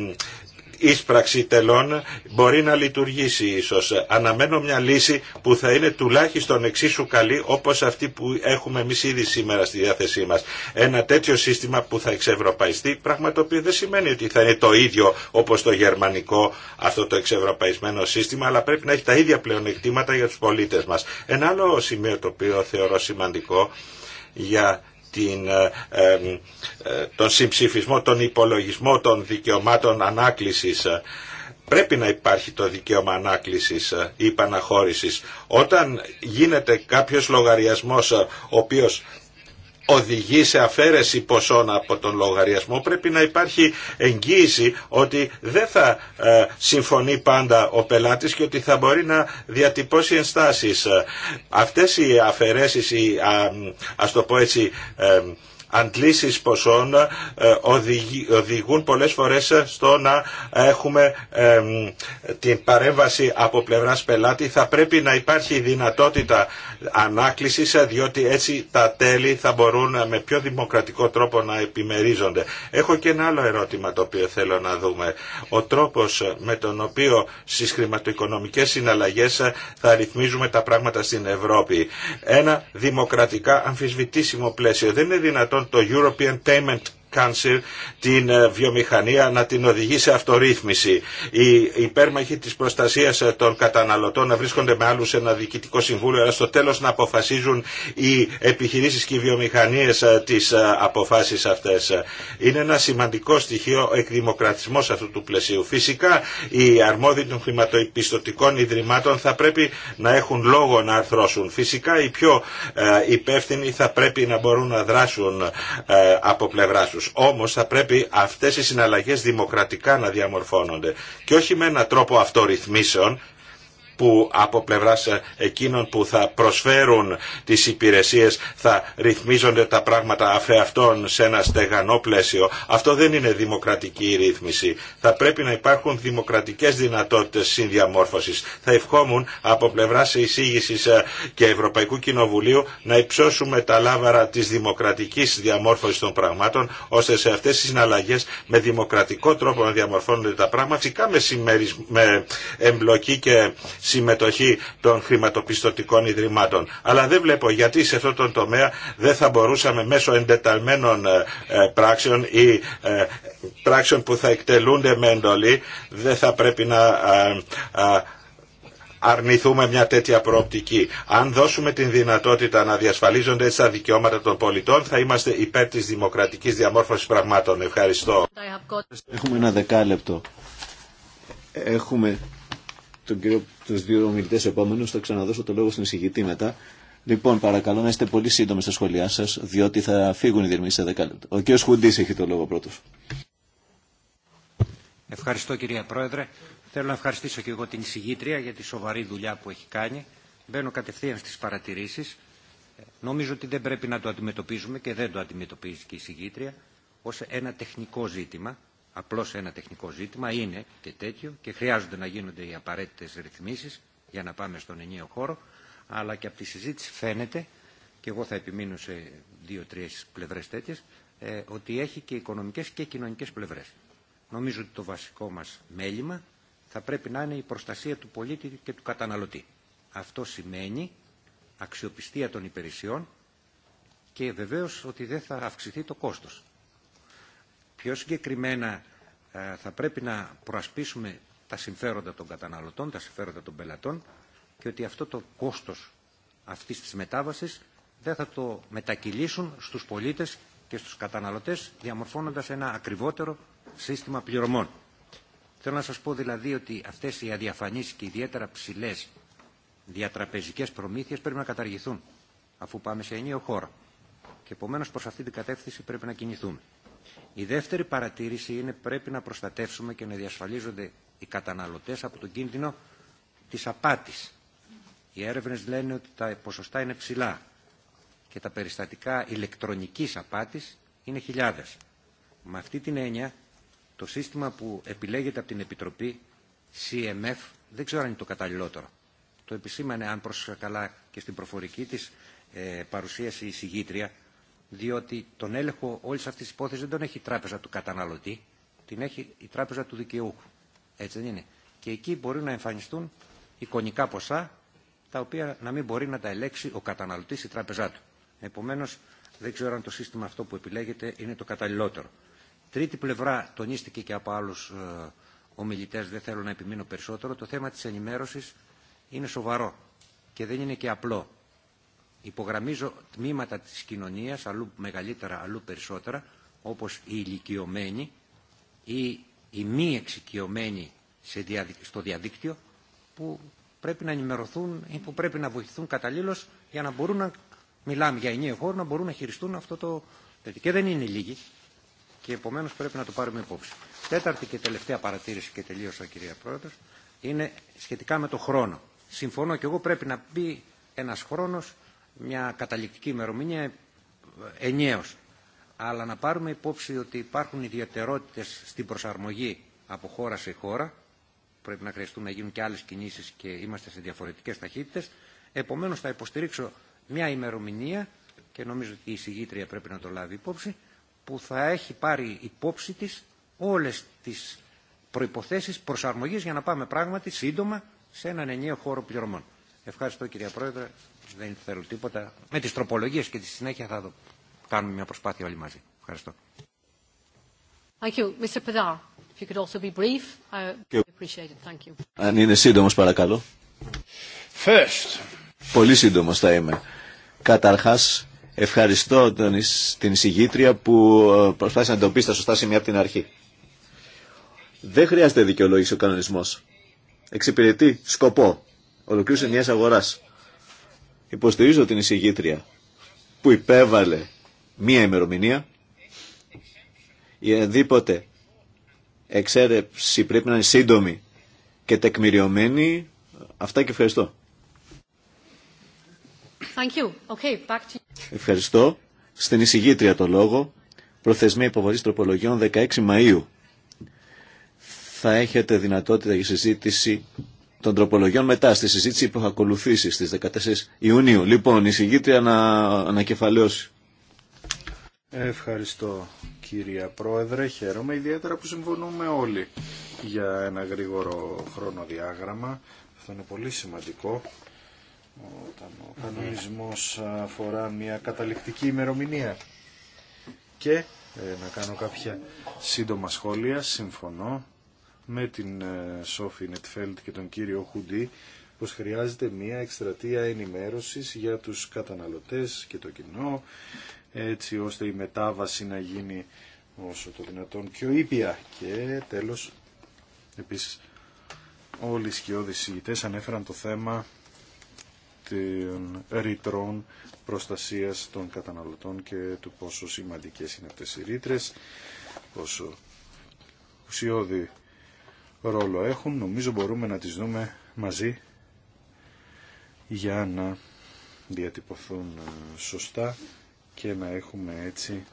ίσπραξη τελών μπορεί να λειτουργήσει ίσως. Αναμένω μια λύση που θα είναι τουλάχιστον εξίσου καλή όπως αυτή που έχουμε εμεί ήδη σήμερα στη διάθεσή μας. Ένα τέτοιο σύστημα που θα εξευρωπαϊστεί, πράγμα το οποίο δεν σημαίνει ότι θα είναι το ίδιο όπως το γερμανικό αυτό το εξευρωπαϊσμένο σύστημα, αλλά πρέπει να έχει τα ίδια πλεονεκτήματα για τους πολίτες μας. Ένα άλλο σημείο το οποίο θεωρώ σημαντικό για την, ε, ε, ε, τον συμψηφισμό, τον υπολογισμό των δικαιωμάτων ανάκλησης πρέπει να υπάρχει το δικαίωμα ανάκλησης ή παναχώρησης. Όταν γίνεται κάποιος λογαριασμός ο οποίος οδηγεί σε αφαίρεση ποσών από τον λογαριασμό πρέπει να υπάρχει εγγύηση ότι δεν θα ε, συμφωνεί πάντα ο πελάτης και ότι θα μπορεί να διατυπώσει ενστάσεις. Ε, αυτές οι αφαιρέσεις, οι, ας το πω έτσι, ε, αντλήσεις ποσών ε, οδηγούν πολλές φορές στο να έχουμε την παρέμβαση από πλευράς πελάτη. Θα πρέπει να υπάρχει δυνατότητα ανάκλησης διότι έτσι τα τέλη θα μπορούν με πιο δημοκρατικό τρόπο να επιμερίζονται. Έχω και ένα άλλο ερώτημα το οποίο θέλω να δούμε. Ο τρόπος με τον οποίο στις χρηματοοικονομικές συναλλαγές θα ρυθμίζουμε τα πράγματα στην Ευρώπη. Ένα δημοκρατικά αμφισβητήσιμο πλαίσιο. Δεν είναι δυνατόν το European Payment την ε, βιομηχανία να την οδηγεί σε αυτορύθμιση. Οι υπέρμαχοι της προστασίας ε, των καταναλωτών να βρίσκονται με άλλους σε ένα διοικητικό συμβούλιο αλλά στο τέλος να αποφασίζουν οι επιχειρήσεις και οι βιομηχανίες ε, τις αποφάσεις αυτές. Είναι ένα σημαντικό στοιχείο εκδημοκρατισμός αυτού του πλαισίου. Φυσικά οι αρμόδιοι των χρηματοπιστωτικών ιδρυμάτων θα πρέπει να έχουν λόγο να αρθρώσουν. Φυσικά οι πιο υπεύθυνοι θα πρέπει να μπορούν να δράσουν από πλευρά του τους. Όμως θα πρέπει αυτές οι συναλλαγές δημοκρατικά να διαμορφώνονται και όχι με έναν τρόπο αυτορυθμίσεων που από πλευρά ε, εκείνων που θα προσφέρουν τις υπηρεσίες θα ρυθμίζονται τα πράγματα αφ' αυτών σε ένα στεγανό πλαίσιο. Αυτό δεν είναι δημοκρατική ρύθμιση. Θα πρέπει να υπάρχουν δημοκρατικές δυνατότητες συνδιαμόρφωσης. Θα ευχόμουν από πλευράς εισήγηση ε, και Ευρωπαϊκού Κοινοβουλίου να υψώσουμε τα λάβαρα της δημοκρατικής διαμόρφωσης των πραγμάτων ώστε σε αυτές τις συναλλαγές με δημοκρατικό τρόπο να διαμορφώνονται τα πράγματα φυσικά με εμπλοκή και συμμετοχή των χρηματοπιστωτικών ιδρυμάτων. Αλλά δεν βλέπω γιατί σε αυτόν τον τομέα δεν θα μπορούσαμε μέσω εντεταλμένων ε, ε, πράξεων ή ε, πράξεων που θα εκτελούνται με εντολή δεν θα πρέπει να αρνηθούμε μια τέτοια προοπτική. Αν δώσουμε την δυνατότητα να διασφαλίζονται έτσι τα δικαιώματα των πολιτών, θα είμαστε υπέρ της δημοκρατικής διαμόρφωσης πραγμάτων. Ευχαριστώ. Έχουμε ένα δεκάλεπτο. Έχουμε τον κύριο, τους δύο ομιλητές επόμενους, θα ξαναδώσω το λόγο στην εισηγητή μετά. Λοιπόν, παρακαλώ να είστε πολύ σύντομοι στα σχόλιά σας, διότι θα φύγουν οι δερμοί σε 10 λεπτά. Ο κύριο Χουντής έχει το λόγο πρώτος. Ευχαριστώ κυρία Πρόεδρε. Θέλω να ευχαριστήσω και εγώ την εισηγήτρια για τη σοβαρή δουλειά που έχει κάνει. Μπαίνω κατευθείαν στις παρατηρήσεις. Νομίζω ότι δεν πρέπει να το αντιμετωπίζουμε και δεν το αντιμετωπίζει και η εισηγήτρια ως ένα τεχνικό ζήτημα απλώς ένα τεχνικό ζήτημα, είναι και τέτοιο και χρειάζονται να γίνονται οι απαραίτητες ρυθμίσεις για να πάμε στον ενιαίο χώρο, αλλά και από τη συζήτηση φαίνεται, και εγώ θα επιμείνω σε δύο-τρεις πλευρές τέτοιες, ε, ότι έχει και οικονομικές και κοινωνικές πλευρές. Νομίζω ότι το βασικό μας μέλημα θα πρέπει να είναι η προστασία του πολίτη και του καταναλωτή. Αυτό σημαίνει αξιοπιστία των υπηρεσιών και βεβαίως ότι δεν θα αυξηθεί το κόστος. Πιο συγκεκριμένα ε, θα πρέπει να προασπίσουμε τα συμφέροντα των καταναλωτών, τα συμφέροντα των πελατών και ότι αυτό το κόστος αυτής της μετάβασης δεν θα το μετακυλήσουν στους πολίτες και στους καταναλωτές διαμορφώνοντας ένα ακριβότερο σύστημα πληρωμών. Θέλω να σας πω δηλαδή ότι αυτές οι αδιαφανείς και ιδιαίτερα ψηλές διατραπεζικές προμήθειες πρέπει να καταργηθούν αφού πάμε σε ενίο χώρο. Και επομένως προς αυτή την κατεύθυνση πρέπει να κινηθούμε. Η δεύτερη παρατήρηση είναι πρέπει να προστατεύσουμε και να διασφαλίζονται οι καταναλωτές από τον κίνδυνο της απάτης. Οι έρευνες λένε ότι τα ποσοστά είναι ψηλά και τα περιστατικά ηλεκτρονικής απάτης είναι χιλιάδες. Με αυτή την έννοια, το σύστημα που επιλέγεται από την Επιτροπή, CMF, δεν ξέρω αν είναι το καταλληλότερο. Το επισήμανε, αν πρόσεξα καλά, και στην προφορική της ε, παρουσίαση η συγγήτρια, διότι τον έλεγχο όλη αυτή τη υπόθεση δεν τον έχει η τράπεζα του καταναλωτή, την έχει η τράπεζα του δικαιούχου. Έτσι δεν είναι. Και εκεί μπορεί να εμφανιστούν εικονικά ποσά, τα οποία να μην μπορεί να τα ελέξει ο καταναλωτή ή η τράπεζά του. Επομένω, δεν ξέρω αν το σύστημα αυτό που επιλέγεται είναι το καταλληλότερο. Τρίτη πλευρά τονίστηκε και από άλλους ε, ομιλητέ δεν θέλω να επιμείνω περισσότερο, το θέμα τη ενημέρωση είναι σοβαρό και δεν είναι και απλό υπογραμμίζω τμήματα της κοινωνίας, αλλού μεγαλύτερα, αλλού περισσότερα, όπως οι ηλικιωμένοι ή οι μη εξοικειωμένοι στο διαδίκτυο, που πρέπει να ενημερωθούν ή που πρέπει να βοηθηθούν καταλήλως για να μπορούν να μιλάμε για ενίο χώρο, να μπορούν να χειριστούν αυτό το και δεν είναι λίγοι και επομένως πρέπει να το πάρουμε υπόψη. Τέταρτη και τελευταία παρατήρηση και τελείωσα κυρία Πρόεδρος, είναι σχετικά με το χρόνο. Συμφωνώ και εγώ πρέπει να μπει ένα χρόνο μια καταληκτική ημερομηνία ενιαίως. Αλλά να πάρουμε υπόψη ότι υπάρχουν ιδιαιτερότητες στην προσαρμογή από χώρα σε χώρα. Πρέπει να χρειαστούν να γίνουν και άλλες κινήσεις και είμαστε σε διαφορετικές ταχύτητες. Επομένως θα υποστηρίξω μια ημερομηνία και νομίζω ότι η συγγήτρια πρέπει να το λάβει υπόψη που θα έχει πάρει υπόψη της όλες τις προϋποθέσεις προσαρμογής για να πάμε πράγματι σύντομα σε έναν ενιαίο χώρο πληρωμών. Ευχαριστώ κυρία Πρόεδρε δεν θέλω τίποτα. Με τις τροπολογίες και τη συνέχεια θα κάνουμε μια προσπάθεια όλοι μαζί. Ευχαριστώ. Thank you. Mr. Padar, if you could also be brief, I appreciate it. Thank you. Αν είναι σύντομος παρακαλώ. First. Πολύ σύντομος θα είμαι. Καταρχάς, ευχαριστώ την εισηγήτρια που ε, προσπάθησε να πει τα σωστά σημεία από την αρχή. Δεν χρειάζεται δικαιολόγηση ο κανονισμός. Εξυπηρετεί σκοπό ολοκλήρωση μια αγοράς. Υποστηρίζω την εισηγήτρια που υπέβαλε μία ημερομηνία. Η ενδήποτε εξαίρεψη πρέπει να είναι σύντομη και τεκμηριωμένη. Αυτά και ευχαριστώ. Ευχαριστώ. Στην εισηγήτρια το λόγο. Προθεσμία υποβολής τροπολογιών 16 Μαΐου. Θα έχετε δυνατότητα για συζήτηση των τροπολογιών μετά στη συζήτηση που θα ακολουθήσει στις 14 Ιουνίου. Λοιπόν, η συγγήτρια να ανακεφαλαιώσει. Ευχαριστώ κυρία Πρόεδρε. Χαίρομαι ιδιαίτερα που συμφωνούμε όλοι για ένα γρήγορο χρονοδιάγραμμα. Αυτό είναι πολύ σημαντικό όταν ο κανονισμός αφορά μια καταληκτική ημερομηνία. Και ε, να κάνω κάποια σύντομα σχόλια. Συμφωνώ με την ε, Σόφη Νετφέλτ και τον κύριο Χουντή πως χρειάζεται μια εκστρατεία ενημέρωσης για τους καταναλωτές και το κοινό έτσι ώστε η μετάβαση να γίνει όσο το δυνατόν πιο ήπια και τέλος επίσης όλοι οι σκιώδεις ηγητές ανέφεραν το θέμα των ρητρών προστασίας των καταναλωτών και του πόσο σημαντικές είναι αυτές οι ρήτρες, πόσο ουσιώδη ρόλο έχουν. Νομίζω μπορούμε να τις δούμε μαζί για να διατυπωθούν ε, σωστά και να έχουμε έτσι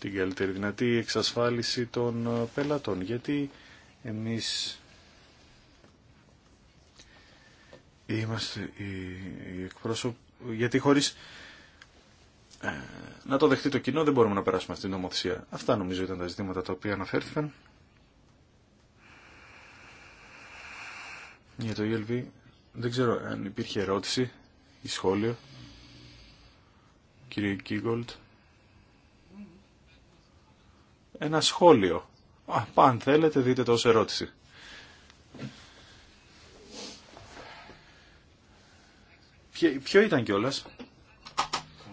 την καλύτερη δυνατή εξασφάλιση των ε, πελατών. Γιατί εμείς είμαστε οι εκπρόσωποι, γιατί χωρίς ε, να το δεχτεί το κοινό δεν μπορούμε να περάσουμε στην την νομοθεσία. Αυτά νομίζω ήταν τα ζητήματα τα οποία αναφέρθηκαν για το ELV δεν ξέρω αν υπήρχε ερώτηση ή σχόλιο. Κύριε Κίγκολτ. Ένα σχόλιο. Α, αν θέλετε δείτε το ως ερώτηση. Ποιο, ποιο ήταν κιόλα.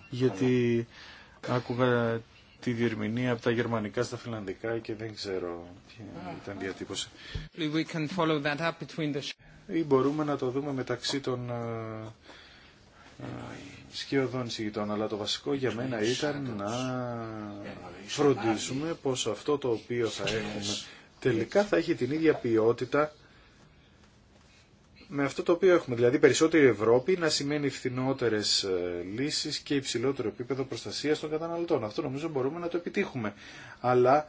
Γιατί άκουγα τη διερμηνία από τα γερμανικά στα φιλανδικά και δεν ξέρω τι ήταν διατύπωση. We ή μπορούμε να το δούμε μεταξύ των ε, ε, σκιωδών εισηγητών, αλλά το βασικό για μένα ήταν να φροντίσουμε πως αυτό το οποίο θα έχουμε τελικά θα έχει την ίδια ποιότητα με αυτό το οποίο έχουμε. Δηλαδή περισσότερη Ευρώπη να σημαίνει φθηνότερε ε, λύσεις και υψηλότερο επίπεδο προστασίας των καταναλωτών. Αυτό νομίζω μπορούμε να το επιτύχουμε. Αλλά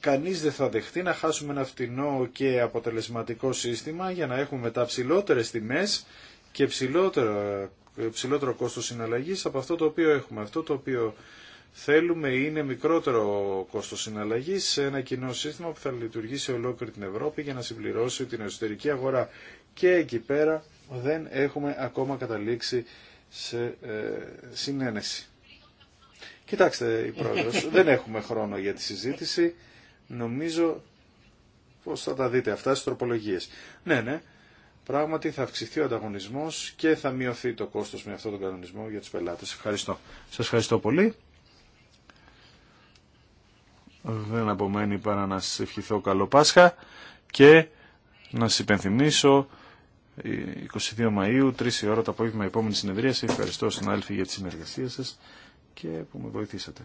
κανείς δεν θα δεχτεί να χάσουμε ένα φτηνό και αποτελεσματικό σύστημα για να έχουμε μετά ψηλότερες τιμές και ψηλότερο, ψηλότερο κόστος συναλλαγής από αυτό το οποίο έχουμε. Αυτό το οποίο θέλουμε είναι μικρότερο κόστος συναλλαγής σε ένα κοινό σύστημα που θα λειτουργήσει ολόκληρη την Ευρώπη για να συμπληρώσει την εσωτερική αγορά. Και εκεί πέρα δεν έχουμε ακόμα καταλήξει σε ε, συνένεση. Κοιτάξτε, η πρόεδρος, δεν έχουμε χρόνο για τη συζήτηση. Νομίζω πω θα τα δείτε αυτά στι τροπολογίε. Ναι, ναι, πράγματι θα αυξηθεί ο ανταγωνισμό και θα μειωθεί το κόστος με αυτόν τον κανονισμό για του πελάτες. Ευχαριστώ. Σα ευχαριστώ πολύ. Δεν απομένει παρά να σα ευχηθώ καλό Πάσχα και να σα υπενθυμίσω 22 Μαου 3 η ώρα το απόγευμα, επόμενη συνεδρίαση. Ευχαριστώ στην Άλφη για τη συνεργασία σα και που με βοηθήσατε.